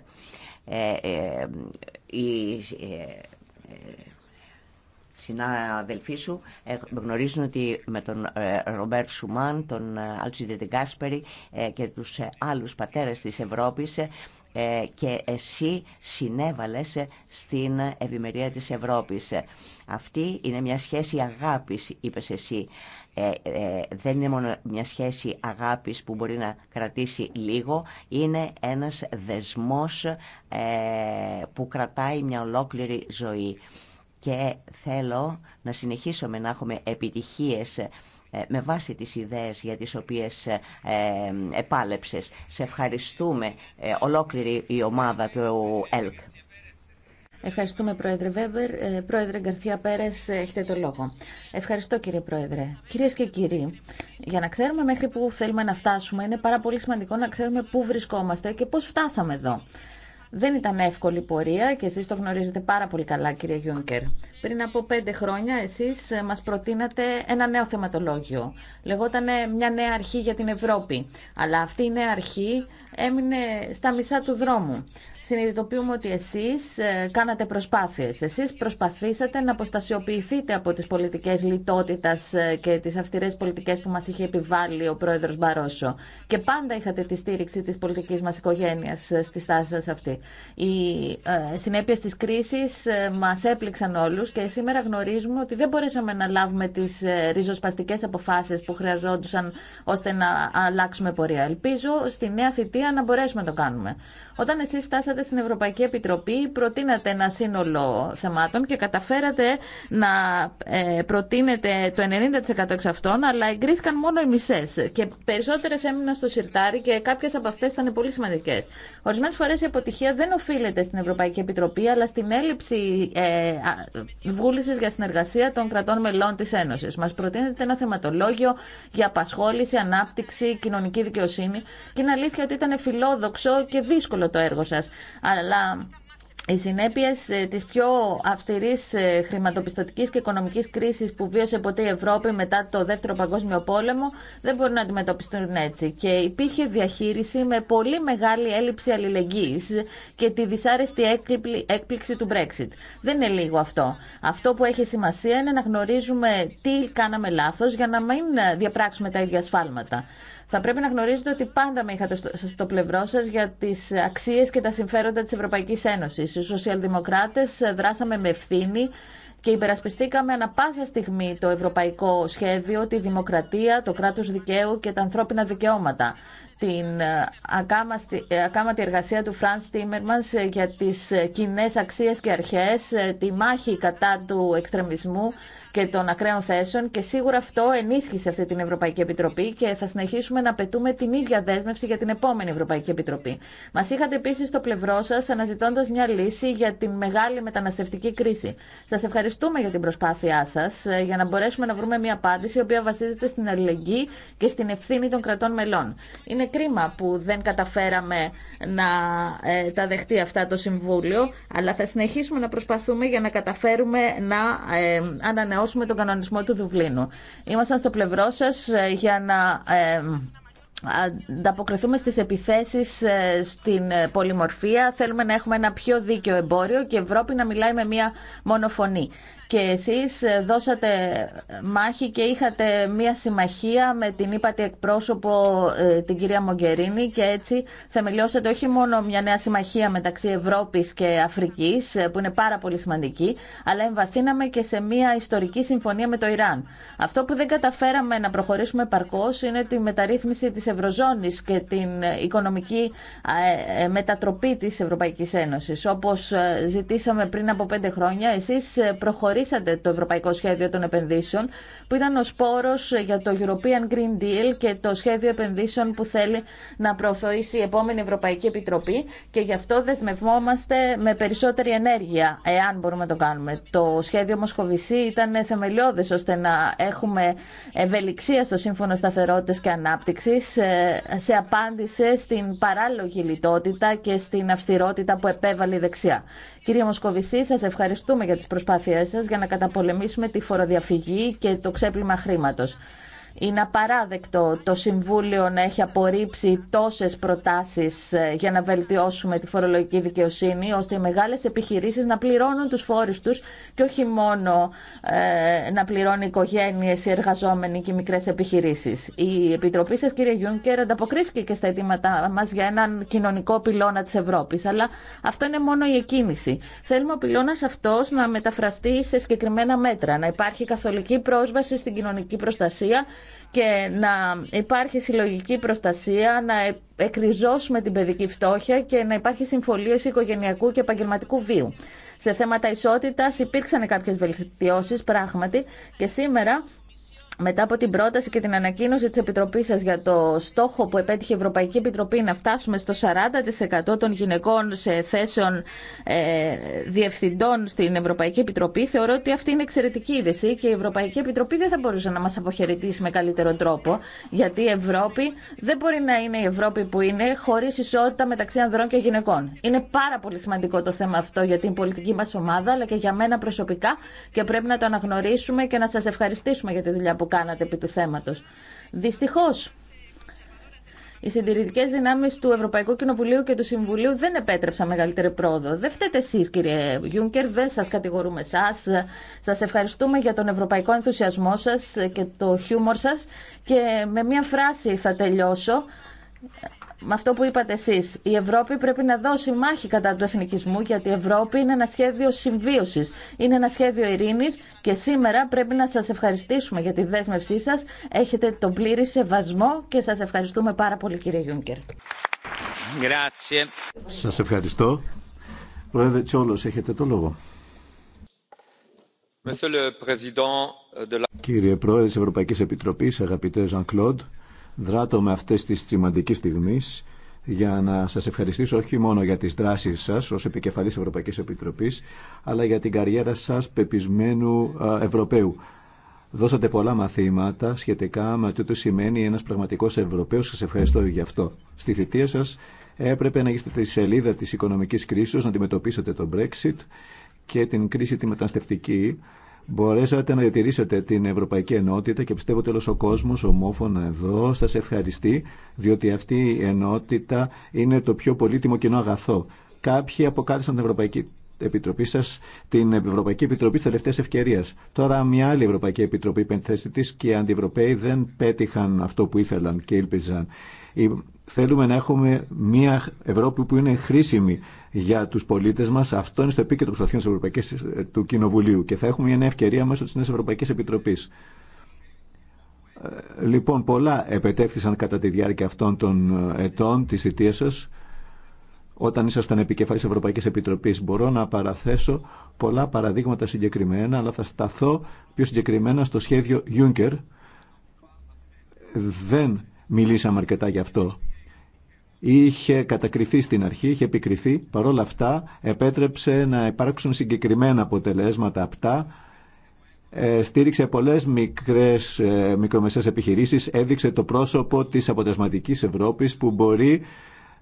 συνάδελφοί σου ε, γνωρίζουν ότι με τον ε, Ρομπέρτ Σουμάν, τον Αλτζίντε ε, Τεγκάσπερη και τους άλλους πατέρες της Ευρώπης και εσύ συνέβαλες στην ευημερία της Ευρώπης. Αυτή είναι μια σχέση αγάπης, είπες εσύ. δεν είναι μόνο μια σχέση αγάπης που μπορεί να κρατήσει λίγο, είναι ένας δεσμός που κρατάει μια ολόκληρη ζωή και θέλω να συνεχίσουμε να έχουμε επιτυχίες ε, με βάση τις ιδέες για τις οποίες ε, ε, επάλεψες. Σε ευχαριστούμε ολόκληρη η ομάδα του ΕΛΚ. Ευχαριστούμε, Πρόεδρε Βέμπερ. Πρόεδρε Γκαρθία Πέρες, έχετε το λόγο. Ευχαριστώ, κύριε Πρόεδρε. Κυρίε και κύριοι, για να ξέρουμε μέχρι πού θέλουμε να φτάσουμε, είναι πάρα πολύ σημαντικό να ξέρουμε πού βρισκόμαστε και πώς φτάσαμε εδώ. Δεν ήταν εύκολη πορεία και εσείς το γνωρίζετε πάρα πολύ καλά κύριε Γιούνκερ. Πριν από πέντε χρόνια εσείς ε, μας προτείνατε ένα νέο θεματολόγιο. Λεγόταν μια νέα αρχή για την Ευρώπη. Αλλά αυτή η νέα αρχή έμεινε στα μισά του δρόμου συνειδητοποιούμε ότι εσείς ε, κάνατε προσπάθειες. Εσείς προσπαθήσατε να αποστασιοποιηθείτε από τις πολιτικές λιτότητας ε, και τις αυστηρές πολιτικές που μας είχε επιβάλει ο πρόεδρος Μπαρόσο. Και πάντα είχατε τη στήριξη της πολιτικής μας οικογένειας ε, στη στάση σας αυτή. Οι συνέπειες της κρίσης μας έπληξαν όλους και σήμερα γνωρίζουμε ότι δεν μπορέσαμε να λάβουμε τις ριζοσπαστικές αποφάσεις που χρειαζόντουσαν ώστε να αλλάξουμε πορεία. Ελπίζω στη νέα θητεία να μπορέσουμε να το κάνουμε. Όταν εσείς φτάσατε στην Ευρωπαϊκή Επιτροπή, προτείνατε ένα σύνολο θεμάτων και καταφέρατε να ε, προτείνετε το 90% εξ αυτών, αλλά εγκρίθηκαν μόνο οι μισές. Και περισσότερες έμειναν στο σιρτάρι και κάποιες από αυτές ήταν πολύ σημαντικές. Ορισμένες φορές η αποτυχία δεν οφείλεται στην Ευρωπαϊκή Επιτροπή, αλλά στην έλλειψη ε, για συνεργασία των κρατών μελών της Ένωσης. Μας προτείνεται ένα θεματολόγιο για απασχόληση, ανάπτυξη, κοινωνική δικαιοσύνη και είναι αλήθεια ότι ήταν φιλόδοξο και δύσκολο το έργο σας, αλλά οι συνέπειε ε, τη πιο αυστηρή ε, χρηματοπιστωτική και οικονομική κρίση που βίωσε ποτέ η Ευρώπη μετά το Δεύτερο Παγκόσμιο Πόλεμο δεν μπορούν να αντιμετωπιστούν έτσι. Και υπήρχε διαχείριση με πολύ μεγάλη έλλειψη αλληλεγγύη και τη δυσάρεστη έκπληξη του Brexit. Δεν είναι λίγο αυτό. Αυτό που έχει σημασία είναι να γνωρίζουμε τι κάναμε λάθο για να μην ε, διαπράξουμε τα ίδια σφάλματα. Θα πρέπει να γνωρίζετε ότι πάντα με είχατε στο, στο πλευρό σα για τι αξίε και τα συμφέροντα τη Ευρωπαϊκή Ένωση. Οι σοσιαλδημοκράτε δράσαμε με ευθύνη και υπερασπιστήκαμε ανα πάσα στιγμή το ευρωπαϊκό σχέδιο, τη δημοκρατία, το κράτο δικαίου και τα ανθρώπινα δικαιώματα. Την ε, ε, ακάματη εργασία του Φραν Τίμερμαν ε, για τι κοινέ αξίε και αρχέ, τη μάχη κατά του εξτρεμισμού, και των ακραίων θέσεων και σίγουρα αυτό ενίσχυσε αυτή την Ευρωπαϊκή Επιτροπή και θα συνεχίσουμε να πετούμε την ίδια δέσμευση για την επόμενη Ευρωπαϊκή Επιτροπή. Μα είχατε επίση στο πλευρό σα αναζητώντα μια λύση για την μεγάλη μεταναστευτική κρίση. Σα ευχαριστούμε για την προσπάθειά σα ε, για να μπορέσουμε να βρούμε μια απάντηση η οποία βασίζεται στην αλληλεγγύη και στην ευθύνη των κρατών μελών. Είναι κρίμα που δεν καταφέραμε να ε, τα δεχτεί αυτά το Συμβούλιο, αλλά θα συνεχίσουμε να προσπαθούμε για να καταφέρουμε να ε, ανανεώσουμε ανανεώσουμε τον κανονισμό του Δουβλίνου. Ήμασταν στο πλευρό σα ε, για να ε, ανταποκριθούμε στις επιθέσεις ε, στην πολυμορφία. Θέλουμε να έχουμε ένα πιο δίκαιο εμπόριο και η Ευρώπη να μιλάει με μία μονοφωνή και εσείς ε, δώσατε μάχη και είχατε μία συμμαχία με την ύπατη εκπρόσωπο ε, την κυρία Μογκερίνη και έτσι θεμελιώσατε όχι μόνο μια νέα συμμαχία μεταξύ Ευρώπης και Αφρικής ε, που είναι πάρα πολύ σημαντική αλλά εμβαθύναμε και σε μια ιστορική συμφωνία με το Ιράν. Αυτό που δεν καταφέραμε να προχωρήσουμε παρκώς είναι τη μεταρρύθμιση της Ευρωζώνης και την οικονομική μετατροπή της Ευρωπαϊκής Ένωσης. Όπως ζητήσαμε πριν από πέντε χρόνια, εσείς καλωσορίσατε το Ευρωπαϊκό Σχέδιο των Επενδύσεων, που ήταν ο σπόρος για το European Green Deal και το σχέδιο επενδύσεων που θέλει να προωθήσει η επόμενη Ευρωπαϊκή Επιτροπή και γι' αυτό δεσμευόμαστε με περισσότερη ενέργεια, εάν μπορούμε να το κάνουμε. Το σχέδιο Μοσχοβησί ήταν θεμελιώδε, ώστε να έχουμε ευελιξία στο Σύμφωνο σταθερότητα και ανάπτυξη. Ε, σε απάντηση στην παράλογη λιτότητα και στην αυστηρότητα που επέβαλε η δεξιά. Κύριε Μοσκοβισή, σας ευχαριστούμε για τις προσπάθειές σας για να καταπολεμήσουμε τη φοροδιαφυγή και το ξέπλυμα χρήματος. Είναι απαράδεκτο το Συμβούλιο να έχει απορρίψει τόσες προτάσεις ε, για να βελτιώσουμε τη φορολογική δικαιοσύνη, ώστε οι μεγάλες επιχειρήσεις να πληρώνουν τους φόρους τους και όχι μόνο ε, να πληρώνουν οι οικογένειες, οι εργαζόμενοι και οι μικρές επιχειρήσεις. Η Επιτροπή σας, κύριε Γιούνκερ, ανταποκρίθηκε και στα αιτήματά μας για έναν κοινωνικό πυλώνα της Ευρώπης, αλλά αυτό είναι μόνο η εκκίνηση. Θέλουμε ο πυλώνας αυτός να μεταφραστεί σε συγκεκριμένα μέτρα, να υπάρχει καθολική πρόσβαση στην κοινωνική προστασία και να υπάρχει συλλογική προστασία, να ε, εκριζώσουμε την παιδική φτώχεια και να υπάρχει συμφωνία οικογενειακού και επαγγελματικού βίου. Σε θέματα ισότητας υπήρξαν κάποιες βελτιώσεις, πράγματι και σήμερα μετά από την πρόταση και την ανακοίνωση της Επιτροπής σας για το στόχο που επέτυχε η Ευρωπαϊκή Επιτροπή να φτάσουμε στο 40% των γυναικών σε θέσεων ε, διευθυντών στην Ευρωπαϊκή Επιτροπή, θεωρώ ότι αυτή είναι εξαιρετική είδηση και η Ευρωπαϊκή Επιτροπή δεν θα μπορούσε να μας αποχαιρετήσει με καλύτερο τρόπο, γιατί η Ευρώπη δεν μπορεί να είναι η Ευρώπη που είναι χωρίς ισότητα μεταξύ ανδρών και γυναικών. Είναι πάρα πολύ σημαντικό το θέμα αυτό για την πολιτική μας ομάδα, αλλά και για μένα προσωπικά και πρέπει να το αναγνωρίσουμε και να σας ευχαριστήσουμε για τη δουλειά που κάνατε επί του θέματος. Δυστυχώς, οι συντηρητικέ δυνάμει του Ευρωπαϊκού Κοινοβουλίου και του Συμβουλίου δεν επέτρεψαν μεγαλύτερη πρόοδο. Δεν φταίτε εσεί, κύριε Γιούνκερ, δεν σα κατηγορούμε εσά. Σα ευχαριστούμε για τον ευρωπαϊκό ενθουσιασμό σα και το χιούμορ σα. Και με μία φράση θα τελειώσω με αυτό που είπατε εσείς. Η Ευρώπη πρέπει να δώσει μάχη κατά του εθνικισμού γιατί η Ευρώπη είναι ένα σχέδιο συμβίωσης, είναι ένα σχέδιο ειρήνης και σήμερα πρέπει να σας ευχαριστήσουμε για τη δέσμευσή σα. Έχετε τον πλήρη σεβασμό και σας ευχαριστούμε πάρα πολύ κύριε Γιούνκερ. Σας ευχαριστώ. Πρόεδρε Τσόλο, έχετε το λόγο. Κύριε Πρόεδρε τη Ευρωπαϊκή Επιτροπή, αγαπητέ Ζαν Κλοντ, δράτω με αυτές τις σημαντικές στιγμής για να σας ευχαριστήσω όχι μόνο για τις δράσεις σας ως επικεφαλής Ευρωπαϊκής Επιτροπής αλλά για την καριέρα σας πεπισμένου Ευρωπαίου. Δώσατε πολλά μαθήματα σχετικά με το τι σημαίνει ένας πραγματικός Ευρωπαίος. Σας ευχαριστώ για αυτό. Στη θητεία σας έπρεπε να είστε τη σελίδα της οικονομικής κρίσης, να αντιμετωπίσετε το Brexit και την κρίση τη μεταναστευτική μπορέσατε να διατηρήσετε την Ευρωπαϊκή Ενότητα και πιστεύω ότι όλος ο κόσμος ομόφωνα εδώ σας ευχαριστεί διότι αυτή η ενότητα είναι το πιο πολύτιμο κοινό αγαθό. Κάποιοι αποκάλυψαν την Ευρωπαϊκή Επιτροπή σας, την Ευρωπαϊκή Επιτροπή τη τελευταία ευκαιρία. Τώρα, μια άλλη Ευρωπαϊκή Επιτροπή υπενθέστη τη και οι αντιευρωπαίοι δεν πέτυχαν αυτό που ήθελαν και ήλπιζαν. Θέλουμε να έχουμε μια Ευρώπη που είναι χρήσιμη για του πολίτε μα. Αυτό είναι στο επίκεντρο προσπαθειών Ευρωπαϊκής, ε, του Κοινοβουλίου και θα έχουμε μια ευκαιρία μέσω τη Νέα Ευρωπαϊκή Επιτροπή. Ε, λοιπόν, πολλά επετέφθησαν κατά τη διάρκεια αυτών των ε, ετών τη θητεία σα όταν ήσασταν επικέφαλή Ευρωπαϊκή Επιτροπής. Μπορώ να παραθέσω πολλά παραδείγματα συγκεκριμένα, αλλά θα σταθώ πιο συγκεκριμένα στο σχέδιο Juncker. Δεν μιλήσαμε αρκετά γι' αυτό. Είχε κατακριθεί στην αρχή, είχε επικριθεί, παρόλα αυτά επέτρεψε να υπάρξουν συγκεκριμένα αποτελέσματα αυτά. Ε, στήριξε πολλές μικρές, ε, μικρομεσαίες επιχειρήσεις, έδειξε το πρόσωπο της αποτελεσματικής Ευρώπης που μπορεί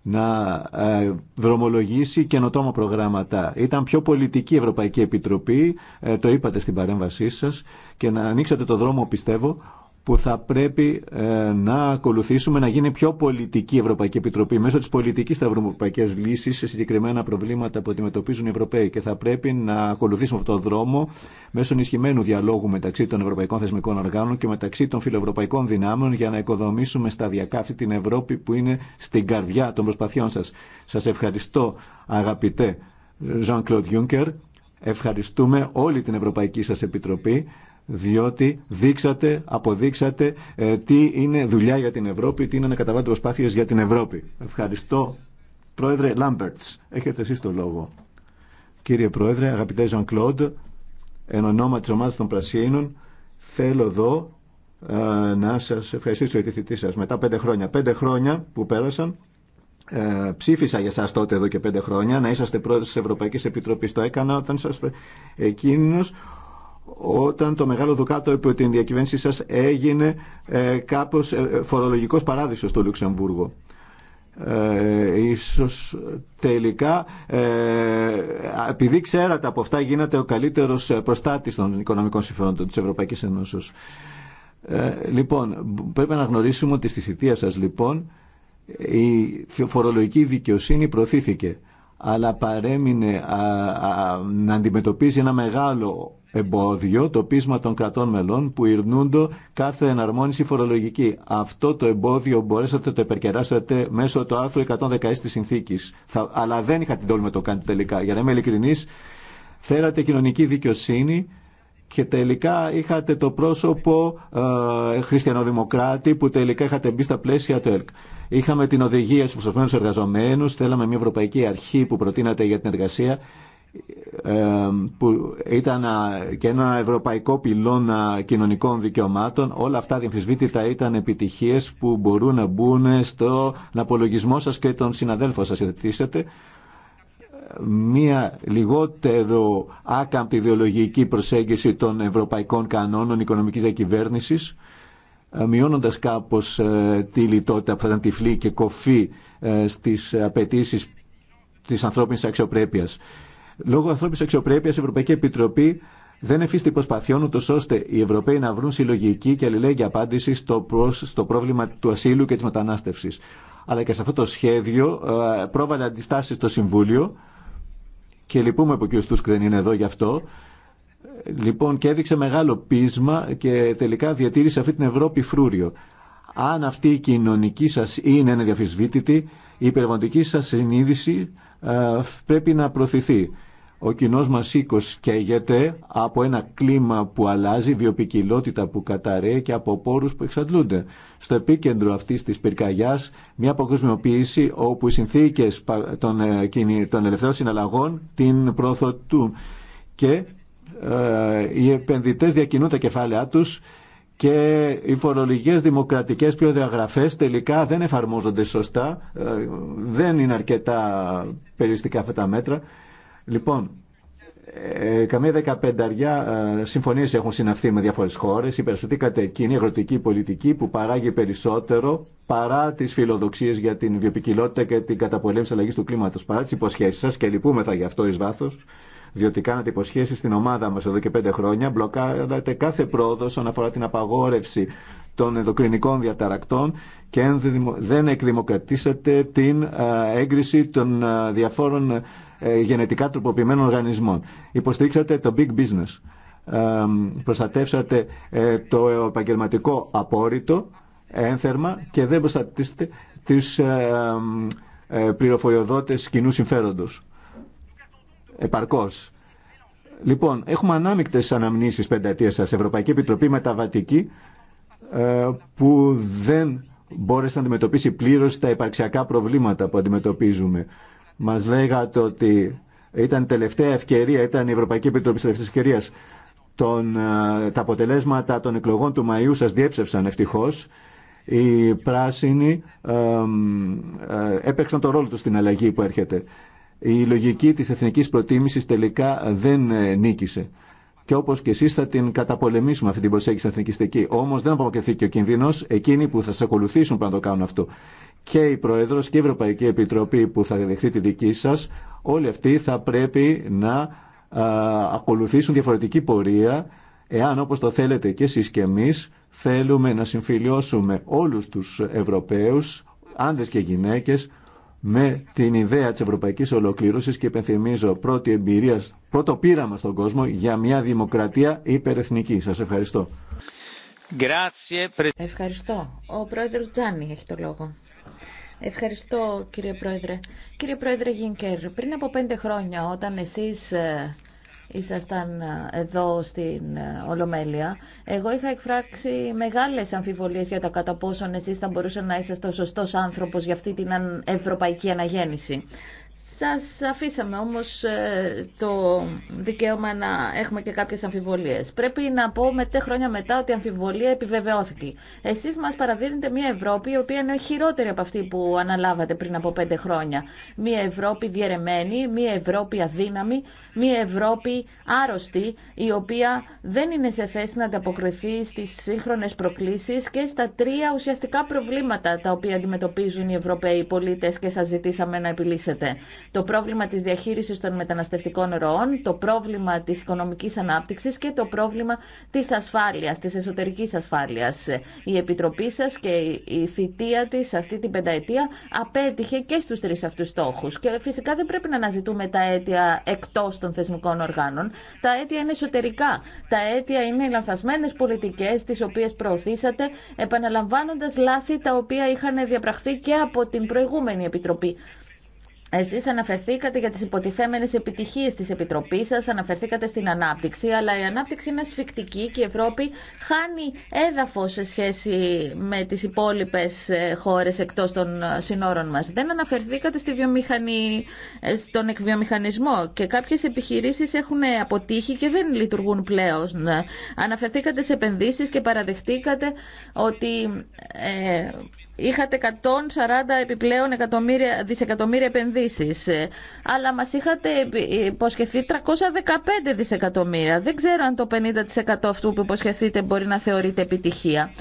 να ε, δρομολογήσει καινοτόμα προγράμματα. Ήταν πιο πολιτική η Ευρωπαϊκή Επιτροπή, το είπατε στην παρέμβασή σας, και να ανοίξατε το δρόμο, πιστεύω, που θα πρέπει ε, να ακολουθήσουμε να γίνει πιο πολιτική η Ευρωπαϊκή Επιτροπή μέσω της πολιτικής στα ευρωπαϊκές λύσεις σε συγκεκριμένα προβλήματα που αντιμετωπίζουν οι Ευρωπαίοι και θα πρέπει να ακολουθήσουμε αυτόν τον δρόμο μέσω ενισχυμένου διαλόγου μεταξύ των ευρωπαϊκών θεσμικών οργάνων και μεταξύ των φιλοευρωπαϊκών δυνάμεων για να οικοδομήσουμε σταδιακά αυτή την Ευρώπη που είναι στην καρδιά των προσπαθειών σας. Σας ευχαριστώ αγαπητέ Jean-Claude Juncker. Ευχαριστούμε όλη την Ευρωπαϊκή σας Επιτροπή διότι δείξατε, αποδείξατε ε, τι είναι δουλειά για την Ευρώπη, τι είναι να καταβάλλετε προσπάθειε για την Ευρώπη. Ευχαριστώ. Πρόεδρε Λάμπερτς, έχετε εσείς το λόγο. Κύριε Πρόεδρε, αγαπητέ Ζων Κλόντ, εν ονόμα της ομάδας των Πρασίνων, θέλω εδώ ε, να σας ευχαριστήσω για τη Μετά πέντε χρόνια, πέντε χρόνια που πέρασαν, ε, ψήφισα για σας τότε εδώ και πέντε χρόνια να είσαστε πρόεδρος της Ευρωπαϊκής Επιτροπής. Το έκανα όταν είσαστε εκείνος όταν το μεγάλο δουκάτο ότι την διακυβέρνησή σας έγινε ε, κάπως ε, φορολογικός παράδεισος στο Λουξεμβούργο. Ε, ίσως τελικά ε, επειδή ξέρατε από αυτά γίνατε ο καλύτερος ε, προστάτης των οικονομικών συμφερόντων της Ευρωπαϊκής Ένωσης. Ε, λοιπόν, πρέπει να γνωρίσουμε ότι στη θητεία σας λοιπόν η φορολογική δικαιοσύνη προωθήθηκε αλλά παρέμεινε να αντιμετωπίζει ένα μεγάλο εμπόδιο το πείσμα των κρατών μελών που ειρνούνται κάθε εναρμόνιση φορολογική. Αυτό το εμπόδιο μπορέσατε να το επερκεράσετε μέσω του άρθρου 116 τη συνθήκη. αλλά δεν είχα την τόλμη να το κάνετε τελικά. Για να είμαι ειλικρινή, θέλατε κοινωνική δικαιοσύνη και τελικά είχατε το πρόσωπο ε, χριστιανοδημοκράτη που τελικά είχατε μπει στα πλαίσια του ΕΛΚ. Είχαμε την οδηγία στου προσωπικού εργαζομένου, θέλαμε μια ευρωπαϊκή αρχή που προτείνατε για την εργασία που ήταν και ένα ευρωπαϊκό πυλώνα κοινωνικών δικαιωμάτων. Όλα αυτά διεμφισβήτητα ήταν επιτυχίες που μπορούν να μπουν στον απολογισμό σας και των συναδέλφων σας. Ειδητήσετε μία λιγότερο άκαμπτη ιδεολογική προσέγγιση των ευρωπαϊκών κανόνων οικονομικής διακυβέρνησης ε, μειώνοντας κάπως ε, τη λιτότητα που θα ήταν τυφλή και κοφή ε, στις απαιτήσει της ανθρώπινης αξιοπρέπειας. Λόγω ανθρώπινη αξιοπρέπεια, η Ευρωπαϊκή Επιτροπή δεν εφίστη προσπαθειών ούτω ώστε οι Ευρωπαίοι να βρουν συλλογική και αλληλέγγυα απάντηση στο, προς, στο πρόβλημα του ασύλου και τη μετανάστευση. Αλλά και σε αυτό το σχέδιο ε, πρόβαλε αντιστάσει στο Συμβούλιο και λυπούμε που ο κ. Στούσκ δεν είναι εδώ γι' αυτό. Λοιπόν, και έδειξε μεγάλο πείσμα και τελικά διατήρησε αυτή την Ευρώπη φρούριο. Αν αυτή η κοινωνική σα είναι ένα η υπερβαντική σα συνείδηση ε, πρέπει να προωθηθεί. Ο κοινό μα οίκο καίγεται από ένα κλίμα που αλλάζει, βιοπικιλότητα που καταραίει και από πόρου που εξαντλούνται. Στο επίκεντρο αυτή τη πυρκαγιά, μια παγκοσμιοποίηση όπου οι συνθήκε ε, των ελευθερών συναλλαγών την του. και ε, οι επενδυτέ διακινούν τα κεφάλαιά του και οι φορολογικές δημοκρατικές προδιαγραφές τελικά δεν εφαρμόζονται σωστά, ε, δεν είναι αρκετά περιοριστικά αυτά τα μέτρα Λοιπόν, ε, καμία δεκαπενταριά ε, συμφωνίε έχουν συναυθεί με διάφορε χώρε. Υπερασπιστήκατε εκείνη αγροτική πολιτική που παράγει περισσότερο παρά τι φιλοδοξίε για την βιοπικιλότητα και την καταπολέμηση αλλαγή του κλίματο. Παρά τι υποσχέσει σα και λυπούμεθα γι' αυτό ει βάθο, διότι κάνατε υποσχέσει στην ομάδα μα εδώ και πέντε χρόνια, μπλοκάρατε κάθε πρόοδο όσον αφορά την απαγόρευση των ενδοκρινικών διαταρακτών και δεν εκδημοκρατήσατε την ε, έγκριση των ε, διαφόρων ε, γενετικά τροποποιημένων οργανισμών. Υποστηρίξατε το big business. Ε, προστατεύσατε ε, το επαγγελματικό απόρριτο ένθερμα και δεν προστατεύσατε τις πληροφοριοδότες κοινού συμφέροντος. Επαρκώς. Λοιπόν, έχουμε ανάμεικτες αναμνήσεις πενταετίας σας. Ευρωπαϊκή Επιτροπή Μεταβατική που δεν μπόρεσε να αντιμετωπίσει πλήρως τα υπαρξιακά προβλήματα που αντιμετωπίζουμε. Μα λέγατε ότι ήταν τελευταία ευκαιρία, ήταν η Ευρωπαϊκή Επιτροπή της Τελευταίας Ευκαιρίας. Ε, τα αποτελέσματα των εκλογών του Μαΐου σας διέψευσαν ευτυχώς. Οι πράσινοι ε, ε, έπαιξαν το ρόλο τους στην αλλαγή που έρχεται. Η λογική της εθνικής προτίμησης τελικά δεν ε, νίκησε και όπως και εσείς θα την καταπολεμήσουμε αυτή την προσέγγιση εθνικιστική. Όμως δεν απομακρυνθεί ο κίνδυνο εκείνοι που θα σας ακολουθήσουν πρέπει να το κάνουν αυτό. Και η Πρόεδρος και η Ευρωπαϊκή Επιτροπή που θα δεχθεί τη δική σας, όλοι αυτοί θα πρέπει να ακολουθήσουν διαφορετική πορεία εάν όπως το θέλετε και εσείς και εμεί θέλουμε να συμφιλιώσουμε όλου του Ευρωπαίου, άντρε και γυναίκε με την ιδέα της ευρωπαϊκής ολοκλήρωσης και υπενθυμίζω πρώτη εμπειρία, πρώτο πείραμα στον κόσμο για μια δημοκρατία υπερεθνική. Σας ευχαριστώ. Ευχαριστώ. Ο πρόεδρος Τζάνι έχει το λόγο. Ευχαριστώ κύριε πρόεδρε. Κύριε πρόεδρε Γινκέρ, πριν από πέντε χρόνια όταν εσείς ε, ήσασταν ε, εδώ στην ε, Ολομέλεια. Εγώ είχα εκφράξει μεγάλες αμφιβολίες για το κατά πόσον εσείς θα μπορούσατε να είσαστε ο σωστός άνθρωπος για αυτή την ευρωπαϊκή αναγέννηση. Σας αφήσαμε όμως ε, το δικαίωμα να έχουμε και κάποιες αμφιβολίες. Πρέπει να πω μετά χρόνια μετά ότι η αμφιβολία επιβεβαιώθηκε. Εσείς μας παραδίδετε μια Ευρώπη η οποία είναι χειρότερη από αυτή που αναλάβατε πριν από πέντε χρόνια. Μια Ευρώπη διαιρεμένη, μια Ευρώπη αδύναμη, μια Ευρώπη άρρωστη η οποία δεν είναι σε θέση να ανταποκριθεί στις σύγχρονες προκλήσεις και στα τρία ουσιαστικά προβλήματα τα οποία αντιμετωπίζουν οι Ευρωπαίοι πολίτες και σας ζητήσαμε να επιλύσετε το πρόβλημα της διαχείρισης των μεταναστευτικών ροών, το πρόβλημα της οικονομικής ανάπτυξης και το πρόβλημα της ασφάλειας, της εσωτερικής ασφάλειας. Η Επιτροπή σας και η θητεία της αυτή την πενταετία απέτυχε και στους τρεις αυτούς στόχους. Και φυσικά δεν πρέπει να αναζητούμε τα αίτια εκτός των θεσμικών οργάνων. Τα αίτια είναι εσωτερικά. Τα αίτια είναι οι λανθασμένες πολιτικές τις οποίες προωθήσατε, επαναλαμβάνοντας λάθη τα οποία είχαν διαπραχθεί και από την προηγούμενη Επιτροπή. Εσείς αναφερθήκατε για τις υποτιθέμενες επιτυχίες της Επιτροπής σας, αναφερθήκατε στην ανάπτυξη, αλλά η ανάπτυξη είναι ασφικτική και η Ευρώπη χάνει έδαφος σε σχέση με τις υπόλοιπες ε, χώρες εκτός των ε, συνόρων μας. Δεν αναφερθήκατε στη ε, στον εκβιομηχανισμό και κάποιες επιχειρήσεις έχουν αποτύχει και δεν λειτουργούν πλέον. Αναφερθήκατε σε επενδύσεις και παραδεχτήκατε ότι είχατε 140 επιπλέον εκατομμύρια, δισεκατομμύρια επενδύσεις. Ε, αλλά μας είχατε υποσχεθεί 315 δισεκατομμύρια. Δεν ξέρω αν το 50% αυτού που υποσχεθείτε μπορεί να θεωρείται επιτυχία.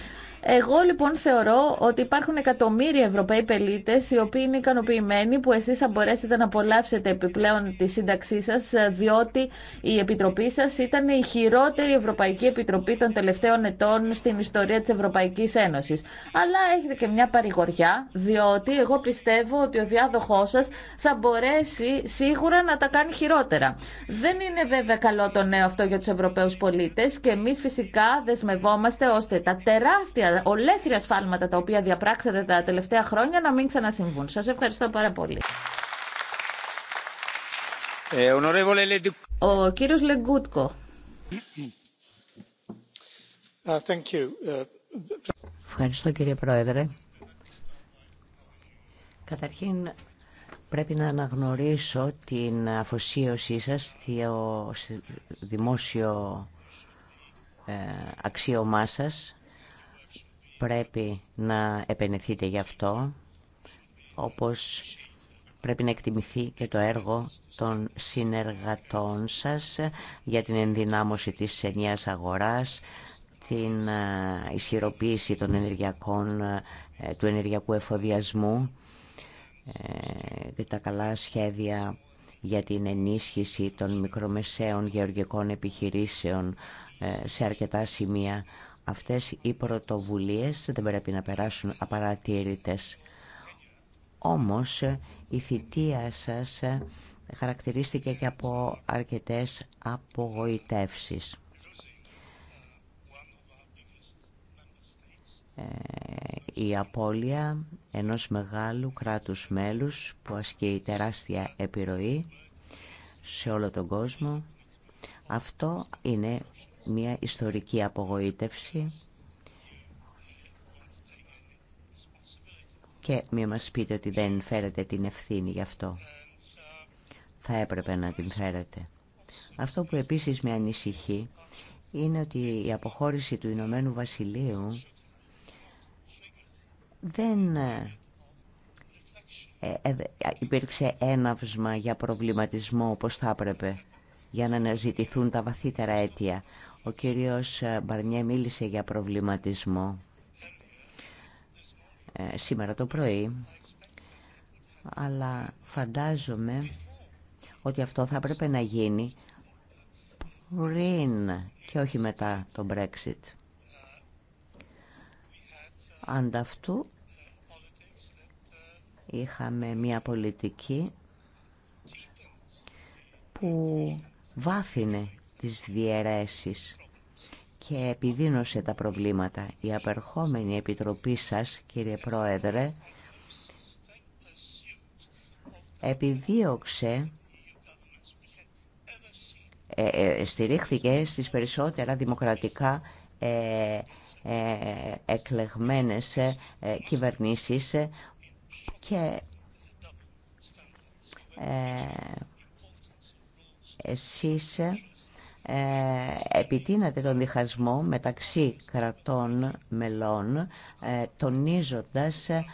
Εγώ λοιπόν θεωρώ ότι υπάρχουν εκατομμύρια Ευρωπαίοι πελίτε οι οποίοι είναι ικανοποιημένοι που εσεί θα μπορέσετε να απολαύσετε επιπλέον τη σύνταξή σα, διότι η Επιτροπή σα ήταν η χειρότερη Ευρωπαϊκή Επιτροπή των τελευταίων ετών στην ιστορία τη Ευρωπαϊκή Ένωση. Αλλά έχετε και μια παρηγοριά, διότι εγώ πιστεύω ότι ο διάδοχό σα θα μπορέσει σίγουρα να τα κάνει χειρότερα. Δεν είναι βέβαια καλό το νέο αυτό για του Ευρωπαίου πολίτε και εμεί φυσικά δεσμευόμαστε ώστε τα τεράστια ολέθρια σφάλματα τα οποία διαπράξατε τα τελευταία χρόνια να μην ξανασυμβούν. Σας ευχαριστώ πάρα πολύ. Ε, ο κύριος Λεγκούτκο. Uh, uh, ευχαριστώ κύριε Πρόεδρε. Καταρχήν πρέπει να αναγνωρίσω την αφοσίωσή σας στο δημόσιο ε, αξίωμά σας πρέπει να επενεθείτε γι' αυτό, όπως πρέπει να εκτιμηθεί και το έργο των συνεργατών σας για την ενδυνάμωση της ενιαίας αγοράς, την ε, ισχυροποίηση των ενεργειακών, ε, του ενεργειακού εφοδιασμού και ε, τα καλά σχέδια για την ενίσχυση των μικρομεσαίων γεωργικών επιχειρήσεων σε αρκετά σημεία Αυτές οι πρωτοβουλίες δεν πρέπει να περάσουν απαρατήρητες. Όμως η θητεία σας χαρακτηρίστηκε και από αρκετές απογοητεύσεις. Ε, η απώλεια ενός μεγάλου κράτους μέλους που ασκεί τεράστια επιρροή σε όλο τον κόσμο. Αυτό είναι μια ιστορική απογοήτευση και μη μας πείτε ότι δεν φέρετε την ευθύνη γι' αυτό. Θα έπρεπε να την φέρετε. Αυτό που επίσης με ανησυχεί είναι ότι η αποχώρηση του Ηνωμένου Βασιλείου δεν ε, ε, ε, υπήρξε έναυσμα για προβληματισμό όπως θα έπρεπε για να αναζητηθούν τα βαθύτερα αίτια. Ο κύριος ε, Μπαρνιέ μίλησε για προβληματισμό ε, σήμερα το πρωί, αλλά φαντάζομαι ότι αυτό θα έπρεπε να γίνει πριν και όχι μετά το Brexit. Ανταυτού είχαμε μια πολιτική που βάθινε της διαιρέσεις και επιδίνωσε τα προβλήματα. Η απερχόμενη επιτροπή σας, κύριε Πρόεδρε, επιδίωξε ε, ε, στηρίχθηκε στις περισσότερα δημοκρατικά ε, εκλεγμένες κυβερνήσεις και εσείς ε, επιτείνεται τον διχασμό μεταξύ κρατών μελών ε, τονίζοντας ε,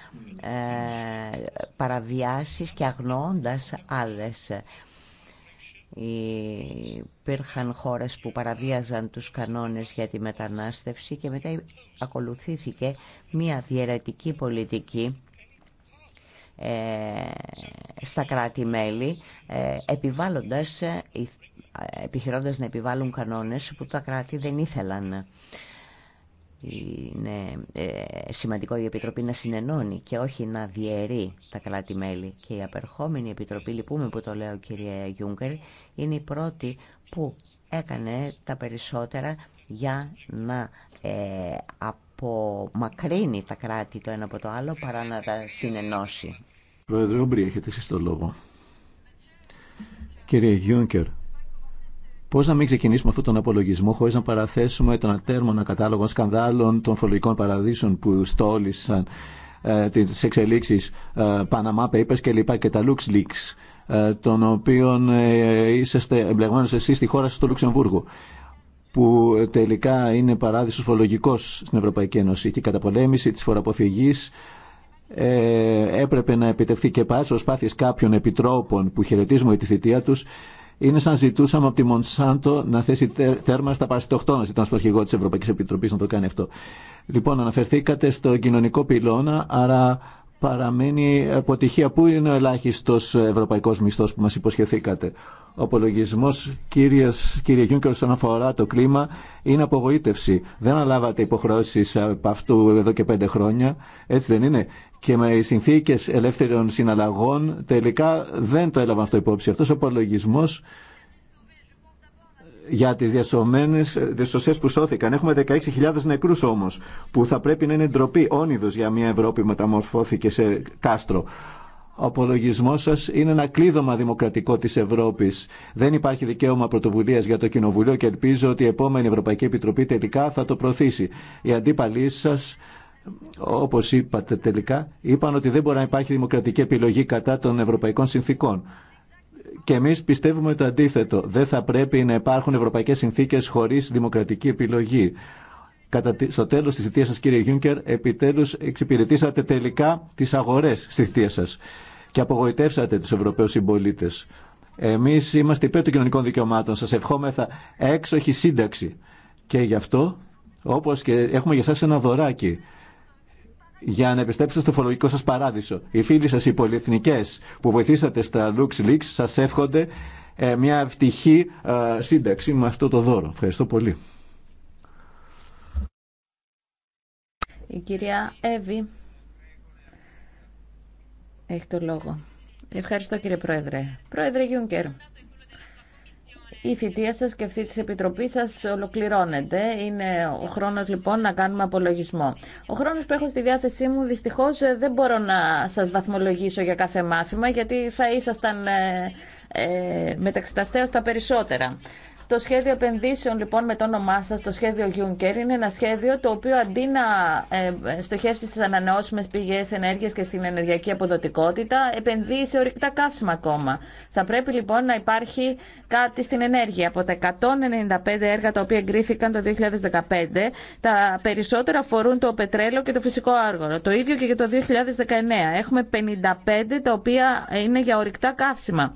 παραβιάσεις και αγνοώντας άλλες. Υπήρχαν χώρες που παραβίαζαν τους κανόνες για τη μετανάστευση και μετά ακολουθήθηκε μια διαιρετική πολιτική στα κράτη-μέλη επιβάλλοντας επιχειρώντας να επιβάλλουν κανόνες που τα κράτη δεν ήθελαν. Είναι ε, σημαντικό η Επιτροπή να συνενώνει και όχι να διαιρεί τα κράτη-μέλη. Και η απερχόμενη Επιτροπή, λυπούμε που το λέω κυρία Γιούγκερ, είναι η πρώτη που έκανε τα περισσότερα για να ε, απομακρύνει τα κράτη το ένα από το άλλο παρά να τα συνενώσει. Πρόεδρε Ομπρή, έχετε το λόγο. Κύριε Πώ να μην ξεκινήσουμε αυτόν τον απολογισμό χωρί να παραθέσουμε τον ατέρμονα κατάλογο σκανδάλων των φορολογικών παραδείσων που στόλισαν ε, τι εξελίξει ε, Panama Papers και λοιπά και τα Lux Leaks, ε, των οποίων ε, είσαστε εμπλεγμένος εσεί στη χώρα στο Λουξεμβούργο που τελικά είναι παράδεισος φορολογικός στην Ευρωπαϊκή Ένωση και η καταπολέμηση της φοροαποφυγής ε, έπρεπε να επιτευχθεί και πάση προσπάθειε κάποιων επιτρόπων που χαιρετίζουμε τη θητεία τους είναι σαν ζητούσαμε από τη Μονσάντο να θέσει τέρμα στα παρασιτοκτόνα. Ήταν στο αρχηγό τη Ευρωπαϊκή Επιτροπή να το κάνει αυτό. Λοιπόν, αναφερθήκατε στο κοινωνικό πυλώνα, άρα παραμένει αποτυχία. Πού είναι ο ελάχιστος ευρωπαϊκός μισθός που μας υποσχεθήκατε. Ο απολογισμό, κύριε Γιούνκερ, όσον αφορά το κλίμα, είναι απογοήτευση. Δεν αναλάβατε υποχρεώσει από αυτού εδώ και πέντε χρόνια. Έτσι δεν είναι. Και με οι συνθήκες ελεύθερων συναλλαγών τελικά δεν το έλαβαν αυτό υπόψη. Αυτός ο απολογισμό για τις διασωμένες, τις ε, που σώθηκαν. Έχουμε 16.000 νεκρούς όμως, που θα πρέπει να είναι ντροπή, όνειδος για μια Ευρώπη που μεταμορφώθηκε σε κάστρο. Ο απολογισμό σα είναι ένα κλείδωμα δημοκρατικό τη Ευρώπη. Δεν υπάρχει δικαίωμα πρωτοβουλία για το Κοινοβουλίο και ελπίζω ότι η επόμενη Ευρωπαϊκή Επιτροπή τελικά θα το προωθήσει. Οι αντίπαλοι σα όπω είπατε τελικά, είπαν ότι δεν μπορεί να υπάρχει δημοκρατική επιλογή κατά των ευρωπαϊκών συνθήκων. Και εμεί πιστεύουμε το αντίθετο. Δεν θα πρέπει να υπάρχουν ευρωπαϊκέ συνθήκε χωρί δημοκρατική επιλογή. Κατά, στο τέλο τη θητεία σα, κύριε Γιούνκερ, επιτέλου εξυπηρετήσατε τελικά τι αγορέ στη θητεία σα και απογοητεύσατε του Ευρωπαίου συμπολίτε. Εμεί είμαστε υπέρ των κοινωνικών δικαιωμάτων. Σα ευχόμεθα έξοχη σύνταξη. Και γι' αυτό, όπω και έχουμε για εσά ένα δωράκι για να επιστρέψετε στο φορολογικό σας παράδεισο. Οι φίλοι σας, οι πολυεθνικές που βοηθήσατε στα LuxLeaks σας εύχονται ε, μια ευτυχή ε, σύνταξη με αυτό το δώρο. Ευχαριστώ πολύ. Η κυρία Εύη έχει το λόγο. Ευχαριστώ κύριε Πρόεδρε. Πρόεδρε Γιούνκερ η θητεία σας και αυτή της Επιτροπής σας ολοκληρώνεται. Είναι ο χρόνος λοιπόν να κάνουμε απολογισμό. Ο χρόνος που έχω στη διάθεσή μου δυστυχώς ε, δεν μπορώ να σας βαθμολογήσω για κάθε μάθημα γιατί θα ήσασταν ε, ε μεταξυταστέως τα περισσότερα. Το σχέδιο επενδύσεων λοιπόν με το όνομά σα, το σχέδιο Juncker, είναι ένα σχέδιο το οποίο αντί να ε, στοχεύσει στι ανανεώσιμε πηγέ ενέργεια και στην ενεργειακή αποδοτικότητα, επενδύει σε ορυκτά καύσιμα ακόμα. Θα πρέπει λοιπόν να υπάρχει κάτι στην ενέργεια. Από τα 195 έργα τα οποία εγκρίθηκαν το 2015, τα περισσότερα αφορούν το πετρέλαιο και το φυσικό άργορο. Το ίδιο και για το 2019. Έχουμε 55 τα οποία είναι για ορυκτά καύσιμα.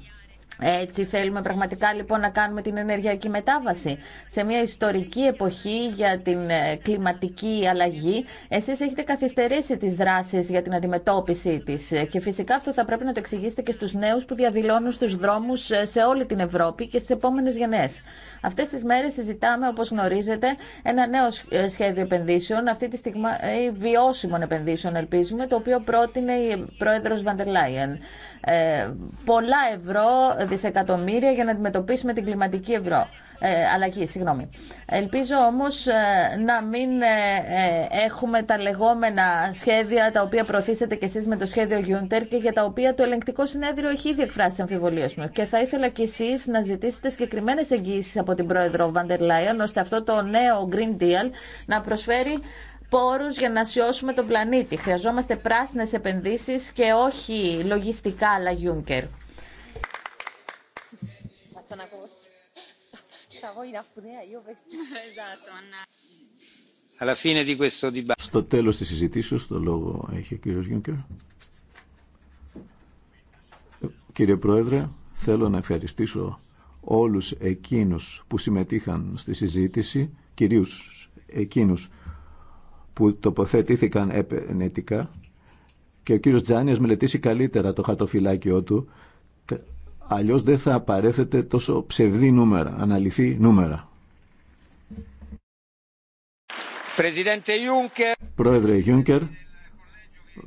Έτσι θέλουμε πραγματικά λοιπόν να κάνουμε την ενεργειακή μετάβαση σε μια ιστορική εποχή για την ε, κλιματική αλλαγή. Εσείς έχετε καθυστερήσει τις δράσεις για την αντιμετώπιση της και φυσικά αυτό θα πρέπει να το εξηγήσετε και στους νέους που διαδηλώνουν στους δρόμους ε, σε όλη την Ευρώπη και στις επόμενες γενναίες. Αυτές τις μέρες συζητάμε, όπως γνωρίζετε, ένα νέο ε, σχέδιο επενδύσεων, αυτή τη στιγμή ε, βιώσιμων επενδύσεων, ελπίζουμε, το οποίο πρότεινε η Πρόεδρο Βαντερ Λάιεν. Ε, πολλά ευρώ, δισεκατομμύρια για να αντιμετωπίσουμε την κλιματική ευρώ ε, αλλαγή, συγγνώμη. Ελπίζω όμως ε, να μην ε, ε, έχουμε τα λεγόμενα σχέδια τα οποία προωθήσατε κι εσείς με το σχέδιο Γιούντερ και για τα οποία το ελεγκτικό συνέδριο έχει ήδη εκφράσει αμφιβολίες μου. Και θα ήθελα κι εσείς να ζητήσετε συγκεκριμένε εγγύησεις από την πρόεδρο Βαντερ Λάιον ώστε αυτό το νέο Green Deal να προσφέρει πόρους για να σιώσουμε τον πλανήτη. Χρειαζόμαστε πράσινες επενδύσεις και όχι λογιστικά αλλά Juncker. Στο τέλος της συζητήσεως, το λόγο έχει ο κύριο Γιούνκερ. Κύριε Πρόεδρε, θέλω να ευχαριστήσω όλους εκείνους που συμμετείχαν στη συζήτηση, κυρίως εκείνους που τοποθετήθηκαν επενετικά και ο κύριος Τζάνιος μελετήσει καλύτερα το χαρτοφυλάκιό του Αλλιώς δεν θα απαρέθετε τόσο ψευδή νούμερα, αναλυθή νούμερα. Πρόεδρε Γιούνκερ,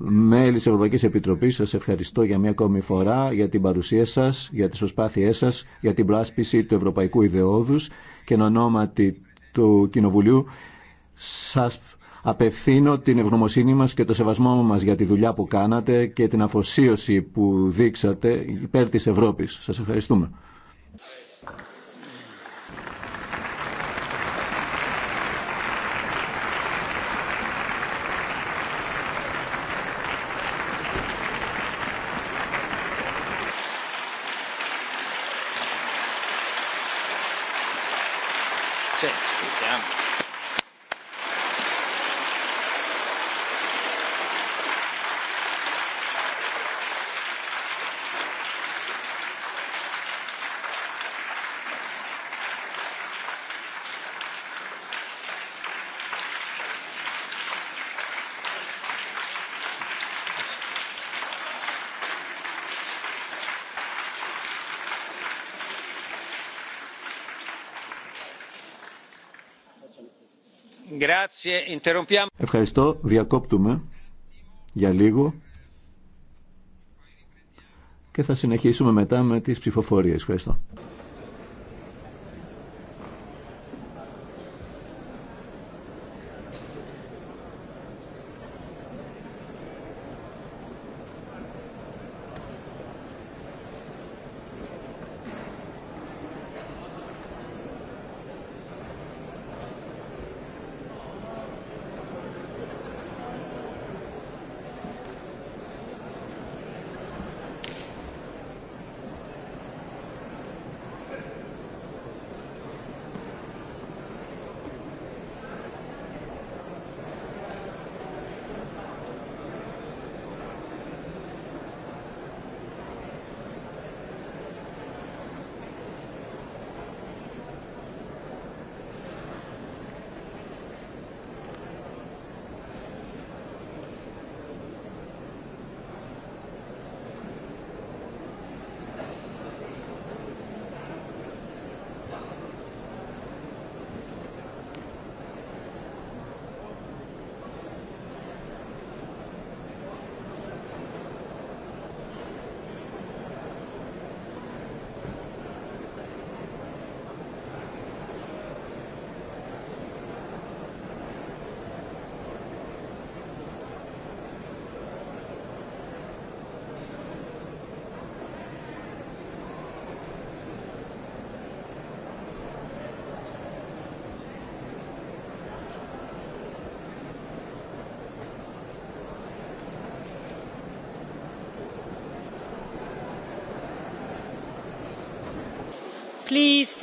μέλη της Ευρωπαϊκής Επιτροπής, σας ευχαριστώ για μια ακόμη φορά για την παρουσία σας, για τις προσπάθειές σας, για την πράσπιση του Ευρωπαϊκού Ιδεώδους και εν ονόματι του Κοινοβουλίου σας Απευθύνω την ευγνωμοσύνη μας και το σεβασμό μας για τη δουλειά που κάνατε και την αφοσίωση που δείξατε υπέρ της Ευρώπης. Σας ευχαριστούμε. Ευχαριστώ. Διακόπτουμε για λίγο και θα συνεχίσουμε μετά με τις ψηφοφορίες. Ευχαριστώ.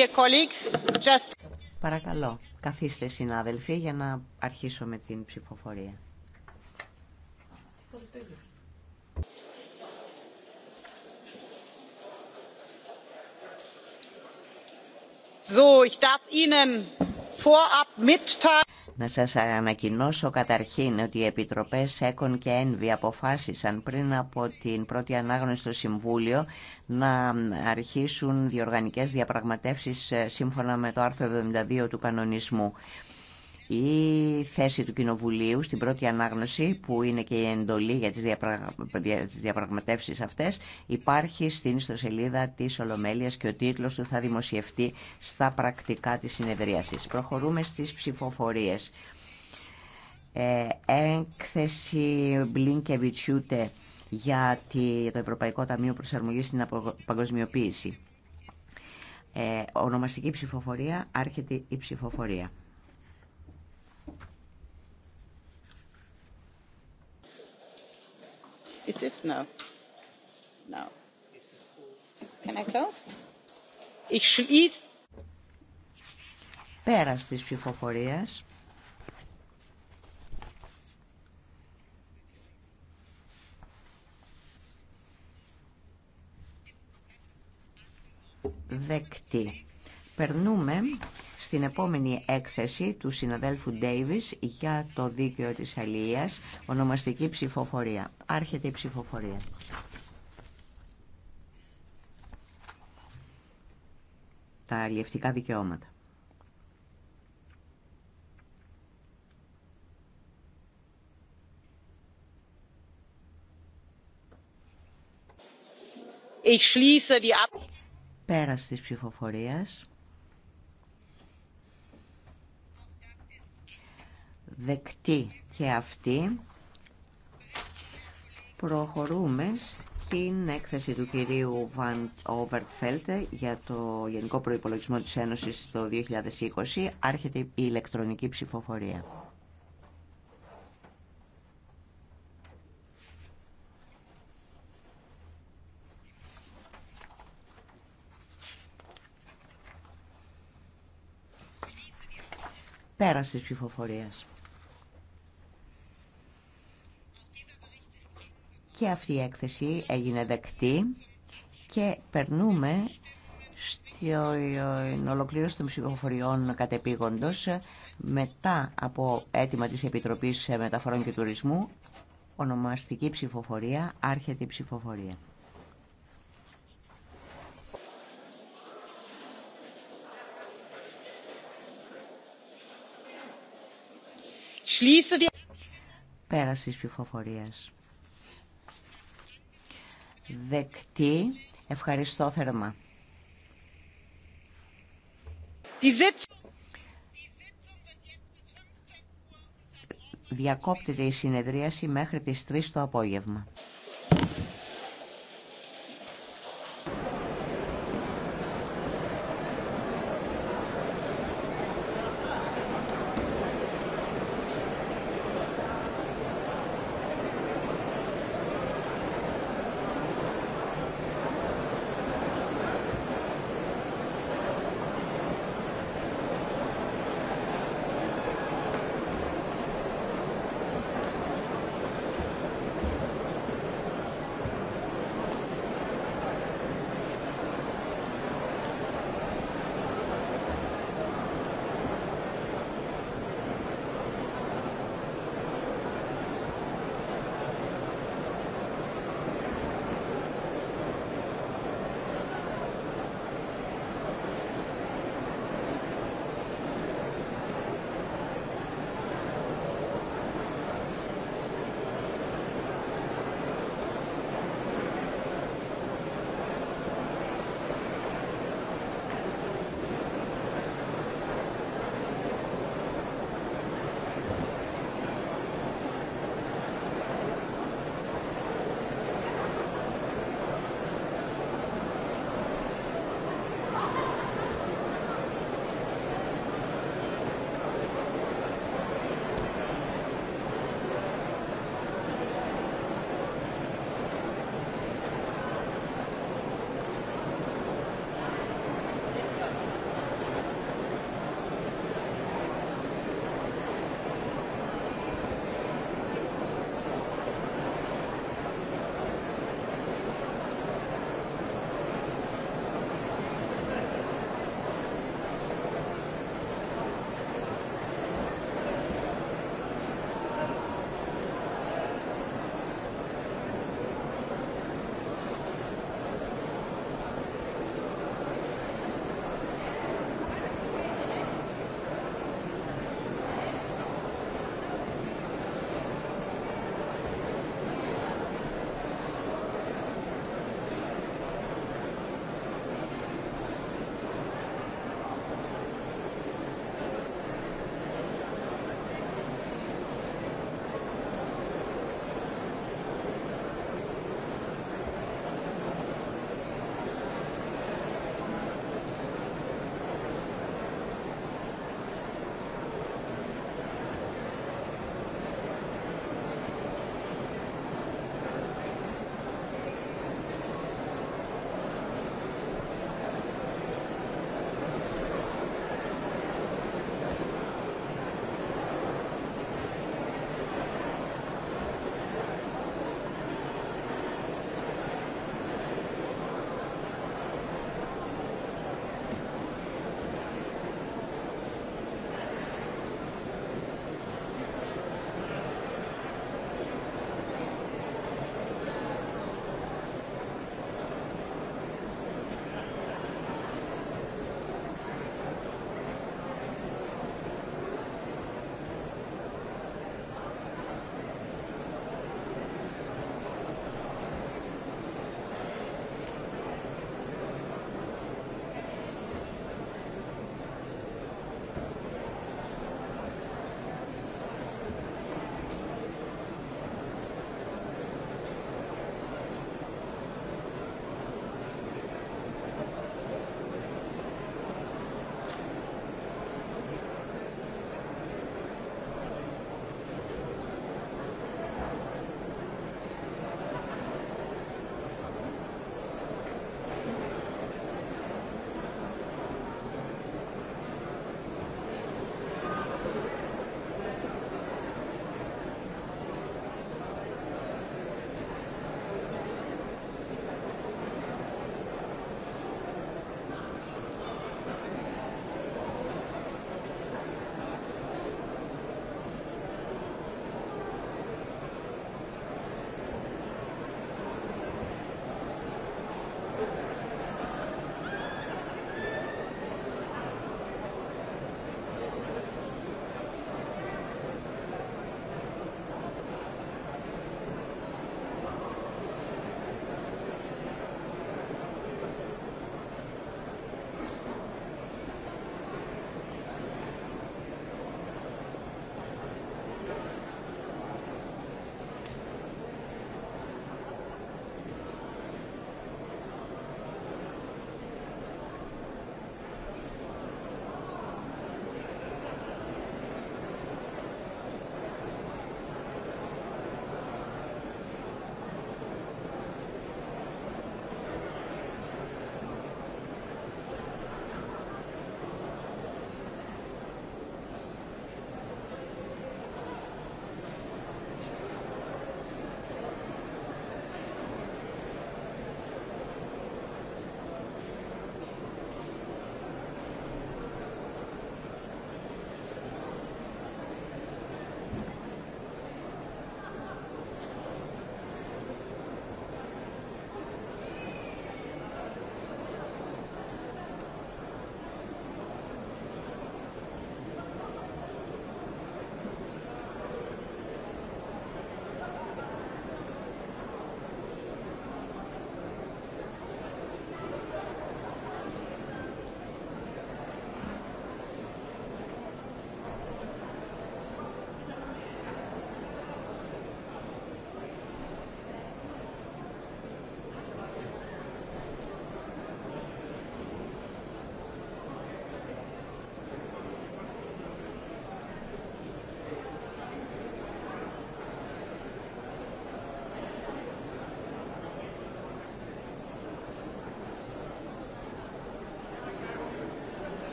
just... Παρακαλώ, καθίστε συνάδελφοι για να αρχίσω με την ψηφοφορία. So, ich darf Ihnen vorab mitteilen, να σας ανακοινώσω καταρχήν ότι οι Επιτροπές ΕΚΟΝ και ΕΝΒΙ αποφάσισαν πριν από την πρώτη ανάγνωση στο Συμβούλιο να αρχίσουν διοργανικές διαπραγματεύσεις ε, σύμφωνα με το άρθρο 72 του κανονισμού. Η θέση του Κοινοβουλίου στην πρώτη ανάγνωση, που είναι και η εντολή για τις, διαπραγμα... τις διαπραγματεύσεις αυτές, υπάρχει στην ιστοσελίδα της Ολομέλειας και ο τίτλος του θα δημοσιευτεί στα πρακτικά της συνεδρίασης. Προχωρούμε στις ψηφοφορίες. Ε, έκθεση Μπλίνκεβιτσιούτε για το Ευρωπαϊκό Ταμείο Προσαρμογής στην Παγκοσμιοποίηση. Ε, ονομαστική ψηφοφορία, άρχεται η ψηφοφορία. Is this no? Can I close? Πέρας της Δεκτή. Περνούμε στην επόμενη έκθεση του συναδέλφου Ντέιβις για το δίκαιο της αλληλείας, ονομαστική ψηφοφορία. Άρχεται η ψηφοφορία. Τα αλληλευτικά δικαιώματα. Ich schließe die... της ψηφοφορίας. δεκτή και αυτή. Προχωρούμε στην έκθεση του κυρίου Βαν Όβερτφέλτε για το Γενικό Προϋπολογισμό της Ένωσης το 2020. Άρχεται η ηλεκτρονική ψηφοφορία. Πέραση ψηφοφορίας. Και αυτή η έκθεση έγινε δεκτή και περνούμε στην ολοκλήρωση των ψηφοφοριών κατεπήγοντος μετά από αίτημα της Επιτροπής Μεταφορών και Τουρισμού ονομαστική ψηφοφορία, άρχεται η ψηφοφορία. Πέραση ψηφοφορίας δεκτή. Ευχαριστώ θερμά. Διακόπτεται η συνεδρίαση μέχρι τις 3 το απόγευμα.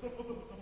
Σα ευχαριστώ.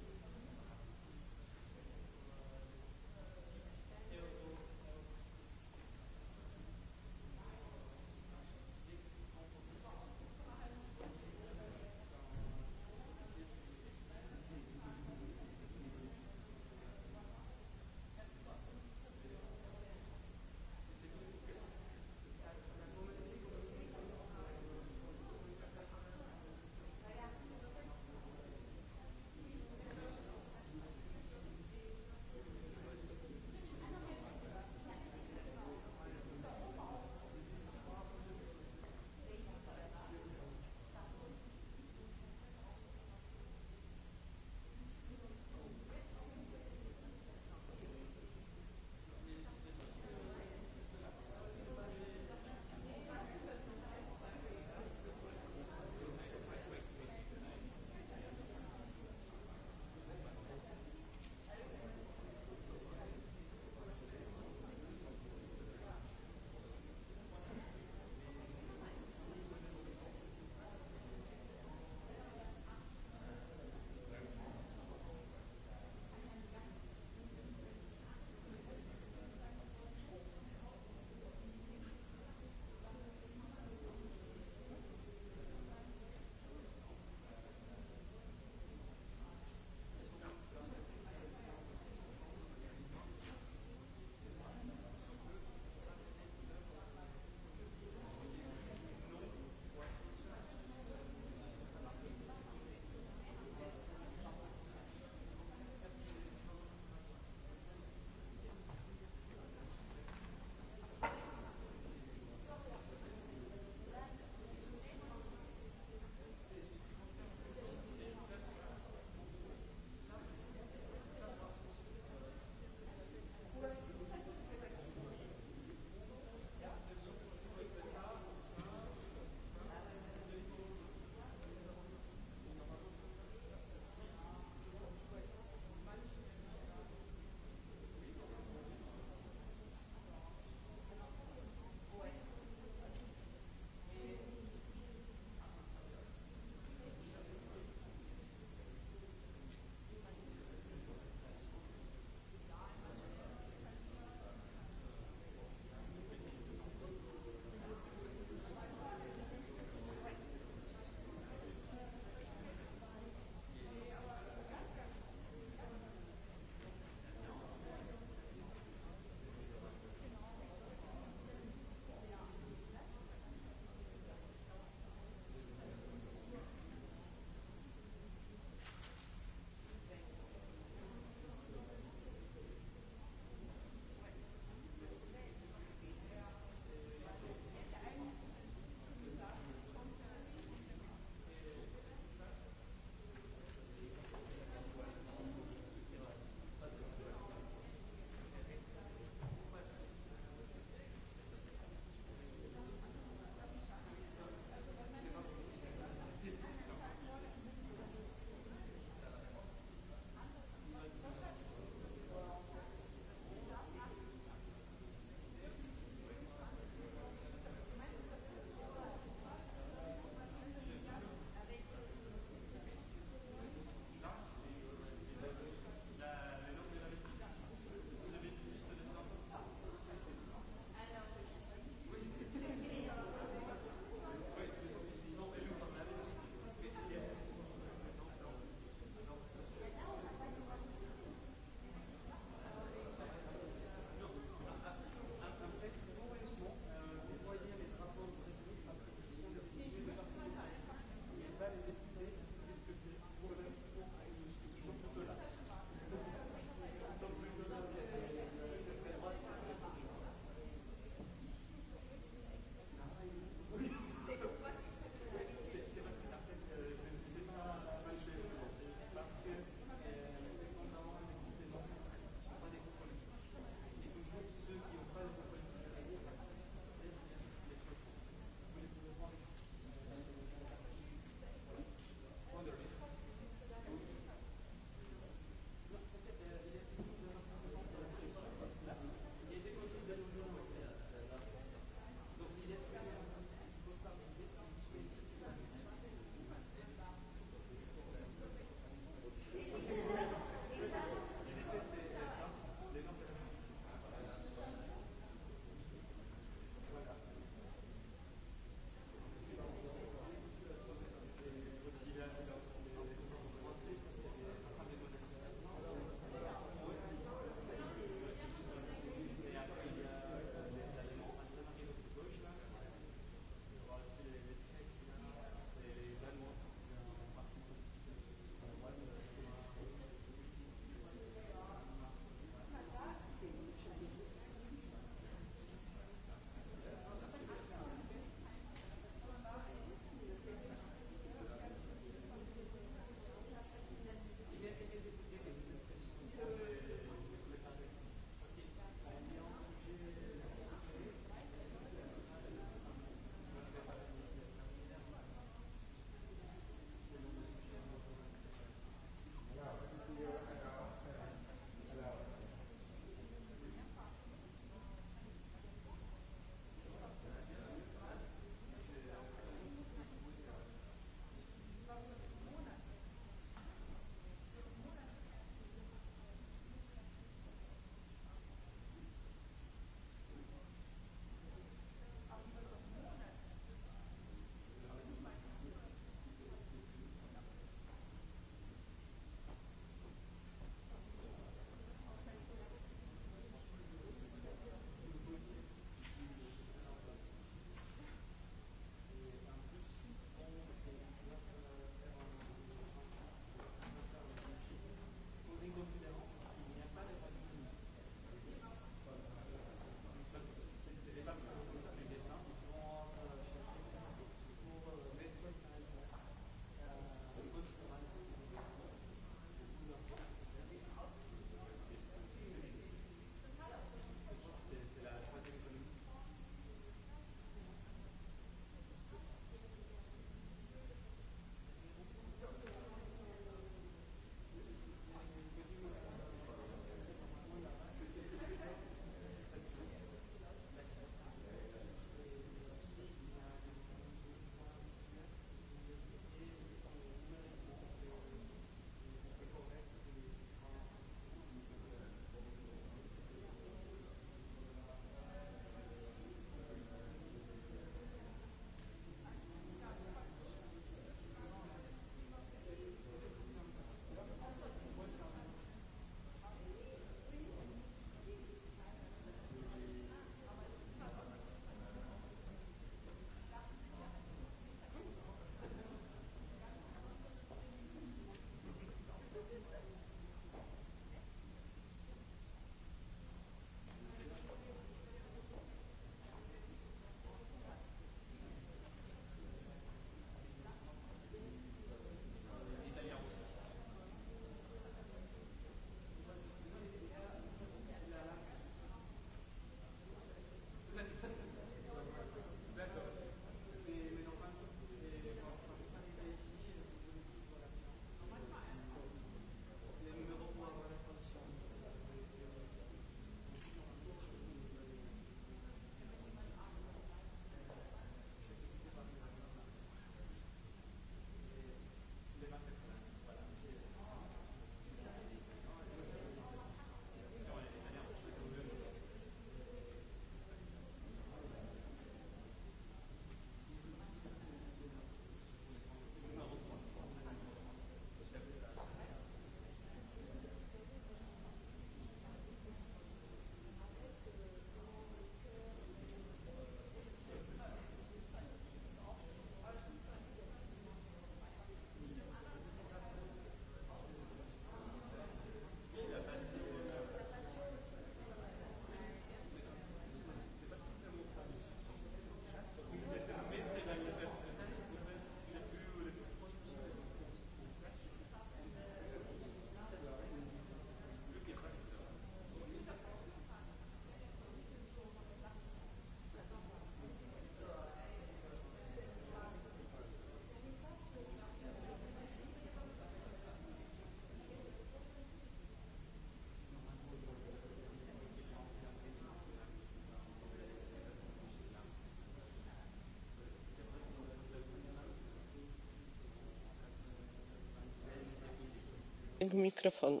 μικρόφωνο.